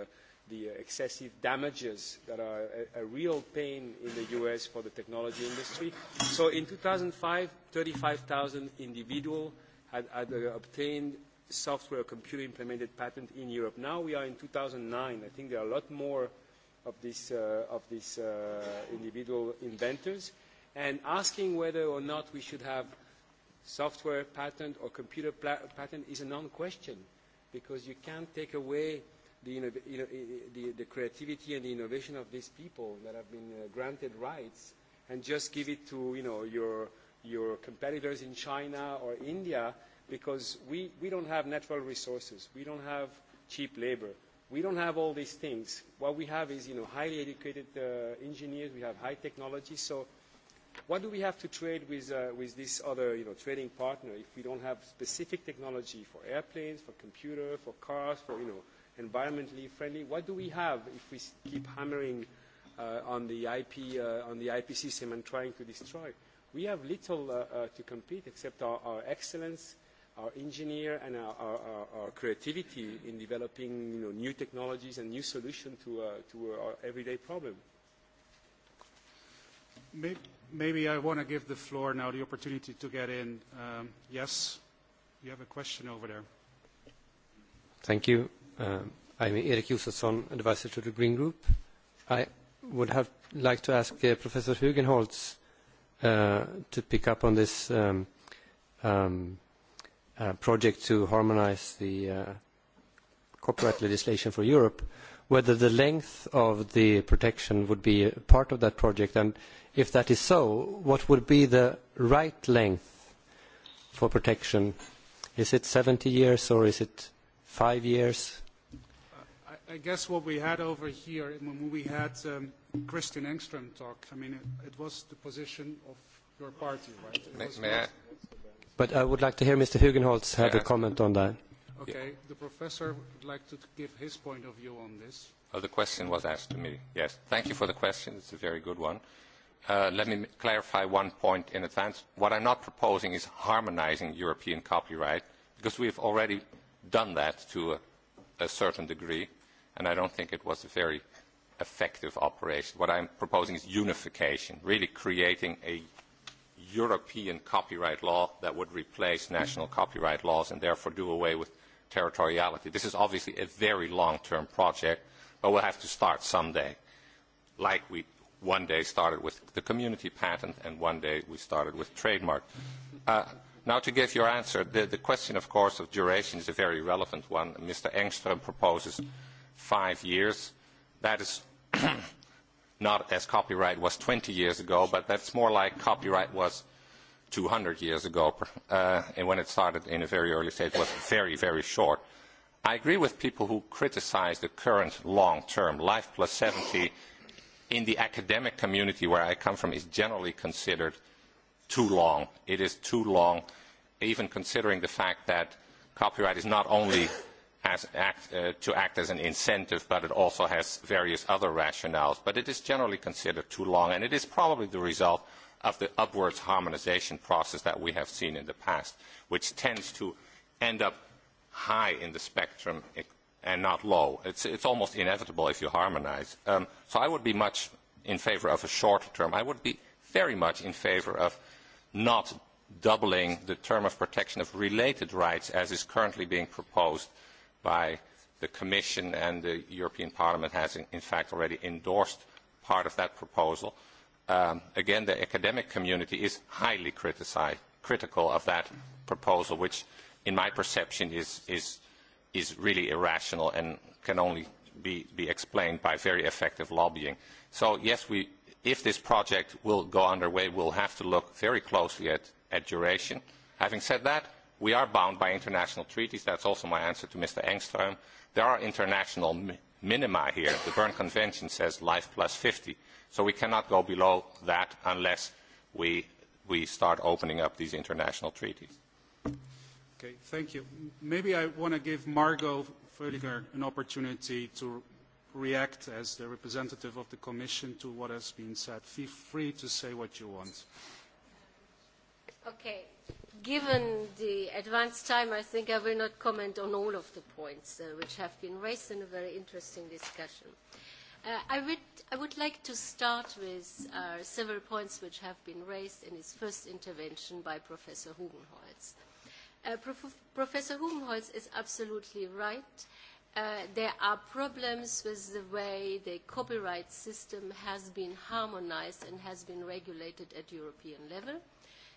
the excessive damages that are a, a real pain in the U.S. for the technology industry. So in 2005, 35,000 individual had, had uh, obtained software computer implemented patent in Europe. Now we are in 2009. I think there are a lot more of these uh, of these uh, individual inventors, and asking whether or not we should have uh, software patent or computer patent is a non-question because you can't take away the, the, the creativity and the innovation of these people that have been uh, granted rights and just give it to you know, your, your competitors in China or India because we, we don't have natural resources. We don't have cheap labor. We don't have all these things. What we have is you know, highly educated uh, engineers. We have high technology. So What do we have to trade with, uh, with this other you know, trading partner if we don't have specific technology for airplanes, for computer, for cars, for you know, environmentally friendly? What do we have if we keep hammering uh, on, the IP, uh, on the IP system and trying to destroy? We have little uh, uh, to compete except our, our excellence, our engineer, and our, our, our, our creativity in developing you know, new technologies and new solutions to, uh, to uh, our everyday problem. Maybe Maybe I want to give the floor now the opportunity to get in. Um, yes, you have a question over there. Thank you. Um, I'm Erik Josefsson, advisor to the Green Group. I would have liked to ask uh, Professor Hugenholz uh, to pick up on this um, um, uh, project to harmonize the uh, copyright legislation for Europe, whether the length of the protection would be part of that project and uh, if that is so, what would be the right length for protection? Is it 70 years or is it five years? I, I guess what we had over here, when we had um, Christian Engström talk, I mean, it, it was the position of your party, right? It may, was may not, I? But I would like to hear Mr. Hugenholz have yeah. a comment on that. Okay, the professor would like to give his point of view on this. Well, oh, the question was asked to me, yes. Thank you for the question. It's a very good one. Uh, Uh, let me clarify one point in advance. What I'm not proposing is harmonizing European copyright, because we've already done that to a, a certain degree, and I don't think it was a very effective operation. What I'm proposing is unification, really creating a European copyright law that would replace national copyright laws and therefore do away with territoriality. This is obviously a very long-term project, but we'll have to start someday, like we one day started with the community patent and one day we started with trademark. Uh, now to give your answer, the, the question of course of duration is a very relevant one. Mr. Engström proposes five years. That is not as copyright was 20 years ago, but that's more like copyright was 200 years ago, uh, and when it started in a very early stage was very, very short. I agree with people who criticize the current long-term. Life plus 70 in the academic community where I come from is generally considered too long. It is too long, even considering the fact that copyright is not only as act, uh, to act as an incentive, but it also has various other rationales. But it is generally considered too long, and it is probably the result of the upwards harmonization process that we have seen in the past, which tends to end up high in the spectrum and not low. It's, it's almost inevitable if you harmonize. Um, so I would be much in favor of a shorter term. I would be very much in favor of not doubling the term of protection of related rights as is currently being proposed by the Commission and the European Parliament has in, in fact already endorsed part of that proposal. Um, again, the academic community is highly criticized, critical of that proposal, which in my perception is, is – is really irrational and can only be, be explained by very effective lobbying. So yes, we, if this project will go underway, we'll have to look very closely at, at duration. Having said that, we are bound by international treaties. That's also my answer to Mr. Engström. There are international mi minima here. The Berne Convention says life plus 50. So we cannot go below that unless we, we start opening up these international treaties. Okay, thank you. Maybe I want to give Margot Völliger an opportunity to react as the representative of the Commission to what has been said. Feel free to say what you want. Okay. Given the advanced time, I think I will not comment on all of the points uh, which have been raised in a very interesting discussion. Uh, I, would, I would like to start with uh, several points which have been raised in his first intervention by Professor Hugenholz. Uh, Uh, Prof Professor Humholz is absolutely right. Uh, there are problems with the way the copyright system has been harmonized and has been regulated at European level. Uh,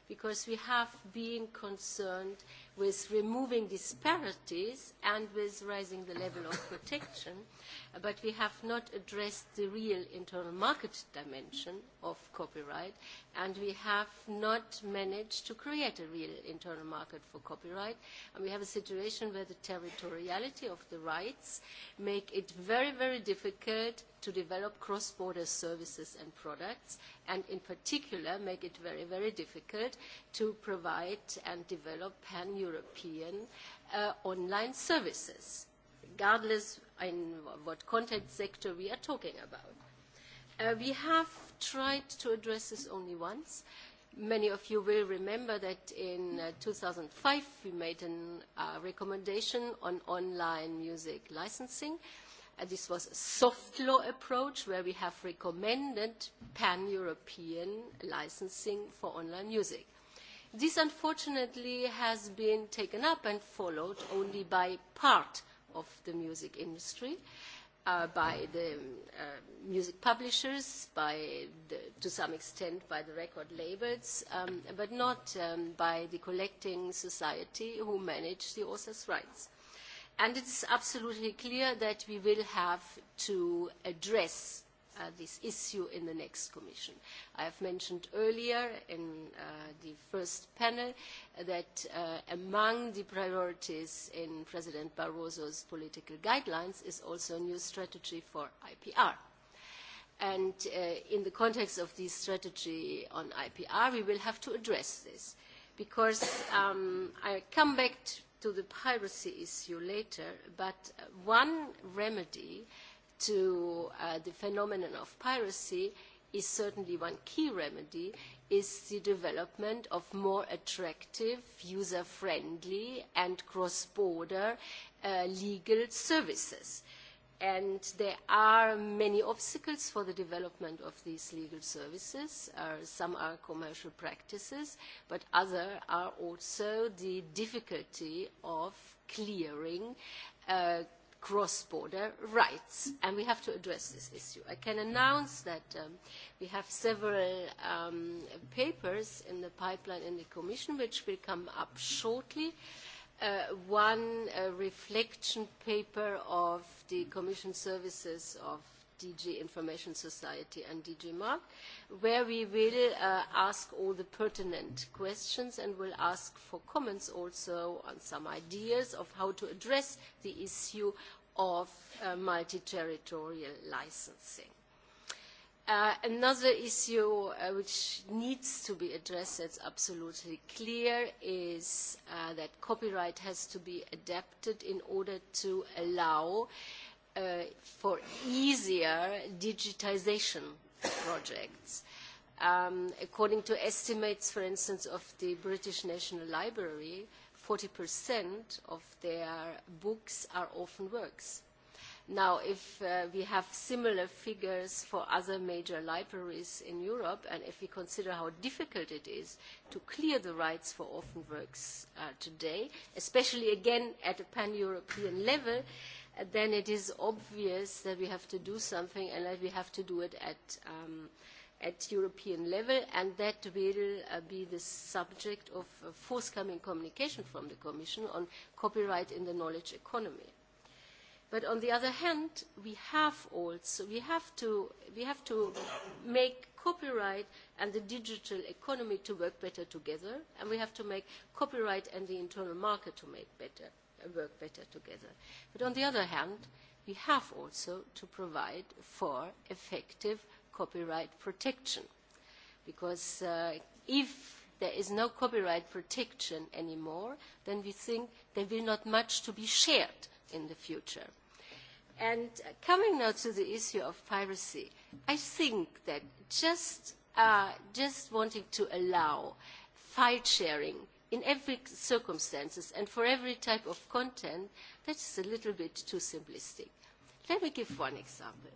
because we have been concerned with removing disparities and with raising the level of protection, but we have not addressed the real internal market dimension of copyright, and we have not managed to create a real internal market for copyright. And we have a situation where the territoriality of the rights make it very, very difficult to develop cross-border services and products, and in particular make it very, very difficult to provide and develop pan-European uh, online services, regardless in what content sector we are talking about. Uh, we have tried to address this only once. Many of you will remember that in uh, 2005 we made a uh, recommendation on online music licensing, uh, and uh, this was a soft law approach where we have recommended pan-European licensing for online music. This unfortunately has been taken up and followed only by part of the music industry, uh, by the um, uh, music publishers, by the, to some extent by the record labels, um, but not um, by the collecting society who manage the author's rights. Uh, And it's absolutely clear that we will have to address uh, this issue in the next commission. I have mentioned earlier in uh, the first panel that uh, among the priorities in President Barroso's political guidelines is also a new strategy for IPR. And uh, in the context of this strategy on IPR, we will have to address this because um, I come back to to the piracy issue later, but uh, one remedy to uh, the phenomenon of piracy is certainly one key remedy, is the development of more attractive, user-friendly and cross-border uh, legal services and there are many obstacles for the development of these legal services. Uh, some are commercial practices, but others are also the difficulty of clearing uh, cross-border rights, and we have to address this issue. I can announce that um, we have several um, papers in the pipeline in the Commission, which will come up shortly. Uh, uh, one uh, reflection paper of the Commission Services of DG Information Society and DG Mark, where we will uh, ask all the pertinent questions and will ask for comments also on some ideas of how to address the issue of uh, multi-territorial licensing. Uh, another issue uh, which needs to be addressed, it's absolutely clear, is uh, that copyright has to be adapted in order to allow uh, for easier digitization projects. Um, according to estimates, for instance, of the British National Library, 40% of their books are orphan works. Uh, Now, if uh, we have similar figures for other major libraries in Europe, and if we consider how difficult it is to clear the rights for orphan works uh, today, especially again at a pan-European level, uh, then it is obvious that we have to do something and that we have to do it at, um, at European level, and that will uh, be the subject of uh, forthcoming communication from the Commission on copyright in the knowledge economy. But on the other hand, we have also, we have to, we have to make copyright and the digital economy to work better together, and we have to make copyright and the internal market to make better, uh, work better together. But on the other hand, we have also to provide for effective copyright protection. Because uh, if there is no copyright protection anymore, then we think there will not much to be shared in the future. And coming now to the issue of piracy, I think that just, uh, just wanting to allow file sharing in every circumstances and for every type of content, that is a little bit too simplistic. Let me give one example.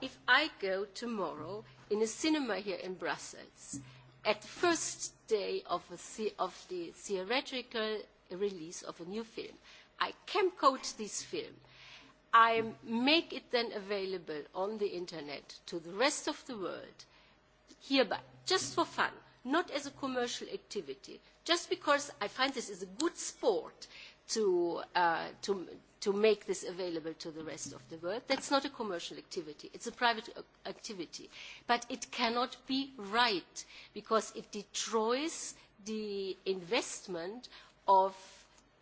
If I go tomorrow in a cinema here in Brussels, at the first day of, a, of the theoretical release of a new film, I camcode this film I make it then available on the internet to the rest of the world, hereby, just for fun, not as a commercial activity, just because I find this is a good sport to, uh, to, to make this available to the rest of the world. That's not a commercial activity. It's a private activity. But it cannot be right because it destroys the investment of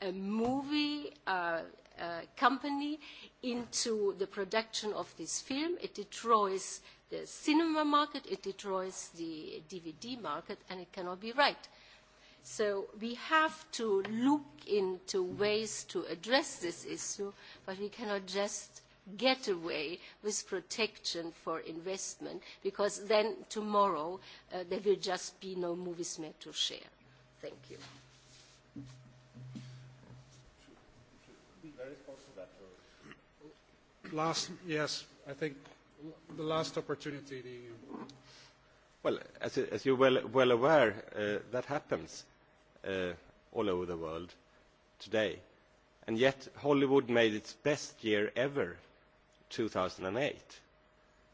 a movie, uh, uh, company into the production of this film. It destroys the cinema market, it destroys the DVD market, and it cannot be right. So we have to look into ways to address this issue, but we cannot just get away with protection for investment, because then tomorrow uh, there will just be no movies made to share. Thank you. last, yes, I think the last opportunity the EU. Uh, well, as, as you're well, well aware, uh, that happens uh, all over the world today. And yet Hollywood made its best year ever, 2008.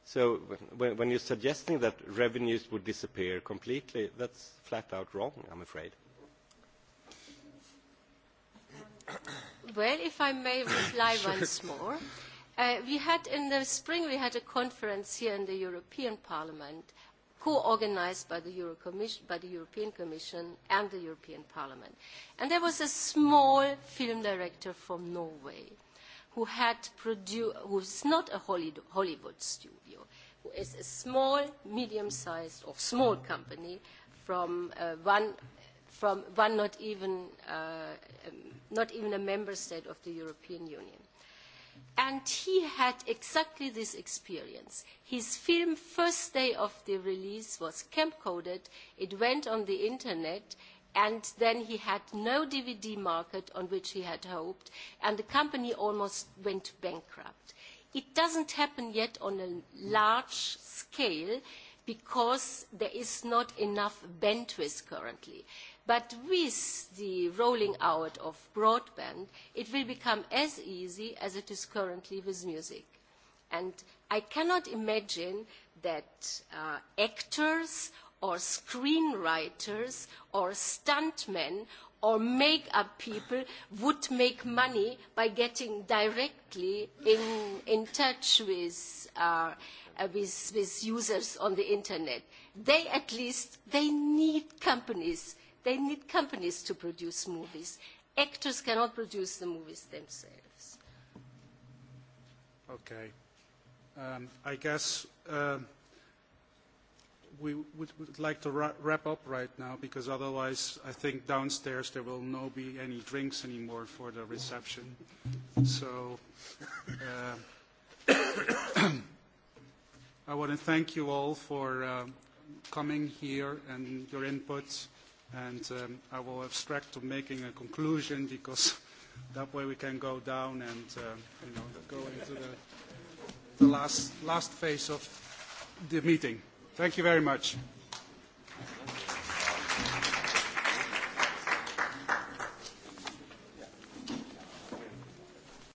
So when, when you're suggesting that revenues would disappear completely, that's flat out wrong, I'm afraid. Well, if I may reply sure. once more. Uh, we had in the spring, we had a conference here in the European Parliament, co-organized by the, Euro Commission, by the European Commission and the European Parliament. And there was a small film director from Norway who had produced, who's not a Hollywood studio, who is a small, medium-sized or small company from uh, one from one not even uh, um, not even a member state of the European Union and he had exactly this experience. His film, first day of the release, was camcoded, it went on the internet, and then he had no DVD market on which he had hoped, and the company almost went bankrupt. It doesn't happen yet on a large scale because there is not enough bandwidth currently. But with the rolling out of broadband, it will become as easy as it is currently with music. And I cannot imagine that uh, actors or screenwriters or stuntmen or make-up people would make money by getting directly in, in touch with, uh, uh with, with users on the internet. They at least, they need companies They need companies to produce movies. Actors cannot produce the movies themselves. Okay. Um, I guess um, we would, would like to ra wrap up right now because otherwise I think downstairs there will not be any drinks anymore for the reception. So uh, I want to thank you all for um, coming here and your input. And um, I will abstract to making a conclusion because that way we can go down and uh, you know, go into the, the last, last phase of the meeting. Thank you very much. Thank you.